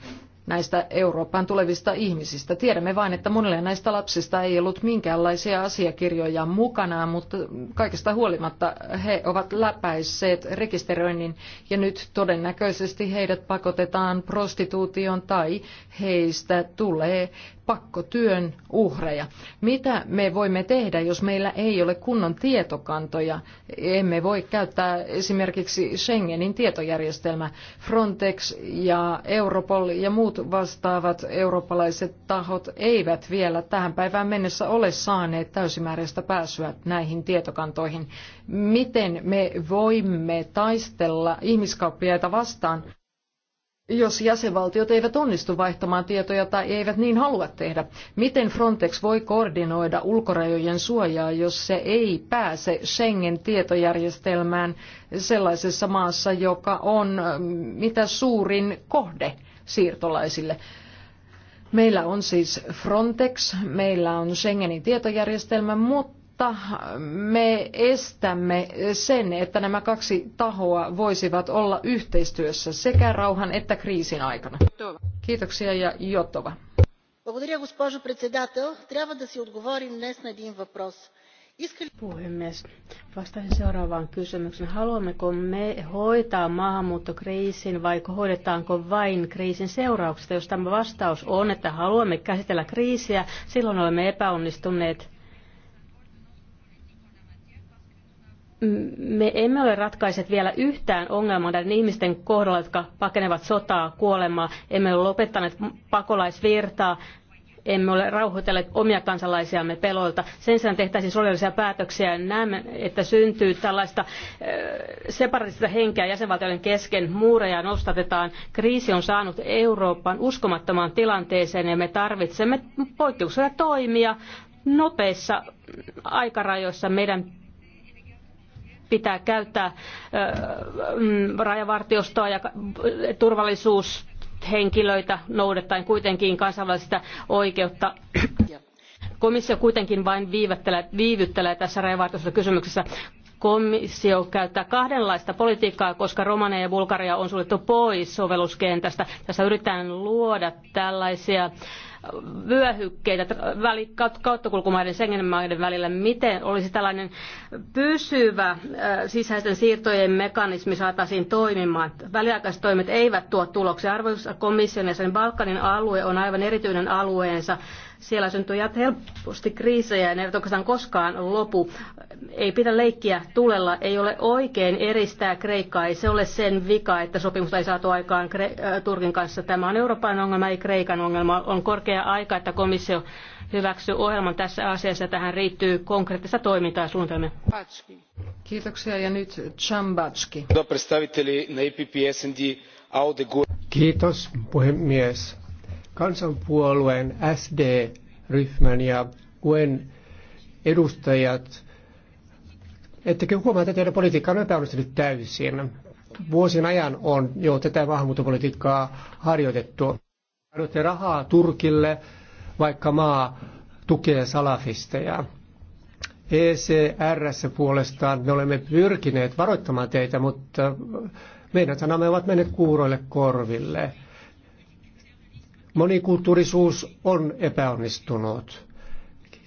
näistä Eurooppaan tulevista ihmisistä. Tiedämme vain, että monille näistä lapsista ei ollut minkäänlaisia asiakirjoja mukanaan, mutta kaikesta huolimatta he ovat läpäisseet rekisteröinnin ja nyt todennäköisesti heidät pakotetaan prostituutioon tai heistä tulee pakkotyön uhreja. Mitä me voimme tehdä, jos meillä ei ole kunnon tietokantoja? Emme voi käyttää esimerkiksi Schengenin tietojärjestelmä. Frontex ja Europol ja muut vastaavat eurooppalaiset tahot eivät vielä tähän päivään mennessä ole saaneet täysimääräistä pääsyä näihin tietokantoihin. Miten me voimme taistella ihmiskauppiaita vastaan? jos jäsenvaltiot eivät onnistu vaihtamaan tietoja tai eivät niin halua tehdä. Miten Frontex voi koordinoida ulkorajojen suojaa, jos se ei pääse Schengen-tietojärjestelmään sellaisessa maassa, joka on mm, mitä suurin kohde siirtolaisille? Meillä on siis Frontex, meillä on Schengenin tietojärjestelmä, mutta mutta me estämme sen, että nämä kaksi tahoa voisivat olla yhteistyössä sekä rauhan että kriisin aikana. Kiitoksia ja Jotova. Puhemies, vastaisin seuraavaan kysymykseen. Haluammeko me hoitaa maahanmuuttokriisin vai hoidetaanko vain kriisin seurauksista? Jos tämä vastaus on, että haluamme käsitellä kriisiä, silloin olemme epäonnistuneet me emme ole ratkaiset vielä yhtään ongelmaa näiden ihmisten kohdalla, jotka pakenevat sotaa, kuolemaa. Emme ole lopettaneet pakolaisvirtaa, emme ole rauhoitelleet omia kansalaisiamme peloilta. Sen sijaan tehtäisiin solidaarisia päätöksiä ja näemme, että syntyy tällaista separatistista henkeä jäsenvaltioiden kesken. Muureja nostatetaan. Kriisi on saanut Euroopan uskomattomaan tilanteeseen ja me tarvitsemme poikkeuksella toimia nopeissa aikarajoissa. Meidän pitää käyttää mm, rajavartiostoa ja turvallisuushenkilöitä noudattaen kuitenkin kansainvälistä oikeutta. Komissio kuitenkin vain viivyttelee tässä rajavartiostokysymyksessä komissio käyttää kahdenlaista politiikkaa, koska Romania ja Bulgaria on suljettu pois sovelluskentästä. Tässä yritetään luoda tällaisia vyöhykkeitä kauttakulkumaiden Schengen maiden välillä. Miten olisi tällainen pysyvä sisäisten siirtojen mekanismi saataisiin toimimaan? Väliaikaiset toimet eivät tuo tuloksia. Arvoisa komission ja Balkanin alue on aivan erityinen alueensa siellä syntyy helposti kriisejä ja ne eivät oikeastaan koskaan lopu. Ei pidä leikkiä tulella. Ei ole oikein eristää Kreikkaa. Ei se ole sen vika, että sopimusta ei saatu aikaan äh, Turkin kanssa. Tämä on Euroopan ongelma, ei Kreikan ongelma. On korkea aika, että komissio hyväksyy ohjelman tässä asiassa. Tähän riittyy konkreettista toimintaa suunnitelmia. Kiitoksia ja nyt Chambatski. E Kiitos puhemies kansanpuolueen, SD-ryhmän ja Gwen edustajat, ettekö huomaa, että teidän politiikka on epäonnistunut täysin. Vuosien ajan on jo tätä maahanmuuttopolitiikkaa harjoitettu. Annatte rahaa Turkille, vaikka maa tukee salafisteja. ECRS puolestaan me olemme pyrkineet varoittamaan teitä, mutta meidän sanamme ovat menneet kuuroille korville. Monikulttuurisuus on epäonnistunut.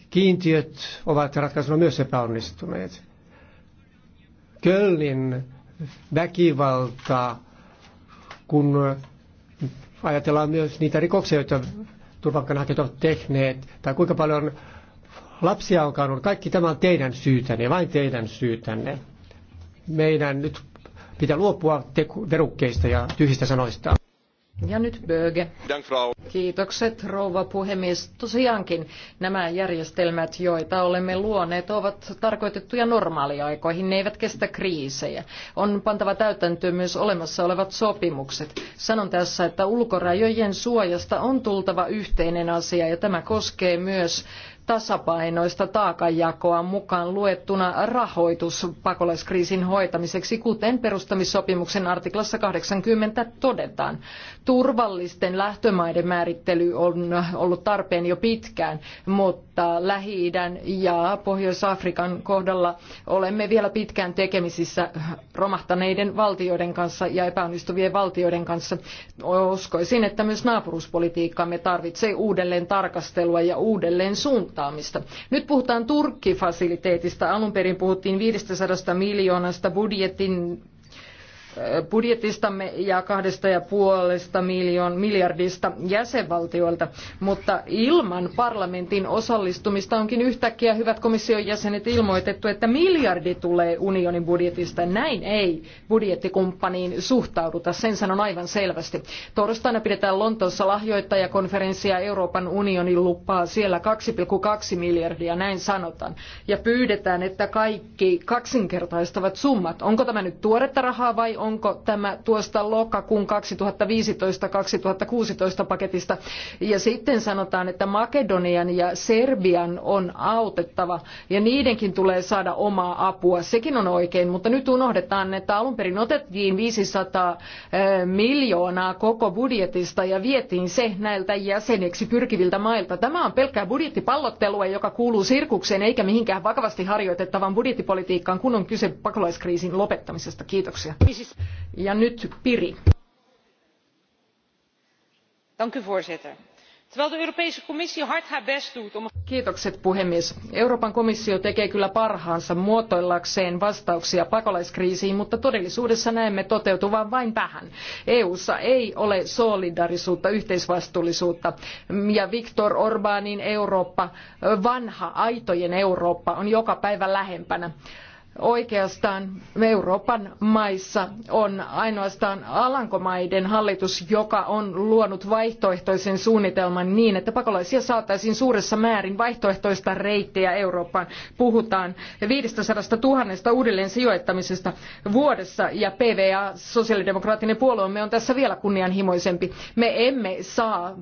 Kiintiöt ovat ratkaisuna myös epäonnistuneet. Kölnin väkivalta, kun ajatellaan myös niitä rikoksia, joita turvapaikanhakijat ovat tehneet, tai kuinka paljon lapsia on kadonnut. Kaikki tämä on teidän syytänne, vain teidän syytänne. Meidän nyt pitää luopua verukkeista ja tyhjistä sanoista. Ja nyt Böge. Kiitokset rouva puhemies. Tosiaankin nämä järjestelmät, joita olemme luoneet, ovat tarkoitettuja normaaliaikoihin. Ne eivät kestä kriisejä. On pantava täytäntöön myös olemassa olevat sopimukset. Sanon tässä, että ulkorajojen suojasta on tultava yhteinen asia ja tämä koskee myös tasapainoista taakanjakoa mukaan luettuna rahoitus pakolaiskriisin hoitamiseksi, kuten perustamissopimuksen artiklassa 80 todetaan turvallisten lähtömaiden määrittely on ollut tarpeen jo pitkään, mutta Lähi-idän ja Pohjois-Afrikan kohdalla olemme vielä pitkään tekemisissä romahtaneiden valtioiden kanssa ja epäonnistuvien valtioiden kanssa. Uskoisin, että myös naapuruuspolitiikkamme tarvitsee uudelleen tarkastelua ja uudelleen suuntaamista. Nyt puhutaan Turkki-fasiliteetista. Alun perin puhuttiin 500 miljoonasta budjetin budjetistamme ja kahdesta ja puolesta miljoon, miljardista jäsenvaltioilta, mutta ilman parlamentin osallistumista onkin yhtäkkiä hyvät komission jäsenet ilmoitettu, että miljardi tulee unionin budjetista. Näin ei budjettikumppaniin suhtauduta, sen sanon aivan selvästi. Torstaina pidetään Lontoossa lahjoittajakonferenssia Euroopan unionin lupaa siellä 2,2 miljardia, näin sanotaan. Ja pyydetään, että kaikki kaksinkertaistavat summat. Onko tämä nyt tuoretta rahaa vai onko tämä tuosta lokakuun 2015-2016 paketista. Ja sitten sanotaan, että Makedonian ja Serbian on autettava ja niidenkin tulee saada omaa apua. Sekin on oikein, mutta nyt unohdetaan, että alun perin otettiin 500 eh, miljoonaa koko budjetista ja vietiin se näiltä jäseneksi pyrkiviltä mailta. Tämä on pelkkää budjettipallottelua, joka kuuluu sirkukseen eikä mihinkään vakavasti harjoitettavaan budjettipolitiikkaan, kun on kyse pakolaiskriisin lopettamisesta. Kiitoksia. Ja nyt Piri. Dank u voorzitter. Terwijl de Europese Commissie hard haar best doet om... Kiitokset puhemies. Euroopan komissio tekee kyllä parhaansa muotoillakseen vastauksia pakolaiskriisiin, mutta todellisuudessa näemme toteutuvan vain vähän. EU:ssa ei ole solidarisuutta, yhteisvastuullisuutta ja Viktor Orbanin Eurooppa, vanha aitojen Eurooppa on joka päivä lähempänä. Oikeastaan Euroopan maissa on ainoastaan Alankomaiden hallitus, joka on luonut vaihtoehtoisen suunnitelman niin, että pakolaisia saataisiin suuressa määrin vaihtoehtoista reittiä Eurooppaan. Puhutaan 500 000 uudelleen sijoittamisesta vuodessa ja PVA, sosiaalidemokraattinen puolueemme, on tässä vielä kunnianhimoisempi. Me emme saa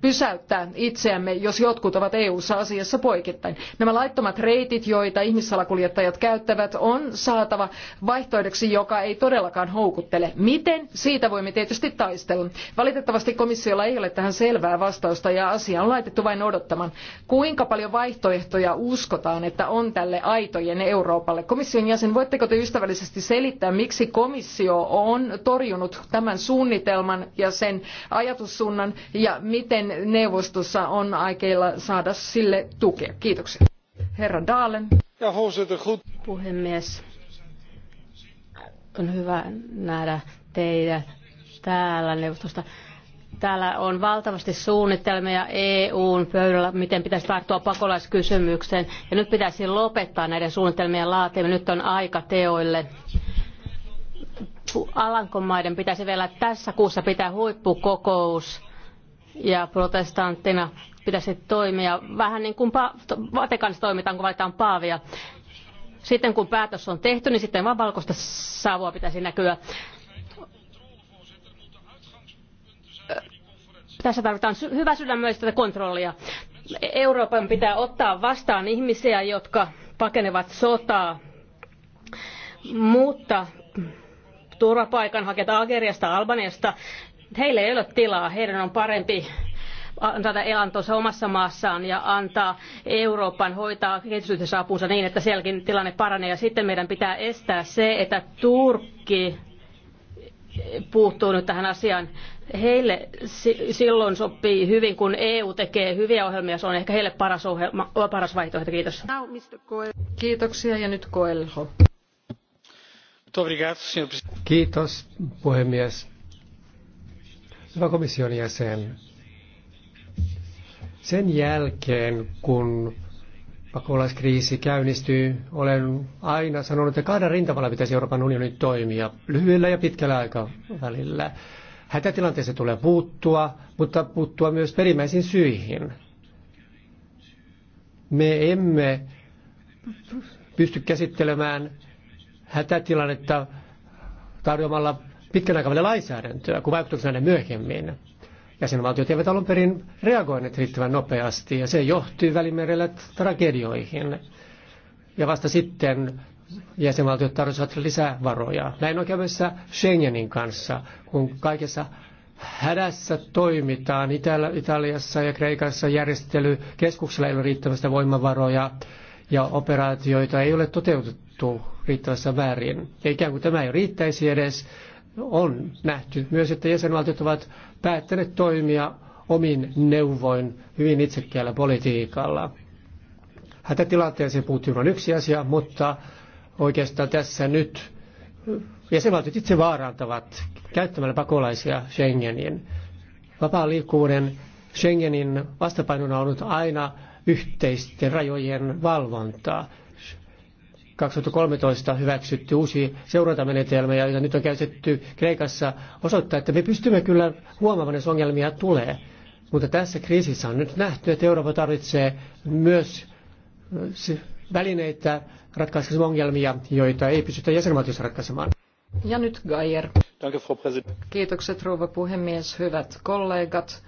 pysäyttää itseämme, jos jotkut ovat EU-ssa asiassa poikittain. Nämä laittomat reitit, joita ihmissalakuljettajat käyttävät, on saatava vaihtoehdoksi, joka ei todellakaan houkuttele. Miten? Siitä voimme tietysti taistella. Valitettavasti komissiolla ei ole tähän selvää vastausta ja asia on laitettu vain odottamaan. Kuinka paljon vaihtoehtoja uskotaan, että on tälle aitojen Euroopalle? Komission jäsen, voitteko te ystävällisesti selittää, miksi komissio on torjunut tämän suunnitelman ja sen ajatussuunnan ja miten neuvostossa on aikeilla saada sille tukea. Kiitoksia. Herra Daalen. Ja Puhemies, on hyvä nähdä teidät täällä neuvostosta. Täällä on valtavasti suunnitelmia EUn pöydällä, miten pitäisi tarttua pakolaiskysymykseen. Ja nyt pitäisi lopettaa näiden suunnitelmien laatiminen. Nyt on aika teoille. Alankomaiden pitäisi vielä tässä kuussa pitää huippukokous ja protestanttina pitäisi toimia vähän niin kuin Vatikaanissa toimitaan, kun valitaan paavia. Sitten kun päätös on tehty, niin sitten vaan valkoista savua pitäisi näkyä. Tässä tarvitaan hyvä sydämellistä kontrollia. Euroopan pitää ottaa vastaan ihmisiä, jotka pakenevat sotaa, mutta turvapaikanhakijat Algeriasta, Albaniasta, heille ei ole tilaa, heidän on parempi antaa elantonsa omassa maassaan ja antaa Euroopan hoitaa kehitysyhteisapunsa niin, että sielläkin tilanne paranee. Ja sitten meidän pitää estää se, että Turkki puuttuu nyt tähän asiaan. Heille silloin sopii hyvin, kun EU tekee hyviä ohjelmia. Se on ehkä heille paras, ohjelma, paras vaihtoehto. Kiitos. Kiitoksia ja nyt Koelho. Kiitos puhemies. Hyvä komission jäsen, sen jälkeen kun pakolaiskriisi käynnistyi, olen aina sanonut, että kahden rintamalla pitäisi Euroopan unionin toimia lyhyellä ja pitkällä aikavälillä. Hätätilanteeseen tulee puuttua, mutta puuttua myös perimmäisiin syihin. Me emme pysty käsittelemään hätätilannetta tarjoamalla pitkän aikavälin lainsäädäntöä, kun vaikutukset näiden myöhemmin. Jäsenvaltiot eivät alun perin reagoineet riittävän nopeasti ja se johtui välimerellä tragedioihin. Ja vasta sitten jäsenvaltiot tarvitsevat lisää varoja. Näin on käymässä Schengenin kanssa, kun kaikessa hädässä toimitaan. Italiassa ja Kreikassa järjestelykeskuksella ei ole riittävästä voimavaroja ja operaatioita ei ole toteutettu riittävässä väärin. Ja ikään kuin tämä ei riittäisi edes, on nähty myös, että jäsenvaltiot ovat päättäneet toimia omin neuvoin hyvin itsekkäällä politiikalla. Hätätilanteeseen puuttuminen on yksi asia, mutta oikeastaan tässä nyt jäsenvaltiot itse vaarantavat käyttämällä pakolaisia Schengenin. Vapaan liikkuvuuden Schengenin vastapainona on ollut aina yhteisten rajojen valvontaa. 2013 hyväksytty uusi seurantamenetelmä, ja nyt on käytetty Kreikassa, osoittaa, että me pystymme kyllä huomaamaan, jos ongelmia tulee. Mutta tässä kriisissä on nyt nähty, että Eurooppa tarvitsee myös äh, välineitä ratkaisemaan ongelmia, joita ei pystytä jäsenvaltiossa ratkaisemaan. Ja nyt Gaier. Kiitokset rouva puhemies, hyvät kollegat.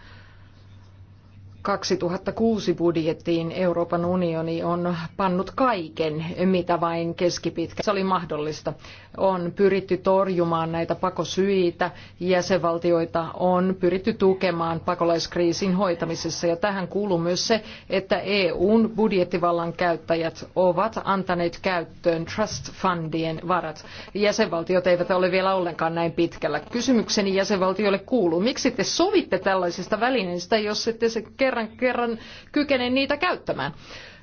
2006 budjettiin Euroopan unioni on pannut kaiken, mitä vain keskipitkä. Se oli mahdollista. On pyritty torjumaan näitä pakosyitä, jäsenvaltioita on pyritty tukemaan pakolaiskriisin hoitamisessa ja tähän kuuluu myös se, että EUn budjettivallan käyttäjät ovat antaneet käyttöön trust fundien varat. Jäsenvaltiot eivät ole vielä ollenkaan näin pitkällä. Kysymykseni jäsenvaltioille kuuluu, miksi te sovitte tällaisista välineistä, jos ette se kerro kerran kerran kykene niitä käyttämään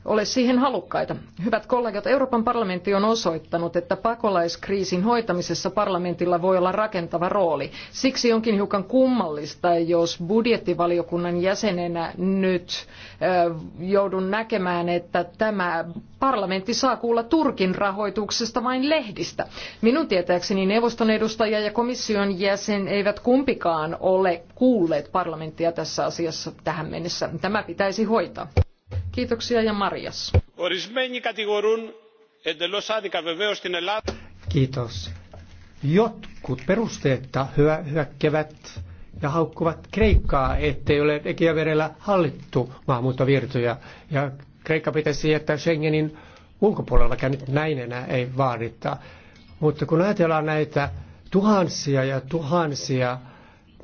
ole siihen halukkaita. Hyvät kollegat, Euroopan parlamentti on osoittanut, että pakolaiskriisin hoitamisessa parlamentilla voi olla rakentava rooli. Siksi onkin hiukan kummallista, jos budjettivaliokunnan jäsenenä nyt joudun näkemään, että tämä parlamentti saa kuulla Turkin rahoituksesta vain lehdistä. Minun tietääkseni neuvoston edustaja ja komission jäsen eivät kumpikaan ole kuulleet parlamenttia tässä asiassa tähän mennessä. Tämä pitäisi hoitaa. Kiitoksia ja Marias. Kiitos. Jotkut perusteetta hyökkevät ja haukkuvat Kreikkaa, ettei ole Egeaverellä hallittu maahanmuuttovirtoja. Ja Kreikka pitäisi jättää Schengenin ulkopuolella, vaikka nyt näin enää ei vaadita. Mutta kun ajatellaan näitä tuhansia ja tuhansia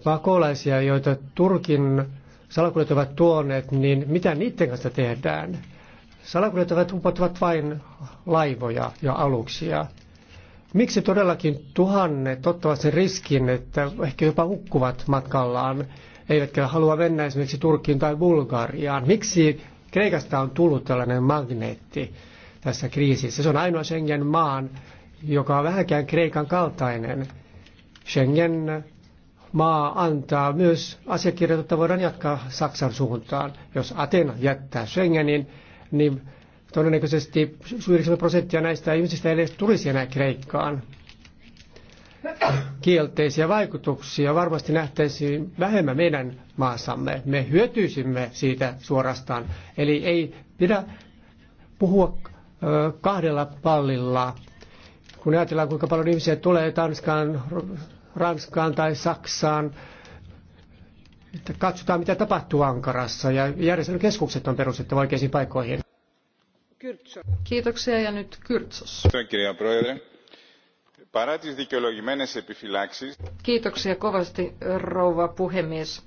pakolaisia, joita Turkin salakuljet ovat tuoneet, niin mitä niiden kanssa tehdään? ovat upottavat vain laivoja ja aluksia. Miksi todellakin tuhannet ottavat sen riskin, että ehkä jopa hukkuvat matkallaan, eivätkä halua mennä esimerkiksi Turkkiin tai Bulgariaan? Miksi Kreikasta on tullut tällainen magneetti tässä kriisissä? Se on ainoa Schengen maan, joka on vähänkään Kreikan kaltainen. Schengen maa antaa myös asiakirjat, että voidaan jatkaa Saksan suuntaan. Jos Atena jättää Schengenin, niin todennäköisesti 90 prosenttia näistä ihmisistä ei edes tulisi enää Kreikkaan. Kielteisiä vaikutuksia varmasti nähtäisiin vähemmän meidän maassamme. Me hyötyisimme siitä suorastaan. Eli ei pidä puhua kahdella pallilla. Kun ajatellaan, kuinka paljon ihmisiä tulee Tanskaan, Ranskaan tai Saksaan. Että katsotaan, mitä tapahtuu Ankarassa ja keskukset on perustettu oikeisiin paikkoihin. Kiitoksia ja nyt Kyrtsos. Kiitoksia kovasti, rouva puhemies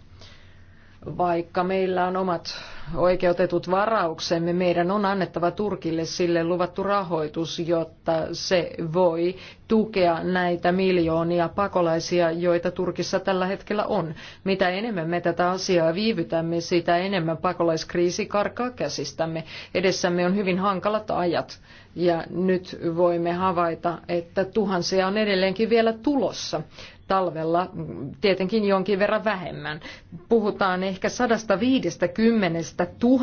vaikka meillä on omat oikeutetut varauksemme, meidän on annettava Turkille sille luvattu rahoitus, jotta se voi tukea näitä miljoonia pakolaisia, joita Turkissa tällä hetkellä on. Mitä enemmän me tätä asiaa viivytämme, sitä enemmän pakolaiskriisi karkaa käsistämme. Edessämme on hyvin hankalat ajat ja nyt voimme havaita, että tuhansia on edelleenkin vielä tulossa talvella mm, tietenkin jonkin verran vähemmän. Puhutaan ehkä 150 000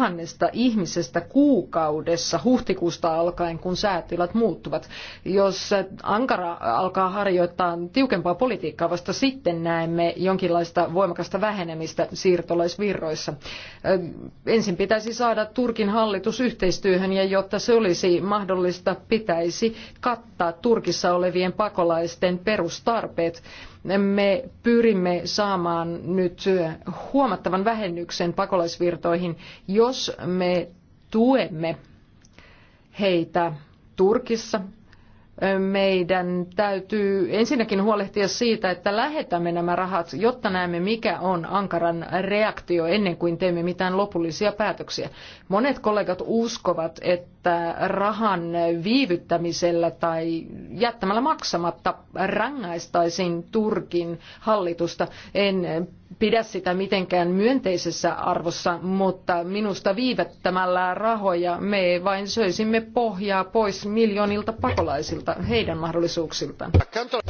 ihmisestä kuukaudessa huhtikuusta alkaen, kun säätilat muuttuvat. Jos Ankara alkaa harjoittaa tiukempaa politiikkaa, vasta sitten näemme jonkinlaista voimakasta vähenemistä siirtolaisvirroissa. Ensin pitäisi saada Turkin hallitus yhteistyöhön ja jotta se olisi mahdollista, pitäisi kattaa Turkissa olevien pakolaisten perustarpeet me pyrimme saamaan nyt huomattavan vähennyksen pakolaisvirtoihin, jos me tuemme heitä Turkissa meidän täytyy ensinnäkin huolehtia siitä, että lähetämme nämä rahat, jotta näemme mikä on Ankaran reaktio ennen kuin teemme mitään lopullisia päätöksiä. Monet kollegat uskovat, että rahan viivyttämisellä tai jättämällä maksamatta rangaistaisiin Turkin hallitusta. En pidä sitä mitenkään myönteisessä arvossa, mutta minusta viivyttämällä rahoja me vain söisimme pohjaa pois miljoonilta pakolaisilta leikata heidän mahdollisuuksiltaan.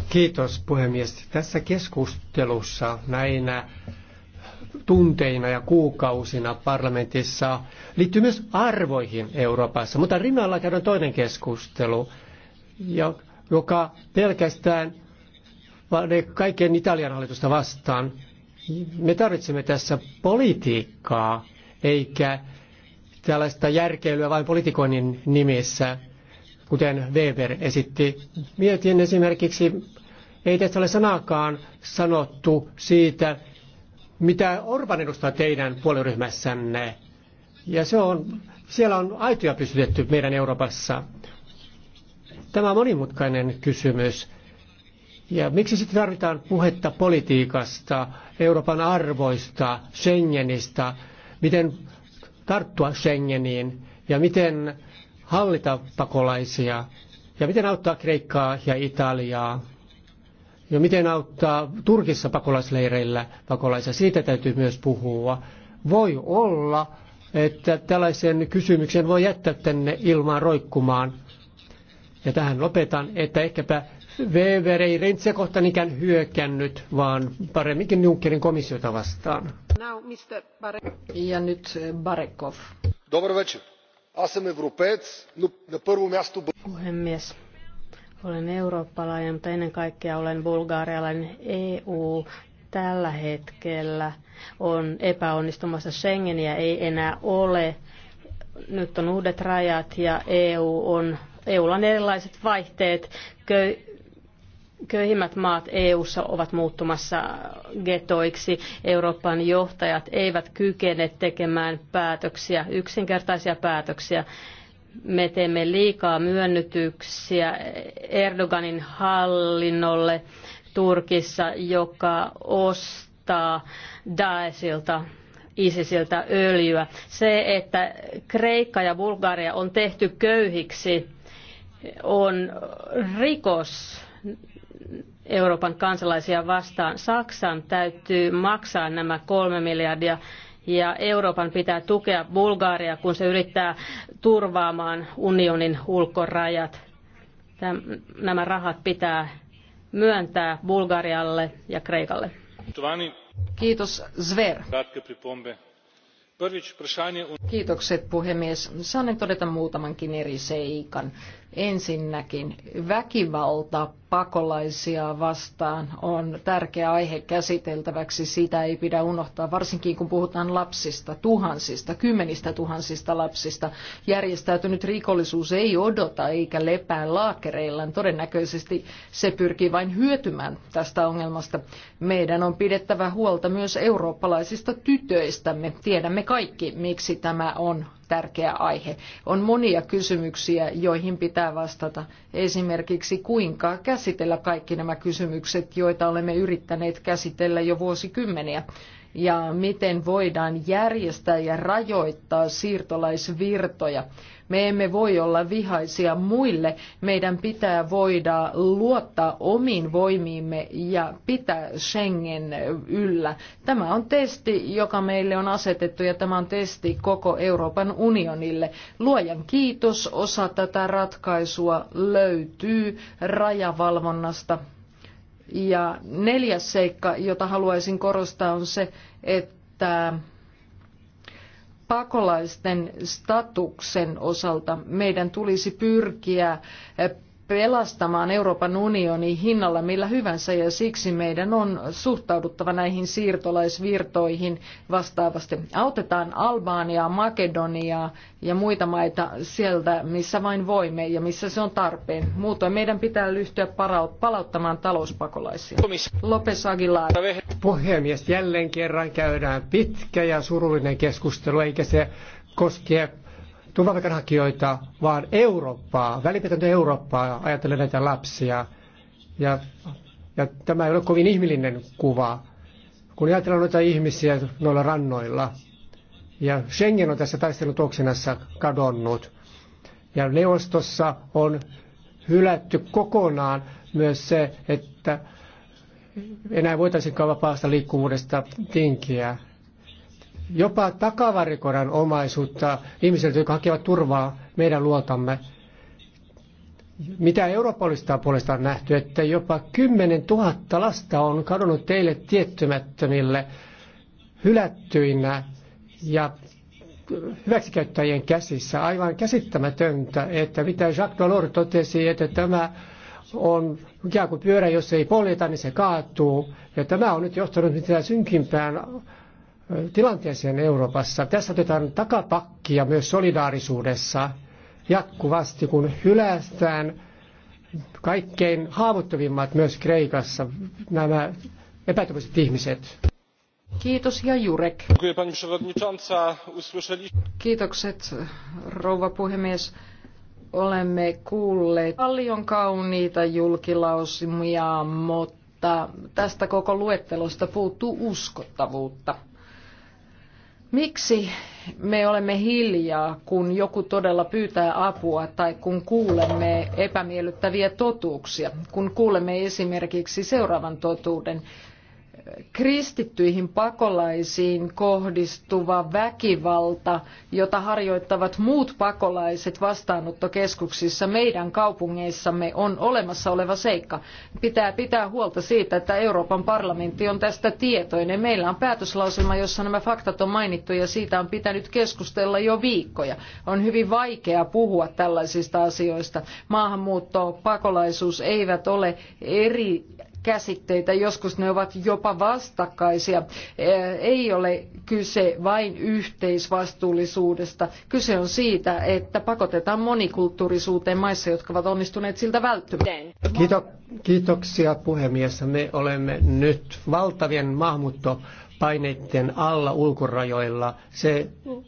Kiitos puhemies. Tässä keskustelussa näinä tunteina ja kuukausina parlamentissa liittyy myös arvoihin Euroopassa, mutta rinnalla käydään toinen keskustelu, joka pelkästään kaiken Italian hallitusta vastaan. Me tarvitsemme tässä politiikkaa, eikä tällaista järkeilyä vain politikoinnin nimissä kuten Weber esitti. Mietin esimerkiksi, ei tässä ole sanakaan sanottu siitä, mitä Orban edustaa teidän puoliryhmässänne. Ja se on, siellä on aitoja pysytetty meidän Euroopassa. Tämä on monimutkainen kysymys. Ja miksi sitten tarvitaan puhetta politiikasta, Euroopan arvoista, Schengenistä, miten tarttua Schengeniin ja miten hallita pakolaisia ja miten auttaa Kreikkaa ja Italiaa ja miten auttaa Turkissa pakolaisleireillä pakolaisia. Siitä täytyy myös puhua. Voi olla, että tällaisen kysymyksen voi jättää tänne ilmaan roikkumaan. Ja tähän lopetan, että ehkäpä Weber ei Rentse kohta ikään hyökännyt, vaan paremminkin Junckerin komissiota vastaan. Now, Mr. Bare- ja nyt Barekov. Dobro večer аз съм европеец, но на първо място... Puhemies. Olen eurooppalainen, mutta ennen kaikkea olen bulgaarialainen EU tällä hetkellä on epäonnistumassa. Schengeniä ei enää ole. Nyt on uudet rajat ja EU on, EUlla on erilaiset vaihteet. Köy, Köyhimmät maat EU:ssa ovat muuttumassa getoiksi. Euroopan johtajat eivät kykene tekemään päätöksiä, yksinkertaisia päätöksiä. Me teemme liikaa myönnytyksiä Erdoganin hallinnolle Turkissa, joka ostaa Daesilta ISISiltä öljyä. Se, että Kreikka ja Bulgaria on tehty köyhiksi, on rikos Euroopan kansalaisia vastaan. Saksan täytyy maksaa nämä kolme miljardia ja Euroopan pitää tukea Bulgaria, kun se yrittää turvaamaan unionin ulkorajat. Täm, nämä rahat pitää myöntää Bulgarialle ja Kreikalle. Kiitos Zver. Kiitokset puhemies. Saanen todeta muutamankin eri seikan. Ensinnäkin väkivalta pakolaisia vastaan on tärkeä aihe käsiteltäväksi. Sitä ei pidä unohtaa, varsinkin kun puhutaan lapsista, tuhansista, kymmenistä tuhansista lapsista. Järjestäytynyt rikollisuus ei odota eikä lepää laakereillaan. Todennäköisesti se pyrkii vain hyötymään tästä ongelmasta. Meidän on pidettävä huolta myös eurooppalaisista tytöistämme. Tiedämme kaikki, miksi tämä on tärkeä aihe. On monia kysymyksiä, joihin pitää vastata. Esimerkiksi kuinka käsitellä kaikki nämä kysymykset, joita olemme yrittäneet käsitellä jo vuosikymmeniä ja miten voidaan järjestää ja rajoittaa siirtolaisvirtoja. Me emme voi olla vihaisia muille. Meidän pitää voida luottaa omiin voimiimme ja pitää Schengen yllä. Tämä on testi, joka meille on asetettu ja tämä on testi koko Euroopan unionille. Luojan kiitos, osa tätä ratkaisua löytyy rajavalvonnasta ja neljäs seikka, jota haluaisin korostaa, on se, että pakolaisten statuksen osalta meidän tulisi pyrkiä pelastamaan Euroopan unioni hinnalla millä hyvänsä ja siksi meidän on suhtauduttava näihin siirtolaisvirtoihin vastaavasti. Autetaan Albaniaa, Makedoniaa ja muita maita sieltä, missä vain voimme ja missä se on tarpeen. Muutoin meidän pitää lyhtyä palauttamaan talouspakolaisia. Lopes Aguilar. Puhemies, jälleen kerran käydään pitkä ja surullinen keskustelu, eikä se koskee turvapaikanhakijoita, vaan Eurooppaa, välipetöntä Eurooppaa, ajatellen näitä lapsia. Ja, ja tämä ei ole kovin ihmillinen kuva, kun ajatellaan noita ihmisiä noilla rannoilla. Ja Schengen on tässä taistelutuoksinassa kadonnut. Ja neuvostossa on hylätty kokonaan myös se, että enää voitaisiinkaan vapaasta liikkuvuudesta tinkiä jopa takavarikoran omaisuutta ihmisiltä, jotka hakevat turvaa meidän luotamme. Mitä Europolista on puolestaan nähty, että jopa 10 000 lasta on kadonnut teille tiettymättömille hylättyinä ja hyväksikäyttäjien käsissä. Aivan käsittämätöntä, että mitä Jacques Delors totesi, että tämä on ikään kuin pyörä, jos ei poljeta, niin se kaatuu. Ja tämä on nyt johtanut mitä synkimpään tilanteeseen Euroopassa. Tässä otetaan takapakkia myös solidaarisuudessa jatkuvasti, kun hylästään kaikkein haavoittuvimmat myös Kreikassa, nämä epätoivoiset ihmiset. Kiitos ja Jurek. Kiitokset, rouva puhemies. Olemme kuulleet paljon kauniita julkilausumia, mutta tästä koko luettelosta puuttuu uskottavuutta. Miksi me olemme hiljaa, kun joku todella pyytää apua tai kun kuulemme epämiellyttäviä totuuksia, kun kuulemme esimerkiksi seuraavan totuuden, kristittyihin pakolaisiin kohdistuva väkivalta, jota harjoittavat muut pakolaiset vastaanottokeskuksissa meidän kaupungeissamme on olemassa oleva seikka. Pitää pitää huolta siitä, että Euroopan parlamentti on tästä tietoinen. Meillä on päätöslauselma, jossa nämä faktat on mainittu ja siitä on pitänyt keskustella jo viikkoja. On hyvin vaikea puhua tällaisista asioista. Maahanmuutto, pakolaisuus eivät ole eri käsitteitä, joskus ne ovat jopa vastakkaisia. Ei ole kyse vain yhteisvastuullisuudesta, kyse on siitä, että pakotetaan monikulttuurisuuteen maissa, jotka ovat onnistuneet siltä välttymään. Kiito, kiitoksia puhemies. Me olemme nyt valtavien maahanmuuttopaineiden alla ulkorajoilla. Se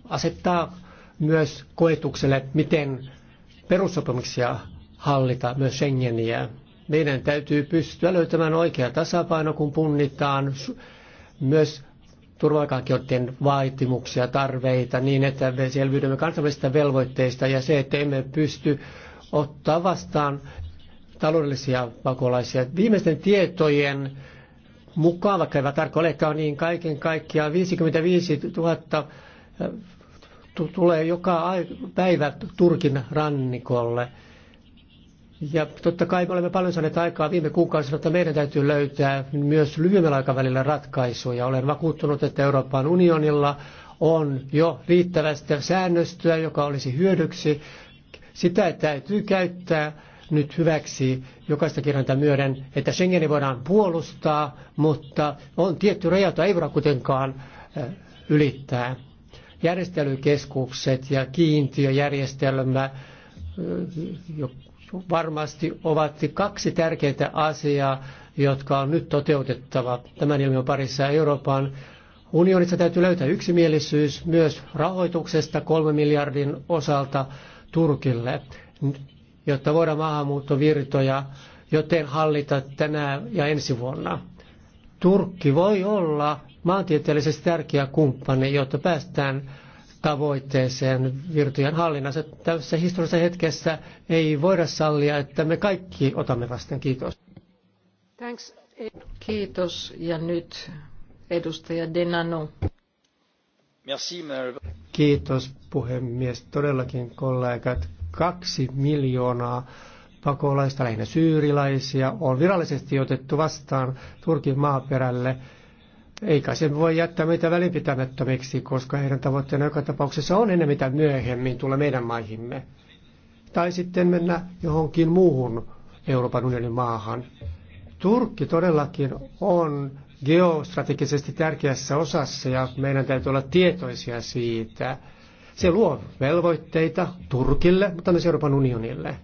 asettaa myös koetukselle, miten perussopimuksia hallita myös Schengeniä meidän täytyy pystyä löytämään oikea tasapaino, kun punnitaan myös turvapaikanhakijoiden vaatimuksia, tarveita, niin että me selviydymme kansainvälisistä velvoitteista ja se, että emme pysty ottaa vastaan taloudellisia pakolaisia. Viimeisten tietojen mukaan, vaikka eivät tarkka on niin kaiken kaikkiaan 55 000 äh, tulee joka päivä Turkin rannikolle. Ja totta kai me olemme paljon saaneet aikaa viime kuukausina, että meidän täytyy löytää myös lyhyemmällä aikavälillä ratkaisuja. Olen vakuuttunut, että Euroopan unionilla on jo riittävästi säännöstöä, joka olisi hyödyksi. Sitä täytyy käyttää nyt hyväksi jokaista kirjainta myöden, että Schengeni voidaan puolustaa, mutta on tietty raja, ei voida kuitenkaan eh, ylittää. Järjestelykeskukset ja kiintiöjärjestelmä, eh, varmasti ovat kaksi tärkeintä asiaa, jotka on nyt toteutettava tämän ilmiön parissa Euroopan unionissa täytyy löytää yksimielisyys myös rahoituksesta kolme miljardin osalta Turkille, jotta voidaan maahanmuuttovirtoja joten hallita tänä ja ensi vuonna. Turkki voi olla maantieteellisesti tärkeä kumppani, jotta päästään tavoitteeseen virtujen hallinnassa. Tässä historiallisessa hetkessä ei voida sallia, että me kaikki otamme vasten Kiitos. Thanks. Kiitos. Ja nyt edustaja Denano. Merci, Kiitos puhemies. Todellakin kollegat, kaksi miljoonaa pakolaista, lähinnä syyrilaisia, on virallisesti otettu vastaan Turkin maaperälle – eikä se voi jättää meitä välinpitämättömiksi, koska heidän tavoitteena joka tapauksessa on enemmän mitä myöhemmin tulla meidän maihimme. Tai sitten mennä johonkin muuhun Euroopan unionin maahan. Turkki todellakin on geostrategisesti tärkeässä osassa ja meidän täytyy olla tietoisia siitä. Se luo velvoitteita Turkille, mutta myös Euroopan unionille.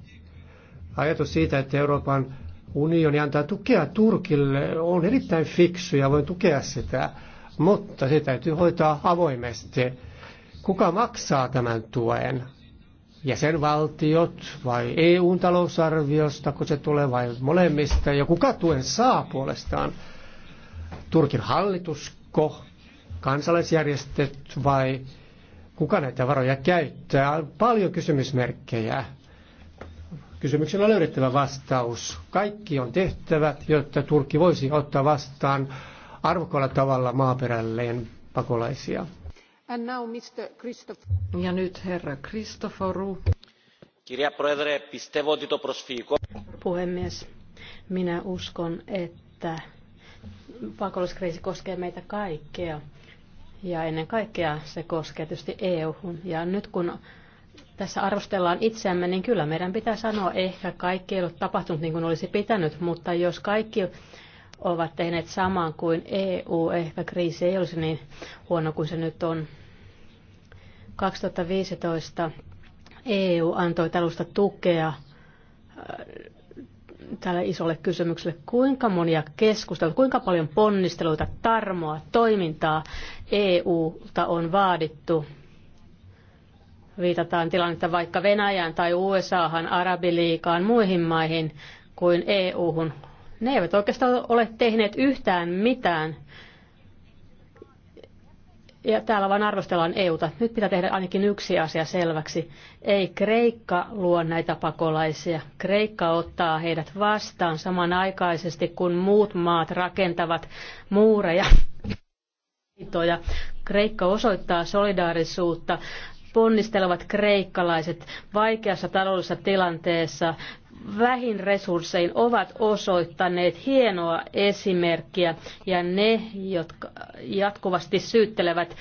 Ajatus siitä, että Euroopan unioni antaa tukea Turkille on erittäin fiksu ja voi tukea sitä, mutta se täytyy hoitaa avoimesti. Kuka maksaa tämän tuen? Jäsenvaltiot vai EUn talousarviosta, kun se tulee vai molemmista? Ja kuka tuen saa puolestaan? Turkin hallitusko, kansalaisjärjestöt vai kuka näitä varoja käyttää? Paljon kysymysmerkkejä. Kysymyksellä on löydettävä vastaus. Kaikki on tehtävä, jotta Turkki voisi ottaa vastaan arvokkaalla tavalla maaperälleen pakolaisia. And now Mr. Christopher. Ja nyt herra Kristoforu. Kirja Proedre, pistevo Puhemies, minä uskon, että pakolaiskriisi koskee meitä kaikkea. Ja ennen kaikkea se koskee tietysti EU. -hun. Ja nyt kun tässä arvostellaan itseämme, niin kyllä meidän pitää sanoa, ehkä kaikki ei ole tapahtunut niin kuin olisi pitänyt, mutta jos kaikki ovat tehneet samaan kuin EU, ehkä kriisi ei olisi niin huono kuin se nyt on. 2015 EU antoi tällaista tukea äh, tälle isolle kysymykselle, kuinka monia keskusteluita, kuinka paljon ponnisteluita, tarmoa, toimintaa EUta on vaadittu viitataan tilannetta vaikka Venäjään tai USAhan, Arabiliikaan, muihin maihin kuin EUhun. Ne eivät oikeastaan ole tehneet yhtään mitään. Ja täällä vain arvostellaan EUta. Nyt pitää tehdä ainakin yksi asia selväksi. Ei Kreikka luo näitä pakolaisia. Kreikka ottaa heidät vastaan samanaikaisesti, kun muut maat rakentavat muureja. <laughs> Kreikka osoittaa solidaarisuutta ponnistelevat kreikkalaiset vaikeassa taloudellisessa tilanteessa vähin resurssein ovat osoittaneet hienoa esimerkkiä ja ne, jotka jatkuvasti syyttelevät,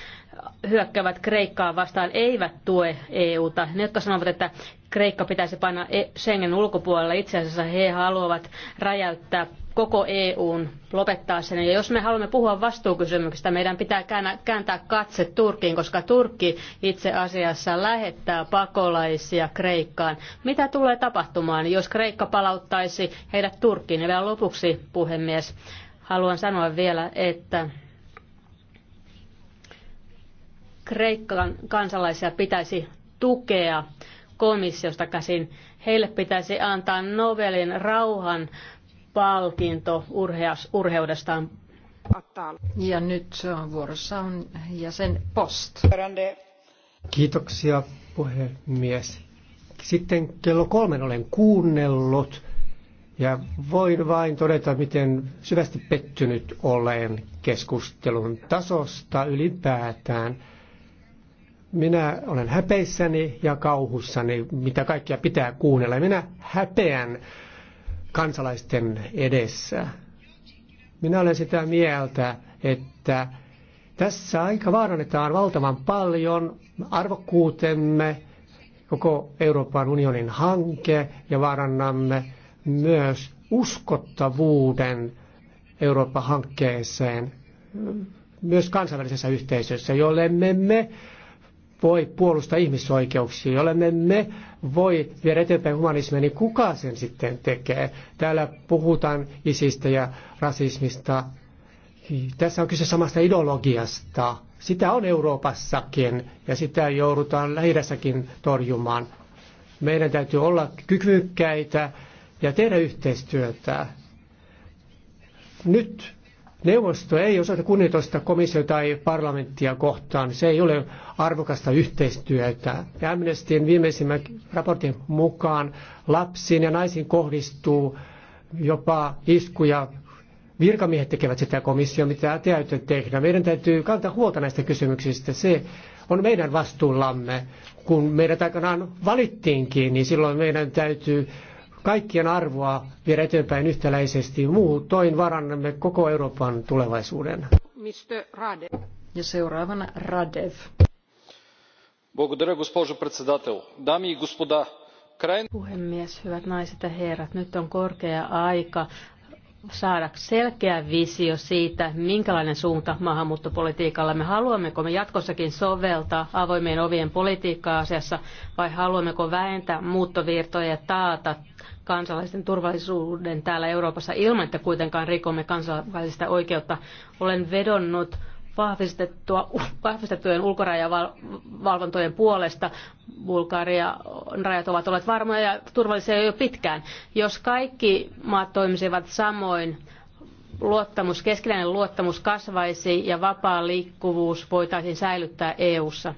hyökkäävät Kreikkaa vastaan, eivät tue EUta. Ne, jotka sanovat, että Kreikka pitäisi panna e- Schengen ulkopuolella itse asiassa he haluavat räjäyttää koko EUn lopettaa sen. Ja jos me haluamme puhua vastuukysymyksistä, meidän pitää kääntää katse Turkkiin, koska Turkki itse asiassa lähettää pakolaisia Kreikkaan. Mitä tulee tapahtumaan, jos Kreikka palauttaisi heidät Turkkiin? Ja vielä lopuksi, puhemies, haluan sanoa vielä, että Kreikan kansalaisia pitäisi tukea komissiosta käsin. Heille pitäisi antaa Nobelin rauhan palkinto urheas, urheudestaan. Ja nyt vuorossa on jäsen Post. Kiitoksia puhemies. Sitten kello kolmen olen kuunnellut ja voin vain todeta, miten syvästi pettynyt olen keskustelun tasosta ylipäätään. Minä olen häpeissäni ja kauhussani, mitä kaikkia pitää kuunnella. Minä häpeän kansalaisten edessä. Minä olen sitä mieltä, että tässä aika vaarannetaan valtavan paljon arvokkuutemme, koko Euroopan unionin hanke ja vaarannamme myös uskottavuuden Euroopan hankkeeseen myös kansainvälisessä yhteisössä, jolle me voi puolustaa ihmisoikeuksia, jolle me emme voi viedä eteenpäin humanismia, niin kuka sen sitten tekee? Täällä puhutaan isistä ja rasismista. Tässä on kyse samasta ideologiasta. Sitä on Euroopassakin ja sitä joudutaan lähidässäkin torjumaan. Meidän täytyy olla kykykkäitä ja tehdä yhteistyötä. Nyt Neuvosto ei osoita kunnioitusta komissio tai parlamenttia kohtaan. Se ei ole arvokasta yhteistyötä. Amnestyn viimeisimmän raportin mukaan lapsiin ja naisiin kohdistuu jopa iskuja. Virkamiehet tekevät sitä komissio, mitä täytyy tehdä. Meidän täytyy kantaa huolta näistä kysymyksistä. Se on meidän vastuullamme. Kun meidät aikanaan valittiinkin, niin silloin meidän täytyy kaikkien arvoa viedä eteenpäin yhtäläisesti. Muutoin varannamme koko Euroopan tulevaisuuden. Mr. Rade Ja seuraavana Radev. Благодаря, госпожо Puhemies, hyvät naiset ja herrat, nyt on korkea aika saada selkeä visio siitä, minkälainen suunta maahanmuuttopolitiikalla me haluammeko me jatkossakin soveltaa avoimien ovien politiikkaa asiassa vai haluammeko vähentää muuttovirtoja ja taata kansalaisten turvallisuuden täällä Euroopassa ilman, että kuitenkaan rikomme kansainvälistä oikeutta. Olen vedonnut vahvistettua, vahvistettujen ulkorajavalvontojen puolesta. Bulgaria rajat ovat olleet varmoja ja turvallisia jo pitkään. Jos kaikki maat toimisivat samoin, luottamus, keskinäinen luottamus kasvaisi ja vapaa liikkuvuus voitaisiin säilyttää EU:ssa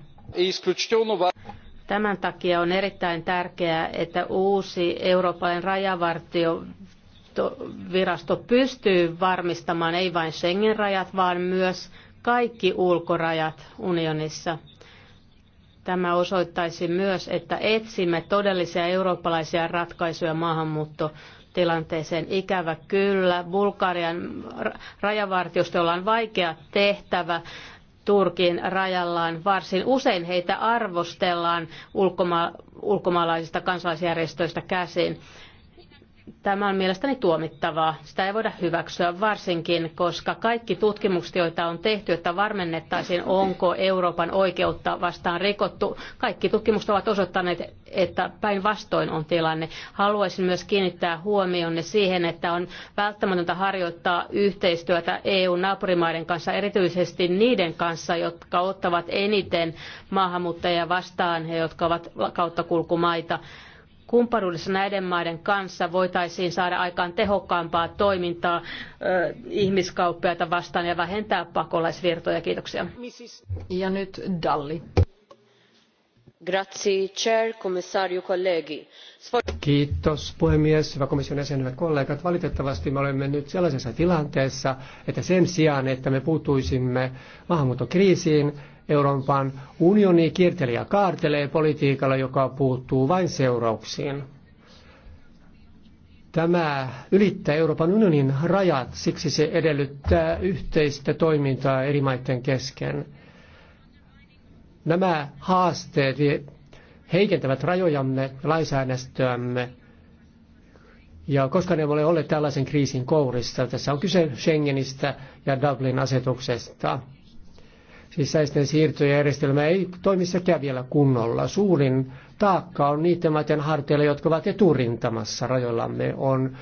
Tämän takia on erittäin tärkeää, että uusi Euroopan rajavartio virasto pystyy varmistamaan ei vain Schengen-rajat, vaan myös kaikki ulkorajat unionissa. Tämä osoittaisi myös, että etsimme todellisia eurooppalaisia ratkaisuja maahanmuuttotilanteeseen. Ikävä kyllä, Bulgarian rajavartiosta on vaikea tehtävä Turkin rajallaan. Varsin usein heitä arvostellaan ulkoma- ulkomaalaisista kansalaisjärjestöistä käsin. Tämä on mielestäni tuomittavaa. Sitä ei voida hyväksyä varsinkin, koska kaikki tutkimukset, joita on tehty, että varmennettaisiin, onko Euroopan oikeutta vastaan rikottu, kaikki tutkimukset ovat osoittaneet, että päinvastoin on tilanne. Haluaisin myös kiinnittää huomionne siihen, että on välttämätöntä harjoittaa yhteistyötä EU-naapurimaiden kanssa, erityisesti niiden kanssa, jotka ottavat eniten maahanmuuttajia vastaan ja jotka ovat kauttakulkumaita. kulkumaita kumppanuudessa näiden maiden kanssa voitaisiin saada aikaan tehokkaampaa toimintaa ihmiskauppiaita vastaan ja vähentää pakolaisvirtoja. Kiitoksia. Ja nyt Dalli. Grazie, chair, commissario, kollegi. Kiitos puhemies, hyvä komission jäsen, hyvät kollegat. Valitettavasti me olemme nyt sellaisessa tilanteessa, että sen sijaan, että me puutuisimme maahanmuuttokriisiin, Euroopan unioni kierteli ja kaartelee politiikalla, joka puuttuu vain seurauksiin. Tämä ylittää Euroopan unionin rajat, siksi se edellyttää yhteistä toimintaa eri maiden kesken. Nämä haasteet heikentävät rajojamme, lainsäädäntöämme, ja koska ne voivat olla tällaisen kriisin kourissa, tässä on kyse Schengenistä ja Dublin-asetuksesta sisäisten siirtojärjestelmä ei toimi sekään vielä kunnolla. Suurin taakka on niiden maiden harteilla, jotka ovat eturintamassa rajoillamme. On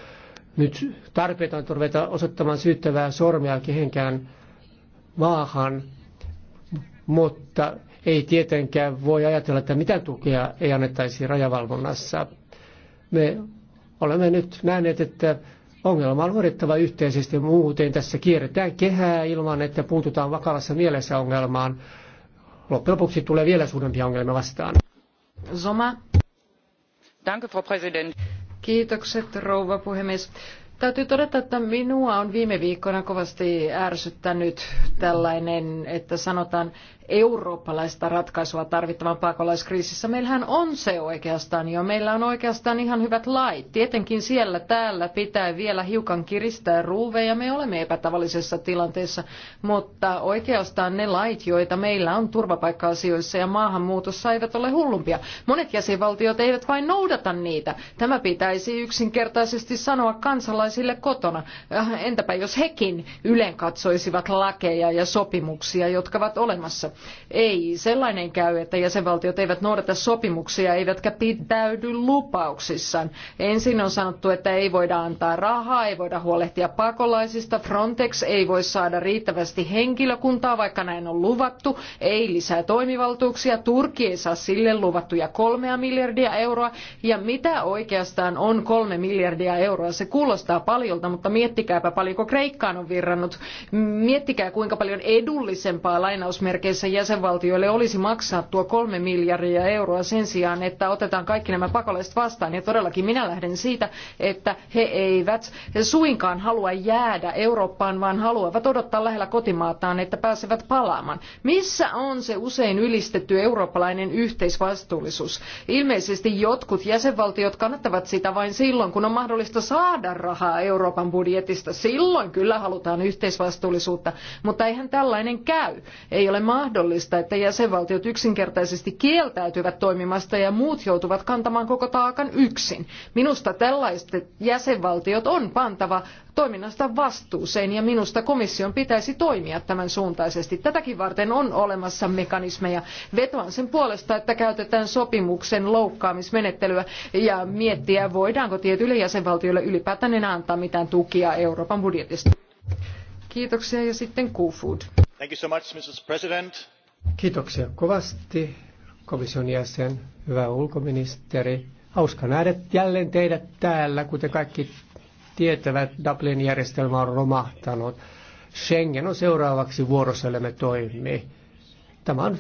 nyt tarpeeton ruveta osoittamaan syyttävää sormea kehenkään maahan, mutta ei tietenkään voi ajatella, että mitä tukea ei annettaisi rajavalvonnassa. Me olemme nyt nähneet, että Ongelma on hoidettava yhteisesti, muuten tässä kierretään kehää ilman, että puututaan vakavassa mielessä ongelmaan. Loppujen lopuksi tulee vielä suurempia ongelmia vastaan. Zoma. Danke, Frau Kiitokset, rouva puhemies. Täytyy todeta, että minua on viime viikkoina kovasti ärsyttänyt tällainen, että sanotaan, eurooppalaista ratkaisua tarvittavan pakolaiskriisissä. Meillähän on se oikeastaan jo. Meillä on oikeastaan ihan hyvät lait. Tietenkin siellä täällä pitää vielä hiukan kiristää ruuveja. Me olemme epätavallisessa tilanteessa, mutta oikeastaan ne lait, joita meillä on turvapaikka-asioissa ja maahanmuutossa eivät ole hullumpia. Monet jäsenvaltiot eivät vain noudata niitä. Tämä pitäisi yksinkertaisesti sanoa kansalaisille kotona. Äh, entäpä jos hekin ylen katsoisivat lakeja ja sopimuksia, jotka ovat olemassa. Ei sellainen käy, että jäsenvaltiot eivät noudata sopimuksia eivätkä pitäydy lupauksissaan. Ensin on sanottu, että ei voida antaa rahaa, ei voida huolehtia pakolaisista, Frontex ei voi saada riittävästi henkilökuntaa, vaikka näin on luvattu, ei lisää toimivaltuuksia, Turkki ei saa sille luvattuja kolmea miljardia euroa. Ja mitä oikeastaan on kolme miljardia euroa? Se kuulostaa paljolta, mutta miettikääpä paljonko Kreikkaan on virrannut. Miettikää kuinka paljon edullisempaa lainausmerkeissä mielessä jäsenvaltioille olisi maksaa tuo kolme miljardia euroa sen sijaan, että otetaan kaikki nämä pakolaiset vastaan. Ja todellakin minä lähden siitä, että he eivät suinkaan halua jäädä Eurooppaan, vaan haluavat odottaa lähellä kotimaataan, että pääsevät palaamaan. Missä on se usein ylistetty eurooppalainen yhteisvastuullisuus? Ilmeisesti jotkut jäsenvaltiot kannattavat sitä vain silloin, kun on mahdollista saada rahaa Euroopan budjetista. Silloin kyllä halutaan yhteisvastuullisuutta, mutta eihän tällainen käy. Ei ole mahdollista mahdollista, että jäsenvaltiot yksinkertaisesti kieltäytyvät toimimasta ja muut joutuvat kantamaan koko taakan yksin. Minusta tällaiset jäsenvaltiot on pantava toiminnasta vastuuseen ja minusta komission pitäisi toimia tämän suuntaisesti. Tätäkin varten on olemassa mekanismeja. Vetoan sen puolesta, että käytetään sopimuksen loukkaamismenettelyä ja miettiä, voidaanko tietyille jäsenvaltioille ylipäätään enää antaa mitään tukia Euroopan budjetista. Kiitoksia ja sitten Q-Food. Thank you so much, Mrs. President. Kiitoksia kovasti, komission jäsen, hyvä ulkoministeri. Hauska nähdä jälleen teidät täällä, kuten kaikki tietävät, Dublin-järjestelmä on romahtanut. Schengen on seuraavaksi vuorossa, me toimii. Tämä on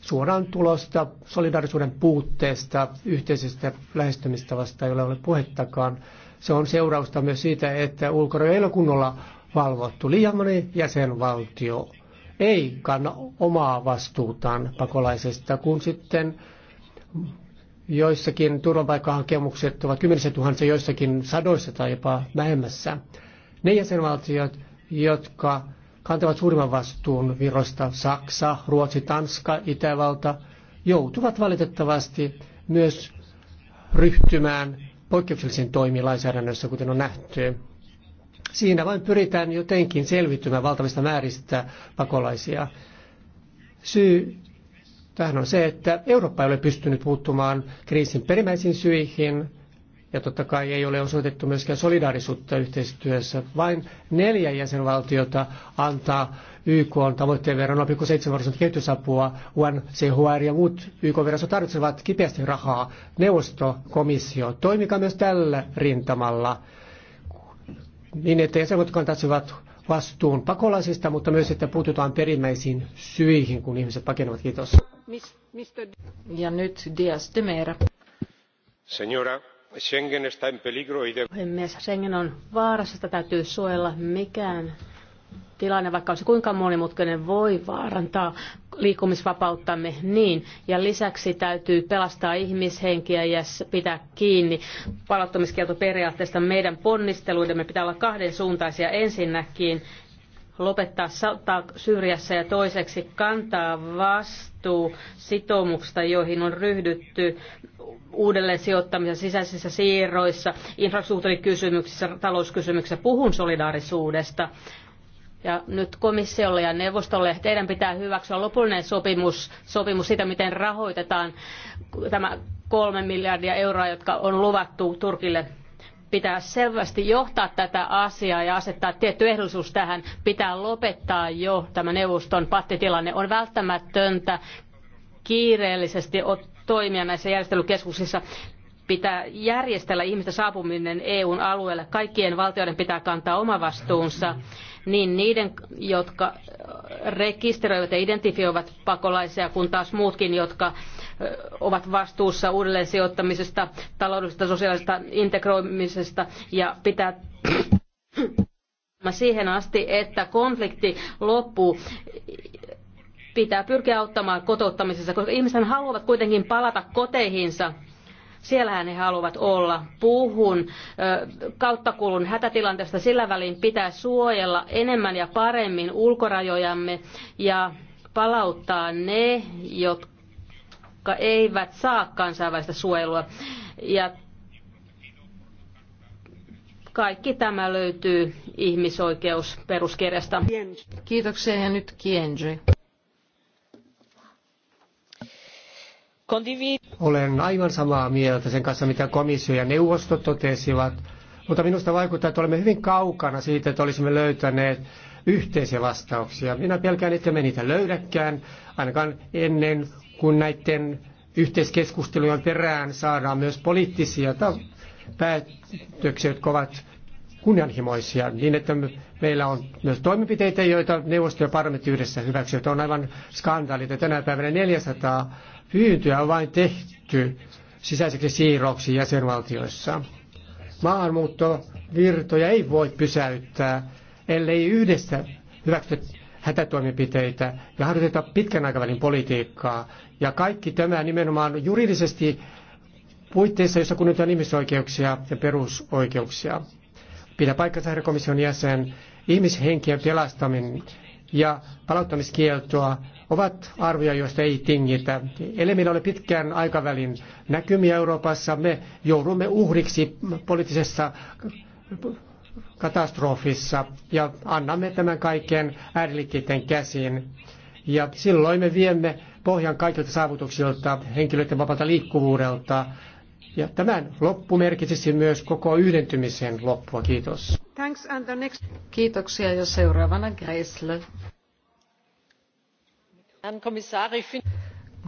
suoraan tulosta solidarisuuden puutteesta, yhteisestä lähestymistavasta ei ole, ole puhettakaan. Se on seurausta myös siitä, että ulkorajoilla kunnolla valvottu. Liian moni jäsenvaltio ei kanna omaa vastuutaan pakolaisesta, kun sitten joissakin turvapaikkahakemukset ovat kymmenissä tuhansia, joissakin sadoissa tai jopa vähemmässä. Ne jäsenvaltiot, jotka kantavat suurimman vastuun virosta, Saksa, Ruotsi, Tanska, Itävalta, joutuvat valitettavasti myös ryhtymään poikkeuksellisiin toimiin lainsäädännössä, kuten on nähty. Siinä vain pyritään jotenkin selviytymään valtavista määristä pakolaisia. Syy tähän on se, että Eurooppa ei ole pystynyt puuttumaan kriisin perimmäisiin syihin, ja totta kai ei ole osoitettu myöskään solidaarisuutta yhteistyössä. Vain neljä jäsenvaltiota antaa YK on tavoitteen verran 0,7 prosenttia kehitysapua. UNCHR ja muut YK-virastot tarvitsevat kipeästi rahaa. Neuvosto, komissio, toimikaa myös tällä rintamalla niin, että jäsenvaltiot kantaisivat vastuun pakolaisista, mutta myös, että puututaan perimmäisiin syihin, kun ihmiset pakenevat. Kiitos. Ja nyt Dias de Mera. Senora, Schengen está en peligro Schengen on vaarassa, sitä täytyy suojella. Mikään tilanne, vaikka olisi kuinka monimutkainen, voi vaarantaa liikkumisvapauttamme niin. Ja lisäksi täytyy pelastaa ihmishenkiä ja pitää kiinni palauttamiskieltoperiaatteesta. Meidän ponnisteluidemme pitää olla kahden suuntaisia ensinnäkin lopettaa syrjässä ja toiseksi kantaa vastuu sitoumuksista, joihin on ryhdytty uudelleen sijoittamisen sisäisissä siirroissa, infrastruktuurikysymyksissä, talouskysymyksissä. Puhun solidaarisuudesta ja nyt komissiolle ja neuvostolle teidän pitää hyväksyä lopullinen sopimus, sopimus siitä, miten rahoitetaan tämä kolme miljardia euroa, jotka on luvattu Turkille pitää selvästi johtaa tätä asiaa ja asettaa tietty ehdollisuus tähän. Pitää lopettaa jo tämä neuvoston pattitilanne. On välttämätöntä kiireellisesti toimia näissä järjestelykeskuksissa. Pitää järjestellä ihmisten saapuminen EUn alueelle. Kaikkien valtioiden pitää kantaa oma vastuunsa. Mm-hmm niin niiden, jotka rekisteröivät ja identifioivat pakolaisia, kun taas muutkin, jotka ovat vastuussa uudelleen sijoittamisesta, taloudellisesta, sosiaalisesta integroimisesta ja pitää <clears throat> siihen asti, että konflikti loppuu pitää pyrkiä auttamaan kotouttamisessa, koska ihmiset haluavat kuitenkin palata koteihinsa Siellähän he haluavat olla. Puhun kauttakulun hätätilanteesta sillä välin pitää suojella enemmän ja paremmin ulkorajojamme ja palauttaa ne, jotka eivät saa kansainvälistä suojelua. Ja kaikki tämä löytyy ihmisoikeusperuskirjasta. Kiitoksia ja nyt Kienji. Olen aivan samaa mieltä sen kanssa, mitä komissio ja neuvosto totesivat, mutta minusta vaikuttaa, että olemme hyvin kaukana siitä, että olisimme löytäneet yhteisiä vastauksia. Minä pelkään, että me niitä löydäkään, ainakaan ennen kuin näiden yhteiskeskustelujen perään saadaan myös poliittisia päätöksiä, jotka ovat kunnianhimoisia, niin että meillä on myös toimenpiteitä, joita neuvosto ja parlamentti yhdessä hyväksyvät. On aivan skandaali, että tänä päivänä 400 Pyyntöä on vain tehty sisäiseksi siirroksi jäsenvaltioissa. Maahanmuuttovirtoja ei voi pysäyttää, ellei yhdessä hyväksytä hätätoimenpiteitä ja harjoiteta pitkän aikavälin politiikkaa. Ja kaikki tämä nimenomaan juridisesti puitteissa, jossa kunnioitetaan ihmisoikeuksia ja perusoikeuksia. pidä paikkansa herra komission jäsen, ihmishenkien pelastaminen ja palauttamiskieltoa ovat arvoja, joista ei tingitä. Eli meillä ole pitkän aikavälin näkymiä Euroopassa. Me joudumme uhriksi poliittisessa katastrofissa ja annamme tämän kaiken ääriliikkeiden käsiin. Ja silloin me viemme pohjan kaikilta saavutuksilta, henkilöiden vapaalta liikkuvuudelta. Ja tämän loppu merkitsisi myös koko yhdentymisen loppua. Kiitos. Thanks and the next... Kiitoksia ja seuraavana Gräisle herren kommissare!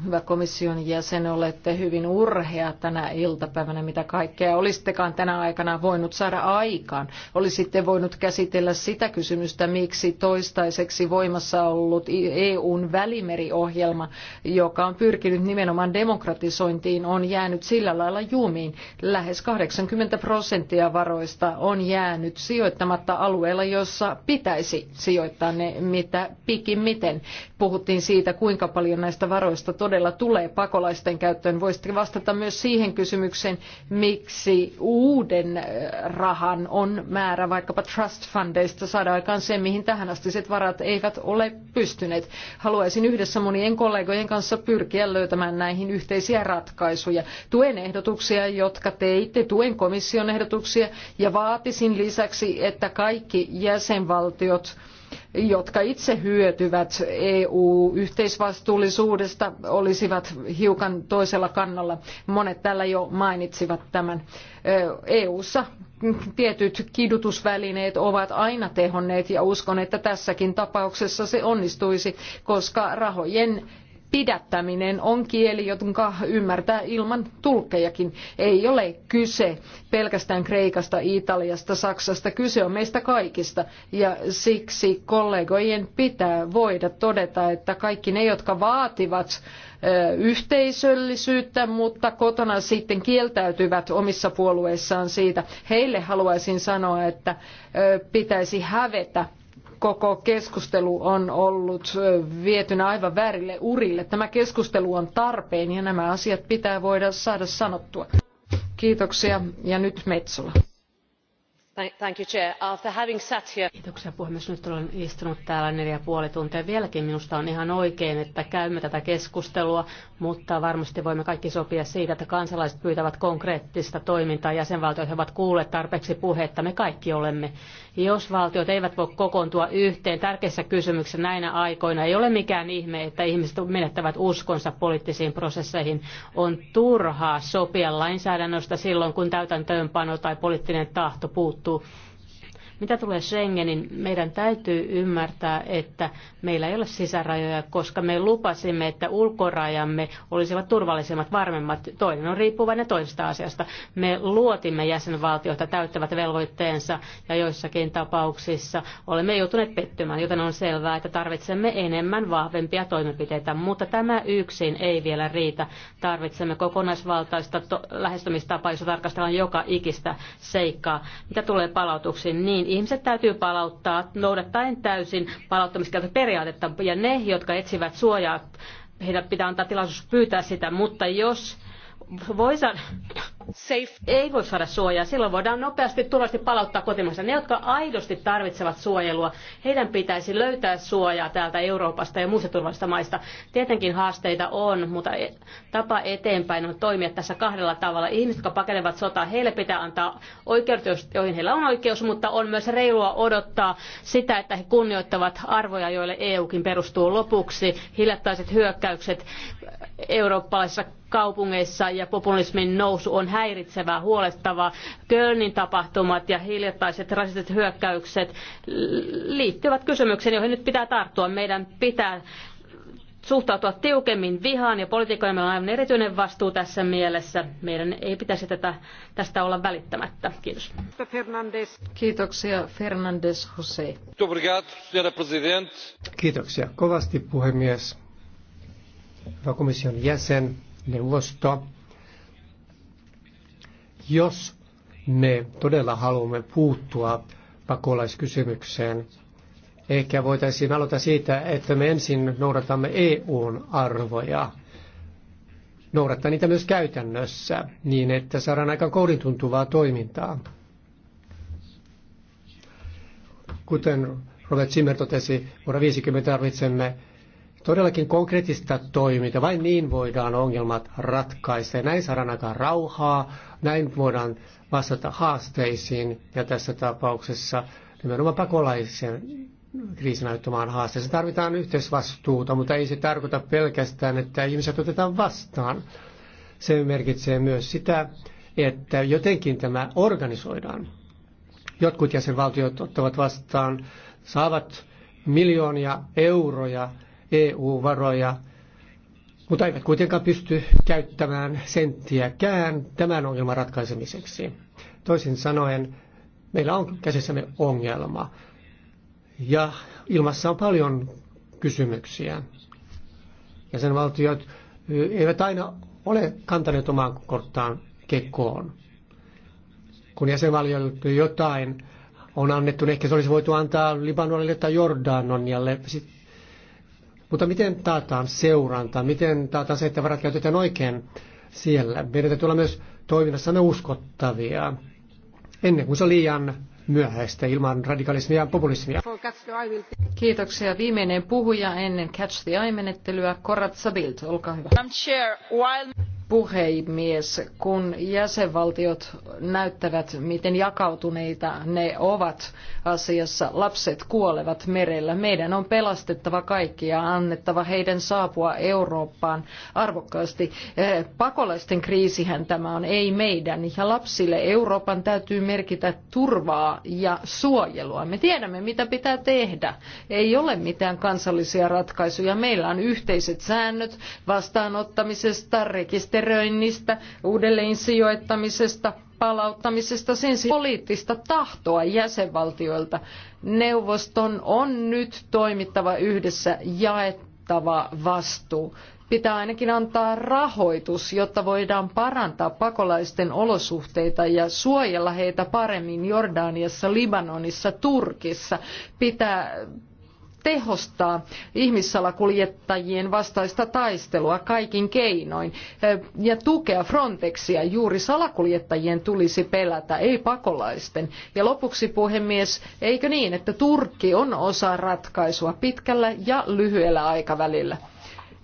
hyvä komission jäsen, olette hyvin urhea tänä iltapäivänä, mitä kaikkea olisittekaan tänä aikana voinut saada aikaan. Olisitte voinut käsitellä sitä kysymystä, miksi toistaiseksi voimassa ollut EUn välimeriohjelma, joka on pyrkinyt nimenomaan demokratisointiin, on jäänyt sillä lailla jumiin. Lähes 80 prosenttia varoista on jäänyt sijoittamatta alueella, jossa pitäisi sijoittaa ne mitä pikimmiten. Puhuttiin siitä, kuinka paljon näistä varoista todella todella tulee pakolaisten käyttöön. Voisitte vastata myös siihen kysymykseen, miksi uuden rahan on määrä vaikkapa trust fundeista saada aikaan se, mihin tähän astiset varat eivät ole pystyneet. Haluaisin yhdessä monien kollegojen kanssa pyrkiä löytämään näihin yhteisiä ratkaisuja. Tuen ehdotuksia, jotka teitte, tuen komission ehdotuksia ja vaatisin lisäksi, että kaikki jäsenvaltiot jotka itse hyötyvät EU-yhteisvastuullisuudesta, olisivat hiukan toisella kannalla. Monet täällä jo mainitsivat tämän. EU:ssa tietyt kidutusvälineet ovat aina tehonneet ja uskon, että tässäkin tapauksessa se onnistuisi, koska rahojen pidättäminen on kieli, jonka ymmärtää ilman tulkkejakin. Ei ole kyse pelkästään Kreikasta, Italiasta, Saksasta. Kyse on meistä kaikista. Ja siksi kollegojen pitää voida todeta, että kaikki ne, jotka vaativat yhteisöllisyyttä, mutta kotona sitten kieltäytyvät omissa puolueissaan siitä. Heille haluaisin sanoa, että pitäisi hävetä koko keskustelu on ollut vietynä aivan väärille urille. Tämä keskustelu on tarpeen ja nämä asiat pitää voida saada sanottua. Kiitoksia ja nyt Metsola. Kiitoksia puhemies. Nyt olen istunut täällä neljä ja puoli tuntia. Vieläkin minusta on ihan oikein, että käymme tätä keskustelua, mutta varmasti voimme kaikki sopia siitä, että kansalaiset pyytävät konkreettista toimintaa. Jäsenvaltiot he ovat kuulleet tarpeeksi puhetta. Me kaikki olemme. Jos valtiot eivät voi kokoontua yhteen tärkeissä kysymyksissä näinä aikoina, ei ole mikään ihme, että ihmiset menettävät uskonsa poliittisiin prosesseihin. On turhaa sopia lainsäädännöstä silloin, kun täytäntöönpano tai poliittinen tahto puuttuu mitä tulee Schengenin, meidän täytyy ymmärtää, että meillä ei ole sisärajoja, koska me lupasimme, että ulkorajamme olisivat turvallisemmat, varmemmat. Toinen on riippuvainen toisesta asiasta. Me luotimme jäsenvaltioita täyttävät velvoitteensa ja joissakin tapauksissa olemme joutuneet pettymään, joten on selvää, että tarvitsemme enemmän vahvempia toimenpiteitä, mutta tämä yksin ei vielä riitä. Tarvitsemme kokonaisvaltaista lähestymistapaa, jossa tarkastellaan joka ikistä seikkaa. Mitä tulee palautuksiin, niin ihmiset täytyy palauttaa noudattaen täysin palauttamiskieltoperiaatetta ja ne, jotka etsivät suojaa, heidän pitää antaa tilaisuus pyytää sitä, mutta jos voi saada ei voi saada suojaa. Silloin voidaan nopeasti turvallisesti palauttaa kotimaansa. Ne, jotka aidosti tarvitsevat suojelua, heidän pitäisi löytää suojaa täältä Euroopasta ja muista turvallisista maista. Tietenkin haasteita on, mutta e- tapa eteenpäin on toimia tässä kahdella tavalla. Ihmiset, jotka pakenevat sotaa, heille pitää antaa oikeudet, joihin heillä on oikeus, mutta on myös reilua odottaa sitä, että he kunnioittavat arvoja, joille EUkin perustuu lopuksi. Hiljattaiset hyökkäykset eurooppalaisissa kaupungeissa ja populismin nousu on häiritsevää, huolestavaa. Kölnin tapahtumat ja hiljattaiset rasistiset hyökkäykset liittyvät kysymyksiin, joihin nyt pitää tarttua. Meidän pitää suhtautua tiukemmin vihaan ja poliitikkoina meillä on aivan erityinen vastuu tässä mielessä. Meidän ei pitäisi tätä, tästä olla välittämättä. Kiitos. Kiitoksia Fernandes Jose. Kiitoksia kovasti puhemies, hyvä komission jäsen, neuvosto. Jos me todella haluamme puuttua pakolaiskysymykseen, ehkä voitaisiin aloittaa siitä, että me ensin noudatamme EUn arvoja, noudattaa niitä myös käytännössä, niin että saadaan aika kourin tuntuvaa toimintaa. Kuten Robert Zimmer totesi, vuonna 50 tarvitsemme todellakin konkreettista toimintaa. Vain niin voidaan ongelmat ratkaista. Ja näin saadaan aikaan rauhaa, näin voidaan vastata haasteisiin ja tässä tapauksessa nimenomaan pakolaisen kriisin aiheuttamaan haasteeseen. Tarvitaan yhteisvastuuta, mutta ei se tarkoita pelkästään, että ihmiset otetaan vastaan. Se merkitsee myös sitä, että jotenkin tämä organisoidaan. Jotkut jäsenvaltiot ottavat vastaan, saavat miljoonia euroja EU-varoja, mutta eivät kuitenkaan pysty käyttämään senttiäkään tämän ongelman ratkaisemiseksi. Toisin sanoen, meillä on käsissämme ongelma ja ilmassa on paljon kysymyksiä. Ja sen valtiot eivät aina ole kantaneet omaan korttaan kekoon. Kun jäsenvaltiot jotain on annettu, niin ehkä se olisi voitu antaa Libanonille tai Jordanialle. Mutta miten taataan seuranta, miten taataan se, että varat käytetään oikein siellä? Meidän täytyy olla myös toiminnassamme uskottavia, ennen kuin se on liian myöhäistä ilman radikalismia ja populismia. Kiitoksia. Viimeinen puhuja ennen Catch the Eye-menettelyä, Korat Sabilt. olkaa hyvä. Puheimies, kun jäsenvaltiot näyttävät, miten jakautuneita ne ovat, asiassa lapset kuolevat merellä. Meidän on pelastettava kaikki ja annettava heidän saapua Eurooppaan arvokkaasti. Eh, pakolaisten kriisihän tämä on, ei meidän. Ja lapsille Euroopan täytyy merkitä turvaa ja suojelua. Me tiedämme, mitä pitää tehdä. Ei ole mitään kansallisia ratkaisuja. Meillä on yhteiset säännöt vastaanottamisesta, rekisteröinnistä, uudelleen sijoittamisesta, palauttamisesta sen sijaan poliittista tahtoa jäsenvaltioilta. Neuvoston on nyt toimittava yhdessä jaettava vastuu. Pitää ainakin antaa rahoitus, jotta voidaan parantaa pakolaisten olosuhteita ja suojella heitä paremmin Jordaniassa, Libanonissa, Turkissa. Pitää tehostaa ihmissalakuljettajien vastaista taistelua kaikin keinoin ja tukea Frontexia. Juuri salakuljettajien tulisi pelätä, ei pakolaisten. Ja lopuksi puhemies, eikö niin, että Turkki on osa ratkaisua pitkällä ja lyhyellä aikavälillä?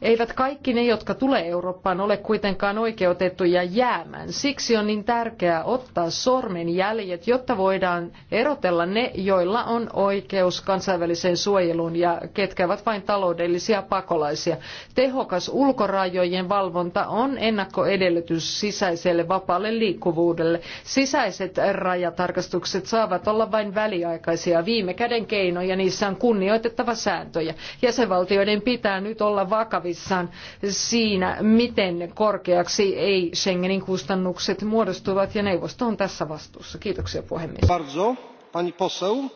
Eivät kaikki ne, jotka tulee Eurooppaan, ole kuitenkaan oikeutettuja jäämään. Siksi on niin tärkeää ottaa sormenjäljet, jotta voidaan erotella ne, joilla on oikeus kansainväliseen suojeluun ja ketkä ovat vain taloudellisia pakolaisia. Tehokas ulkorajojen valvonta on ennakkoedellytys sisäiselle vapaalle liikkuvuudelle. Sisäiset rajatarkastukset saavat olla vain väliaikaisia viime käden keinoja, niissä on kunnioitettava sääntöjä. Jäsenvaltioiden pitää nyt olla vakavia vakavissaan siinä, miten korkeaksi ei Schengenin kustannukset muodostuvat ja neuvosto on tässä vastuussa. Kiitoksia puhemies. Bardzo, pani poseł.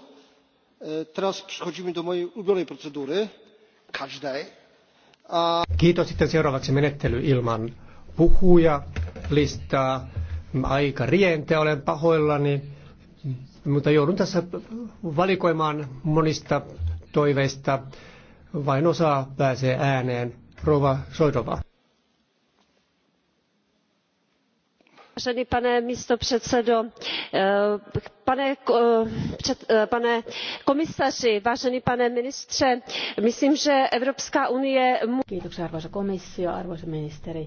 E, teraz przechodzimy do mojej ulubionej procedury. Catch day. Kiitos. Sitten seuraavaksi menettely ilman puhuja listaa. Aika rientä, olen pahoillani, mutta joudun tässä valikoimaan monista toiveista vain osa pääsee ääneen. Rova Soidova. vážený pane místopředsedo eh, eh, eh, pane komisaři vážený pane ministře myslím že evropská unie. arvoisa komissio arvoisa ministeri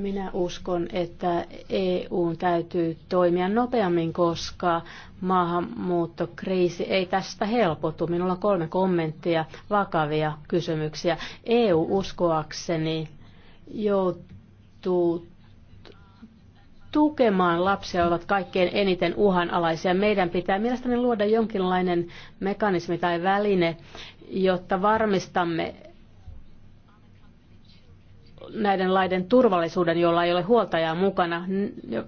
minä uskon, että EUn täytyy toimia nopeammin, koska maahanmuuttokriisi ei tästä helpotu. Minulla on kolme kommenttia, vakavia kysymyksiä. EU uskoakseni joutuu tukemaan lapsia ovat kaikkein eniten uhanalaisia. Meidän pitää mielestäni luoda jonkinlainen mekanismi tai väline, jotta varmistamme, näiden laiden turvallisuuden, jolla ei ole huoltajaa mukana.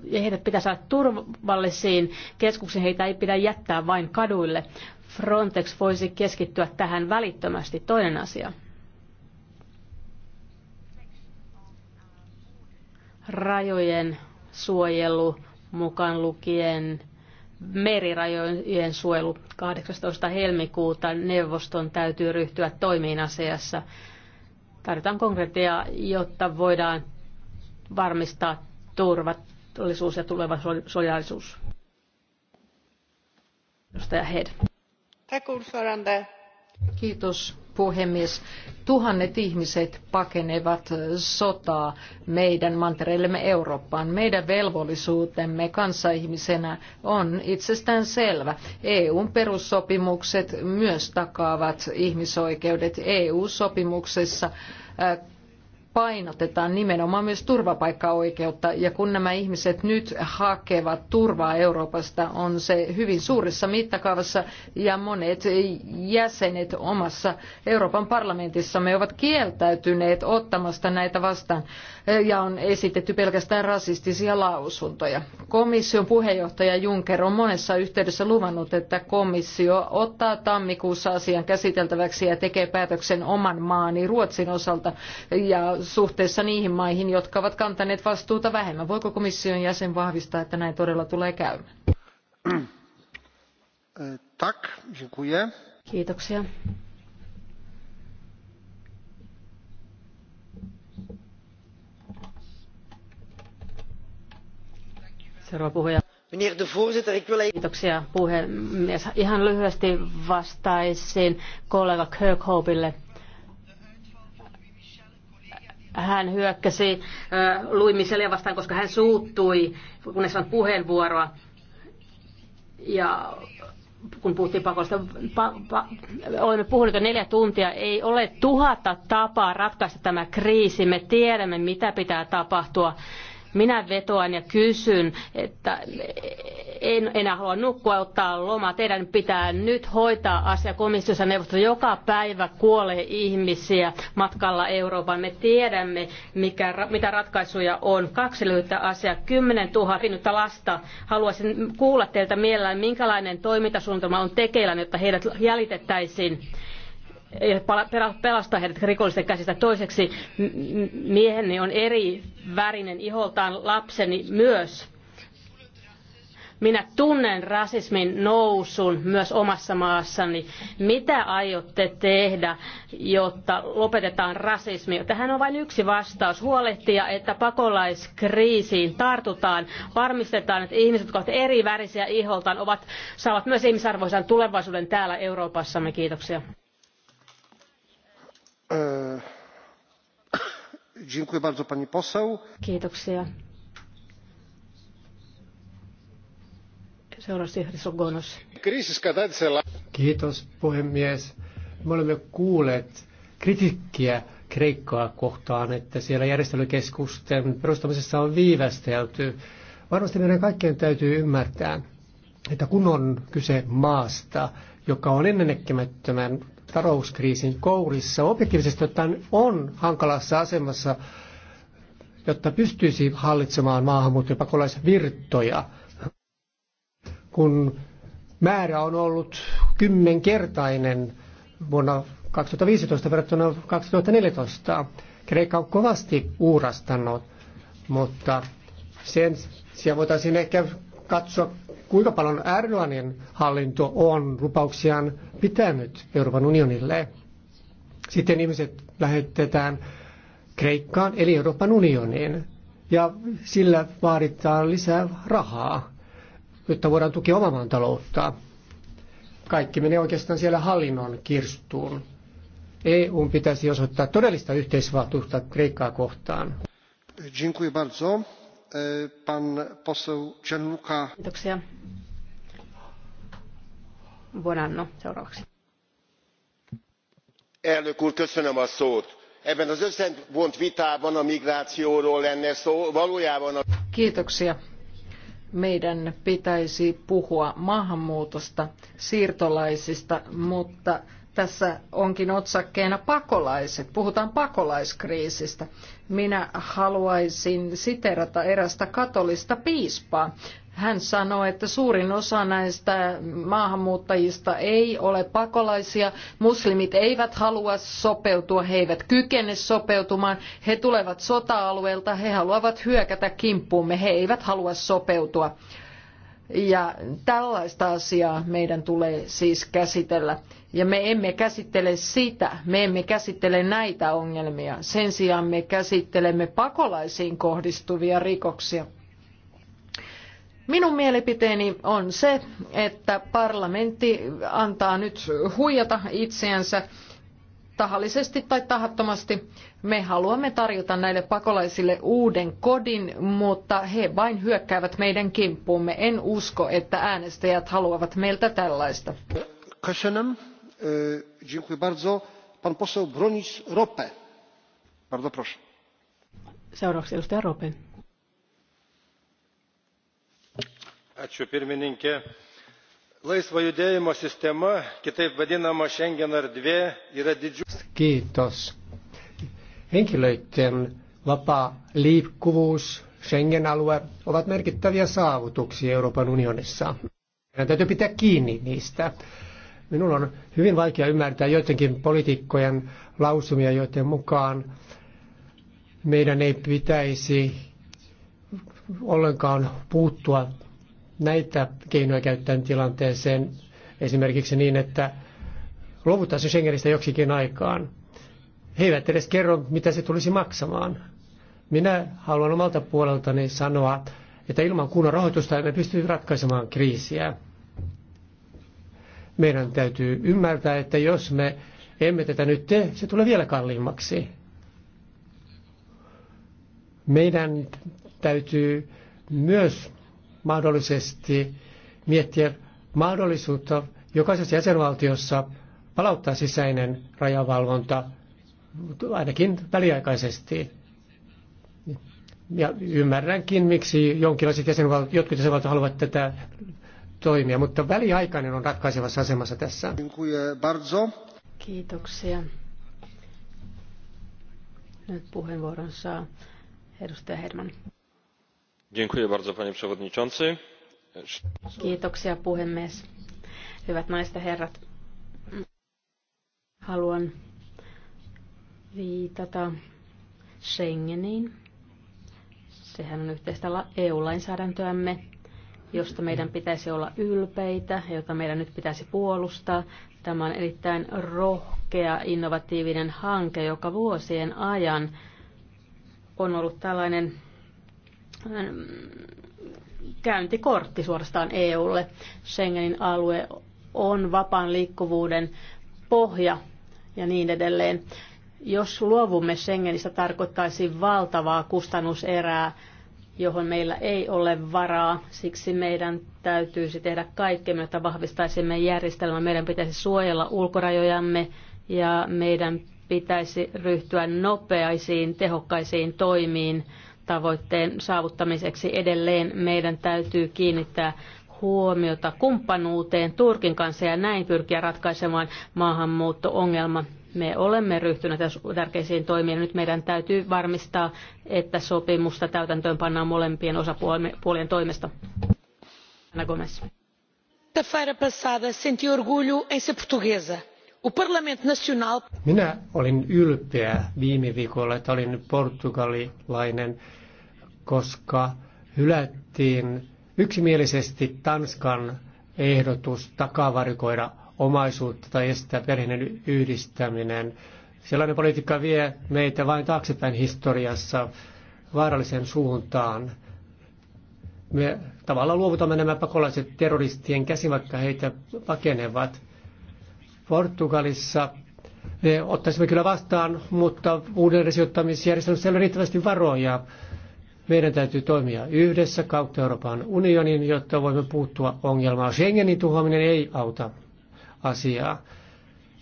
Ja heidät pitää saada turvallisiin keskuksiin, heitä ei pidä jättää vain kaduille. Frontex voisi keskittyä tähän välittömästi. Toinen asia. Rajojen suojelu mukaan lukien merirajojen suojelu 18. helmikuuta neuvoston täytyy ryhtyä toimiin asiassa. Tarvitaan konkreettia, jotta voidaan varmistaa turvallisuus ja tuleva solidaarisuus. Edustaja Head. Kiitos puhemies. Tuhannet ihmiset pakenevat sotaa meidän mantereellemme Eurooppaan. Meidän velvollisuutemme kanssaihmisenä on itsestään selvä. EUn perussopimukset myös takaavat ihmisoikeudet. EU-sopimuksessa painotetaan nimenomaan myös turvapaikkaoikeutta. Ja kun nämä ihmiset nyt hakevat turvaa Euroopasta, on se hyvin suuressa mittakaavassa ja monet jäsenet omassa Euroopan parlamentissamme ovat kieltäytyneet ottamasta näitä vastaan ja on esitetty pelkästään rasistisia lausuntoja. Komission puheenjohtaja Juncker on monessa yhteydessä luvannut, että komissio ottaa tammikuussa asian käsiteltäväksi ja tekee päätöksen oman maani Ruotsin osalta ja suhteessa niihin maihin, jotka ovat kantaneet vastuuta vähemmän. Voiko komission jäsen vahvistaa, että näin todella tulee käymään? Eh, tak, dziękuję. Kiitoksia. Seuraava puhuja. Kiitoksia puhemies. Ihan lyhyesti vastaisin kollega Kirkhopeille hän hyökkäsi Louis Michelia vastaan, koska hän suuttui, kun ei puheenvuoroa. Ja kun puhuttiin pakosta, pa, pa, olemme puhuneet jo neljä tuntia, ei ole tuhatta tapaa ratkaista tämä kriisi. Me tiedämme, mitä pitää tapahtua. Minä vetoan ja kysyn, että en enää halua nukkua ottaa lomaa. Teidän pitää nyt hoitaa asia komissiossa neuvosto. Joka päivä kuolee ihmisiä matkalla Euroopan. Me tiedämme, mikä, mitä ratkaisuja on. Kaksi lyhyttä asiaa. 10 000 lasta. Haluaisin kuulla teiltä mielellään, minkälainen toimintasuunnitelma on tekeillä, jotta heidät jäljitettäisiin ja pelastaa heidät rikollisten käsistä. Toiseksi mieheni on eri värinen iholtaan lapseni myös. Minä tunnen rasismin nousun myös omassa maassani. Mitä aiotte tehdä, jotta lopetetaan rasismi? Tähän on vain yksi vastaus. Huolehtia, että pakolaiskriisiin tartutaan. Varmistetaan, että ihmiset, jotka ovat eri värisiä iholtaan, ovat, saavat myös ihmisarvoisen tulevaisuuden täällä Euroopassamme. Kiitoksia. <coughs> arvoisa Kiitos puhemies. Me olemme kuulleet kritiikkiä Kreikkaa kohtaan, että siellä järjestelykeskusten perustamisessa on viivästelty. Varmasti meidän kaikkien täytyy ymmärtää, että kun on kyse maasta, joka on ennennäkemättömän talouskriisin kourissa. Objektiivisesti ottaen on hankalassa asemassa, jotta pystyisi hallitsemaan maahanmuutto- ja pakolaisvirtoja, kun määrä on ollut kymmenkertainen vuonna 2015 verrattuna 2014. Kreikka on kovasti uurastanut, mutta sen sijaan voitaisiin ehkä katsoa, kuinka paljon Erdoganin hallinto on lupauksiaan pitänyt Euroopan unionille. Sitten ihmiset lähetetään Kreikkaan eli Euroopan unioniin ja sillä vaaditaan lisää rahaa, jotta voidaan tukea omaan taloutta. Kaikki menee oikeastaan siellä hallinnon kirstuun. EU pitäisi osoittaa todellista yhteisvaltuutta Kreikkaa kohtaan. Dziękuję bardzo. E, pan poseł Gianluca. Kiitoksia. Bonanno seuraavaksi. Elnök úr, köszönöm a szót. Ebben az összevont vitában a migrációról lenne szó, valójában a... Kiitoksia meidän pitäisi puhua maahanmuutosta, siirtolaisista, mutta tässä onkin otsakkeena pakolaiset. Puhutaan pakolaiskriisistä. Minä haluaisin siterata erästä katolista piispaa. Hän sanoi, että suurin osa näistä maahanmuuttajista ei ole pakolaisia. Muslimit eivät halua sopeutua, he eivät kykene sopeutumaan. He tulevat sota-alueelta, he haluavat hyökätä kimppuumme, he eivät halua sopeutua. Ja tällaista asiaa meidän tulee siis käsitellä. Ja me emme käsittele sitä, me emme käsittele näitä ongelmia. Sen sijaan me käsittelemme pakolaisiin kohdistuvia rikoksia. Minun mielipiteeni on se, että parlamentti antaa nyt huijata itseänsä tahallisesti tai tahattomasti. Me haluamme tarjota näille pakolaisille uuden kodin, mutta he vain hyökkäävät meidän kimppuumme. En usko, että äänestäjät haluavat meiltä tällaista. Kysynnän. E, laisvo judėjimo sistema kitaip vadinama schengen erdvė yra didžiulis. Kiitos. Henkilöiden vapaa liikkuvuus, Schengen-alue ovat merkittäviä saavutuksia Euroopan unionissa. Meidän täytyy pitää kiinni niistä. Minulla on hyvin vaikea ymmärtää joidenkin poliitikkojen lausumia, joiden mukaan meidän ei pitäisi ollenkaan puuttua näitä keinoja käyttäen tilanteeseen esimerkiksi niin, että luovuttaisiin Schengenistä joksikin aikaan. He eivät edes kerro, mitä se tulisi maksamaan. Minä haluan omalta puoleltani sanoa, että ilman kunnon rahoitusta emme pysty ratkaisemaan kriisiä. Meidän täytyy ymmärtää, että jos me emme tätä nyt tee, se tulee vielä kalliimmaksi. Meidän täytyy myös mahdollisesti miettiä mahdollisuutta jokaisessa jäsenvaltiossa palauttaa sisäinen rajavalvonta ainakin väliaikaisesti. Ja ymmärränkin, miksi jonkinlaiset jäsenvaltiot, jotkut jäsenvaltiot haluavat tätä toimia, mutta väliaikainen on ratkaisevassa asemassa tässä. Kiitoksia. Nyt puheenvuoron saa edustaja Herman. Kiitoksia puhemies. Hyvät naiset ja herrat, haluan viitata Schengeniin. Sehän on yhteistä EU-lainsäädäntöämme josta meidän pitäisi olla ylpeitä, jota meidän nyt pitäisi puolustaa. Tämä on erittäin rohkea, innovatiivinen hanke, joka vuosien ajan on ollut tällainen ähm, käyntikortti suorastaan EUlle. Schengenin alue on vapaan liikkuvuuden pohja ja niin edelleen. Jos luovumme Schengenistä, tarkoittaisi valtavaa kustannuserää johon meillä ei ole varaa. Siksi meidän täytyisi tehdä kaikkemme, että vahvistaisimme järjestelmää. Meidän pitäisi suojella ulkorajojamme ja meidän pitäisi ryhtyä nopeaisiin, tehokkaisiin toimiin tavoitteen saavuttamiseksi. Edelleen meidän täytyy kiinnittää huomiota kumppanuuteen Turkin kanssa ja näin pyrkiä ratkaisemaan maahanmuutto-ongelma me olemme ryhtyneet tärkeisiin toimiin. Nyt meidän täytyy varmistaa, että sopimusta täytäntöön pannaan molempien osapuolien toimesta. Ana Gomes. Feira passada senti orgulho em ser portuguesa. O Parlamento Nacional... Minä olin ylpeä viime viikolla, että olin portugalilainen, koska hylättiin yksimielisesti Tanskan ehdotus takavarikoida omaisuutta tai estää perheen yhdistäminen. Sellainen politiikka vie meitä vain taaksepäin historiassa vaaralliseen suuntaan. Me tavallaan luovutamme nämä pakolaiset terroristien käsi, vaikka heitä pakenevat. Portugalissa me ottaisimme kyllä vastaan, mutta uuden sijoittamisjärjestelmässä ei ole riittävästi varoja. Meidän täytyy toimia yhdessä kautta Euroopan unionin, jotta voimme puuttua ongelmaan. Schengenin tuhoaminen ei auta asiaa.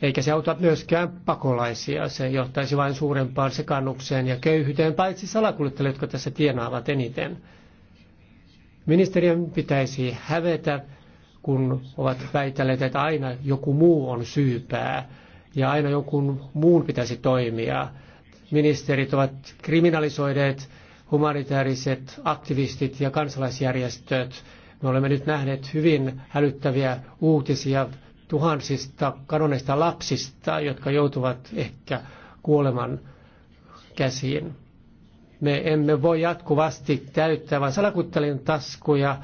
Eikä se auta myöskään pakolaisia. Se johtaisi vain suurempaan sekannukseen ja köyhyyteen, paitsi salakuljettajille, jotka tässä tienaavat eniten. Ministeriön pitäisi hävetä, kun ovat väitelleet, että aina joku muu on syypää ja aina jonkun muun pitäisi toimia. Ministerit ovat kriminalisoineet humanitaariset aktivistit ja kansalaisjärjestöt. Me olemme nyt nähneet hyvin hälyttäviä uutisia tuhansista kadonneista lapsista, jotka joutuvat ehkä kuoleman käsiin. Me emme voi jatkuvasti täyttää vain salakuttelin taskuja,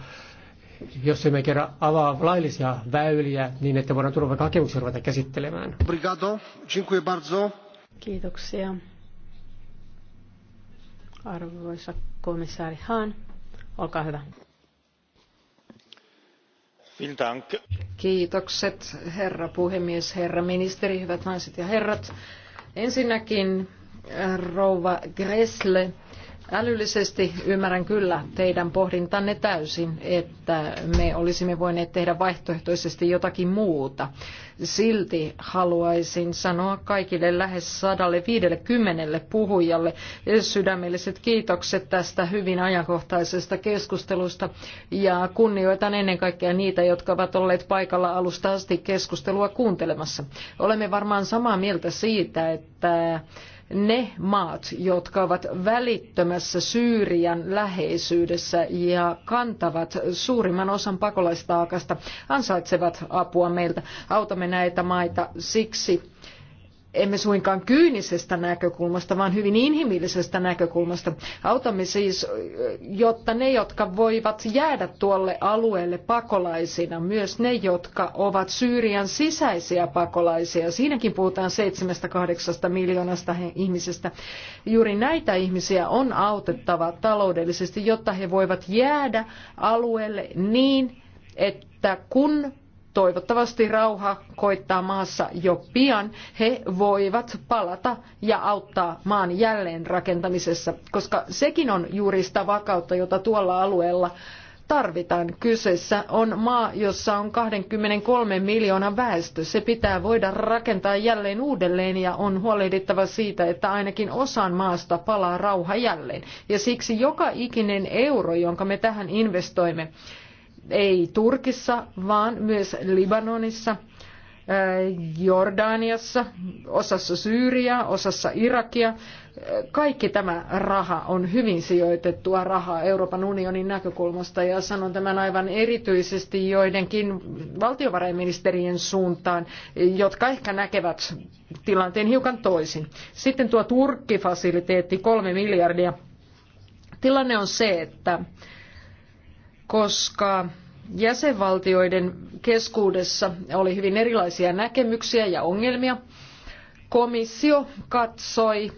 jos emme kerran avaa laillisia väyliä niin, että voidaan hakemuksia ruveta käsittelemään. Brigado, bardzo. Kiitoksia. Arvoisa komissaari Haan, olkaa hyvä. Kiitokset, herra puhemies, herra ministeri, hyvät naiset ja herrat. Ensinnäkin rouva Gressle Älyllisesti ymmärrän kyllä teidän pohdintanne täysin, että me olisimme voineet tehdä vaihtoehtoisesti jotakin muuta. Silti haluaisin sanoa kaikille lähes 150 puhujalle sydämelliset kiitokset tästä hyvin ajankohtaisesta keskustelusta ja kunnioitan ennen kaikkea niitä, jotka ovat olleet paikalla alusta asti keskustelua kuuntelemassa. Olemme varmaan samaa mieltä siitä, että ne maat, jotka ovat välittömässä Syyrian läheisyydessä ja kantavat suurimman osan pakolaistaakasta, ansaitsevat apua meiltä. Autamme näitä maita siksi, emme suinkaan kyynisestä näkökulmasta, vaan hyvin inhimillisestä näkökulmasta. Autamme siis, jotta ne, jotka voivat jäädä tuolle alueelle pakolaisina, myös ne, jotka ovat Syyrian sisäisiä pakolaisia. Siinäkin puhutaan 7-8 miljoonasta ihmisestä. Juuri näitä ihmisiä on autettava taloudellisesti, jotta he voivat jäädä alueelle niin, että kun toivottavasti rauha koittaa maassa jo pian, he voivat palata ja auttaa maan jälleenrakentamisessa, koska sekin on juuri sitä vakautta, jota tuolla alueella tarvitaan. Kyseessä on maa, jossa on 23 miljoonan väestö. Se pitää voida rakentaa jälleen uudelleen ja on huolehdittava siitä, että ainakin osan maasta palaa rauha jälleen. Ja siksi joka ikinen euro, jonka me tähän investoimme, ei Turkissa, vaan myös Libanonissa, äh, Jordaniassa, osassa Syyriaa, osassa Irakia. Kaikki tämä raha on hyvin sijoitettua rahaa Euroopan unionin näkökulmasta ja sanon tämän aivan erityisesti joidenkin valtiovarainministerien suuntaan, jotka ehkä näkevät tilanteen hiukan toisin. Sitten tuo Turkki-fasiliteetti, kolme miljardia. Tilanne on se, että koska jäsenvaltioiden keskuudessa oli hyvin erilaisia näkemyksiä ja ongelmia. Komissio katsoi,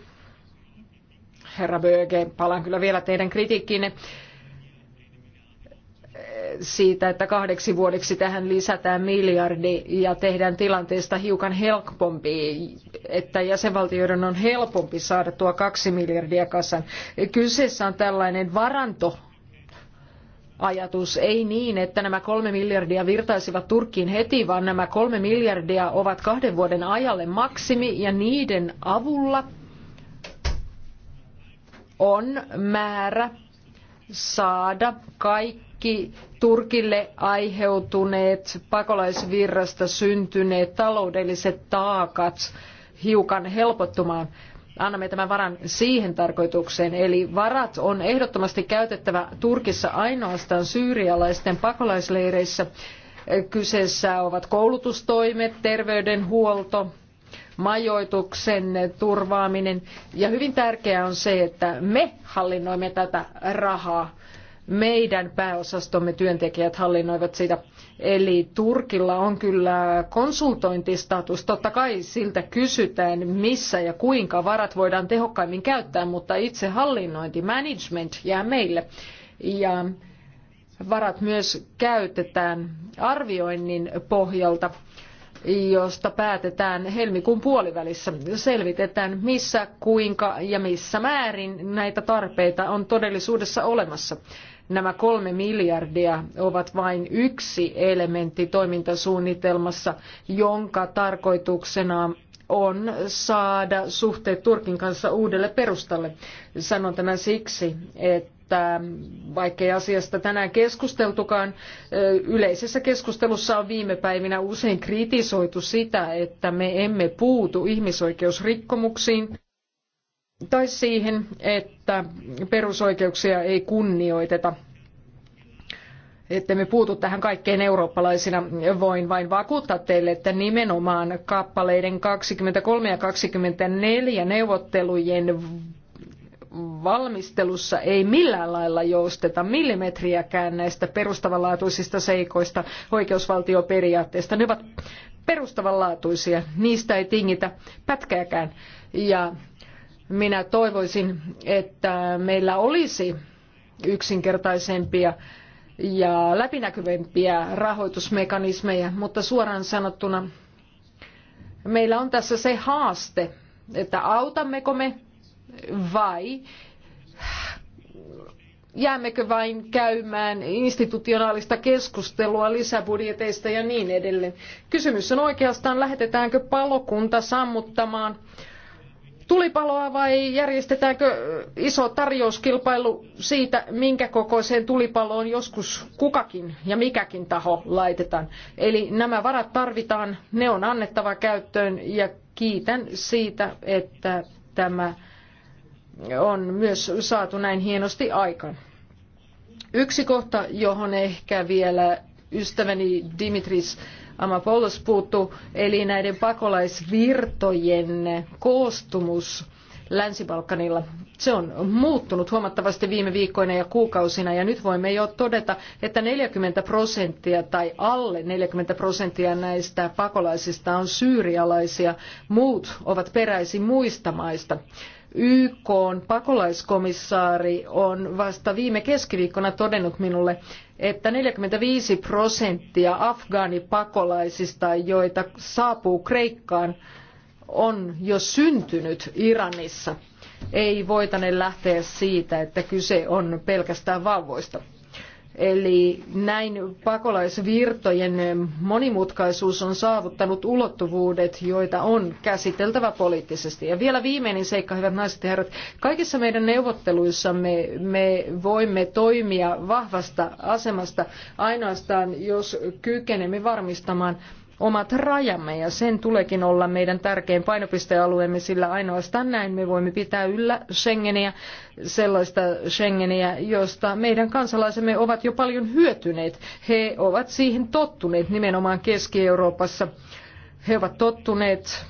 herra Böge, palaan kyllä vielä teidän kritiikkiinne, siitä, että kahdeksi vuodeksi tähän lisätään miljardi ja tehdään tilanteesta hiukan helpompi, että jäsenvaltioiden on helpompi saada tuo kaksi miljardia kasan. Kyseessä on tällainen varanto ajatus. Ei niin, että nämä kolme miljardia virtaisivat Turkkiin heti, vaan nämä kolme miljardia ovat kahden vuoden ajalle maksimi ja niiden avulla on määrä saada kaikki Turkille aiheutuneet pakolaisvirrasta syntyneet taloudelliset taakat hiukan helpottumaan annamme tämän varan siihen tarkoitukseen. Eli varat on ehdottomasti käytettävä Turkissa ainoastaan syyrialaisten pakolaisleireissä. Kyseessä ovat koulutustoimet, terveydenhuolto, majoituksen turvaaminen. Ja hyvin tärkeää on se, että me hallinnoimme tätä rahaa. Meidän pääosastomme työntekijät hallinnoivat sitä. Eli Turkilla on kyllä konsultointistatus. Totta kai siltä kysytään, missä ja kuinka varat voidaan tehokkaimmin käyttää, mutta itse hallinnointi, management jää meille. Ja varat myös käytetään arvioinnin pohjalta josta päätetään helmikuun puolivälissä. Selvitetään missä, kuinka ja missä määrin näitä tarpeita on todellisuudessa olemassa. Nämä kolme miljardia ovat vain yksi elementti toimintasuunnitelmassa, jonka tarkoituksena on saada suhteet Turkin kanssa uudelle perustalle. Sanon tämän siksi, että vaikkei asiasta tänään keskusteltukaan, yleisessä keskustelussa on viime päivinä usein kritisoitu sitä, että me emme puutu ihmisoikeusrikkomuksiin tai siihen, että perusoikeuksia ei kunnioiteta. Että me puutu tähän kaikkeen eurooppalaisina, voin vain vakuuttaa teille, että nimenomaan kappaleiden 23 ja 24 neuvottelujen valmistelussa ei millään lailla jousteta millimetriäkään näistä perustavanlaatuisista seikoista oikeusvaltioperiaatteesta. Ne ovat perustavanlaatuisia, niistä ei tingitä pätkääkään. Ja minä toivoisin, että meillä olisi yksinkertaisempia ja läpinäkyvämpiä rahoitusmekanismeja, mutta suoraan sanottuna meillä on tässä se haaste, että autammeko me vai jäämmekö vain käymään institutionaalista keskustelua lisäbudjeteista ja niin edelleen. Kysymys on oikeastaan, lähetetäänkö palokunta sammuttamaan tulipaloa vai järjestetäänkö iso tarjouskilpailu siitä, minkä kokoiseen tulipaloon joskus kukakin ja mikäkin taho laitetaan. Eli nämä varat tarvitaan, ne on annettava käyttöön ja kiitän siitä, että tämä on myös saatu näin hienosti aikaan. Yksi kohta, johon ehkä vielä ystäväni Dimitris Amapolos puuttuu, eli näiden pakolaisvirtojen koostumus Länsi-Balkanilla. Se on muuttunut huomattavasti viime viikkoina ja kuukausina ja nyt voimme jo todeta, että 40 prosenttia tai alle 40 prosenttia näistä pakolaisista on syyrialaisia, muut ovat peräisin muista maista. YK on pakolaiskomissaari on vasta viime keskiviikkona todennut minulle, että 45 prosenttia afgaanipakolaisista, joita saapuu Kreikkaan, on jo syntynyt Iranissa. Ei voitane lähteä siitä, että kyse on pelkästään vauvoista. Eli näin pakolaisvirtojen monimutkaisuus on saavuttanut ulottuvuudet, joita on käsiteltävä poliittisesti. Ja vielä viimeinen seikka, hyvät naiset ja herrat. Kaikissa meidän neuvotteluissamme me voimme toimia vahvasta asemasta ainoastaan, jos kykenemme varmistamaan, omat rajamme ja sen tuleekin olla meidän tärkein painopistealueemme, sillä ainoastaan näin me voimme pitää yllä Schengeniä, sellaista Schengeniä, josta meidän kansalaisemme ovat jo paljon hyötyneet. He ovat siihen tottuneet nimenomaan Keski-Euroopassa. He ovat tottuneet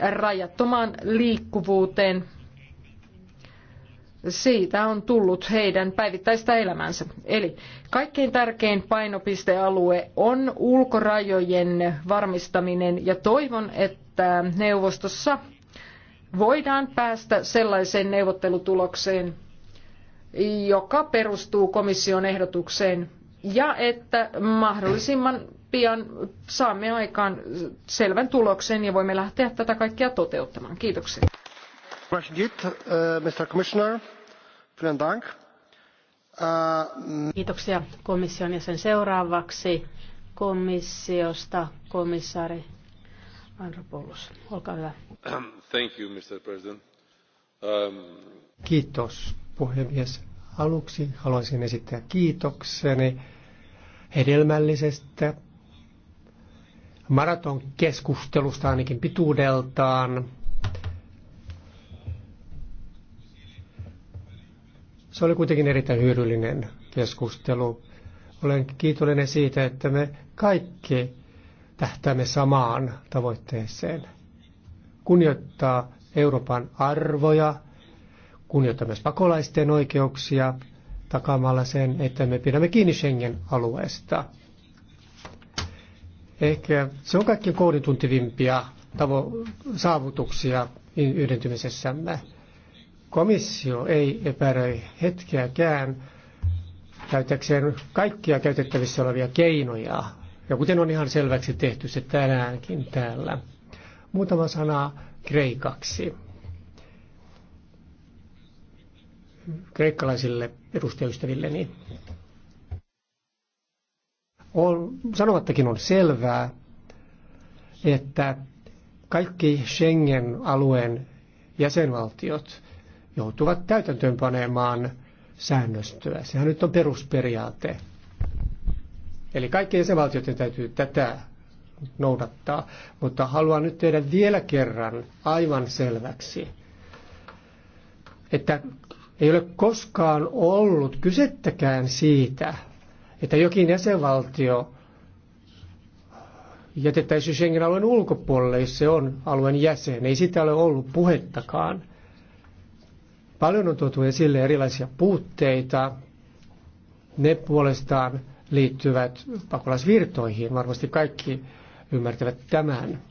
rajattomaan liikkuvuuteen, siitä on tullut heidän päivittäistä elämänsä. Eli kaikkein tärkein painopistealue on ulkorajojen varmistaminen ja toivon, että neuvostossa voidaan päästä sellaiseen neuvottelutulokseen, joka perustuu komission ehdotukseen ja että mahdollisimman pian saamme aikaan selvän tuloksen ja voimme lähteä tätä kaikkea toteuttamaan. Kiitoksia. Uh, uh, Kiitoksia komission ja sen seuraavaksi komissiosta komissaari Andropoulos. Olkaa hyvä. Um, thank you, Mr. President. Um, Kiitos puhemies. Aluksi haluaisin esittää kiitokseni hedelmällisestä maratonkeskustelusta ainakin pituudeltaan Se oli kuitenkin erittäin hyödyllinen keskustelu. Olen kiitollinen siitä, että me kaikki tähtäämme samaan tavoitteeseen. Kunnioittaa Euroopan arvoja, kunnioittaa myös pakolaisten oikeuksia, takaamalla sen, että me pidämme kiinni Schengen-alueesta. Ehkä se on kaikkein koodituntivimpia tavo- saavutuksia yhdentymisessämme. Komissio ei epäröi hetkeäkään käytäkseen kaikkia käytettävissä olevia keinoja, ja kuten on ihan selväksi tehty se tänäänkin täällä. Muutama sana kreikaksi. Kreikkalaisille edustajaystävilleni. On, sanomattakin on selvää, että kaikki Schengen-alueen jäsenvaltiot joutuvat täytäntöönpanemaan säännöstöä. Sehän nyt on perusperiaate. Eli kaikkien jäsenvaltioiden täytyy tätä noudattaa. Mutta haluan nyt tehdä vielä kerran aivan selväksi, että ei ole koskaan ollut kysettäkään siitä, että jokin jäsenvaltio jätettäisiin Schengen-alueen ulkopuolelle, jos se on alueen jäsen. Ei sitä ole ollut puhettakaan. Paljon on tuotu esille erilaisia puutteita. Ne puolestaan liittyvät pakolaisvirtoihin. Varmasti kaikki ymmärtävät tämän.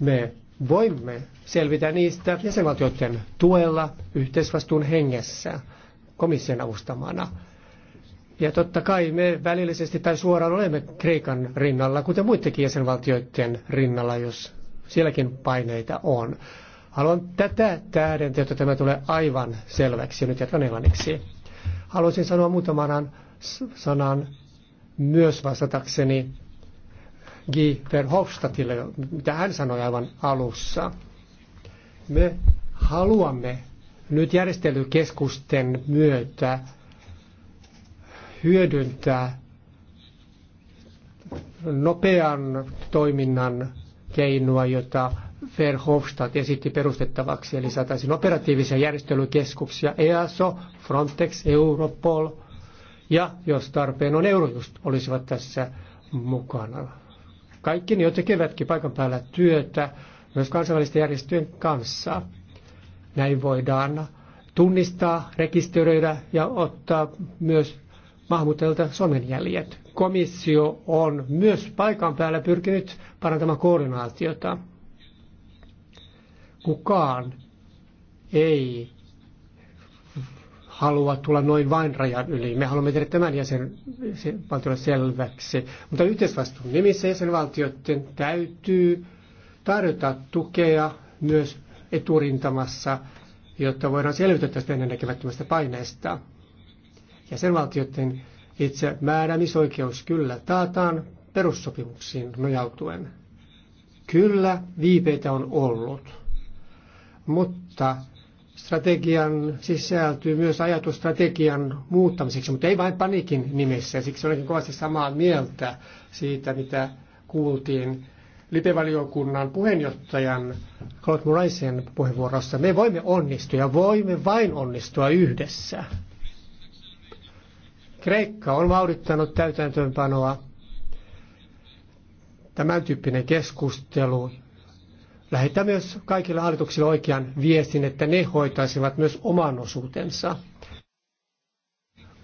Me voimme selvitä niistä jäsenvaltioiden tuella yhteisvastuun hengessä komission avustamana. Ja totta kai me välillisesti tai suoraan olemme Kreikan rinnalla, kuten muidenkin jäsenvaltioiden rinnalla, jos sielläkin paineita on. Haluan tätä tähdentää, että tämä tulee aivan selväksi. Nyt jatkan englanniksi. Haluaisin sanoa muutaman sanan myös vastatakseni G. Verhofstadtille, mitä hän sanoi aivan alussa. Me haluamme nyt järjestelykeskusten myötä hyödyntää nopean toiminnan keinoa, jota Verhofstadt esitti perustettavaksi, eli saataisiin operatiivisia järjestelykeskuksia EASO, Frontex, Europol ja jos tarpeen on Eurojust olisivat tässä mukana. Kaikki ne jo tekevätkin paikan päällä työtä myös kansainvälisten järjestöjen kanssa. Näin voidaan tunnistaa, rekisteröidä ja ottaa myös Mahmutelta somenjäljet. Komissio on myös paikan päällä pyrkinyt parantamaan koordinaatiota. Kukaan ei halua tulla noin vain rajan yli. Me haluamme tehdä tämän jäsenvaltiolle selväksi. Mutta yhteisvastuun nimissä jäsenvaltioiden täytyy tarjota tukea myös eturintamassa, jotta voidaan selvitä tästä ennennäkemättömästä paineesta jäsenvaltioiden itse määrämisoikeus kyllä taataan perussopimuksiin nojautuen. Kyllä, viipeitä on ollut, mutta strategian sisältyy myös ajatus strategian muuttamiseksi, mutta ei vain panikin nimessä. Siksi olenkin kovasti samaa mieltä siitä, mitä kuultiin lipevaliokunnan puheenjohtajan Claude Moraisen puheenvuorossa. Me voimme onnistua, voimme vain onnistua yhdessä. Kreikka on vauhdittanut täytäntöönpanoa. Tämän tyyppinen keskustelu lähettää myös kaikille hallituksille oikean viestin, että ne hoitaisivat myös oman osuutensa.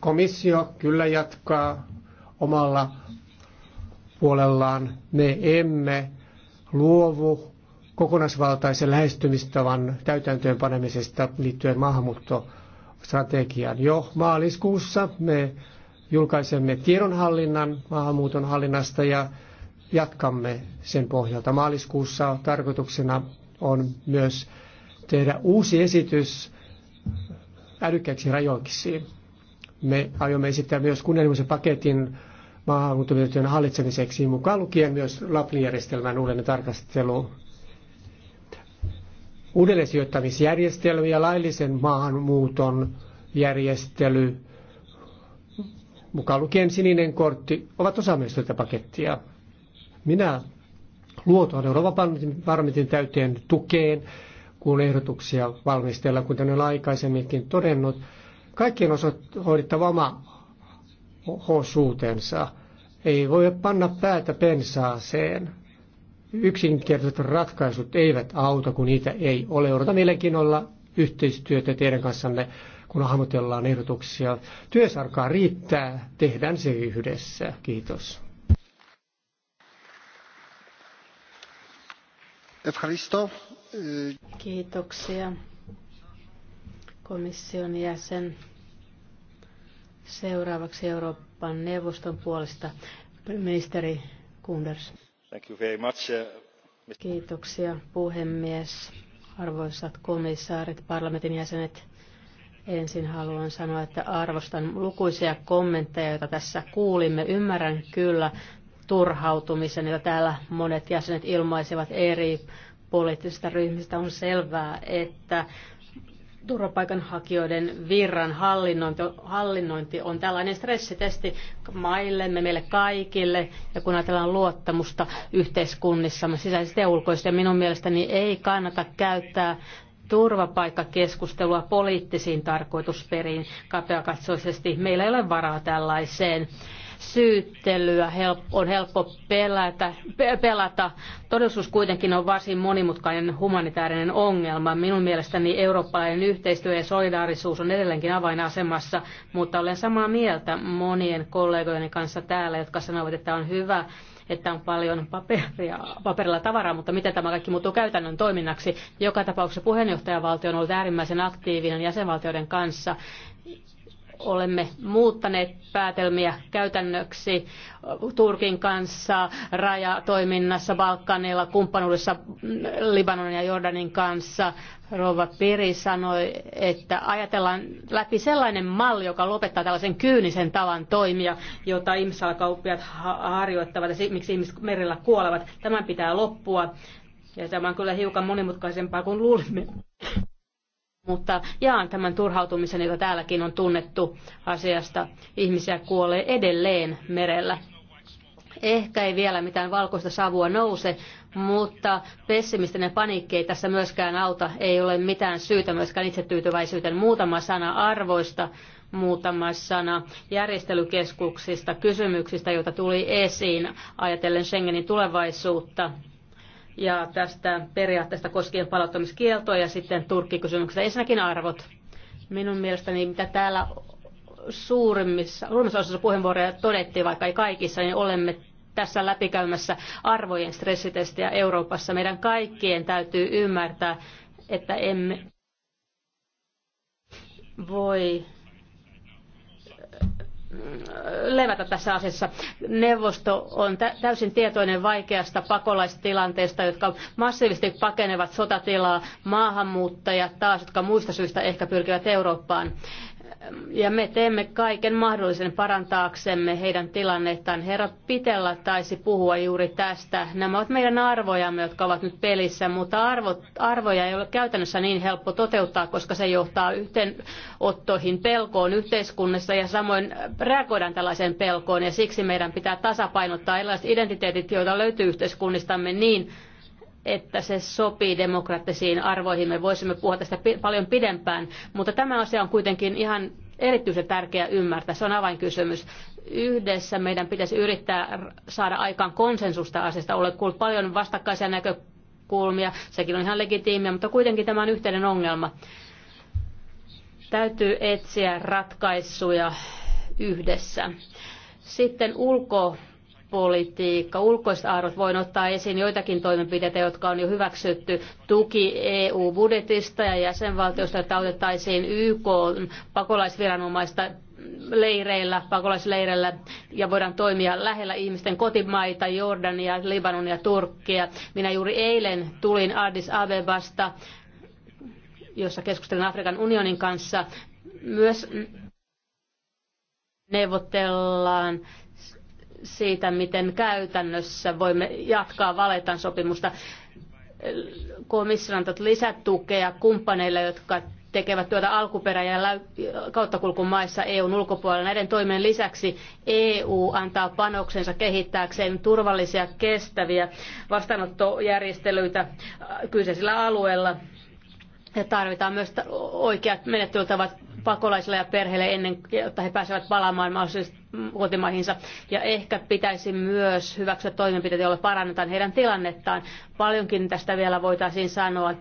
Komissio kyllä jatkaa omalla puolellaan. Me emme luovu kokonaisvaltaisen lähestymistavan täytäntöönpanemisesta liittyen maahanmuuttoon strategian. Jo maaliskuussa me julkaisemme tiedonhallinnan maahanmuuton hallinnasta ja jatkamme sen pohjalta. Maaliskuussa tarkoituksena on myös tehdä uusi esitys älykkäiksi rajoiksi. Me aiomme esittää myös kunnianhimoisen paketin maahanmuuttovirtojen hallitsemiseksi, mukaan lukien myös Laplin järjestelmän uuden tarkastelu uudelleensijoittamisjärjestely ja laillisen maahanmuuton järjestely, mukaan lukien sininen kortti, ovat osa myös tätä pakettia. Minä luotan Euroopan parlamentin täyteen tukeen, kun ehdotuksia valmistellaan, kuten olen aikaisemminkin todennut. Kaikkien osat hoidettava oma osuutensa. Ei voi panna päätä pensaaseen yksinkertaiset ratkaisut eivät auta, kun niitä ei ole. Odotan mielenkiinnolla yhteistyötä teidän kanssanne, kun hahmotellaan ehdotuksia. Työsarkaa riittää, tehdään se yhdessä. Kiitos. Eh, Kiitoksia komission jäsen. Seuraavaksi Euroopan neuvoston puolesta ministeri Kunders. Uh, Kiitoksia puhemies, arvoisat komissaarit, parlamentin jäsenet. Ensin haluan sanoa, että arvostan lukuisia kommentteja, joita tässä kuulimme. Ymmärrän kyllä turhautumisen, jota täällä monet jäsenet ilmaisivat eri poliittisista ryhmistä. On selvää, että turvapaikanhakijoiden virran hallinnointi, hallinnointi on tällainen stressitesti maillemme, meille kaikille, ja kun ajatellaan luottamusta yhteiskunnissamme sisäisesti ja ulkoisesti, ja minun mielestäni ei kannata käyttää turvapaikkakeskustelua poliittisiin tarkoitusperiin kapeakatsoisesti. Meillä ei ole varaa tällaiseen syyttelyä on helppo pelätä, pelata. Todellisuus kuitenkin on varsin monimutkainen humanitaarinen ongelma. Minun mielestäni eurooppalainen yhteistyö ja solidaarisuus on edelleenkin avainasemassa, mutta olen samaa mieltä monien kollegojen kanssa täällä, jotka sanovat, että on hyvä että on paljon paperia, paperilla tavaraa, mutta miten tämä kaikki muuttuu käytännön toiminnaksi. Joka tapauksessa puheenjohtajavaltio on ollut äärimmäisen aktiivinen jäsenvaltioiden kanssa olemme muuttaneet päätelmiä käytännöksi Turkin kanssa, rajatoiminnassa, Balkanilla, kumppanuudessa Libanonin ja Jordanin kanssa. Rova Piri sanoi, että ajatellaan läpi sellainen malli, joka lopettaa tällaisen kyynisen tavan toimia, jota ihmisalakauppiat harjoittavat ja miksi ihmiset merillä kuolevat. Tämän pitää loppua. Ja tämä on kyllä hiukan monimutkaisempaa kuin luulimme mutta jaan tämän turhautumisen, jota täälläkin on tunnettu asiasta. Ihmisiä kuolee edelleen merellä. Ehkä ei vielä mitään valkoista savua nouse, mutta pessimistinen paniikki ei tässä myöskään auta. Ei ole mitään syytä myöskään itsetyytyväisyyteen. Muutama sana arvoista, muutama sana järjestelykeskuksista, kysymyksistä, joita tuli esiin ajatellen Schengenin tulevaisuutta ja tästä periaatteesta koskien palauttamiskieltoa ja sitten Turkki-kysymyksestä. Ensinnäkin arvot. Minun mielestäni, mitä täällä suurimmissa, suurimmissa osassa puheenvuoroja todettiin, vaikka ei kaikissa, niin olemme tässä läpikäymässä arvojen stressitestiä Euroopassa. Meidän kaikkien täytyy ymmärtää, että emme voi levätä tässä asiassa. Neuvosto on täysin tietoinen vaikeasta pakolaistilanteesta, jotka massiivisesti pakenevat sotatilaa, maahanmuuttajat taas, jotka muista syistä ehkä pyrkivät Eurooppaan ja me teemme kaiken mahdollisen parantaaksemme heidän tilannettaan. Herra Pitellä taisi puhua juuri tästä. Nämä ovat meidän arvojamme, jotka ovat nyt pelissä, mutta arvo, arvoja ei ole käytännössä niin helppo toteuttaa, koska se johtaa yhteenottoihin pelkoon yhteiskunnassa ja samoin reagoidaan tällaiseen pelkoon ja siksi meidän pitää tasapainottaa erilaiset identiteetit, joita löytyy yhteiskunnistamme niin, että se sopii demokraattisiin arvoihin. Me voisimme puhua tästä paljon pidempään, mutta tämä asia on kuitenkin ihan erityisen tärkeä ymmärtää. Se on avainkysymys. Yhdessä meidän pitäisi yrittää saada aikaan konsensusta asiasta. Olen kuullut paljon vastakkaisia näkökulmia. Sekin on ihan legitiimiä, mutta kuitenkin tämä on yhteinen ongelma. Täytyy etsiä ratkaisuja yhdessä. Sitten ulko politiikka, ulkoiset arvot. Voin ottaa esiin joitakin toimenpiteitä, jotka on jo hyväksytty. Tuki EU-budjetista ja jäsenvaltiosta, että autettaisiin YK pakolaisviranomaista leireillä, pakolaisleireillä ja voidaan toimia lähellä ihmisten kotimaita, Jordania, Libanon ja Turkkia. Minä juuri eilen tulin Addis Abebasta, jossa keskustelin Afrikan unionin kanssa. Myös neuvotellaan siitä, miten käytännössä voimme jatkaa Valetan sopimusta. Komissio antaa lisätukea kumppaneille, jotka tekevät työtä alkuperä- ja kauttakulkumaissa EUn ulkopuolella. Näiden toimien lisäksi EU antaa panoksensa kehittääkseen turvallisia, kestäviä vastaanottojärjestelyitä kyseisillä alueilla ja tarvitaan myös oikeat menettelytavat pakolaisille ja perheille ennen, jotta he pääsevät palaamaan mahdollisesti kotimaihinsa. Ja ehkä pitäisi myös hyväksyä toimenpiteitä, joilla parannetaan heidän tilannettaan. Paljonkin tästä vielä voitaisiin sanoa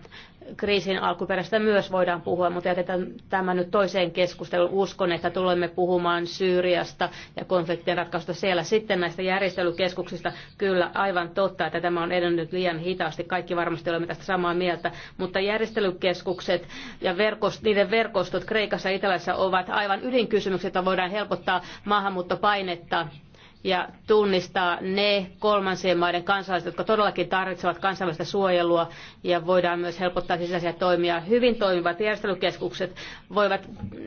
kriisin alkuperästä myös voidaan puhua, mutta jätetään tämä nyt toiseen keskusteluun. Uskon, että tulemme puhumaan Syyriasta ja konfliktien ratkaisusta siellä. Sitten näistä järjestelykeskuksista kyllä aivan totta, että tämä on edennyt liian hitaasti. Kaikki varmasti olemme tästä samaa mieltä, mutta järjestelykeskukset ja verkost, niiden verkostot Kreikassa ja Italiassa ovat aivan ydinkysymykset, joita voidaan helpottaa maahanmuuttopainetta ja tunnistaa ne kolmansien maiden kansalaiset, jotka todellakin tarvitsevat kansainvälistä suojelua ja voidaan myös helpottaa sisäisiä toimia. Hyvin toimivat järjestelykeskukset voivat mm,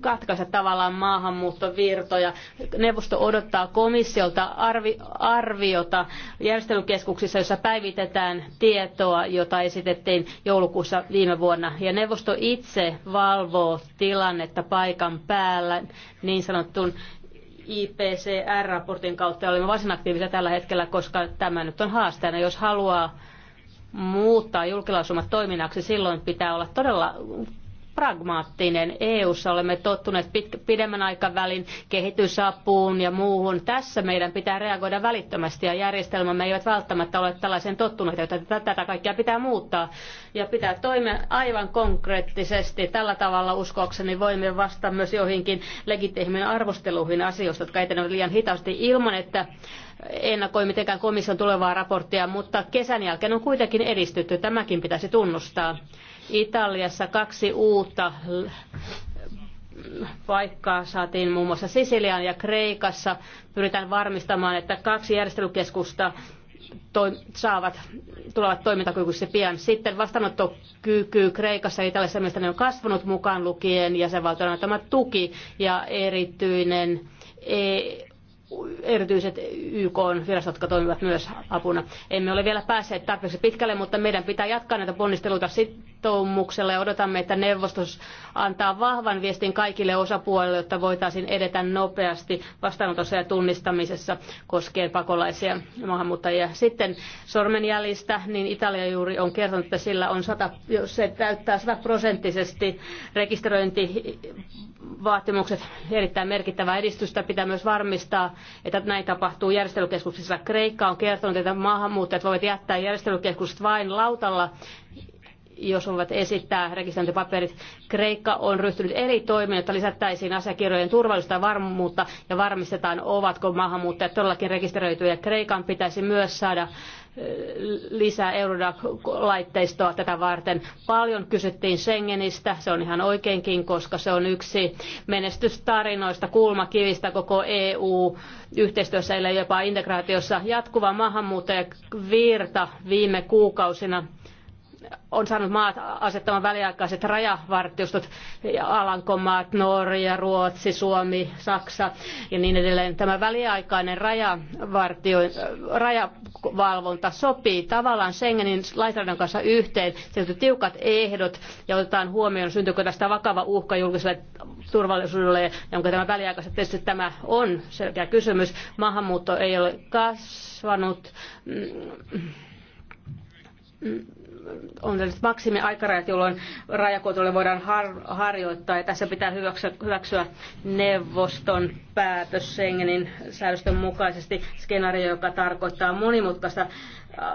katkaista tavallaan maahanmuuttovirtoja. Neuvosto odottaa komissiolta arvi, arviota järjestelykeskuksissa, jossa päivitetään tietoa, jota esitettiin joulukuussa viime vuonna. Ja neuvosto itse valvoo tilannetta paikan päällä niin sanottun IPCR-raportin kautta. Olemme varsin aktiivisia tällä hetkellä, koska tämä nyt on haasteena. Jos haluaa muuttaa julkilausumat toiminnaksi, silloin pitää olla todella pragmaattinen. EU:ssa olemme tottuneet pit- pidemmän aikavälin kehitysapuun ja muuhun. Tässä meidän pitää reagoida välittömästi ja järjestelmämme eivät välttämättä ole tällaisen tottuneet, että tätä kaikkea pitää muuttaa ja pitää toimia aivan konkreettisesti. Tällä tavalla uskoakseni voimme vastata myös joihinkin legitiimien arvosteluihin asioista, jotka etenevät liian hitaasti ilman, että ennakoi mitenkään komission tulevaa raporttia, mutta kesän jälkeen on kuitenkin edistytty. Tämäkin pitäisi tunnustaa. Italiassa kaksi uutta paikkaa saatiin muun muassa Sisiliaan ja Kreikassa. Pyritään varmistamaan, että kaksi järjestelykeskusta toi, saavat, tulevat toimintakykyisesti pian. Sitten vastaanottokyky Kreikassa ja Italiassa mielestäni on kasvanut mukaan lukien jäsenvaltioiden antama tuki ja erityinen e- erityiset YK-virastot, jotka toimivat myös apuna. Emme ole vielä päässeet tarpeeksi pitkälle, mutta meidän pitää jatkaa näitä ponnisteluita sitoumuksella ja odotamme, että neuvostos antaa vahvan viestin kaikille osapuolille, jotta voitaisiin edetä nopeasti vastaanotossa ja tunnistamisessa koskien pakolaisia ja maahanmuuttajia. Sitten sormenjäljistä, niin Italia juuri on kertonut, että sillä on 100, jos se täyttää sataprosenttisesti rekisteröintivaatimukset erittäin merkittävää edistystä. Pitää myös varmistaa, että näin tapahtuu järjestelykeskuksissa. Kreikka on kertonut, että maahanmuuttajat voivat jättää järjestelykeskukset vain lautalla jos ovat esittää rekisteröintipaperit. Kreikka on ryhtynyt eri toimiin, jotta lisättäisiin asiakirjojen turvallisuutta ja varmuutta ja varmistetaan, ovatko maahanmuuttajat todellakin rekisteröityjä. Kreikan pitäisi myös saada lisää Eurodac-laitteistoa tätä varten. Paljon kysyttiin Schengenistä, se on ihan oikeinkin, koska se on yksi menestystarinoista, kulmakivistä koko EU-yhteistyössä, eli jopa integraatiossa. Jatkuva maahanmuuttajavirta viime kuukausina on saanut maat asettamaan väliaikaiset rajavartiostot, Alankomaat, Norja, Ruotsi, Suomi, Saksa ja niin edelleen. Tämä väliaikainen rajavartio, rajavalvonta sopii tavallaan Schengenin lainsäädännön kanssa yhteen. Sieltä tiukat ehdot ja otetaan huomioon, syntyykö tästä vakava uhka julkiselle turvallisuudelle, jonka tämä väliaikaiset testit tämä on selkeä kysymys. Maahanmuutto ei ole kasvanut. Mm, on tällaiset maksimiaikarajat, jolloin rajakontrolli voidaan har, harjoittaa. Ja tässä pitää hyväksyä, hyväksyä neuvoston päätös Schengenin säädösten mukaisesti skenaario, joka tarkoittaa monimutkaista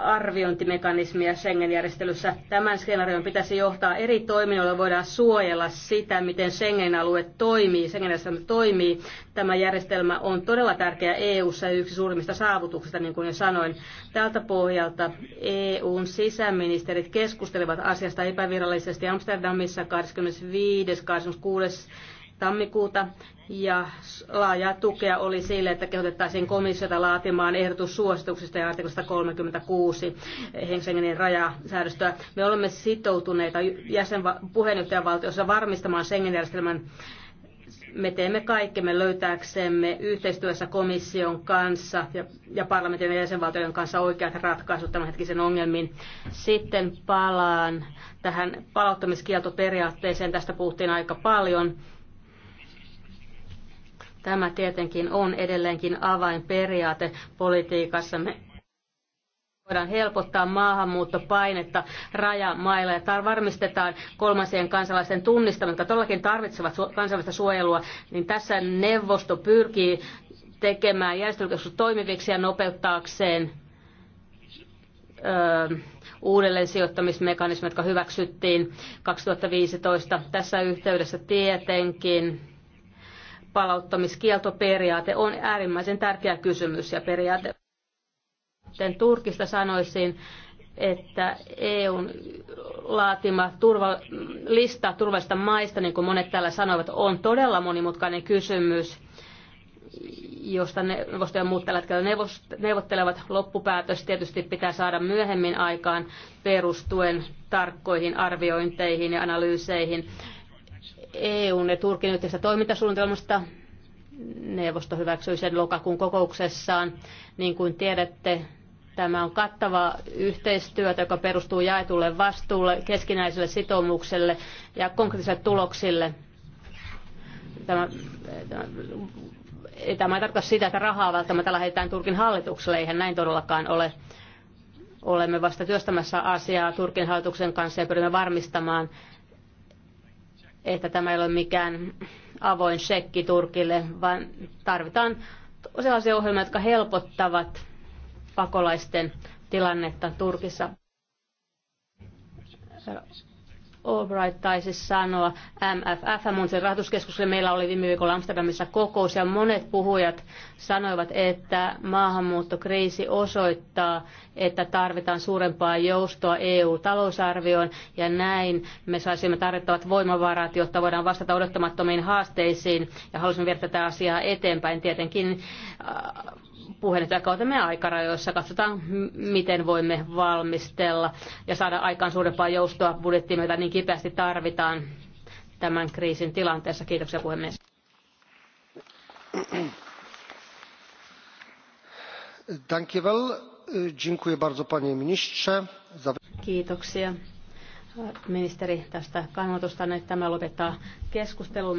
arviointimekanismia Schengen-järjestelyssä. Tämän skenaarion pitäisi johtaa eri toiminnoilla, voidaan suojella sitä, miten Schengen-alue toimii, schengen toimii. Tämä järjestelmä on todella tärkeä EU-ssa ja yksi suurimmista saavutuksista, niin kuin jo sanoin. Tältä pohjalta EUn sisäministerit keskustelevat asiasta epävirallisesti Amsterdamissa 25. 26 tammikuuta ja laajaa tukea oli sille, että kehotettaisiin komissiota laatimaan ehdotus suosituksista ja artiklasta 36 Schengenin rajasäädöstöä. Me olemme sitoutuneita jäsen puheenjohtajavaltiossa varmistamaan Schengen-järjestelmän me teemme kaikkemme löytääksemme yhteistyössä komission kanssa ja, ja parlamentin ja jäsenvaltioiden kanssa oikeat ratkaisut tämänhetkisen ongelmiin. Sitten palaan tähän palauttamiskieltoperiaatteeseen. Tästä puhuttiin aika paljon. Tämä tietenkin on edelleenkin avainperiaate politiikassamme voidaan helpottaa maahanmuuttopainetta rajamailla ja varmistetaan kolmansien kansalaisten tunnistaminen, jotka todellakin tarvitsevat kansainvälistä suojelua, niin tässä neuvosto pyrkii tekemään järjestelykeskus toimiviksi ja nopeuttaakseen öö, uudelleen sijoittamismekanismit, jotka hyväksyttiin 2015. Tässä yhteydessä tietenkin palauttamiskieltoperiaate on äärimmäisen tärkeä kysymys ja periaate. Turkista sanoisin, että EUn laatima turva, lista turvallisista maista, niin kuin monet täällä sanoivat, on todella monimutkainen kysymys, josta neuvosto ja muut tällä hetkellä neuvottelevat. Loppupäätös tietysti pitää saada myöhemmin aikaan perustuen tarkkoihin arviointeihin ja analyyseihin EUn ja Turkin yhteistä toimintasuunnitelmasta. Neuvosto hyväksyi sen lokakuun kokouksessaan. Niin kuin tiedätte, tämä on kattava yhteistyötä, joka perustuu jaetulle vastuulle, keskinäiselle sitoumukselle ja konkreettisille tuloksille. Tämä, tämä, tämä ei tarkoita sitä, että rahaa välttämättä lähetetään Turkin hallitukselle, eihän näin todellakaan ole. Olemme vasta työstämässä asiaa Turkin hallituksen kanssa ja pyrimme varmistamaan, että tämä ei ole mikään avoin shekki Turkille, vaan tarvitaan sellaisia ohjelmia, jotka helpottavat pakolaisten tilannetta Turkissa. Albright taisi sanoa MFF, sen rahoituskeskukselle. Meillä oli viime viikolla Amsterdamissa kokous ja monet puhujat sanoivat, että maahanmuuttokriisi osoittaa, että tarvitaan suurempaa joustoa EU-talousarvioon ja näin me saisimme tarvittavat voimavarat, jotta voidaan vastata odottamattomiin haasteisiin ja halusimme viedä tätä asiaa eteenpäin tietenkin. Äh, puheenjohtajakautemme aikarajoissa. Katsotaan, miten voimme valmistella ja saada aikaan suurempaa joustoa budjettiin, jota niin kipeästi tarvitaan tämän kriisin tilanteessa. Kiitoksia puhemies. Kiitoksia ministeri tästä kannatusta. Tämä lopettaa keskustelun.